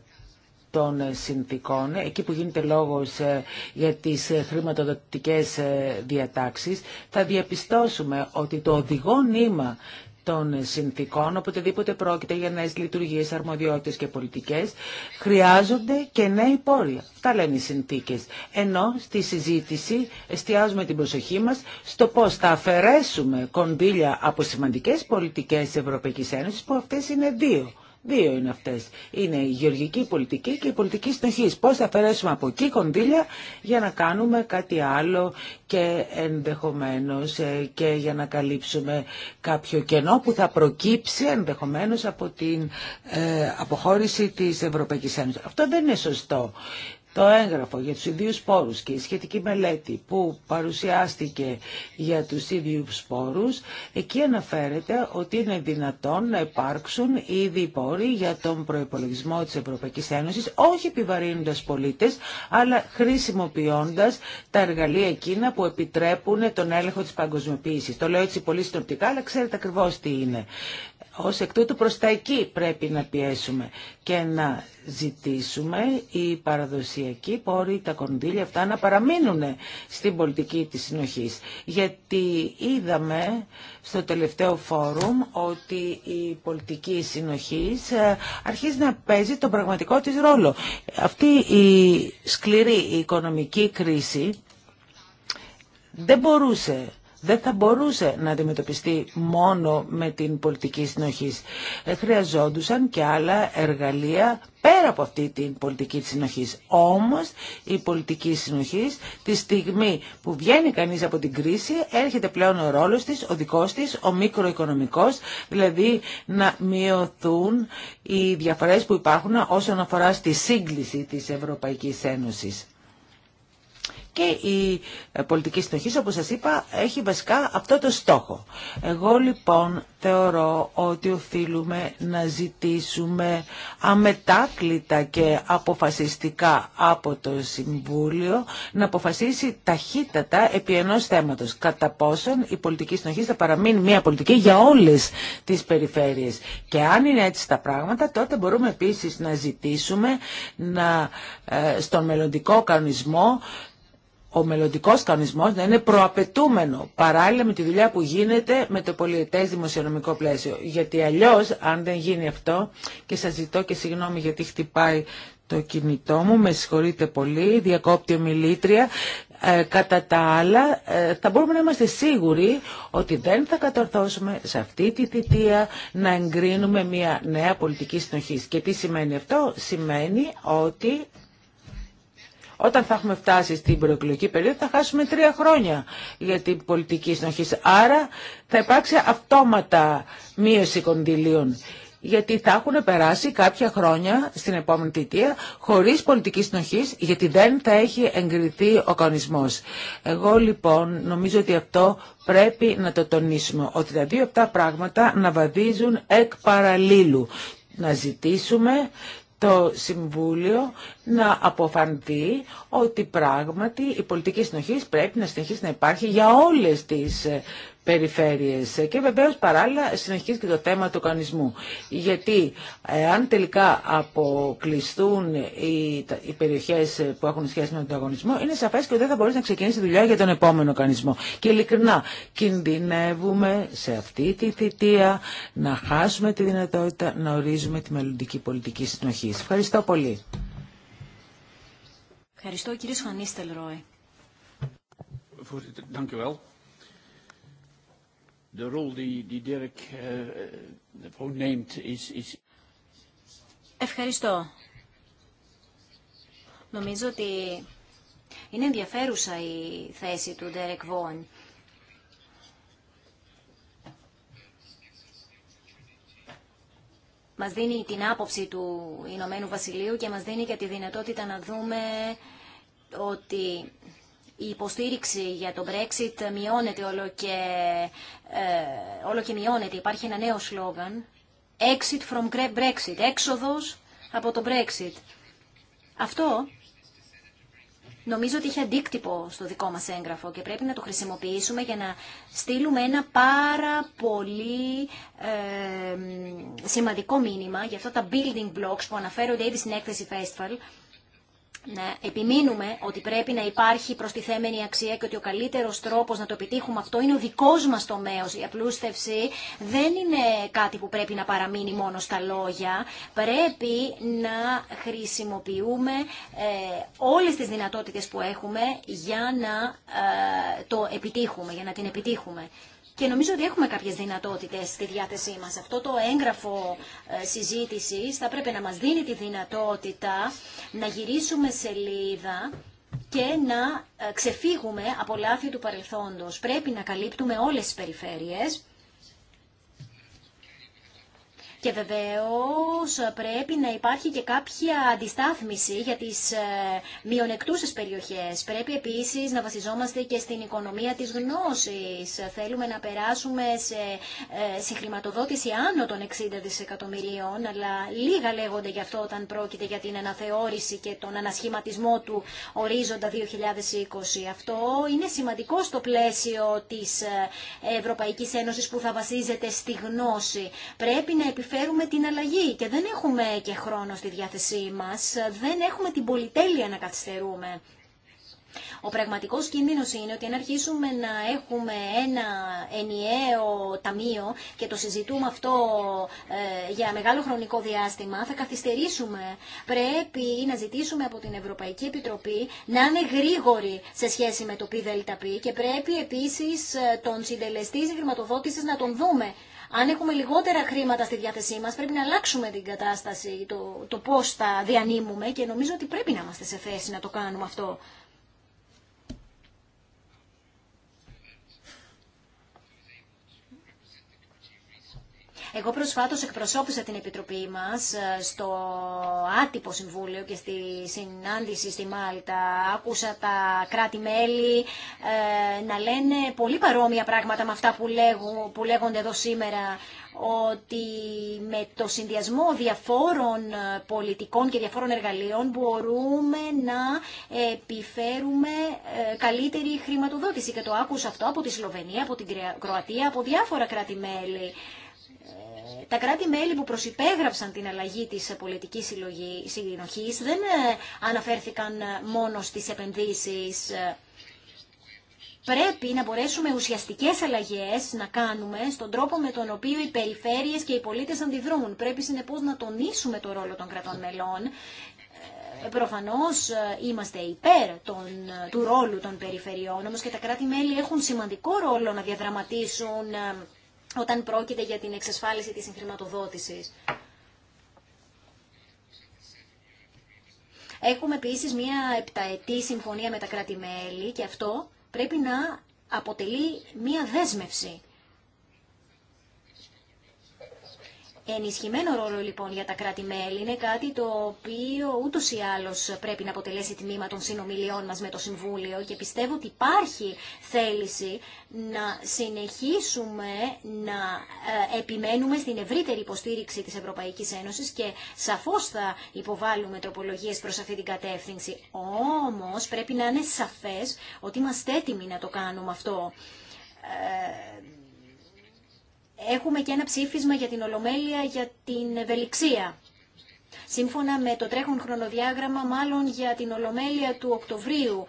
των συνθήκων, εκεί που γίνεται λόγος ε, για τις ε, χρηματοδοτικές ε, διατάξεις, θα διαπιστώσουμε ότι το οδηγό νήμα των συνθήκων, οποτεδήποτε πρόκειται για νέε λειτουργίε, αρμοδιότητε και πολιτικές, χρειάζονται και νέοι πόροι. Αυτά λένε οι συνθήκε. Ενώ στη συζήτηση εστιάζουμε την προσοχή μας στο πώ θα αφαιρέσουμε κονδύλια από πολιτικές της Ευρωπαϊκής Ένωσης, που αυτές είναι δύο. Δύο είναι αυτέ. Είναι η γεωργική πολιτική και η πολιτική συνοχή. Πώ θα αφαιρέσουμε από εκεί κονδύλια για να κάνουμε κάτι άλλο και ενδεχομένω ε, και για να καλύψουμε κάποιο κενό που θα προκύψει ενδεχομένω από την ε, αποχώρηση τη Ευρωπαϊκή Ένωση. Αυτό δεν είναι σωστό. Το έγγραφο για τους ιδίους σπόρους και η σχετική μελέτη που παρουσιάστηκε για τους ίδιους σπόρους, εκεί αναφέρεται ότι είναι δυνατόν να υπάρξουν ήδη πόροι για τον προϋπολογισμό της Ευρωπαϊκής Ένωσης, όχι επιβαρύνοντας πολίτες, αλλά χρησιμοποιώντας τα εργαλεία εκείνα που επιτρέπουν τον έλεγχο της παγκοσμιοποίησης. Το λέω έτσι πολύ συνοπτικά, αλλά ξέρετε ακριβώς τι είναι. Ως εκ τούτου προς τα εκεί πρέπει να πιέσουμε και να ζητήσουμε οι παραδοσιακοί πόροι, τα κονδύλια αυτά να παραμείνουν στην πολιτική της συνοχής. Γιατί είδαμε στο τελευταίο φόρουμ ότι η πολιτική συνοχής ε, αρχίζει να παίζει τον πραγματικό της ρόλο. Αυτή η σκληρή οικονομική κρίση δεν μπορούσε δεν θα μπορούσε να αντιμετωπιστεί μόνο με την πολιτική συνοχή. Ε, χρειαζόντουσαν και άλλα εργαλεία πέρα από αυτή την πολιτική συνοχή. συνοχής. Όμως η πολιτική συνοχής τη στιγμή που βγαίνει κανείς από την κρίση έρχεται πλέον ο ρόλος της, ο δικός της, ο μικροοικονομικός, δηλαδή να μειωθούν οι διαφορές που υπάρχουν όσον αφορά στη σύγκληση της Ευρωπαϊκής Ένωσης και η ε, πολιτική συνοχή, όπως σας είπα, έχει βασικά αυτό το στόχο. Εγώ λοιπόν θεωρώ ότι οφείλουμε να ζητήσουμε αμετάκλητα και αποφασιστικά από το Συμβούλιο να αποφασίσει ταχύτατα επί ενός θέματος. Κατά πόσον η πολιτική συνοχή θα παραμείνει μια πολιτική για όλες τις περιφέρειες. Και αν είναι έτσι τα πράγματα, τότε μπορούμε επίσης να ζητήσουμε να, ε, στον μελλοντικό κανονισμό ο μελλοντικό κανονισμό να είναι προαπαιτούμενο παράλληλα με τη δουλειά που γίνεται με το πολιετέ δημοσιονομικό πλαίσιο. Γιατί αλλιώ, αν δεν γίνει αυτό, και σα ζητώ και συγγνώμη γιατί χτυπάει το κινητό μου, με συγχωρείτε πολύ, διακόπτει ομιλήτρια. Ε, κατά τα άλλα, ε, θα μπορούμε να είμαστε σίγουροι ότι δεν θα κατορθώσουμε σε αυτή τη θητεία να εγκρίνουμε μια νέα πολιτική συνοχή. Και τι σημαίνει αυτό, σημαίνει ότι όταν θα έχουμε φτάσει στην προεκλογική περίοδο θα χάσουμε τρία χρόνια για την πολιτική συνοχή. Άρα θα υπάρξει αυτόματα μείωση κονδυλίων γιατί θα έχουν περάσει κάποια χρόνια στην επόμενη θητεία χωρίς πολιτική συνοχή, γιατί δεν θα έχει εγκριθεί ο κανονισμός. Εγώ λοιπόν νομίζω ότι αυτό πρέπει να το τονίσουμε, ότι τα δύο αυτά πράγματα να βαδίζουν εκ παραλίλου. Να ζητήσουμε το Συμβούλιο να αποφανθεί ότι πράγματι η πολιτική συνοχή πρέπει να συνεχίσει να υπάρχει για όλες τις ε, περιφέρειες και βεβαίως παράλληλα συνεχίζει και το θέμα του κανισμού, Γιατί ε, αν τελικά αποκλειστούν οι, οι περιοχές που έχουν σχέση με τον αγωνισμό είναι σαφές και δεν θα μπορείς να ξεκινήσει δουλειά για τον επόμενο κανισμό. Και ειλικρινά κινδυνεύουμε σε αυτή τη θητεία να χάσουμε τη δυνατότητα να ορίζουμε τη μελλοντική πολιτική συνοχή. Ευχαριστώ πολύ. Ευχαριστώ κύριε Σχανίστελ Ρόε. Uh, is, is... Ευχαριστώ. Νομίζω ότι είναι ενδιαφέρουσα η θέση του Derek Vaughan. Μας δίνει την άποψη του Ηνωμένου Βασιλείου και μας δίνει και τη δυνατότητα να δούμε ότι η υποστήριξη για το Brexit μειώνεται όλο και, ε, όλο και μειώνεται. Υπάρχει ένα νέο σλόγαν. Exit from Brexit. Έξοδος από το Brexit. Αυτό νομίζω ότι έχει αντίκτυπο στο δικό μας έγγραφο και πρέπει να το χρησιμοποιήσουμε για να στείλουμε ένα πάρα πολύ ε, σημαντικό μήνυμα για αυτά τα building blocks που αναφέρονται ήδη στην έκθεση Festival να επιμείνουμε ότι πρέπει να υπάρχει προστιθέμενη αξία και ότι ο καλύτερο τρόπο να το επιτύχουμε αυτό είναι ο δικό μα τομέα. Η απλούστευση δεν είναι κάτι που πρέπει να παραμείνει μόνο στα λόγια. Πρέπει να χρησιμοποιούμε ε, όλε τι δυνατότητε που έχουμε για να ε, το επιτύχουμε, για να την επιτύχουμε και νομίζω ότι έχουμε κάποιες δυνατότητες στη διάθεσή μας. Αυτό το έγγραφο ε, συζήτησης θα πρέπει να μας δίνει τη δυνατότητα να γυρίσουμε σελίδα και να ε, ξεφύγουμε από λάθη του παρελθόντος. Πρέπει να καλύπτουμε όλες τις περιφέρειες και βεβαίως πρέπει να υπάρχει και κάποια αντιστάθμιση για τις ε, μειονεκτούσες περιοχές. Πρέπει επίσης να βασιζόμαστε και στην οικονομία της γνώσης. Θέλουμε να περάσουμε σε ε, συγχρηματοδότηση άνω των 60 δισεκατομμυρίων, αλλά λίγα λέγονται γι' αυτό όταν πρόκειται για την αναθεώρηση και τον ανασχηματισμό του ορίζοντα 2020. Αυτό είναι σημαντικό στο πλαίσιο της ε, Ευρωπαϊκής Ένωσης που θα βασίζεται στη γνώση. Πρέπει να φέρουμε την αλλαγή και δεν έχουμε και χρόνο στη διάθεσή μας, δεν έχουμε την πολυτέλεια να καθυστερούμε. Ο πραγματικό κίνδυνο είναι ότι αν αρχίσουμε να έχουμε ένα ενιαίο ταμείο και το συζητούμε αυτό ε, για μεγάλο χρονικό διάστημα, θα καθυστερήσουμε. Πρέπει να ζητήσουμε από την Ευρωπαϊκή Επιτροπή να είναι γρήγορη σε σχέση με το και πρέπει επίση ε, τον συντελεστή χρηματοδότηση να τον δούμε αν έχουμε λιγότερα χρήματα στη διάθεσή μας, πρέπει να αλλάξουμε την κατάσταση, το, το πώς τα διανύμουμε και νομίζω ότι πρέπει να είμαστε σε θέση να το κάνουμε αυτό. Εγώ προσφάτως εκπροσώπησα την Επιτροπή μας ε, στο άτυπο συμβούλιο και στη συνάντηση στη Μάλτα. Άκουσα τα κράτη-μέλη ε, να λένε πολύ παρόμοια πράγματα με αυτά που, λέγω, που λέγονται εδώ σήμερα ότι με το συνδυασμό διαφόρων ε, πολιτικών και διαφόρων εργαλείων μπορούμε να επιφέρουμε καλύτερη χρηματοδότηση. Και το άκουσα αυτό από τη Σλοβενία, από την Κροατία, από διάφορα κράτη-μέλη τα κράτη-μέλη που προσυπέγραψαν την αλλαγή της πολιτικής συνοχής δεν ε, αναφέρθηκαν ε, μόνο στις επενδύσεις. Ε, πρέπει να μπορέσουμε ουσιαστικές αλλαγές να κάνουμε στον τρόπο με τον οποίο οι περιφέρειες και οι πολίτες αντιδρούν. Πρέπει συνεπώς να τονίσουμε το ρόλο των κρατών μελών προφανώς είμαστε υπέρ του ρόλου των περιφερειών, όμως και τα κράτη-μέλη έχουν σημαντικό ρόλο να διαδραματίσουν όταν πρόκειται για την εξασφάλιση της συγχρηματοδότησης. Έχουμε επίσης μία επταετή συμφωνία με τα κράτη-μέλη και αυτό πρέπει να αποτελεί μία δέσμευση. ενισχυμένο ρόλο λοιπόν για τα κράτη-μέλη είναι κάτι το οποίο ούτω ή άλλω πρέπει να αποτελέσει τμήμα των συνομιλιών μας με το Συμβούλιο και πιστεύω ότι υπάρχει θέληση να συνεχίσουμε να ε, επιμένουμε στην ευρύτερη υποστήριξη της Ευρωπαϊκής Ένωσης και σαφώς θα υποβάλουμε τροπολογίε προ αυτή την κατεύθυνση. Όμω πρέπει να είναι σαφέ ότι είμαστε έτοιμοι να το κάνουμε αυτό. Ε, έχουμε και ένα ψήφισμα για την Ολομέλεια για την ευελιξία. Σύμφωνα με το τρέχον χρονοδιάγραμμα, μάλλον για την Ολομέλεια του Οκτωβρίου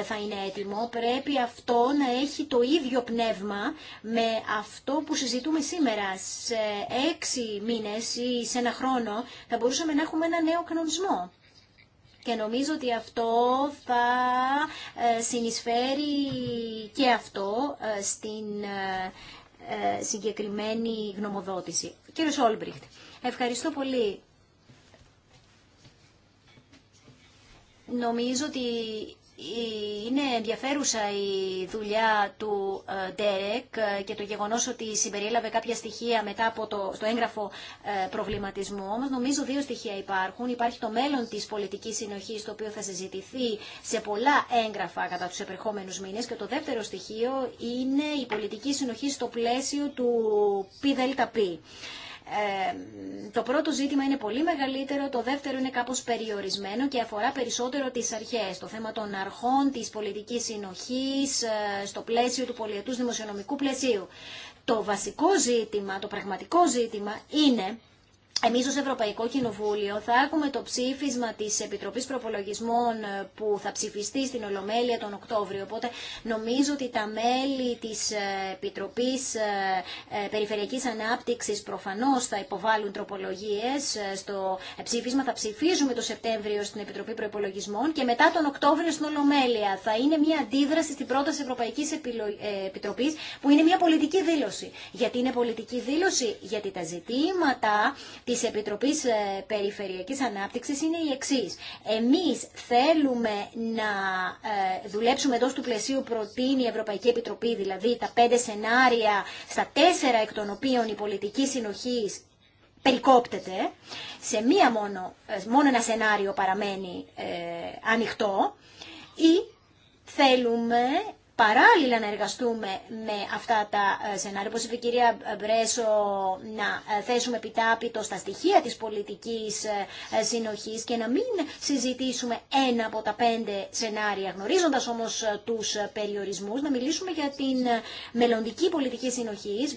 ε, θα είναι έτοιμο. Πρέπει αυτό να έχει το ίδιο πνεύμα με αυτό που συζητούμε σήμερα. Σε έξι μήνες ή σε ένα χρόνο θα μπορούσαμε να έχουμε ένα νέο κανονισμό. Και νομίζω ότι αυτό θα ε, συνεισφέρει και αυτό ε, στην ε, συγκεκριμένη γνωμοδότηση. Κύριε Σόλμπριχτ, ευχαριστώ πολύ. Νομίζω ότι είναι ενδιαφέρουσα η δουλειά του Ντέρεκ ε, και το γεγονός ότι συμπεριέλαβε κάποια στοιχεία μετά από το, στο έγγραφο ε, προβληματισμού. Όμως νομίζω δύο στοιχεία υπάρχουν. Υπάρχει το μέλλον της πολιτικής συνοχής το οποίο θα συζητηθεί σε πολλά έγγραφα κατά τους επερχόμενους μήνες και το δεύτερο στοιχείο είναι η πολιτική συνοχή στο πλαίσιο του ΠΔΠ. Ε, το πρώτο ζήτημα είναι πολύ μεγαλύτερο, το δεύτερο είναι κάπως περιορισμένο και αφορά περισσότερο τις αρχές. Το θέμα των αρχών, της πολιτικής συνοχής, ε, στο πλαίσιο του πολιετούς δημοσιονομικού πλαισίου. Το βασικό ζήτημα, το πραγματικό ζήτημα είναι εμείς ως Ευρωπαϊκό Κοινοβούλιο θα έχουμε το ψήφισμα της Επιτροπής Προπολογισμών ε, που θα ψηφιστεί στην Ολομέλεια τον Οκτώβριο. Οπότε νομίζω ότι τα μέλη της ε, Επιτροπής ε, Περιφερειακής Ανάπτυξης προφανώς θα υποβάλουν τροπολογίες. Στο ψήφισμα θα ψηφίζουμε το Σεπτέμβριο στην Επιτροπή Προπολογισμών και μετά τον Οκτώβριο στην Ολομέλεια. Θα είναι μια αντίδραση στην πρόταση Ευρωπαϊκή Επιτροπής που είναι μια πολιτική δήλωση. Γιατί είναι πολιτική δήλωση, γιατί τα ζητήματα Τη επιτροπή ε, Περιφερειακής Ανάπτυξης είναι η εξή. Εμείς θέλουμε να ε, δουλέψουμε εντό του πλαισίου προτείνει η Ευρωπαϊκή Επιτροπή, δηλαδή τα πέντε σενάρια, στα τέσσερα εκ των οποίων η πολιτική συνοχής περικόπτεται, σε μία μόνο, ε, μόνο ένα σενάριο παραμένει ανοιχτό ή θέλουμε παράλληλα να εργαστούμε με αυτά τα ε, σενάρια, όπως είπε η κυρία Μπρέσο, να ε, θέσουμε επιτάπητο στα στοιχεία της πολιτικής ε, συνοχής και να μην συζητήσουμε ένα από τα πέντε σενάρια, γνωρίζοντας όμως τους περιορισμούς, να μιλήσουμε για την μελλοντική πολιτική συνοχής,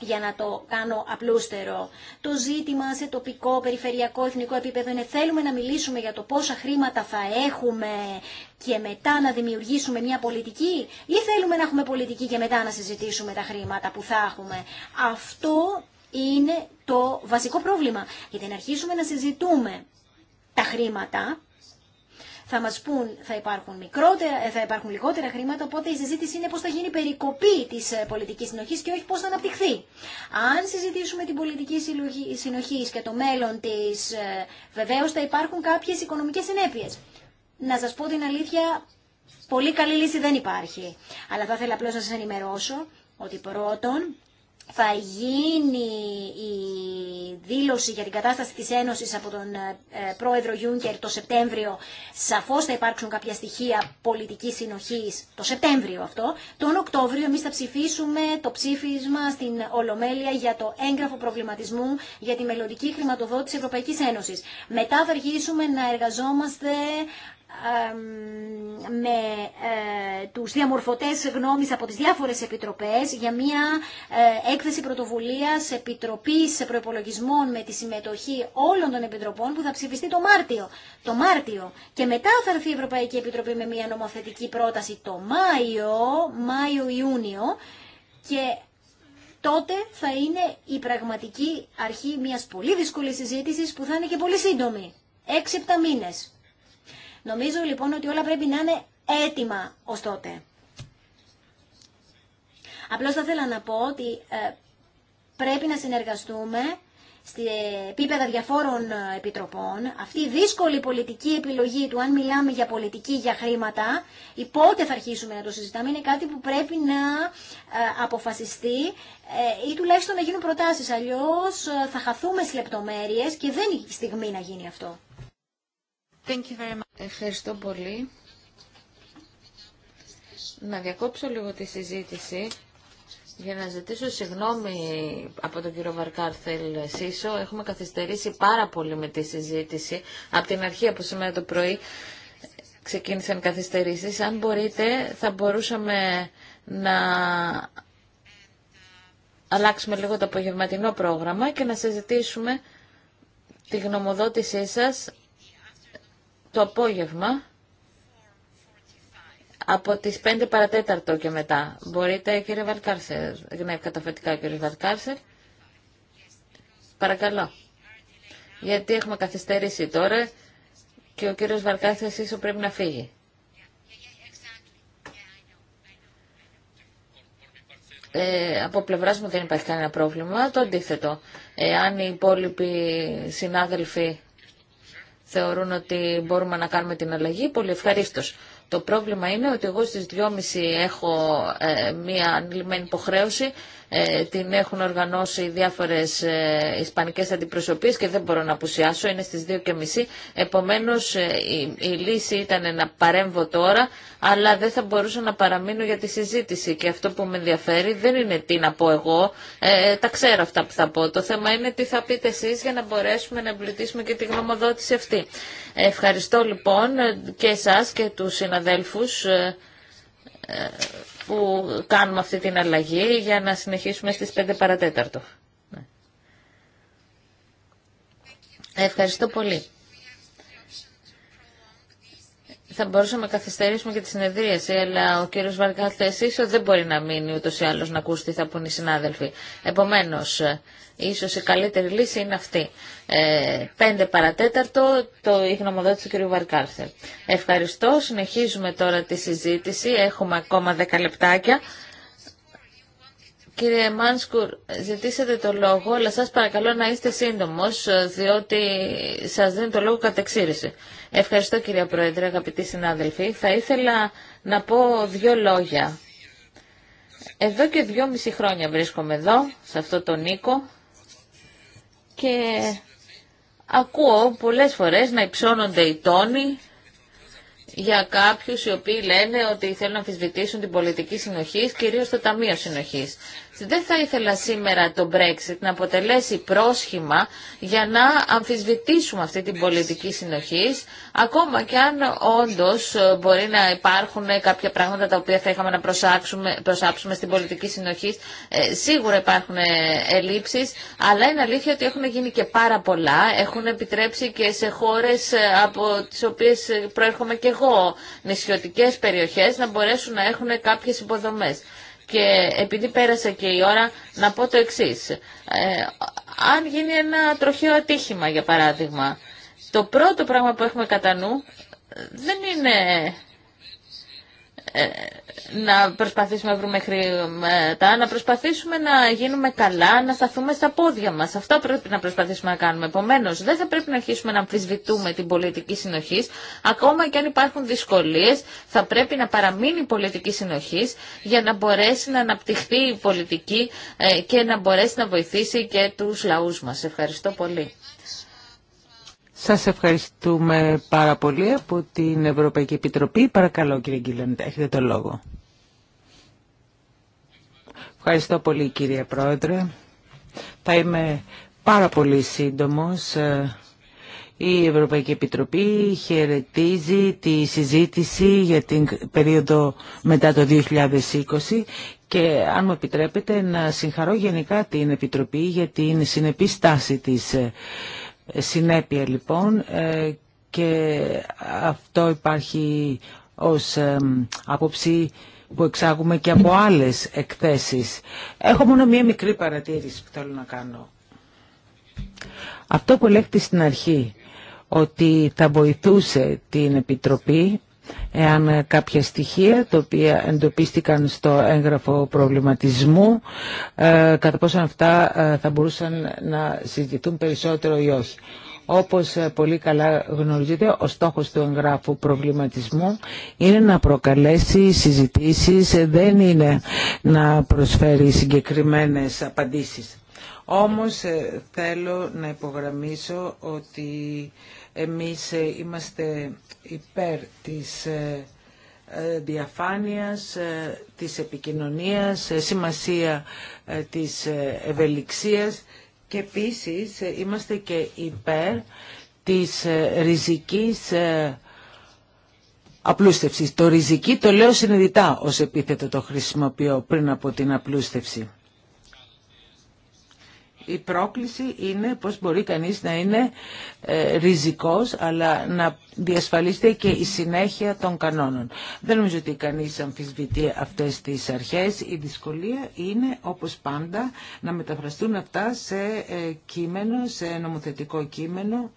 για να το κάνω απλούστερο. Το ζήτημα σε τοπικό, περιφερειακό, εθνικό επίπεδο είναι θέλουμε να μιλήσουμε για το πόσα χρήματα θα έχουμε και μετά να δημιουργήσουμε μια πολιτική ή θέλουμε να έχουμε πολιτική και μετά να συζητήσουμε τα χρήματα που θα έχουμε. Αυτό είναι το βασικό πρόβλημα. Γιατί να αρχίσουμε να συζητούμε τα χρήματα θα μας πούν θα υπάρχουν, μικρότερα, ε, θα υπάρχουν λιγότερα χρήματα, οπότε η συζήτηση είναι πώς θα γίνει περικοπή της ε, πολιτικής συνοχής και όχι πώς θα αναπτυχθεί. Αν συζητήσουμε την πολιτική συνοχή και το μέλλον της, ε, βεβαίως θα υπάρχουν κάποιες οικονομικές συνέπειες. Να σας πω την αλήθεια, πολύ καλή λύση δεν υπάρχει. Αλλά θα ήθελα απλώς να σας ενημερώσω ότι πρώτον θα γίνει η δήλωση για την κατάσταση της Ένωσης από τον ε, ε, πρόεδρο Γιούνκερ το Σεπτέμβριο. Σαφώς θα υπάρξουν κάποια στοιχεία πολιτικής συνοχής το Σεπτέμβριο αυτό. Τον Οκτώβριο εμείς θα ψηφίσουμε το ψήφισμα στην Ολομέλεια για το έγγραφο προβληματισμού για τη μελλοντική χρηματοδότηση Ευρωπαϊκής Ένωσης. Μετά θα αρχίσουμε να εργαζόμαστε με ε, τους διαμορφωτές γνώμης από τις διάφορες επιτροπές για μια ε, έκθεση πρωτοβουλίας Επιτροπής Προϋπολογισμών με τη συμμετοχή όλων των επιτροπών που θα ψηφιστεί το Μάρτιο. Το Μάρτιο. Και μετά θα έρθει η Ευρωπαϊκή Επιτροπή με μια νομοθετική πρόταση το Μάιο, Μάιο-Ιούνιο και τότε θα είναι η πραγματική αρχή μιας πολύ δύσκολης συζήτησης που θα είναι και πολύ σύντομη. Έξι-επτά μήνες. Νομίζω λοιπόν ότι όλα πρέπει να είναι έτοιμα ω τότε. Απλώς θα ήθελα να πω ότι ε, πρέπει να συνεργαστούμε στη επίπεδα διαφόρων ε, επιτροπών. Αυτή η δύσκολη πολιτική επιλογή του αν μιλάμε για πολιτική, για χρήματα ή πότε θα αρχίσουμε να το συζητάμε είναι κάτι που πρέπει να ε, αποφασιστεί ή τουλάχιστον να γίνουν προτάσεις. Αλλιώς θα χαθούμε στις λεπτομέρειες και δεν είναι η στιγμή να γίνει αυτό. Ευχαριστώ πολύ. Να διακόψω λίγο τη συζήτηση για να ζητήσω συγγνώμη από τον κύριο Βαρκάρθελ Σίσο. Έχουμε καθυστερήσει πάρα πολύ με τη συζήτηση από την αρχή από σήμερα το πρωί. Ξεκίνησαν καθυστερήσεις. Αν μπορείτε θα μπορούσαμε να αλλάξουμε λίγο το απογευματινό πρόγραμμα και να συζητήσουμε τη γνωμοδότησή σας το απόγευμα από τις 5 παρατέταρτο και μετά. Μπορείτε κύριε Βαρκάρσερ, ναι καταφετικά κύριε Βαρκάρσερ. Παρακαλώ. Γιατί έχουμε καθυστερήσει τώρα και ο κύριος Βαρκάρσερ ίσω πρέπει να φύγει. Ε, από πλευρά μου δεν υπάρχει κανένα πρόβλημα. Το αντίθετο. Εάν οι υπόλοιποι συνάδελφοι θεωρούν ότι μπορούμε να κάνουμε την αλλαγή, πολύ ευχαρίστω. Το πρόβλημα είναι ότι εγώ στις 2.30 έχω ε, μία ανηλυμένη υποχρέωση. Ε, την έχουν οργανώσει διάφορες ε, ισπανικές αντιπροσωπείες και δεν μπορώ να απουσιάσω, είναι στις 2.30. Επομένως ε, η, η λύση ήταν να παρέμβω τώρα, αλλά δεν θα μπορούσα να παραμείνω για τη συζήτηση και αυτό που με ενδιαφέρει δεν είναι τι να πω εγώ, ε, τα ξέρω αυτά που θα πω. Το θέμα είναι τι θα πείτε εσείς για να μπορέσουμε να εμπλουτίσουμε και τη γνωμοδότηση αυτή. Ευχαριστώ λοιπόν και εσάς και τους συναδέλφους που κάνουμε αυτή την αλλαγή για να συνεχίσουμε στις 5 παρατέταρτο. Ναι. Ευχαριστώ πολύ. Θα μπορούσαμε να καθυστερήσουμε και τη συνεδρίαση, αλλά ο κύριος Βαρκάθε, ίσως δεν μπορεί να μείνει ούτως ή άλλως να ακούσει τι θα πούν οι συνάδελφοι. Επομένως, Ίσως η καλύτερη λύση είναι αυτή. 5 ε, παρατέταρτο, το η γνωμοδότηση του κ. Βαρκάρθερ. Ευχαριστώ. Συνεχίζουμε τώρα τη συζήτηση. Έχουμε ακόμα 10 λεπτάκια. Κύριε Μάνσκουρ, ζητήσατε το λόγο, αλλά σας παρακαλώ να είστε σύντομος, διότι σας δίνει το λόγο κατεξήρηση. Ευχαριστώ κύριε Πρόεδρε, αγαπητοί συνάδελφοι. Θα ήθελα να πω δύο λόγια. Εδώ και δυόμιση χρόνια βρίσκομαι εδώ, σε αυτό τον Νίκο, και ακούω πολλές φορές να υψώνονται οι τόνοι για κάποιους οι οποίοι λένε ότι θέλουν να αμφισβητήσουν την πολιτική συνοχή, κυρίως το Ταμείο Συνοχής. Δεν θα ήθελα σήμερα το Brexit να αποτελέσει πρόσχημα για να αμφισβητήσουμε αυτή την πολιτική συνοχής, ακόμα και αν όντως ε, μπορεί να υπάρχουν κάποια πράγματα τα οποία θα είχαμε να προσάψουμε στην πολιτική συνοχής. Ε, σίγουρα υπάρχουν ε, ελλείψεις, αλλά είναι αλήθεια ότι έχουν γίνει και πάρα πολλά. Έχουν επιτρέψει και σε χώρες από τις οποίες προέρχομαι και εγώ, νησιωτικές περιοχές, να μπορέσουν να έχουν κάποιες υποδομές. Και επειδή πέρασε και η ώρα, να πω το εξή. Ε, αν γίνει ένα τροχαίο ατύχημα, για παράδειγμα, το πρώτο πράγμα που έχουμε κατά νου ε, δεν είναι ε, να προσπαθήσουμε να βρούμε χρήματα, να προσπαθήσουμε να γίνουμε καλά, να σταθούμε στα πόδια μας. Αυτό πρέπει να προσπαθήσουμε να κάνουμε. Επομένω, δεν θα πρέπει να αρχίσουμε να αμφισβητούμε την πολιτική συνοχή. Ακόμα και αν υπάρχουν δυσκολίε, θα πρέπει να παραμείνει η πολιτική συνοχή για να μπορέσει να αναπτυχθεί η πολιτική ε, και να μπορέσει να βοηθήσει και του λαού μα. Ευχαριστώ πολύ. Σας ευχαριστούμε πάρα πολύ από την Ευρωπαϊκή Επιτροπή. Παρακαλώ κύριε Γκίλαντ, έχετε το λόγο. Ευχαριστώ πολύ κύριε Πρόεδρε. Θα είμαι πάρα πολύ σύντομος. Η Ευρωπαϊκή Επιτροπή χαιρετίζει τη συζήτηση για την περίοδο μετά το 2020 και αν μου επιτρέπετε να συγχαρώ γενικά την Επιτροπή για την συνεπή στάση της συνέπεια λοιπόν ε, και αυτό υπάρχει ως ε, άποψη που εξάγουμε και από άλλες εκθέσεις. Έχω μόνο μία μικρή παρατήρηση που θέλω να κάνω. Αυτό που λέγεται στην αρχή, ότι θα βοηθούσε την Επιτροπή εάν κάποια στοιχεία τα οποία εντοπίστηκαν στο έγγραφο προβληματισμού ε, κατά πόσο αυτά ε, θα μπορούσαν να συζητηθούν περισσότερο ή όχι. Όπως ε, πολύ καλά γνωρίζετε, ο στόχος του εγγράφου προβληματισμού είναι να προκαλέσει συζητήσεις, δεν είναι να προσφέρει συγκεκριμένες απαντήσεις. Όμως ε, θέλω να υπογραμμίσω ότι εμείς ε, είμαστε υπέρ της ε, διαφάνειας, της επικοινωνίας, σημασία της ευελιξίας και επίσης είμαστε και υπέρ της ριζικής απλούστευσης. Το ριζική το λέω συνειδητά ως επίθετο το χρησιμοποιώ πριν από την απλούστευση. Η πρόκληση είναι πώς μπορεί κανείς να είναι ε, ριζικός αλλά να διασφαλίσετε και η συνέχεια των κανόνων. Δεν νομίζω ότι κανείς αμφισβητεί αυτές τις αρχές. Η δυσκολία είναι όπως πάντα να μεταφραστούν αυτά σε ε, κείμενο, σε νομοθετικό κείμενο.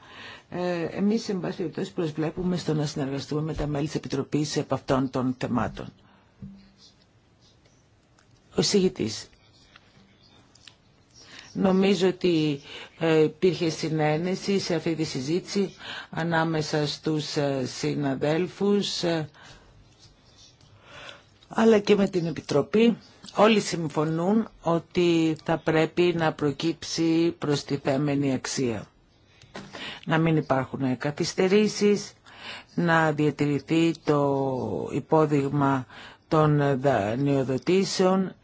Ε, εμείς, εν πάση περιπτώσει, προσβλέπουμε στο να συνεργαστούμε με τα μέλη της Επιτροπής από αυτών των θεμάτων. Ο συγητής. Νομίζω ότι ε, υπήρχε συνένεση σε αυτή τη συζήτηση ανάμεσα στους ε, συναδέλφους ε, αλλά και με την Επιτροπή. Όλοι συμφωνούν ότι θα πρέπει να προκύψει θέμενη αξία. Να μην υπάρχουν καθυστερήσεις, να διατηρηθεί το υπόδειγμα των δανειοδοτήσεων,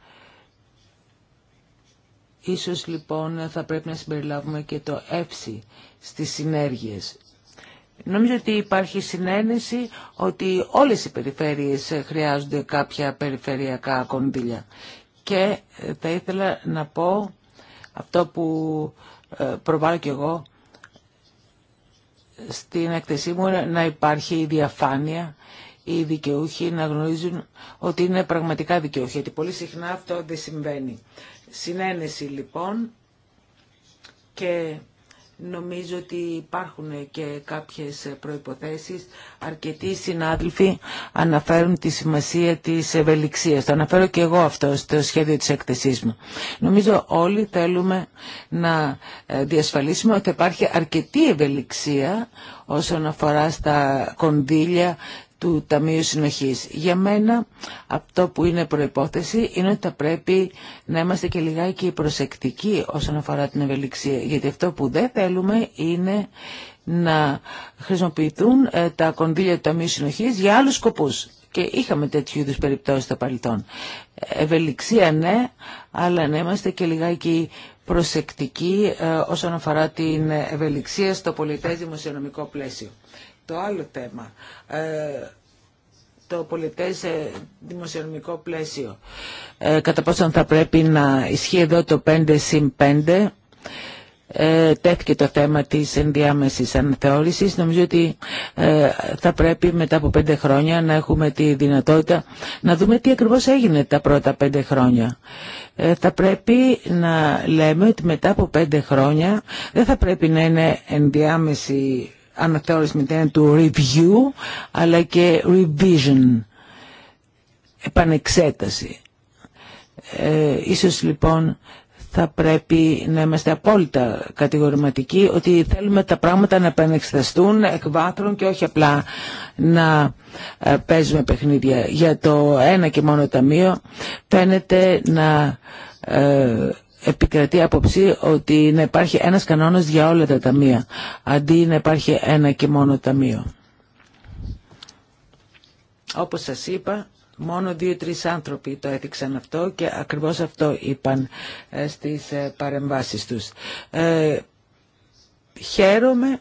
Ίσως λοιπόν θα πρέπει να συμπεριλάβουμε και το έψι στις συνέργειες. Νομίζω ότι υπάρχει συνένεση ότι όλες οι περιφέρειες χρειάζονται κάποια περιφερειακά κονδύλια. Και ε, θα ήθελα να πω αυτό που ε, προβάλλω και εγώ στην έκθεσή μου να υπάρχει η διαφάνεια, οι δικαιούχοι να γνωρίζουν ότι είναι πραγματικά δικαιούχοι, γιατί πολύ συχνά αυτό δεν συμβαίνει. Συνένεση λοιπόν και νομίζω ότι υπάρχουν και κάποιες προϋποθέσεις. Αρκετοί συνάδελφοι αναφέρουν τη σημασία της ευελιξίας. Το αναφέρω και εγώ αυτό στο σχέδιο της έκθεσής μου. Νομίζω όλοι θέλουμε να ε, διασφαλίσουμε ότι υπάρχει αρκετή ευελιξία όσον αφορά στα κονδύλια του Ταμείου Συνοχής. Για μένα αυτό που είναι προϋπόθεση είναι ότι θα πρέπει να είμαστε και λιγάκι προσεκτικοί όσον αφορά την ευελιξία. Γιατί αυτό που δεν θέλουμε είναι να χρησιμοποιηθούν ε, τα κονδύλια του Ταμείου Συνοχής για άλλους σκοπούς. Και είχαμε τέτοιου είδους περιπτώσεις στο παρελθόν. Ευελιξία ναι, αλλά να είμαστε και λιγάκι προσεκτικοί ε, όσον αφορά την ευελιξία στο πολιτές δημοσιονομικό πλαίσιο. Το άλλο θέμα, ε, το πολιτές ε, δημοσιονομικό πλαίσιο. Ε, κατά πόσον θα πρέπει να ισχύει εδώ το 5 συν 5 τέθηκε το θέμα της ενδιάμεσης αναθεώρησης. Νομίζω ότι θα πρέπει μετά από πέντε χρόνια να έχουμε τη δυνατότητα να δούμε τι ακριβώς έγινε τα πρώτα πέντε χρόνια. Θα πρέπει να λέμε ότι μετά από πέντε χρόνια δεν θα πρέπει να είναι ενδιάμεση αναθεώρηση με την του review αλλά και revision, επανεξέταση. Ε, ίσως λοιπόν θα πρέπει να είμαστε απόλυτα κατηγορηματικοί ότι θέλουμε τα πράγματα να επανεξεταστούν εκ βάθρων και όχι απλά να ε, παίζουμε παιχνίδια. Για το ένα και μόνο ταμείο φαίνεται να ε, επικρατεί άποψη ότι να υπάρχει ένας κανόνας για όλα τα ταμεία, αντί να υπάρχει ένα και μόνο ταμείο. Όπως σας είπα, μόνο δύο-τρεις άνθρωποι το έδειξαν αυτό και ακριβώς αυτό είπαν ε, στις ε, παρεμβάσεις τους. Ε, χαίρομαι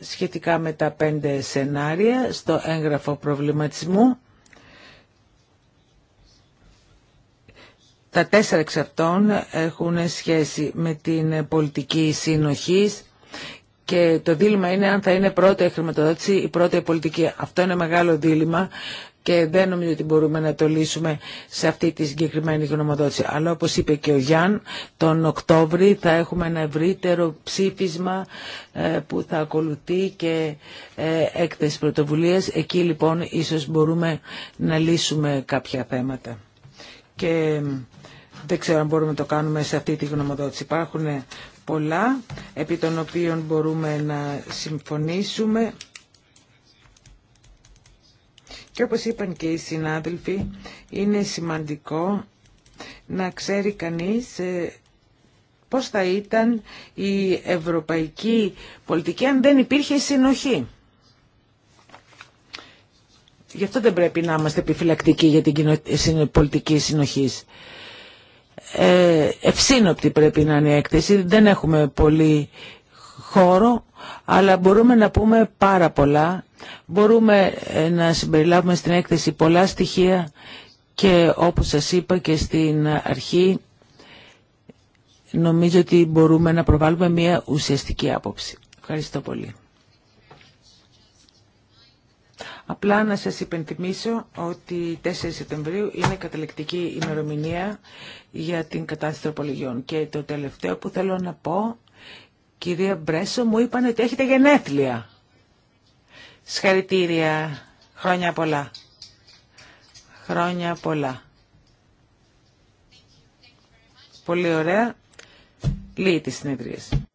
σχετικά με τα πέντε σενάρια στο έγγραφο προβληματισμού Τα τέσσερα εξ αυτών έχουν σχέση με την πολιτική συνοχής και το δίλημα είναι αν θα είναι πρώτη η χρηματοδότηση ή πρώτα η πρωτη η Αυτό είναι μεγάλο δίλημα και δεν νομίζω ότι μπορούμε να το λύσουμε σε αυτή τη συγκεκριμένη γνωμοδότηση. Αλλά όπως είπε και ο Γιάν, τον Οκτώβρη θα έχουμε ένα ευρύτερο ψήφισμα ε, που θα ακολουθεί και ε, έκθεση πρωτοβουλίας. Εκεί λοιπόν ίσως μπορούμε να λύσουμε κάποια θέματα. Και δεν ξέρω αν μπορούμε να το κάνουμε σε αυτή τη γνωμοδότηση. Υπάρχουν πολλά επί των οποίων μπορούμε να συμφωνήσουμε. Και όπως είπαν και οι συνάδελφοι, είναι σημαντικό να ξέρει κανείς ε, πώς θα ήταν η ευρωπαϊκή πολιτική αν δεν υπήρχε συνοχή. Γι' αυτό δεν πρέπει να είμαστε επιφυλακτικοί για την πολιτική συνοχής. Ε, ευσύνοπτη πρέπει να είναι η έκθεση. Δεν έχουμε πολύ χώρο, αλλά μπορούμε να πούμε πάρα πολλά. Μπορούμε ε, να συμπεριλάβουμε στην έκθεση πολλά στοιχεία και όπως σας είπα και στην αρχή, νομίζω ότι μπορούμε να προβάλλουμε μια ουσιαστική άποψη. Ευχαριστώ πολύ. Απλά να σας υπενθυμίσω ότι 4 Σεπτεμβρίου είναι καταληκτική ημερομηνία για την κατάσταση πολιγιών. Και το τελευταίο που θέλω να πω, κυρία Μπρέσο, μου είπαν ότι έχετε γενέθλια. Σχαρητήρια. Χρόνια πολλά. Χρόνια πολλά. Πολύ ωραία. Λύει τη συνεδρίαση.